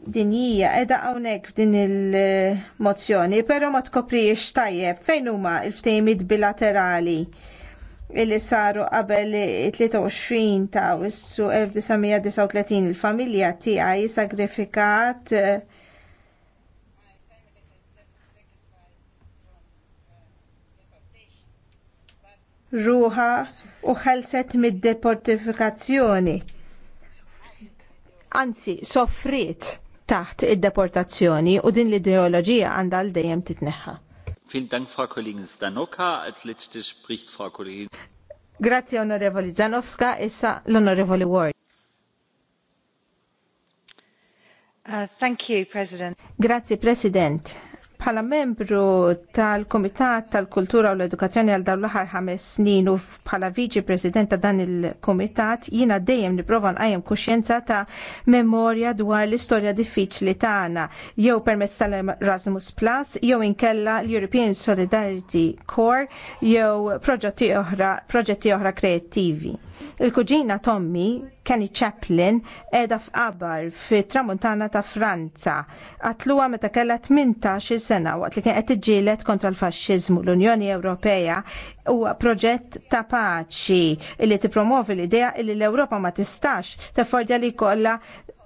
Din hija edha hawnhekk f'din il-mozzjoni, però ma tkopriex tajjeb fejn huma l-ftehimiet bilaterali illi saru qabel 23 ta' wissu 1939 il-familja tiegħi sagrifikat ruha u ħelset mid-deportifikazzjoni. Anzi, soffrit taħt id-deportazzjoni u din l-ideoloġija għandha għal dejjem titneħħa. Vielen Dank, Frau Kollegin Stanoka. Als letzte spricht Frau Kollegin. Grazie, Onorevoli Zanowska. Issa l-Onorevoli Ward. Uh, thank you, President. Grazie, President Bħala membru tal-Komitat tal-Kultura u l-Edukazzjoni għal dawn l-aħħar ħames snin u bħala viċi president ta' dan il-Komitat, jiena dejjem nipprova nqajjem kuxjenza ta' memorja dwar l-istorja diffiċli tagħna, jew permezz tal-Erasmus Plus, jew inkella l-European Solidarity Corps, jew proġetti oħra, proġetti oħra kreattivi. Il-kuġina Tommy, Kenny Chaplin, edha f'qabar fit tramuntana ta' Franza. Għatluha meta kellha 18 sena waqt li kien qed iġielet kontra l-faxxiżmu. L-Unjoni Ewropea huwa proġett ta' paċi li tippromovi l-idea li l-Ewropa ma tistax teffordja li kollha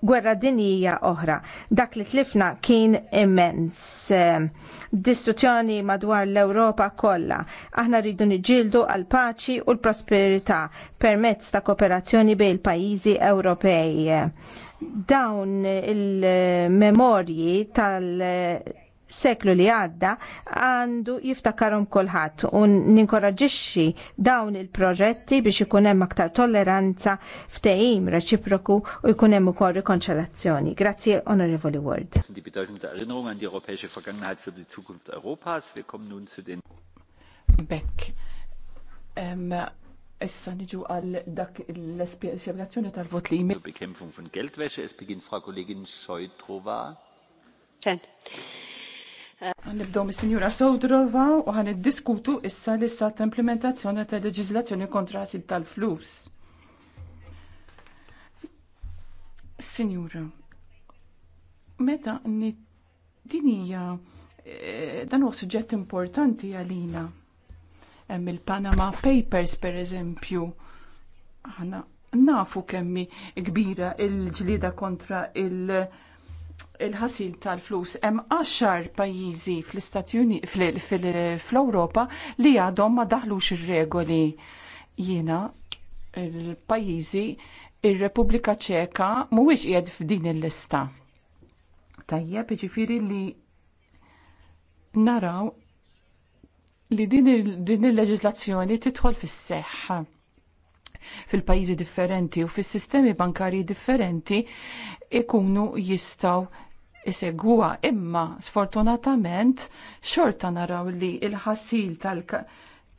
gwerra dinija oħra. Dak li tlifna kien immens. Ehm, distruzzjoni madwar l-Ewropa kollha. Aħna rridu niġġieldu għal paċi u l-prosperità permezz ta' kooperazzjoni bejn il-pajjiżi Ewropej. Dawn il-memorji tal- seklu li għadda għandu jiftakarhom kulħadd u ninkoraġixxi dawn il-proġetti biex ikun hemm aktar tolleranza ftehim reċiproku u jkun hemm ukoll rikonċelazzjoni. Grazzi Onorevoli Ward. Die Bedeutung der Erinnerung an die europäische Vergangenheit für die Zukunft Europas. Wir kommen nun zu den Beck. Ähm, issa niġu għal dak l-espjegazzjoni tal-vot li jmi. Bekämpfung von Geldwäsche, es beginnt Frau Kollegin Scheutrova. Schön. Nibdow mis sinjura Sodrova u ħan id-diskutu issa l-issa implementazzjoni ta' leġizlazzjoni kontra ħasib tal-flus. Sinjura, meta dinija eh, dan huwa suġġett importanti għalina. Hemm il-Panama Papers pereżempju. Aħna nafu kemmi kbira il-ġlieda kontra il-, -ġlida kontra il il-ħasil tal-flus hemm għaxar pajjiżi fl-Istati Uniti fl-Ewropa li għadhom ma daħlux ir-regoli. Jiena il-pajjiżi ir-Repubblika Ċeka mhuwiex qiegħed f'din il-lista. Tajjeb jiġifieri li naraw li din il-leġislazzjoni tidħol fis-seħħ fil-pajjiżi differenti u fis-sistemi bankarji differenti ikunu jistaw isegwa imma sfortunatament xorta naraw li il-ħassil tal-flus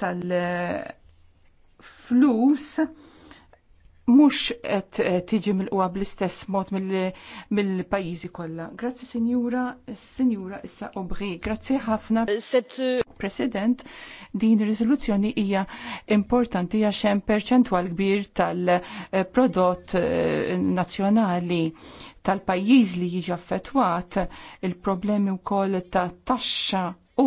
tal, tal flus mhux qed eh, tiġi mill bl-istess mod mill-pajjiżi kollha. Grazzi Sinjura, Sinjura issa obri. Grazzi ħafna. Eh, eh, President, din riżoluzzjoni hija importanti għax hemm perċentwal kbir tal-prodott nazzjonali tal-pajjiż li jiġi affettwat il-problemi wkoll ta' taxxa U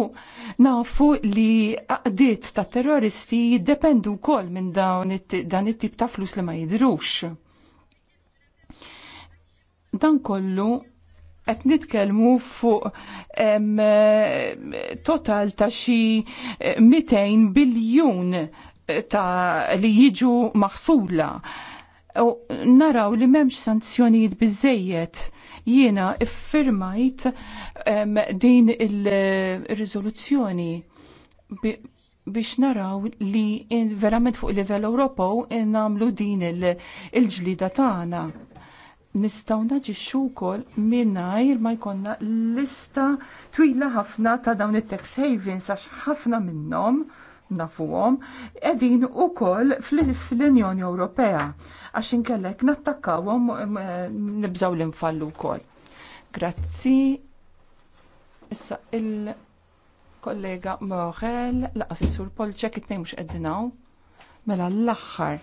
nafu li qdiet ta' terroristi jiddependu kol minn dan it-tip ta' flus li ma jidrux. Dan kollu qed nitkellmu fuq total ta' xi 200 e, biljun e, ta' li jiġu maħsula. U naraw li memx sanzjonijiet biżejjed jiena iffirmajt din il-riżoluzzjoni biex naraw li verament fuq livell Ewropew nagħmlu din il-ġlida tagħna. Nistgħu naġixxu wkoll mingħajr ma jkollna lista twila ħafna ta' dawn it-tax havens għax ħafna minnhom nafuhom qegħdin ukoll fl-Unjoni Ewropea għax inkellek nattakkawhom eh, nibżgħu l-infallu wkoll. Grazzi. Issa il-kollega Morel l-assessur sur Polċek it-tnejn mhux Mela l-aħħar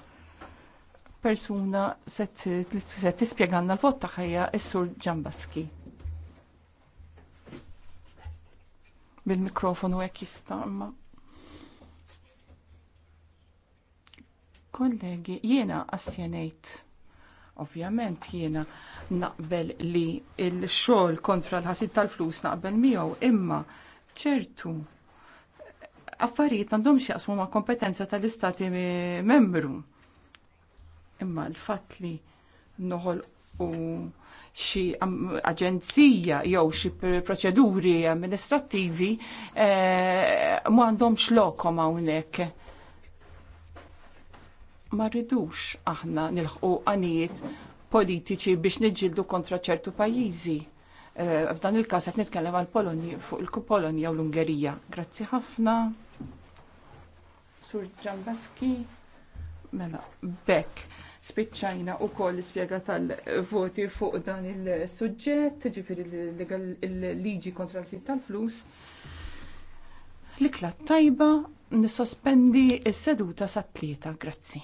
persuna se tispjegana l-vot ta' ħajja is-sur Ġambaski. Bil-mikrofonu hekk jista' Kollegi, jiena astjenejt. Ovvjament jiena naqbel li l-xogħol kontra l ħasit tal-flus naqbel miegħu, imma ċertu affarijiet għandhom x'jaqsmu ma' kompetenza tal-istati membru. Imma l-fatt li noħol u xi aġenzija jew xi proċeduri amministrattivi eh, ma għandhomx lokom hawnhekk ma rridux aħna nilħqu għanijiet politiċi biex nġildu kontra ċertu pajjiżi. Eh, f'dan il-każ qed nitkellem għal polonji fuq il-Polonja u l-Ungerija. Grazzi ħafna. Sur Ġambaski. Mela, bekk. Spiċċajna u koll l-ispjega tal-voti fuq dan il sujġet ġifiri l-liġi kontra l-sit tal-flus. L-ikla tajba nisospendi s-seduta sa' tlieta. Grazzi.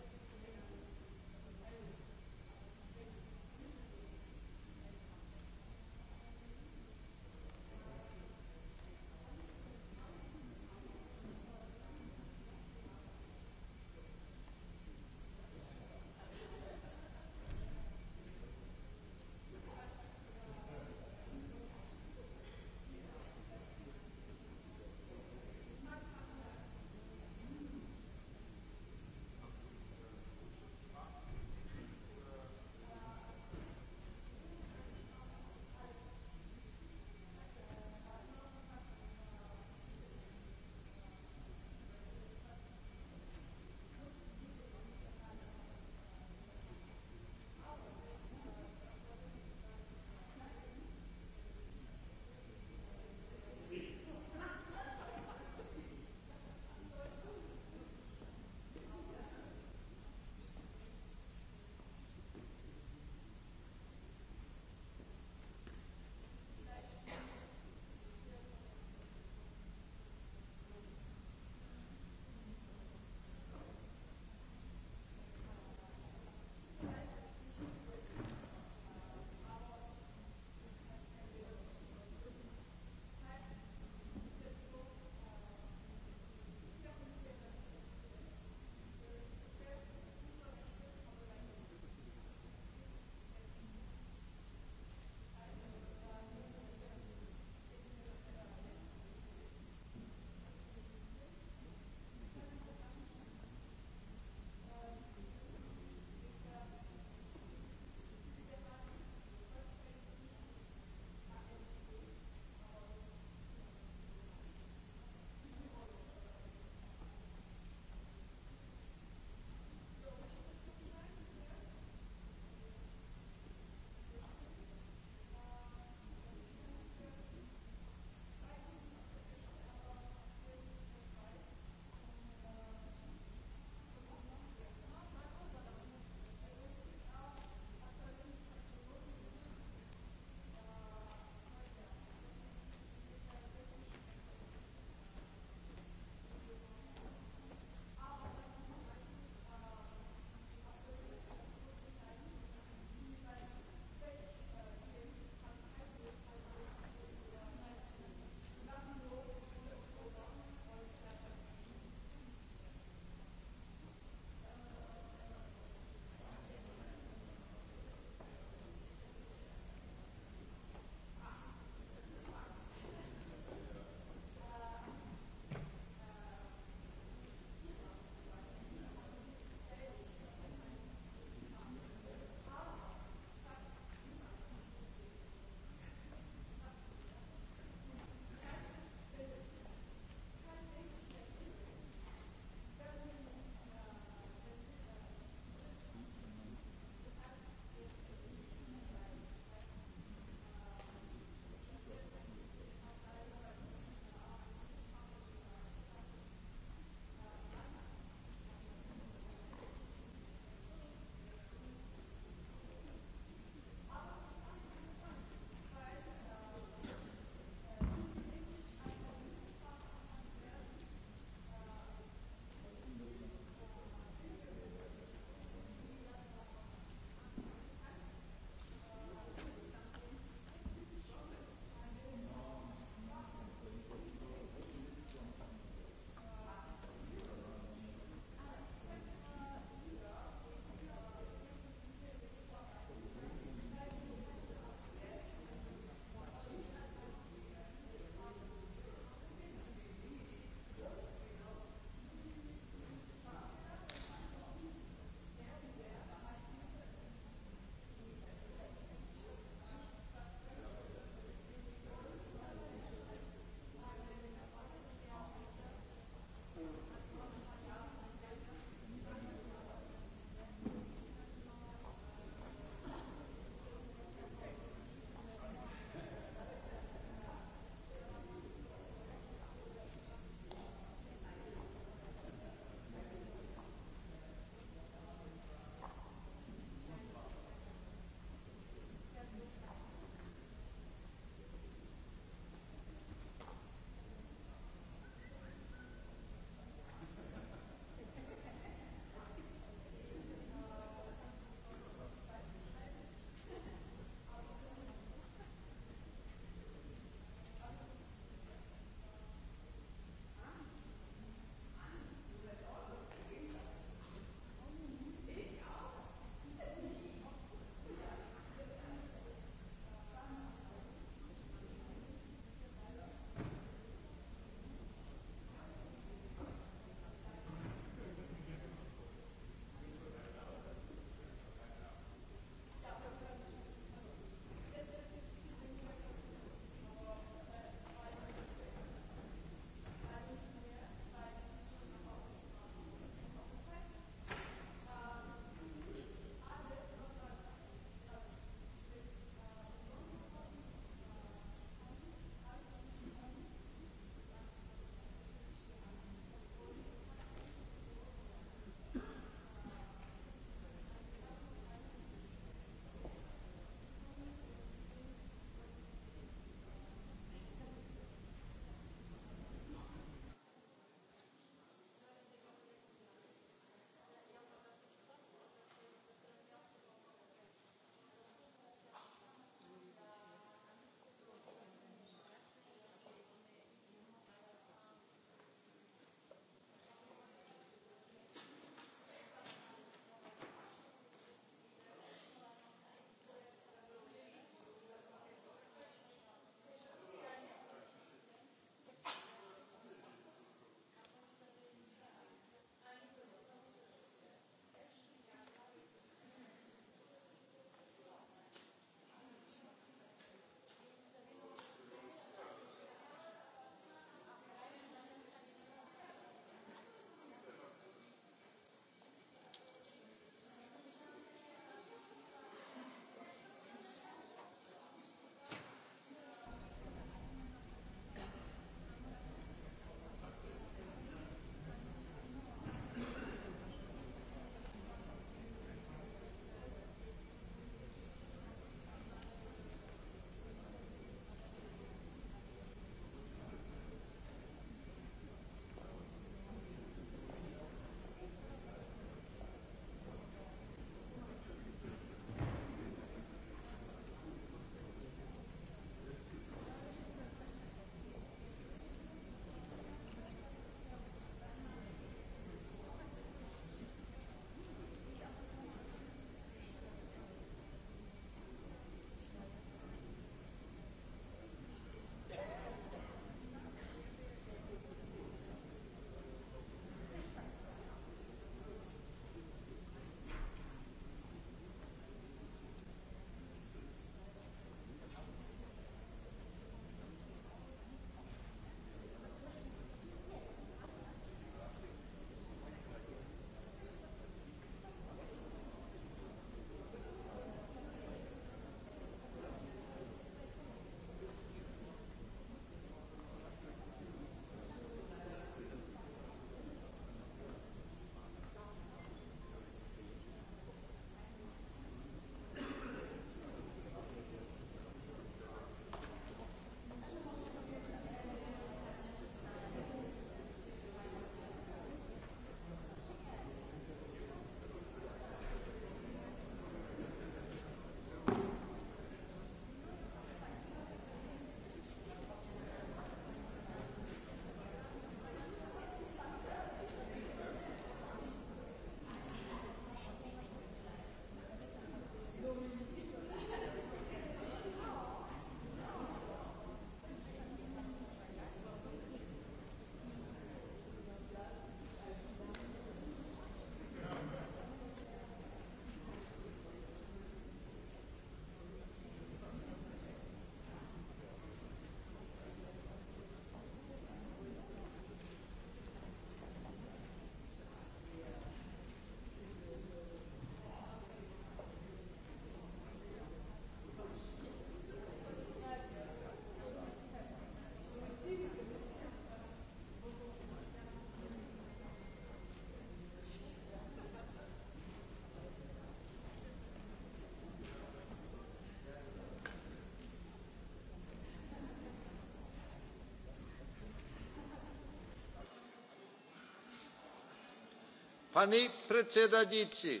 Pani Predsedadici.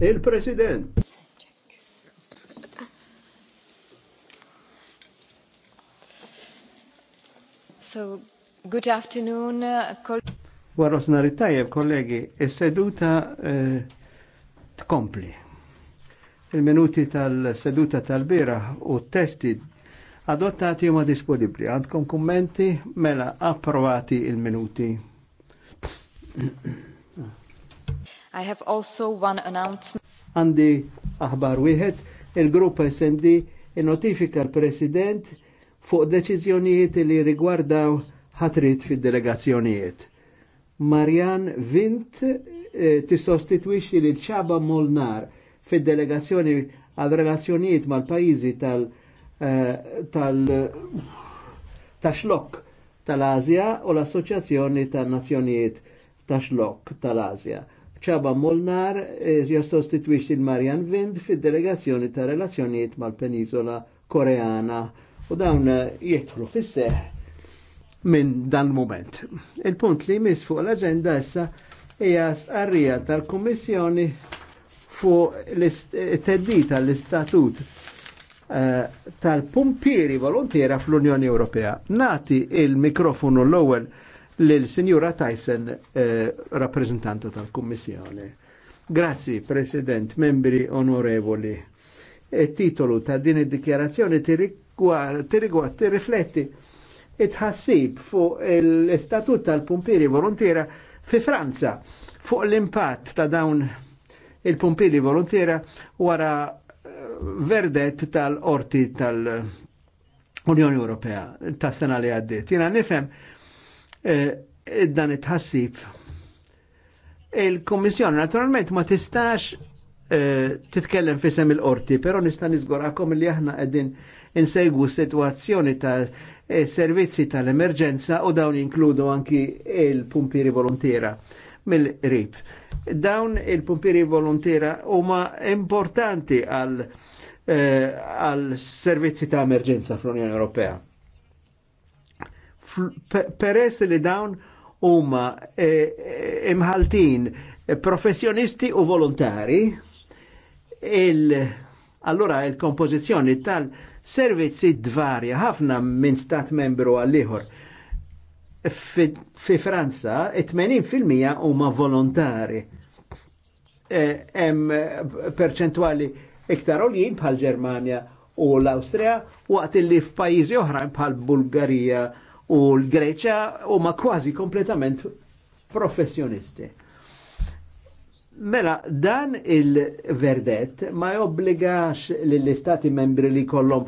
Il-President. So, good afternoon. Warros uh, narittajab, kollegi, is-seduta eh, tkompli. Il-minuti tal-seduta tal-bira u testi adottati ma disponibbli. Għandkom kommenti mela approvati il-minuti. I have also one announcement. Għandi aħbar wieħed, il-grupp SND notifika l-President fuq deċiżjonijiet li rigwardaw ħatrit fid-delegazzjonijiet. Marjan Vint eh, tissostitwixxi lil ċaba Molnar fid-delegazzjoni għal relazzjonijiet mal-pajjiżi tal- eh, tal taxlok tal-Azja u l-Assoċjazzjoni tan-Nazzjonijiet taxlok tal-Azja ċaba Molnar eh, jostostitwix il marian Vind fil-delegazzjoni ta' relazzjoniet mal-Penisola Koreana u dawn eh, jitħlu fisseħ minn dan moment. Il-punt li jmiss fuq l-agenda issa hija arrija tal-Kummissjoni fuq l-teddita eh, l-istatut tal-pumpieri volontiera fl-Unjoni Ewropea. Nati il-mikrofonu l-ewwel l-Sinjura Tyson, eh, rappresentanta tal kommissjoni Grazzi, President, membri onorevoli. Il-titolu e ta' din id-dikjarazzjoni ti rigwad, ti rifletti it-ħassib fuq l-istatut tal-pumpiri volontiera fi Franza fuq l-impatt ta' dawn il-pumpiri volontiera wara eh, verdet tal-orti tal-Unjoni Ewropea ta' sena li għaddiet. Jina nifem Eh, dan it-ħassib. Il-Kommissjoni naturalment ma tistax eh, titkellem fisem il-qorti, pero nista' niżgurakom li aħna qegħdin insegwu situazzjoni ta' eh, servizzi tal-emerġenza u dawn inkludu anki il-pumpiri volontiera mill-rib. Dawn il-pumpiri volontira huma importanti għal servizzi ta' emerġenza fl-Unjoni Ewropea peress li dawn huma e, e, imħaltin professjonisti u volontari il allora il-kompożizzjoni tal-servizzi dvarja ħafna minn stat membru għall ieħor fi Franza 80% huma volontari e, hemm perċentwali iktar oljin bħal Ġermanja u l-Awstrija waqt li f'pajjiżi oħrajn bħal Bulgarija u l-Greċa huma kważi kompletament professjonisti. Mela, dan il-verdet ma jobbligax l-istati membri li kollom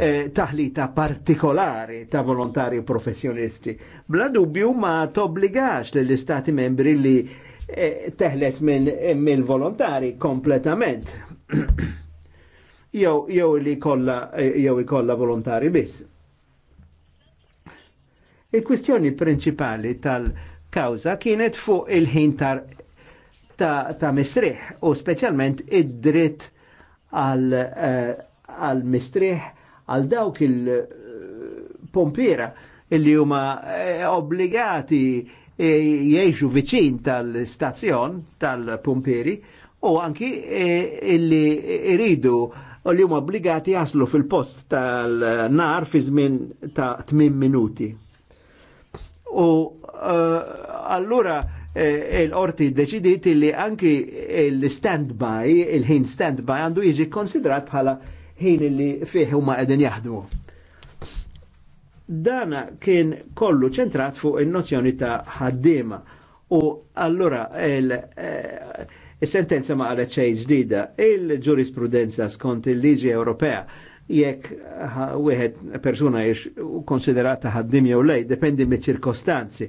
eh, taħlita partikolari ta' volontari professjonisti. Bla dubju ma tobbligax l-istati membri li eh, teħles minn eh, min volontari kompletament. jew, jew li kolla, eh, jew ikolla volontari biss. Il-kwistjoni principali tal-kawza kienet fuq il-ħin ta', ta mistriħ u specialment id-dritt għal eh, mistriħ għal dawk il-pompiera illi huma eh, obbligati eh, jiexu viċin tal-stazzjon tal-pompieri u anki illi iridu u li huma obbligati jaslu fil-post tal-nar fi żmien ta' 8 minuti. U eh, allura eh, l-orti deċidiet li anki l-standby, il-ħin standby għandu jiġi konsidrat bħala ħin li fieħ huma qegħdin jaħdmu. Dana kien kollu ċentrat fuq il-nozzjoni ta' ħaddiema u allura eh, il-sentenza ma' għalet ċej ġdida, il-ġurisprudenza skont il-liġi Ewropea jekk wieħed persuna jiex konsiderata ħaddim jew lej, dependi mit ċirkostanzi.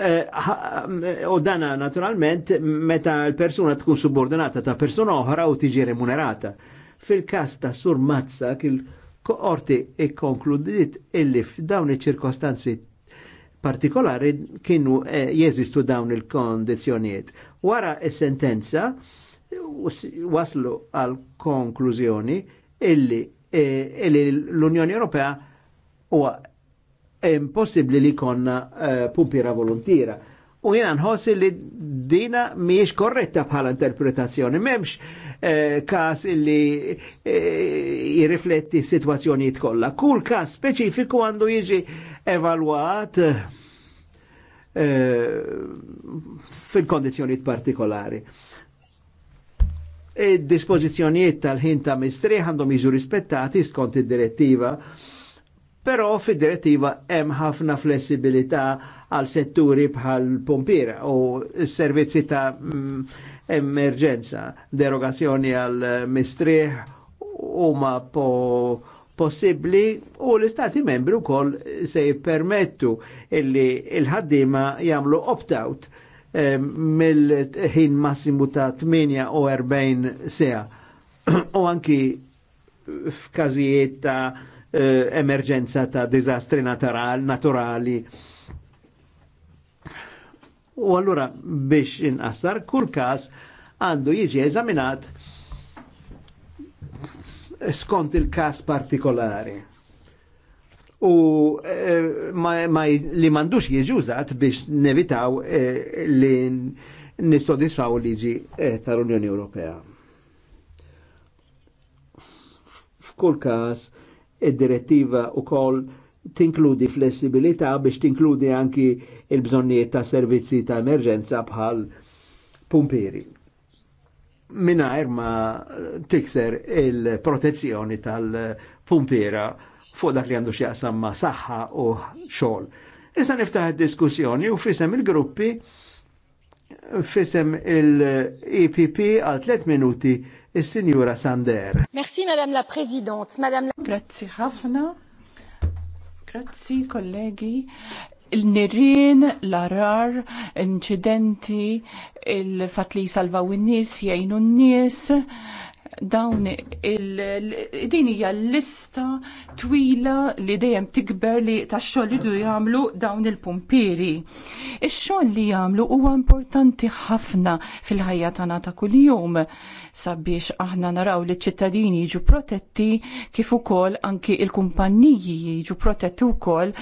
Eh, u dana naturalment meta l-persuna tkun subordinata ta' persuna oħra u tiġi remunerata. Fil-kas ta' sur Mazza il-koorti ikkonkludit illi f'dawn iċ-ċirkostanzi partikolari kienu eh, jeżistu dawn il-kondizjonijiet. Wara is-sentenza, il kondizjonijiet wara is sentenza waslu għal konklużjoni e, illi, l-Unjoni Ewropea huwa impossibbli li konna uh, pumpira volontira. U jena nħossi li dina miex korretta bħala interpretazzjoni, memx eh, kas li eh, jirrifletti situazzjonijiet kollha. Kull kas speċifiku għandu jiġi evalwat eh, fil-kondizjoniet partikolari. Dispożizzjonijiet tal-ħin ta' mistri għandhom jiġu rispettati skont id-direttiva, però fid-direttiva hemm ħafna flessibilità għal setturi bħal pompiera u s-servizzi ta' mm, emerġenza, derogazzjoni għal mistrieħ huma po possibbli u l-istati membri wkoll se jippermettu illi il-ħaddiema jagħmlu opt-out mill-ħin massimu ta' 48 sea. U anki f'każijiet ta' eh, emerġenza ta' dizastri naturali. U allura biex inqassar, kull każ għandu jiġi eżaminat skont il-każ partikolari u eh, ma, li mandux jieġużat biex nevitaw eh, li nissodisfaw liġi eh, tal-Unjoni Ewropea. F'kull każ id-direttiva koll tinkludi flessibilità biex tinkludi anki il-bżonnijiet ta' servizzi ta' emerġenza bħal pumpiri. Minna ma tikser il-protezzjoni tal pumpira fuq dak li għandu xjaqsam ma' saħħa u xol. Issa niftaħ diskussjoni u fisem il-gruppi fisem il-EPP għal 3 minuti il-Sinjura Sander. Merci Madame la Presidente. Madame la... Grazzi ħafna. Grazzi kollegi. Il-nirin, l-arar, incidenti, il-fat li jisalvaw in nis jajnu n nis dawn il-din hija lista twila li dejjem tikber li tax-xogħol jridu jagħmlu dawn il-pumpieri. Ix-xogħol li jagħmlu huwa importanti ħafna fil-ħajja tagħna ta' kuljum sabiex aħna naraw li ċ-ċittadini jiġu protetti kif ukoll anki il-kumpanniji jiġu protetti wkoll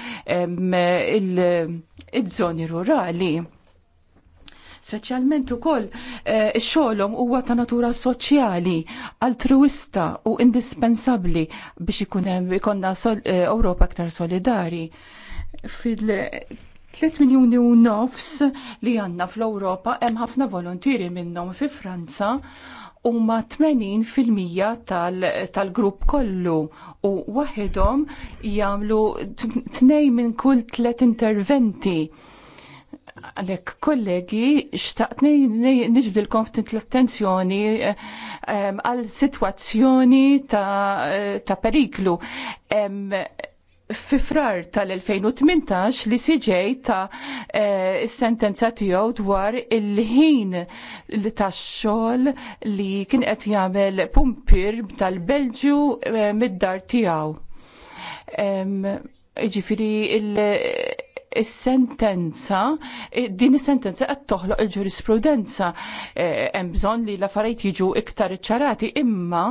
il-żoni rurali Speċjalment ukoll eh, xogħolhom huwa ta' natura soċjali, altruista u indispensabbli biex ikun hemm ikonna eh, Ewropa aktar solidari. Fil 3 miljoni u nofs li għandna fl-Ewropa hemm ħafna volontieri minnhom fi Franza huma 80% tal-grupp tal kollu u waħedhom jagħmlu tnej minn kull tliet interventi Għalek, kollegi, xtaqtni nġbdilkom ftit l-attenzjoni għal situazzjoni ta', periklu. Fifrar tal-2018 li siġej ta' eh, s-sentenza tiegħu dwar il-ħin li tax-xogħol li kien qed jagħmel pumpir tal-Belġju eh, mid-dar tiegħu. Ġifieri is-sentenza, din is-sentenza qed toħloq il-ġurisprudenza e, hemm bżonn li l-affarijiet jiġu iktar iċċarati imma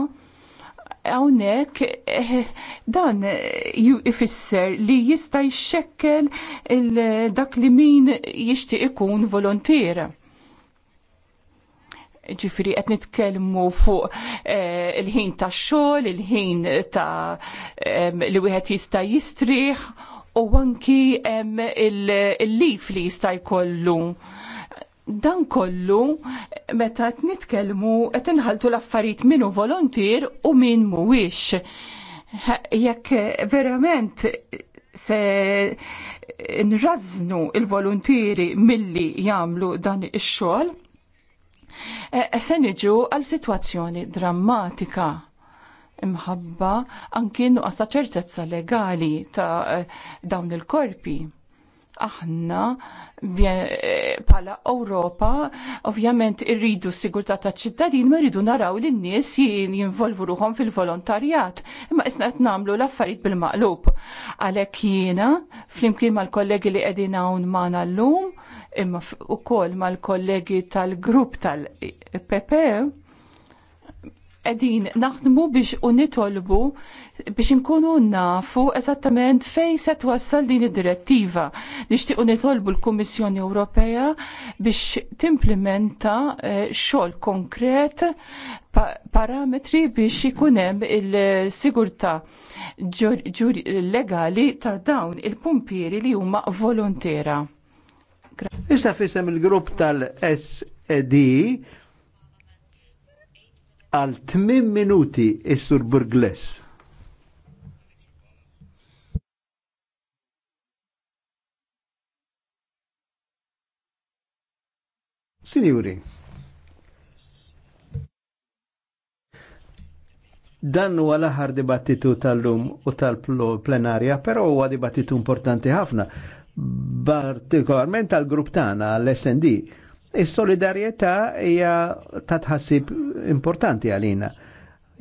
hawnhekk eh, dan ifisser li jista' jxekkel dak li min jixtieq ikun volontier ġifiri qed nitkellmu fuq eh, il-ħin tax xogħol, il-ħin ta' eh, li wieħed jista' jistrieħ u anki il-lif li jista' jkollu dan kollu meta nitkellmu qed inħaltu l-affarijiet minu volontir u min mhuwiex. Jekk verament se nraznu il-volontieri milli jagħmlu dan ix-xogħol, e, e, se niġu għal sitwazzjoni drammatika imħabba anki nuqqas ċertezza legali ta' dawn il-korpi. Aħna bħala Ewropa ovvjament irridu s-sigurtà taċ ċittadin ma rridu naraw li n-nies jinvolvu ruhom fil-volontarjat. Imma isna qed nagħmlu l-affarijiet bil-maqlub. Għalhekk jiena flimkien mal-kollegi li qegħdin hawn magħna llum imma ukoll mal-kollegi tal-grupp tal-PP qegħdin naħdmu biex unitolbu biex inkunu nafu eżattament fejn se twassal din id-direttiva. Nixtiequ nitolbu l-Kummissjoni Ewropea biex timplementa eh, xogħol konkret parametri biex ikun hemm il-sigurtà legali ta' dawn il-pumpieri li huma volontera. Issa fisem il-grupp tal-SED għal 8 minuti is-sur Burgles. Sinjuri, dan huwa l-aħħar dibattitu tal-lum u tal-plenarja, però huwa dibattitu importanti ħafna, partikolarment tal-grupp tagħna l-SND Is-solidarjetà hija ta' tħassib importanti għalina,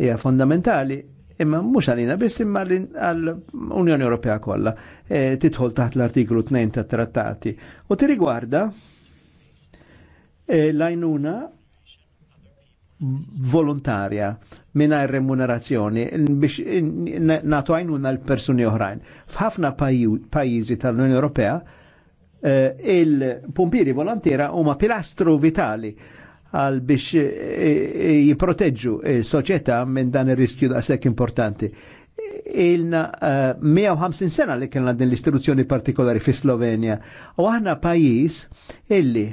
hija fondamentali, imma mhux għalina biss imma għall-Unjoni Ewropea kollha e, tidħol taħt l-artiklu 2 tat-trattati u tirigwarda e, l-għajnuna volontarja minna remunerazzjoni biex natu għajnuna l-persuni oħrajn. F'ħafna pajizi tal-Unjoni Ewropea Eh, il-pompieri volontira huma pilastru vitali għal biex eh, eh, jiproteġu il-soċjetà minn dan ir-riskju sekk importanti. Ilna 150 sena li kellna din l-istituzzjoni partikolari fi Slovenja u aħna pajjiż illi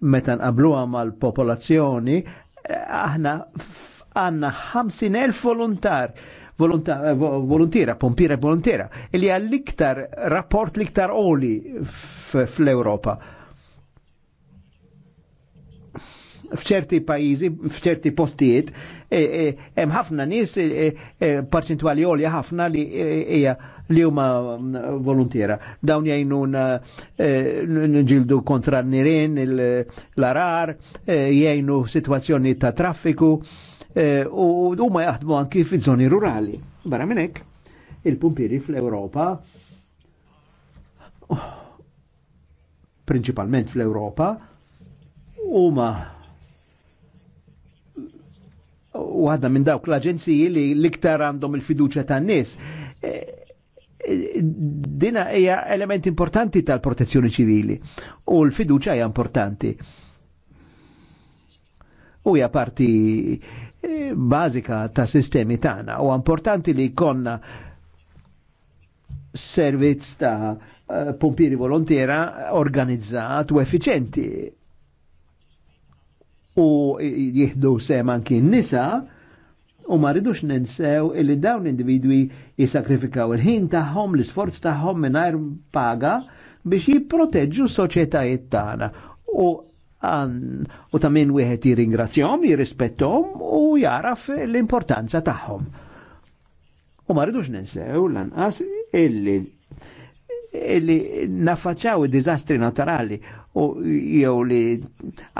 meta nqabluha mal-popolazzjoni aħna għandna 50,000 volontar volontiera, pompiera volontiera, li għall l'iktar rapport l'iktar oli fl-Europa. F'ċerti pajizi, f'ċerti postijiet, hemm ħafna nies parċentwali olja ħafna li hija li huma volontiera. Dawn jgħinu ġildu kontra n-nirin, l-arar, jgħinu situazzjoni ta' traffiku, Eh, u huma jaħdmu anki fi żoni rurali. Barra minn hekk il-pumpieri fl-Ewropa oh, prinċipalment fl-Ewropa huma waħda minn dawk l-aġenziji li l-iktar għandhom il-fiduċa tan-nies eh, dina hija element importanti tal-protezzjoni ċivili u l-fiduċa hija importanti. U hija parti Bazika ta' sistemi tagħna u importanti li jkollna servizz ta' eh, pompieri volontiera organizzat u effiċenti u jihdu sem anki nisa u ma rridux ninsew illi dawn individwi jisakrifikaw il-ħin tagħhom, l-isforz tagħhom mingħajr paga biex jipproteġġu s-soċjetajiet tagħna. U u ta' min wieħed jiringrazzjom, jirrispettom u jaraf l-importanza tagħhom. U ma rridux ninsew lanqas illi illi nafaċaw id-dizastri naturali u jew li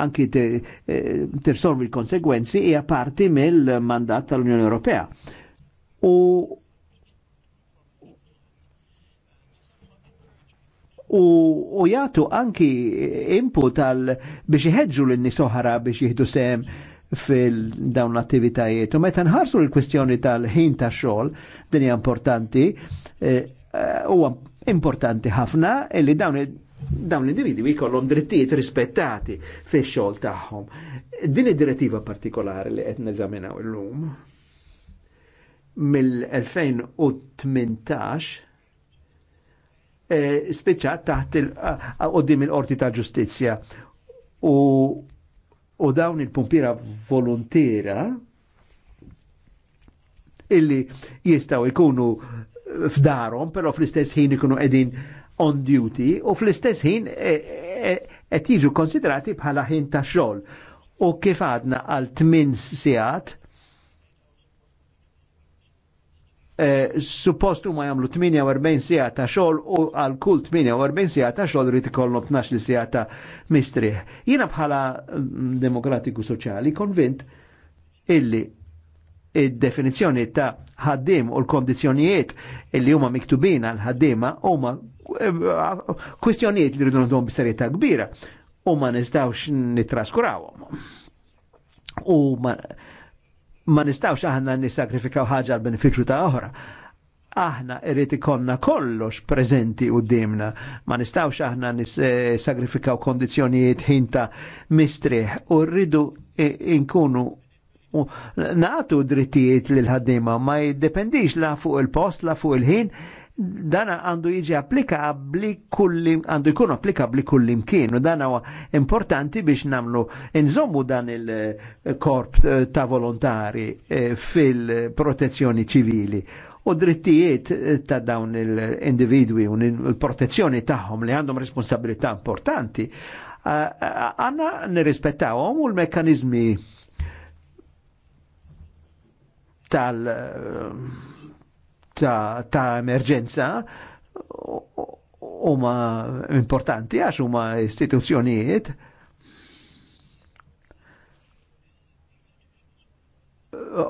anki eh, tirsolvi l-konsegwenzi hija parti mill-mandat tal-Unjoni Ewropea. U u, u jagħtu anki input għal biex jħedġu lin nies biex jieħdu sehem fil-dawn l-attivitajiet. U meta nħarsu l-kwestjoni tal-ħin ta' xogħol, din hija importanti, eh, huwa importanti ħafna illi dawn dawn l-individwi jkollhom drittijiet rispettati fix-xogħol tagħhom. Din id-direttiva partikolari li qed neżaminaw illum mill-2018 E, spiċċat taħt il-qoddim il-qorti ta' ġustizzja. U, u dawn il-pumpira volontira illi jistaw ikunu f'darhom, però fl-istess ħin ikunu qegħdin on duty u fl-istess ħin e, e, qed jiġu konsiderati bħala ħin ta' xogħol. U kif għadna għal 8 sigħat Eh, suppost huma jagħmlu 48 sija ta' xogħol u għal kull 48 sija ta' xogħol rid ikollu 12 sija ta' mistrieħ. Jiena bħala mm, demokratiku soċjali konvint illi id-definizzjoni ta' ħaddim u l-kondizjonijiet illi huma miktubin għal ħaddiema huma eh, kwistjonijiet li rridu nħdhom b'serjetà kbira u ma nistgħux nitraskurawhom. U ma, ma nistawx aħna nisakrifikaw ħaġa għal beneficju ta' oħra. Aħna irrid ikonna kollox preżenti dimna. ma nistawx aħna nisakrifikaw kondizjonijiet ħin ta' mistrieħ u rridu inkunu naħtu drittijiet lil ħaddiema ma jiddependix la fuq il-post, la fuq il-ħin, dana għandu jiġi applikabli kullim, għandu jkun applikabli kullim kien, u dana għu importanti biex namlu nżommu dan il-korp eh, ta' volontari eh, fil-protezzjoni ċivili u drittijiet eh, ta' dawn il-individwi u l-protezzjoni tagħhom li għandhom responsabilità importanti, għanna nirrispettawhom u l-mekkanizmi tal- ta', ta emerġenza huma importanti għax huma istituzzjonijiet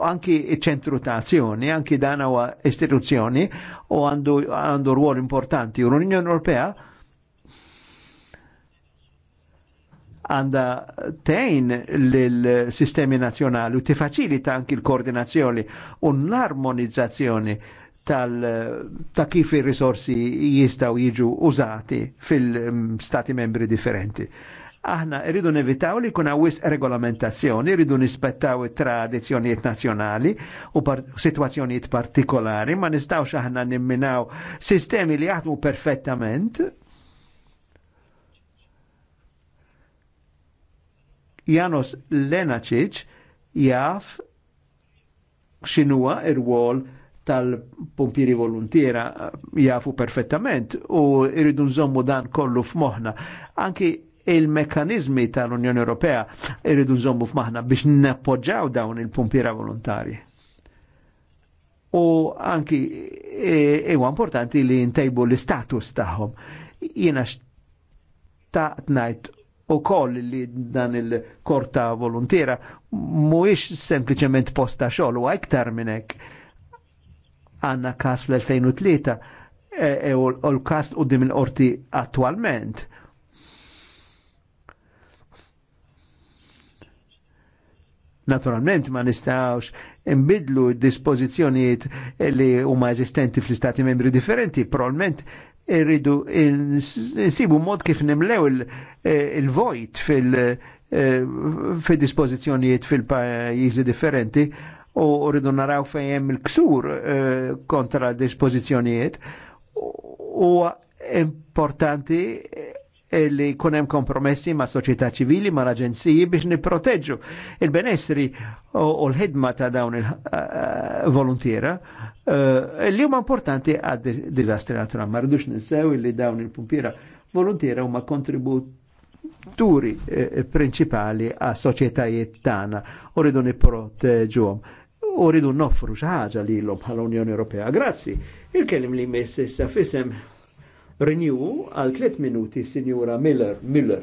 anki ċentru ta' azzjoni, anki dan huwa istituzzjoni u għandu għandu rwol importanti. U l-Unjoni Ewropea għanda tejn l-sistemi nazjonali u tifaċilita anki l-koordinazzjoni u l-armonizzazzjoni tal ta' kif ir-risorsi jistaw jiġu użati fil-stati membri differenti. Aħna rridu nevitaw li kuna wis regolamentazzjoni, rridu nispettaw it-tradizzjonijiet nazjonali u par situazzjonijiet partikolari, ma nistawx aħna nimminaw sistemi li jaħdmu perfettament Janos Lenacic jaf x'inhuwa ir-wol tal-pompieri volontiera eh, jafu perfettament u irridu nżommu dan kollu f'moħna. Anki il-mekanizmi tal-Unjoni Ewropea irridu nżommu f'maħna biex nappoġġaw dawn il-pompiera volontari. U anki e, ewa importanti li ntejbu l-istatus tagħhom. Jiena xtaqtnajt u koll li dan il-korta volontiera mhuwiex sempliciment posta xogħol u għajktar minnek Għanna kas fl-2003 e, e, u l-kas u dim il-qorti attualment. Naturalment ma nistawx imbidlu dispożizzjonijiet li huma eżistenti fl-istati membri differenti, probablement irridu nsibu mod kif nimlew e, il-vojt il vojt fil dispozizjoniet fil pajjiżi differenti u rridu naraw fejjem il-ksur eh, kontra dispożizzjonijiet u importanti eh, li kunem kompromessi ma' soċjetà ċivili, ma' l-aġenziji biex niproteġġu il-benessri u l-ħidma ta' dawn il-volontiera eh, li huma importanti għad dizastri natural. Ma rridux ninsew li dawn il-pumpiera volontiera huma kontribut turi eh, principali għas soċjetajiet tagħna u rridu u rridu noffru xaħġa li l bħal Unjoni Ewropea. Grazzi. Il-kelim li mess issa fisem Renew għal 3 minuti, Signora Miller. Miller.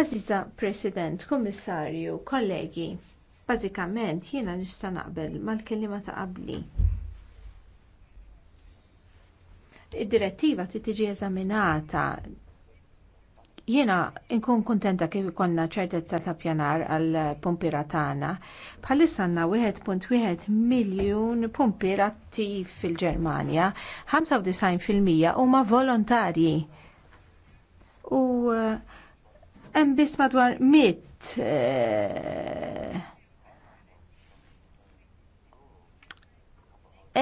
Aziza President, Kommissarju, kollegi, bażikament jiena nista' naqbel mal-kelima ta' qabli. Id-direttiva tiġi eżaminata Jiena nkun kontenta kif ikonna ċertezza ta' pjanar għal pumpira tagħna. Bħalissa għandna 1.1 miljun pumpir attiv fil-Ġermanja, 95% huma volontarji. U eh, hemm biss madwar 100 eh,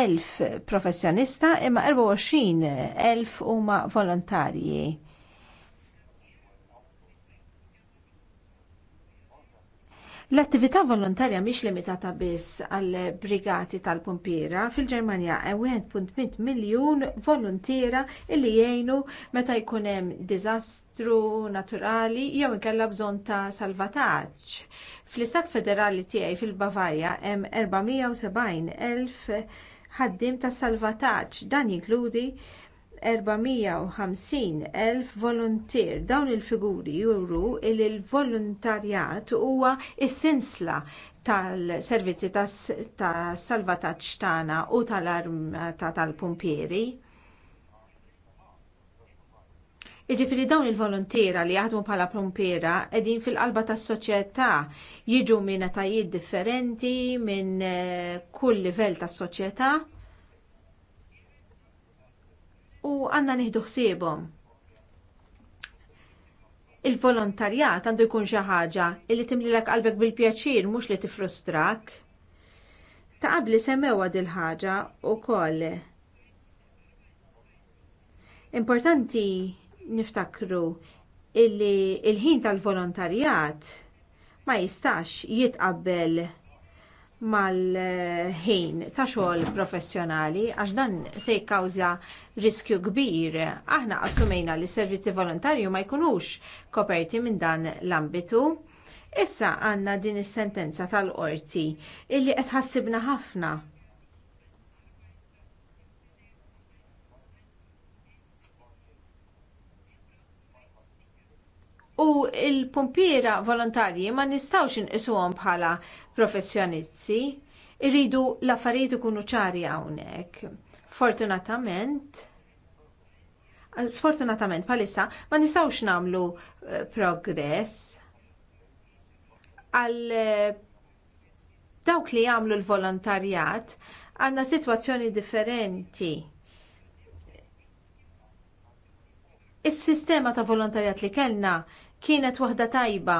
elf professjonista imma 24 elf huma volontarji. L-attività volontarja mhix limitata biss għall brigati tal-pumpiera. Fil-Ġermanja hemm 1.1 miljun volontiera li jgħinu meta jkun hemm diżastru naturali jew inkella bżonn ta' salvataġġ. Fl-Istat Federali tiegħi fil-Bavarja hemm 470 elf ħaddiem ta' salvataġġ. Dan jinkludi 450,000 volunteer. Dawn il-figuri juru li l volontarjat huwa s-sinsla tal-servizzi tas salvataġġ tagħna u tal-armata tal-pumpieri. Jiġifieri dawn il-volontiera li jaħdmu bħala pumpiera qegħdin fil-qalba tas-soċjetà jiġu minn etajiet differenti minn eh, kull livell tas-soċjetà u għandna nieħdu ħsiebhom. Il-volontarjat għandu jkun xi ħaġa li timlilek qalbek bil-pjaċir mhux li tifrustrak. Ta' qabli semmewa dil ħaġa wkoll. Importanti niftakru illi il-ħin tal-volontarjat ma jistax jitqabbel mal-ħin ta' xogħol professjonali għax dan se jikkawża riskju kbir. Aħna assumejna li s servizzi volontarju ma jkunux koperti minn dan l-ambitu. Issa għandna din is-sentenza tal-qorti illi qed ħassibna ħafna u l pumpiera volontarji ma nistawx inqisuhom bħala professjonizzi irridu l-affarijiet ikunu ċari hawnhekk. Fortunatament, sfortunatament bħalissa ma nistawx nagħmlu eh, progress għal eh, dawk li jagħmlu l-volontarjat għandna sitwazzjoni differenti. Is-sistema ta' volontarjat li kellna kienet waħda tajba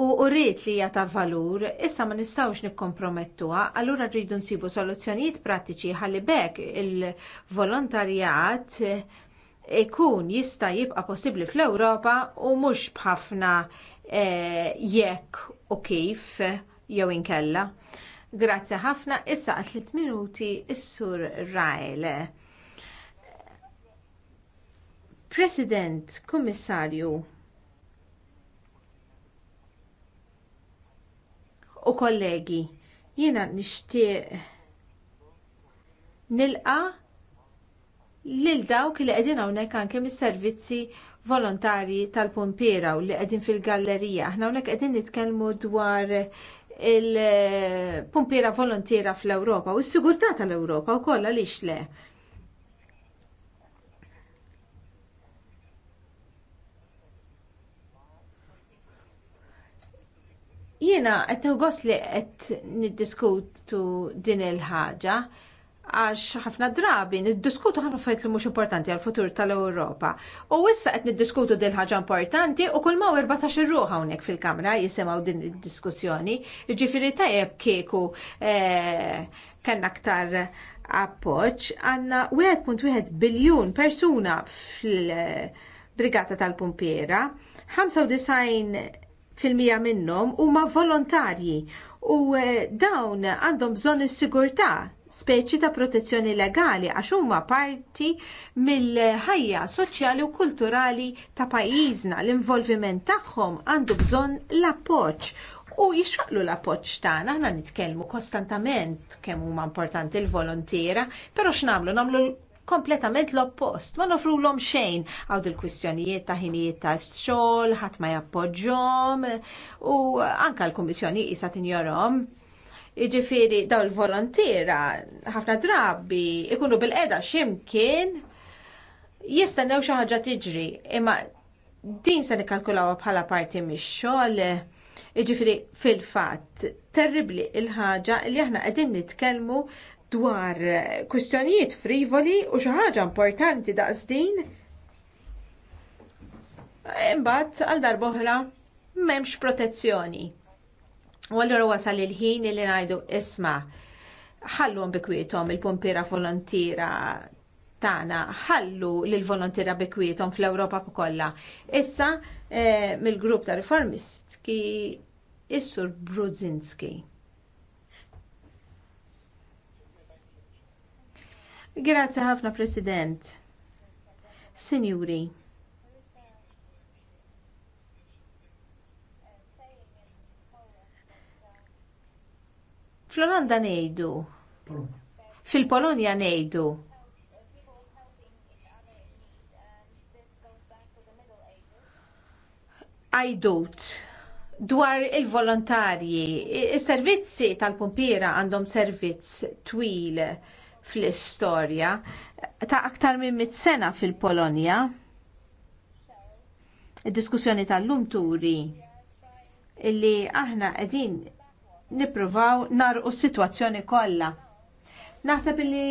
u rrit li hija ta' valur, issa ma nistgħux nikkompromettuha, allura rridu nsibu soluzzjonijiet prattiċi ħalli bekk il-volontarjat ikun jista' jibqa' possibbli fl-Ewropa u mhux bħafna eh, jekk u kif jew inkella. Grazzi ħafna, issa għat 3 minuti is-sur Rael. President, Kummissarju, u kollegi. Jiena nixtieq nilqa lil dawk li qegħdin hawnhekk anke mis-servizzi volontarji tal pumpiera u li qegħdin fil-gallerija. Aħna hawnhekk qegħdin nitkellmu dwar il-pumpiera volontiera fl-Ewropa u s-sigurtà tal-Ewropa wkoll għaliex le. Jiena qed nħoss li qed niddiskutu din il-ħaġa għax ħafna drabi niddiskutu ħafna fajt li mhux importanti għall futur tal-Ewropa. U issa qed niddiskutu din ħaġa importanti u kull ma 14 irruħ hawnhekk fil-Kamra jisimgħu din id-diskussjoni. Ġifiri tajjeb kieku eh, kellna aktar appoġġ għandna 1.1 biljun persuna fil- Brigata tal-Pumpiera, 95 fil-mija minnhom huma volontarji u eh, dawn għandhom bżonn is-sigurtà speċi ta' protezzjoni legali għax huma parti mill-ħajja soċjali u kulturali ta' pajjiżna. L-involviment tagħhom għandu bżonn l-appoġġ u jixfaqlu l-appoċ tagħna aħna nitkellmu kostantament kemm huma importanti l-volontiera, però x'namlu nagħmlu kompletament l-oppost. Ma nofrulhom xejn għaw il-kwistjonijiet ta' ħinijiet ta' xogħol, ħadd ma jappoġġhom u anke l-Kummissjoni qisha tinjorhom. Jiġifieri daw il-volontira ħafna drabi ikunu bil-qeda x'imkien jistennew xi ħaġa tiġri, imma din se nikkalkulawha bħala parti mix-xogħol. Jiġifieri fil-fatt terribli il-ħaġa li aħna qegħdin nitkellmu dwar kwistjonijiet frivoli u xi ħaġa importanti daqsdin imbagħad għal darb'oħra m'hemmx protezzjoni. U allura wasal il-ħin li ngħidu isma' ħallhom bikwietom il pumpiera volontiera tagħna ħallu lil volontira bikwietom fl-Ewropa kollha. Issa eh, mill-grupp ta' riformisti is-sur Brudzinski. Grazzi ħafna President. Sinjuri. Fl-Olanda ngħidu. fil polonia ngħidu. Ajdut dwar il-volontarji, is-servizzi tal-pompira għandhom servizz twil fl-istorja ta' aktar minn mit sena fil-Polonja. Id-diskussjoni tal-lum turi illi aħna qegħdin nippruvaw narqu s-sitwazzjoni kollha. Naħseb illi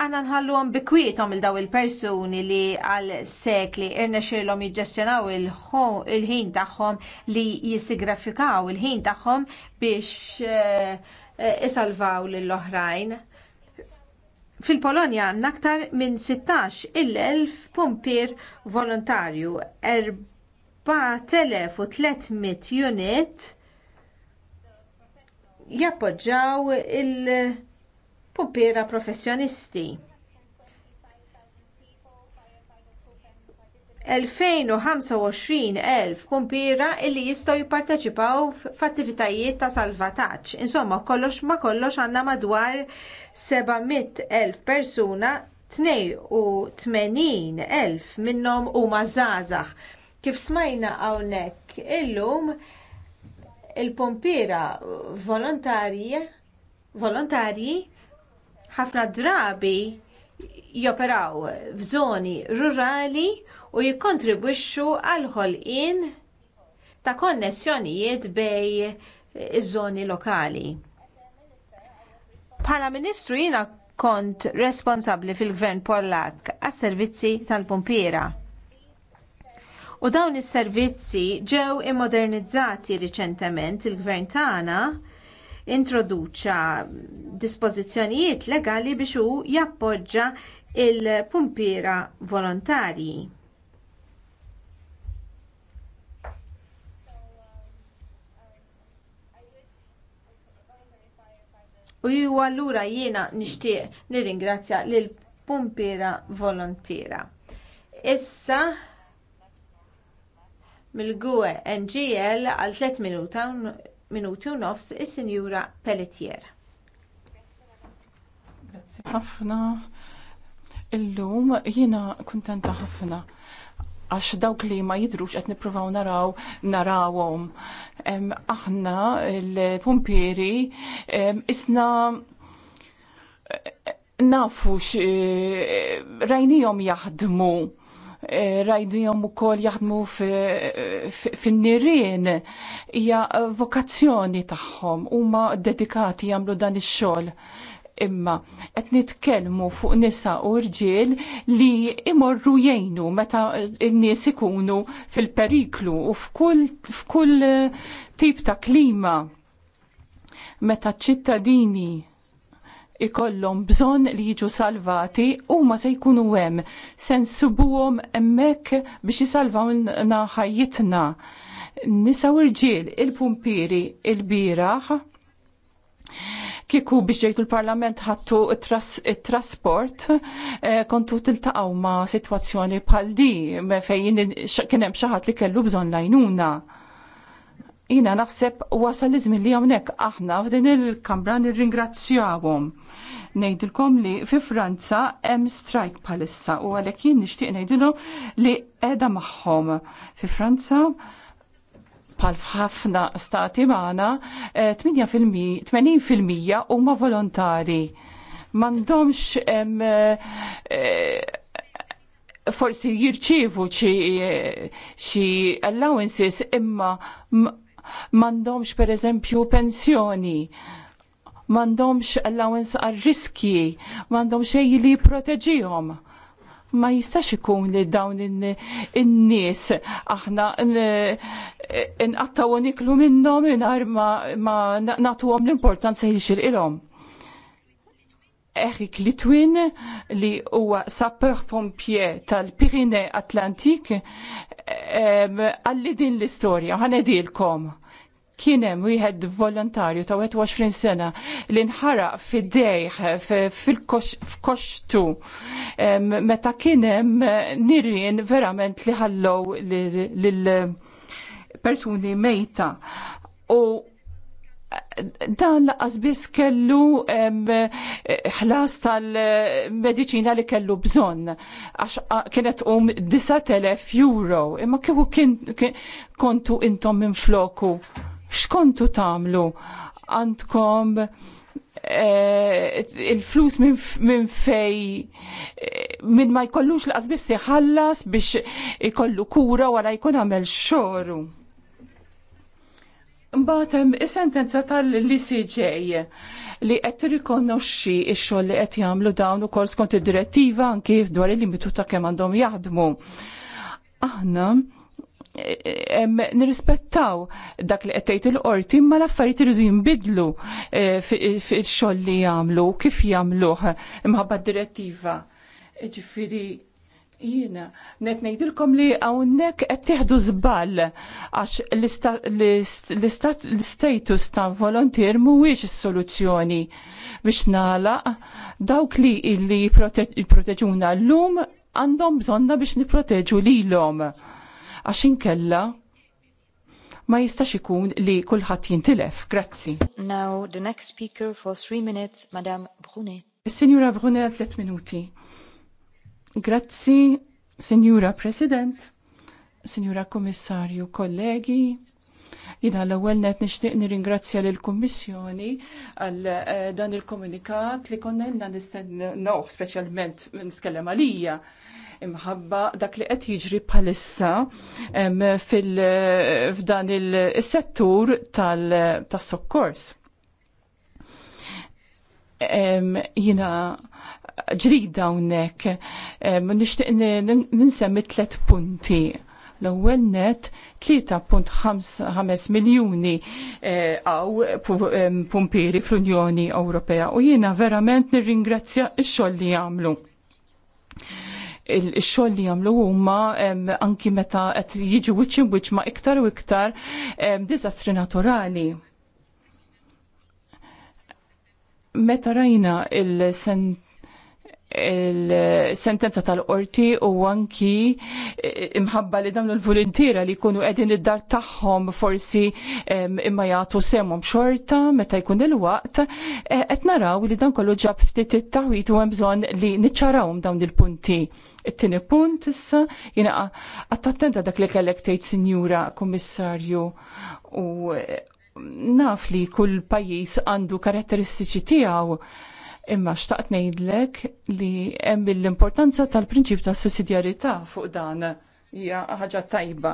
għanna nħalluhom bikwietom il daw il-persuni li għal sekli irna xirlom jġestjonaw il-ħin tagħhom li jisigrafikaw il-ħin tagħhom biex eh, Eh, isalvaw lill-oħrajn. Fil-Polonja għandna aktar minn 16 il-1000 pumpier volontarju, 4300 unit jappoġġaw il-pompiera professjonisti. elf kumpira li jistgħu jipparteċipaw f'attivitajiet ta' salvataġġ. Insomma, kollox ma kollox għandna madwar 700,000 persuna, 82,000 minnhom huma żgħażagħ. Kif smajna hawnhekk illum il-pompiera volontarji volontarji ħafna drabi joperaw f'żoni rurali u jikkontribwixxu għal ħolqien ta' konnessjonijiet bej iż-żoni lokali. Bħala Ministru jiena kont responsabbli fil-Gvern Pollak għas-servizzi tal pumpiera U dawn is-servizzi ġew immodernizzati riċentement il-gvern tagħna introduċa dispożizzjonijiet legali biex hu jappoġġa l pumpiera volontarji. U ju allura jiena nixtieq nirringrazzja lil Pumpira Volontiera. Issa mill-Gwe NGL għal 3 minuta minuti u nofs is-Sinjura Pelletier. Grazzi ħafna. Illum jiena kuntenta ħafna għax dawk li ma jidrux qed nippruvaw naraw narawhom. Aħna l-pumpieri isna eh, nafux eh, rajnijom jaħdmu eh, rajdijom u kol jaħdmu fin-nirien hija vokazzjoni tagħhom huma dedikati jagħmlu dan ix-xogħol imma qed nitkellmu fuq nisa u rġiel li imorru jgħinu meta n-nies ikunu fil-periklu u f'kull eh, tip ta' klima meta ċittadini ikollhom bżonn li jiġu salvati huma se jkunu hemm se nsubuhom hemmhekk biex jisalvawna ħajjitna. Nisa u rġiel il-pumpiri il-biraħ il pumpiri il biraħ kiku biex ġejtu l-Parlament ħattu trasport eh, kontu tiltaqgħu ma' sitwazzjoni bħal di fejn kien hemm xi ħadd li kellu bżonn lajnuna. Jina naħseb wasal li żmien li hawnhekk aħna f'din il-Kamra nirringrazzjawhom. Ngħidilkom li fi Franza hemm strike bħalissa u għalhekk jien nixtieq ngħidilhom li qiegħda magħhom. Fi Franza pal f'ħafna stati maħna, 80% eh, huma volontari. M'għandhomx eh, forsi jirċievu xi allowances imma m'għandhomx pereżempju pensjoni m'għandhomx allowance għal riski, m'għandhomx xejn li proteġijom ma jistax ikun li dawn in-nies aħna inqattaw niklu minnhom mingħajr ma nagħtuhom l-importanza li xilqilhom. Eric Litwin li huwa sapeur pompier tal-Pirine Atlantik għalli din l-istorja ħanedilkom kienem wieħed volontarju ta' 21 sena li nħaraq fid-dejħ fil-koxtu meta kienem nirrin verament li ħallow lill persuni mejta. U dan laqas biss kellu ħlas tal-medicina li kellu bżonn għax kienet um 9000 euro imma kieku kien kontu intom minn floku X'kontu tagħmlu? Għandkom eh, il-flus minn min fej eh, minn ma jkollux laqas biss jħallas biex ikollu kura wara jkun għamel xoru. Mbatem, hemm is-sentenza tal-LCJ li qed tirrikonoxxi x-xogħol li qed jagħmlu dawn ukoll skont id-direttiva anke dwar il-limitu ta' kemm għandhom jaħdmu. Aħna nirrispettaw dak li qed tgħid il-qorti imma l-affarijiet iridu jinbidlu eh, fix-xogħol li jagħmlu kif jagħmluh imħabba d-direttiva. Ġifieri jiena net ngħidilkom li hawnhekk qed tieħdu żball għax l istatus ta' volontier mhuwiex is-soluzzjoni biex nagħlaq dawk li jipproteġuna proteġuna llum għandhom bżonna biex niproteġu lilhom għax inkella ma jistax ikun li kulħadd jintilef. Grazzi. Now the next speaker for three minutes, Madame Brunet. Signora Brunet tliet minuti. Grazzi, Signora President, Signora Kommissarju, kollegi, Jina l-ewwel net nixtieq nirringrazzja lill kummissjoni għal eh, dan il-komunikat li konna jenna nistennoh speċjalment niskellem għalija imħabba dak li qed jiġri bħalissa f'dan il-settur tas-sokkors. Jina ġrida hawnhekk nixtieq ninsemmi tliet punti l-ewwel net 3.5 miljuni e, għaw pumpieri fl-Unjoni Ewropea u jiena verament nirringrazzja x-xogħol li jagħmlu il-xogħol li jagħmlu huma anki meta qed jiġu wiċċ wiċċ ma' iktar u iktar diżastri naturali. Meta rajna il-sent il-sentenza tal-qorti u anki eh, imħabba li dawn il-volontira li jkunu qegħdin id-dar tagħhom forsi imma jagħtu semhom xorta meta jkun il-waqt eh, qed naraw li dan kollu ġab ftit it-taħwit u hemm bżonn li niċċarawhom dawn il-punti. It-tieni punt issa jina għattattenta dak li kellek tgħid Sinjura kommissarju. u eh, naf li kull pajjiż għandu karatteristiċi tiegħu Imma xtaqt ngħidlek li hemm l-importanza tal-prinċip tas sussidjarjetà fuq dan hija ħaġa tajba.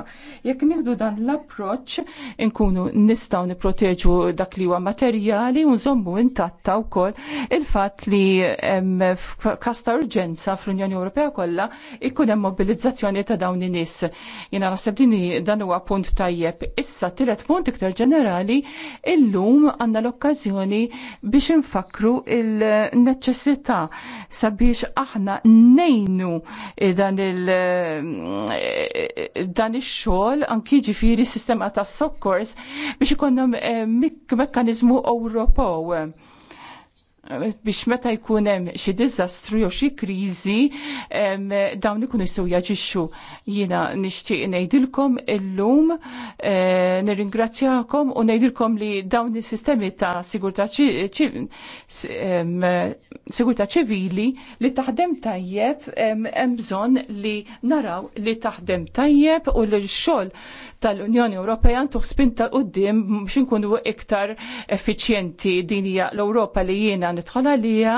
Jekk nieħdu dan l-approċċ inkunu nistgħu nipproteġu dak li huwa materjali u nżommu intatta wkoll il-fatt li f'kas ta' urġenza fl-Unjoni Ewropea kollha ikun hemm mobilizzazzjoni ta' dawn in-nies. Jiena naħseb din dan huwa punt tajjeb. Issa tielet punt iktar ġenerali illum għandna l-okkażjoni biex infakru il-neċessità sabiex aħna nejnu dan il- dan ix-xogħol anki ġifieri sistema tas soccors biex ikollhom eh, mekkaniżmu Ewropew biex meta jkun hemm xi diżastru jew xi kriżi dawn ikunu jistgħu jaġixxu. Jiena nixtieq ngħidilkom illum eh, nirringrazzjakom u ngħidilkom li dawn is-sistemi ta' sigurtà ċivili li taħdem tajjeb hemm bżonn li naraw li taħdem tajjeb u li x-xogħol tal-Unjoni Ewropea ntuħ spinta qudiem biex inkunu iktar effiċjenti din hija l-Ewropa li jiena nista' nidħol għalija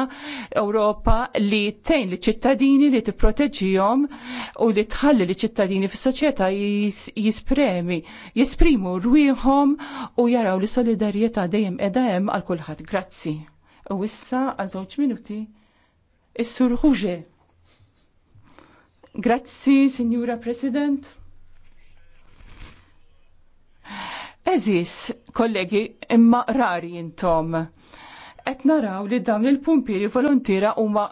Ewropa li tejn li ċittadini li t-proteġijom u li tħalli li ċittadini fis soċieta jispremi, jisprimu rwiħom u jaraw li solidarjetà dejjem qiegħda hemm għal kulħadd. Grazzi. U issa għal żewġ minuti is-Sur Grazzi, Signora President. Eżis, kollegi, imma rari intom qed naraw li dawn il-pumpiri volontira huma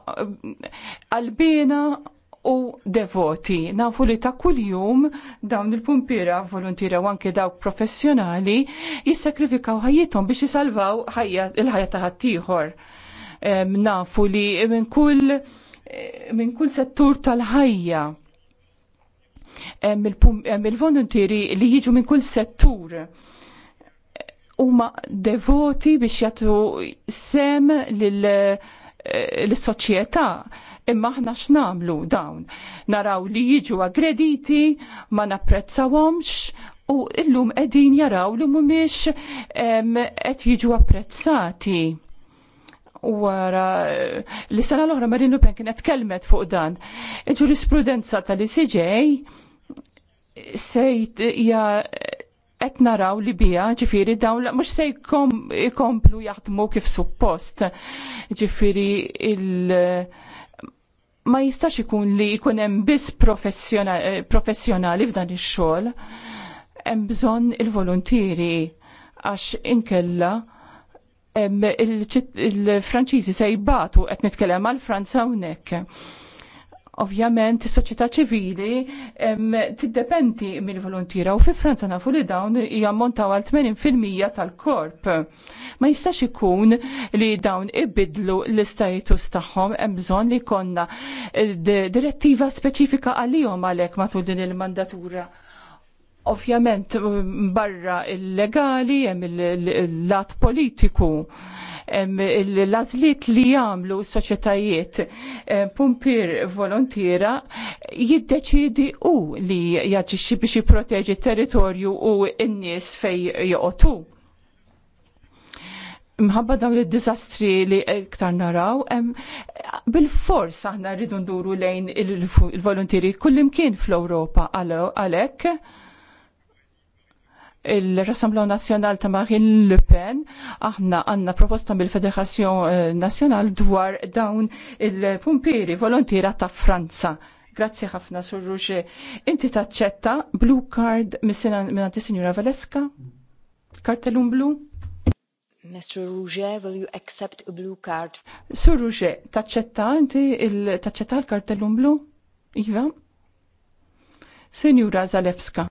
qalbina eh, u devoti. Nafu li ta' kuljum dawn il-pumpira volontira u anke dawk professjonali jissakrifikaw ħajjithom biex jisalvaw il-ħajja ta' ħaddieħor. Nafu li minn kull eh, minn kull settur tal-ħajja il-volontiri li jiġu minn kull settur huma devoti biex jagħtu sem lil eh, l-soċjetà imma aħna x'namlu dawn. Naraw li jiġu aggrediti, ma napprezzawhomx u illum qegħdin jaraw li mhumiex qed jiġu apprezzati. Wara eh, li sena l-oħra ma Le Pen kienet kelmet fuq dan. Il-ġurisprudenza tal-ICJ sejt hija qed naraw li bija ġifiri dawn mhux se jkomplu jaħdmu kif suppost. Ġifiri il- ma jistax ikun li jkun hemm biss eh, professjonali f'dan ix-xogħol. Hemm bżonn il-volontieri għax inkella il-Franċiżi se jibatu qed nitkellem għal Franza hawnhekk ovvjament is-soċjetà ċivili tiddependi mill-volontira u fi Franza nafu li dawn jammontaw għal 80% tal-korp. Ma jistax ikun li dawn ibidlu l-istatus tagħhom hemm bżonn li konna eh, direttiva speċifika għalihom għalhekk matul din il-mandatura. Ovvjament barra il-legali hemm il-lat politiku l azliet li jagħmlu s-soċjetajiet pumpir volontiera jiddeċidi u li jaġixxi biex jipproteġi territorju u n-nies fej joqotu mħabba dawn il-dizastri li iktar naraw, bil-fors aħna rridu nduru lejn il-volontieri kullimkien fl-Europa għalek. Al il-Rassemblaw Nazjonal ta' Marine Le Pen, aħna għanna proposta mill-Federazzjon eh, Nazjonal dwar dawn il-pumpiri volontira ta' Franza. Grazzi ħafna, Sur Ruġe. Inti taċċetta blue card minn Signora Valeska? Kartellum blu? Mr. Rouge, will you accept a blue card? Sur Rouge, taċċetta inti taċċetta l-kartellum blu? Iva? Signora Zalewska.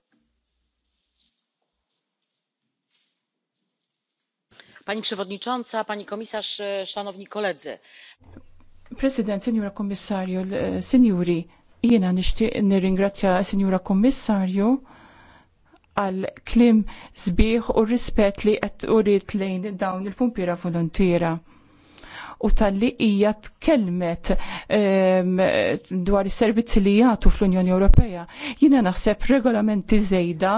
pani przewodnicząca pani komisarz e, szanowni koledzy President, Signora Kommissarju, e, Sinjuri, jiena nixtieq nirringrazzja Signora Kommissarju għal klim sbieħ u rispett li qed urid lejn dawn il-pumpiera volontiera u tal-li hija tkellmet ehm, dwar is-servizzi li jagħtu fl-Unjoni Ewropea. Jiena naħseb regolamenti żejda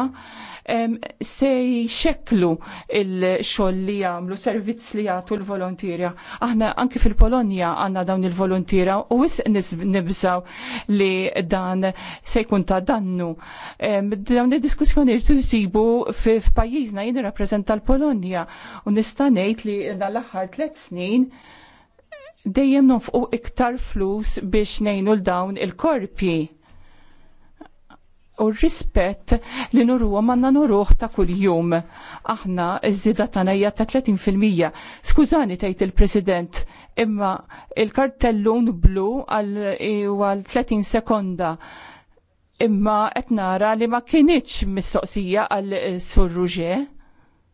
se jxeklu il-xoll li jagħmlu, servizz li jagħtu l volontirja Aħna anki fil-Polonja għandna dawn il-volontira u wis nibżaw li dan se jkun ta' dannu. Dawn id-diskussjoni jsibu f'pajjiżna jien rappreżenta l-Polonja u nista' ngħid li l-aħħar tliet snin dejjem nonfqu iktar flus biex nejnu l-dawn il-korpi u rispett li nurruha manna nuruh ta' kuljum. Aħna iż zida ta' hija ta' 30%. Skużani tgħid il-President, imma il-kartellun blu għal 30 sekonda imma qed nara li ma kienitx mistoqsija għal eh, Sur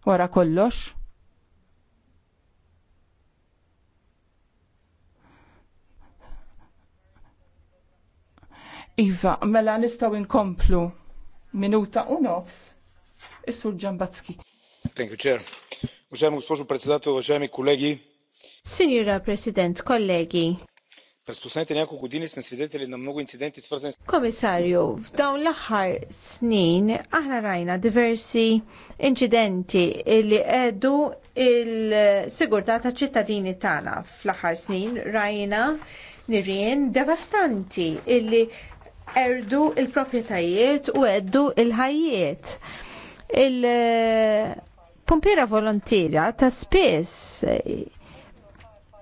wara kollox. Iva, mela nistaw inkomplu minuta u nofs. Is-sur Ġambatski. Thank you, Chair. Uġem, għuspoġu Presidatu, uġem, kollegi. Sinjura President, kollegi. Presposajti nekku kudinis misvideti li namnugu incidenti sfarzen. Komissarju, f'dawn l-axħar snin aħna rajna diversi incidenti li għedu il-sigurta ta' ċittadini tagħna fl-axħar snin rajna nirien devastanti illi erdu il-propietajiet u eddu il-ħajiet. Il-pumpiera eh, volontirja ta' spess eh,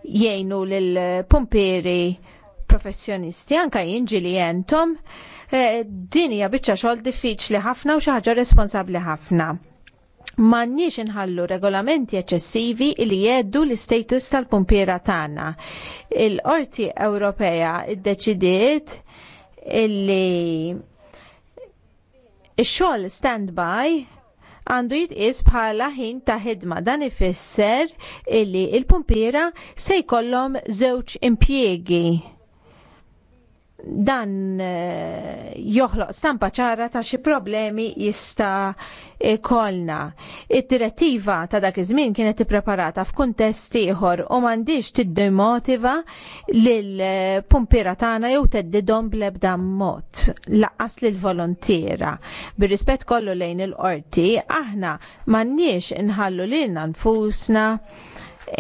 jgħinu l-pumpieri professjonisti anka jinġili jentom eh, din hija biċċa xogħol diffiċli ħafna u xi ħaġa responsabbli ħafna. nix inħallu regolamenti eċessivi li jeddu l status tal-pumpiera tagħna. Il-Qorti Ewropea iddeċidiet illi ix-xogħol standby għandu jitqis bħala ħin ta' ħidma dan ifisser illi il-pumpiera se jkollhom żewġ impjiegi dan eh, joħloq stampa ċara ta' xi problemi jista' kolna. Id-direttiva ta' dak iż-żmien kienet ippreparata f'kuntest ieħor u m'għandix tiddemotiva lil eh, pumpira tagħna jew teddidhom bl-ebda mod laqqas lil volontiera. Bir-rispett kollu lejn il-qorti, aħna m'għandniex inħallu lilna nfusna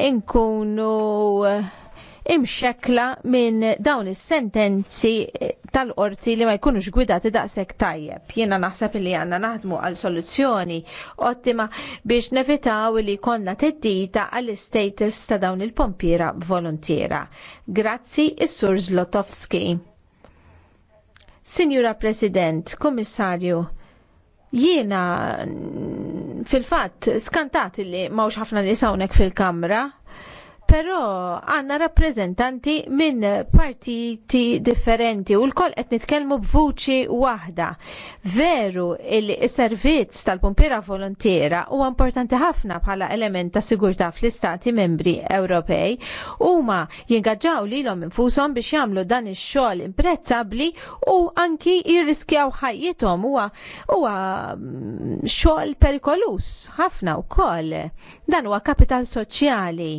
nkunu eh, imxekla minn dawn is-sentenzi eh, tal-qorti li ma jkunux gwidati daqshekk tajjeb. Jiena naħseb li għandna naħdmu għal soluzzjoni ottima biex nevitaw li konna teddita għall status ta' dawn il-pompiera volontiera. Grazzi is-Sur Zlotowski. Signora President, Komissarju, jiena fil-fatt skantat li mawx ħafna nisawnek fil-Kamra Però għanna rappreżentanti minn partiti differenti u l-koll qed nitkellmu b'vuċi waħda. Veru il-servizz tal-pompiera volontiera huwa importanti ħafna bħala element ta' sigurtà fl-istati membri Ewropej huma jingaġġaw lilhom infushom biex jagħmlu dan ix-xogħol imprezzabbli u anki jirriskjaw ħajjithom huwa huwa mm, xogħol perikolus ħafna koll Dan huwa kapital soċjali.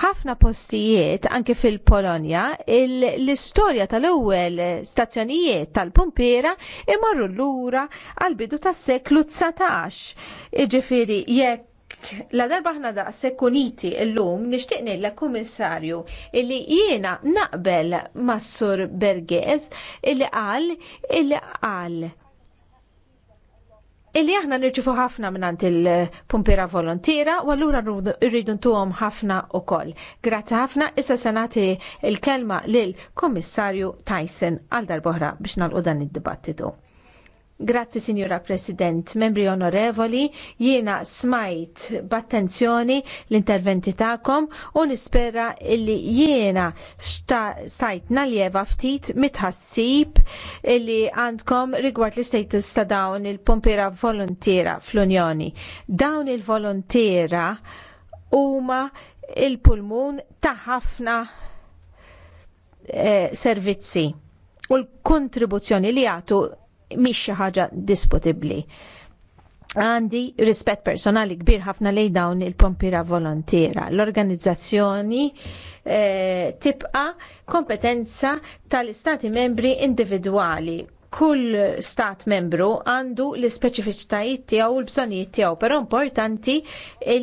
Ħafna postijiet anke fil-Polonja l-istorja tal-ewwel stazzjonijiet tal-pumpiera imorru lura għall bidu tas-seklu 19. Iġifieri jekk la darba ħna da sekuniti l-lum nishtiqni l kummissarju illi jiena naqbel Massur Berges illi qal illi qal illi aħna nirċifu ħafna minnant il-pumpira volontira u allura rridu ntuhom ħafna u koll. Grazzi ħafna, issa senati il-kelma lil komissarju Tyson għal darbohra biex nal dan id-dibattitu. Grazzi, Signora President, membri onorevoli, jiena smajt b'attenzjoni l-interventi ta'kom u nispera illi jiena stajt naljeva ftit mitħassib illi għandkom rigward l-status ta' dawn il-pompiera volontiera fl-Unjoni. Dawn il-volontiera huma il-pulmun ta' ħafna eh, servizzi u l-kontribuzzjoni li jagħtu mhix xi ħaġa disputibbli. Għandi rispett personali kbir ħafna lej dawn il-pompira volontiera. L-organizzazzjoni eh, tibqa kompetenza tal-istati membri individwali kull stat membru għandu l-ispeċifiċitajiet tiegħu u l-bżonijiet tiegħu, però importanti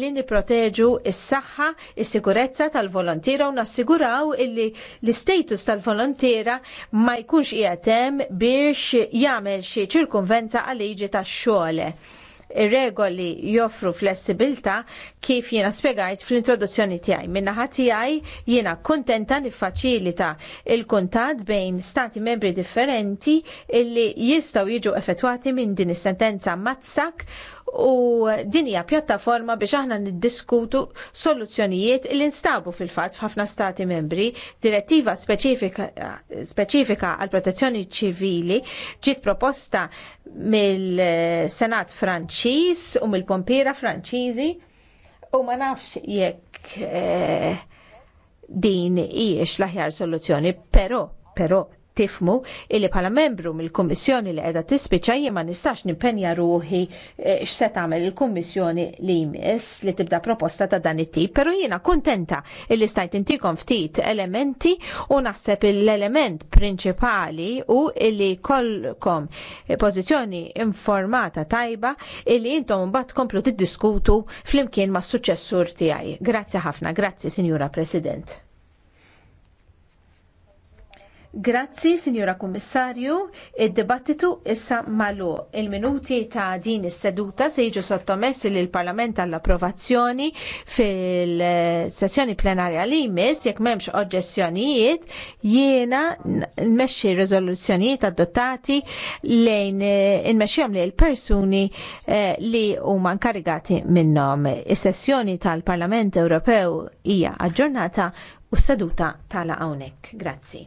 li nipproteġu s-saħħa, is-sigurezza tal-volontiera u nassiguraw li l-istatus tal-volontiera ma jkunx qiegħed hemm biex jagħmel xi ċirkunvenza għal liġi tax-xogħol regoli joffru flessibilta kif jiena spiegajt fl-introduzzjoni tiegħi. Min-naħa tiegħi jiena kuntenta niffaċilita il kuntatt bejn stati membri differenti illi jistgħu jiġu effettwati minn din is-sentenza mazzak u dinja pjattaforma biex aħna niddiskutu soluzzjonijiet li nstabu fil-fatt f'ħafna stati membri. Direttiva speċifika għal protezzjoni ċivili ġiet proposta mill-Senat Franċiż u mill-Pompiera Franċiżi u ma nafx jekk eh, din hijiex l-aħjar soluzzjoni, però però tifmu illi bħala membru mill-Kummissjoni li qiegħda tispiċċa jien ma nistax nimpenja ruħi eh, x'se tagħmel il-Kummissjoni li jmiss li tibda proposta ta' dan it-tip, però jiena kuntenta illi stajt intikom ftit elementi u naħseb l-element prinċipali u illi kollkom pożizzjoni informata tajba illi intom mbagħad komplu tiddiskutu flimkien mas-suċessur tiegħi. Grazzi ħafna, grazzi Sinjura President. Grazzi, Sinjura Kummissarju, id-dibattitu issa malu. Il-minuti ta' din is-seduta se jiġu sottomessi lil parlament għall-approvazzjoni fil-sessjoni plenarja li jmiss jekk m'hemmx oġġezzjonijiet jiena nmexxi riżoluzzjonijiet adottati lejn inmexxihom lil persuni eh, li huma nkarigati minnhom. Is-sessjoni tal-Parlament Ewropew hija aġġornata u s-seduta tala hawnhekk. Grazzi.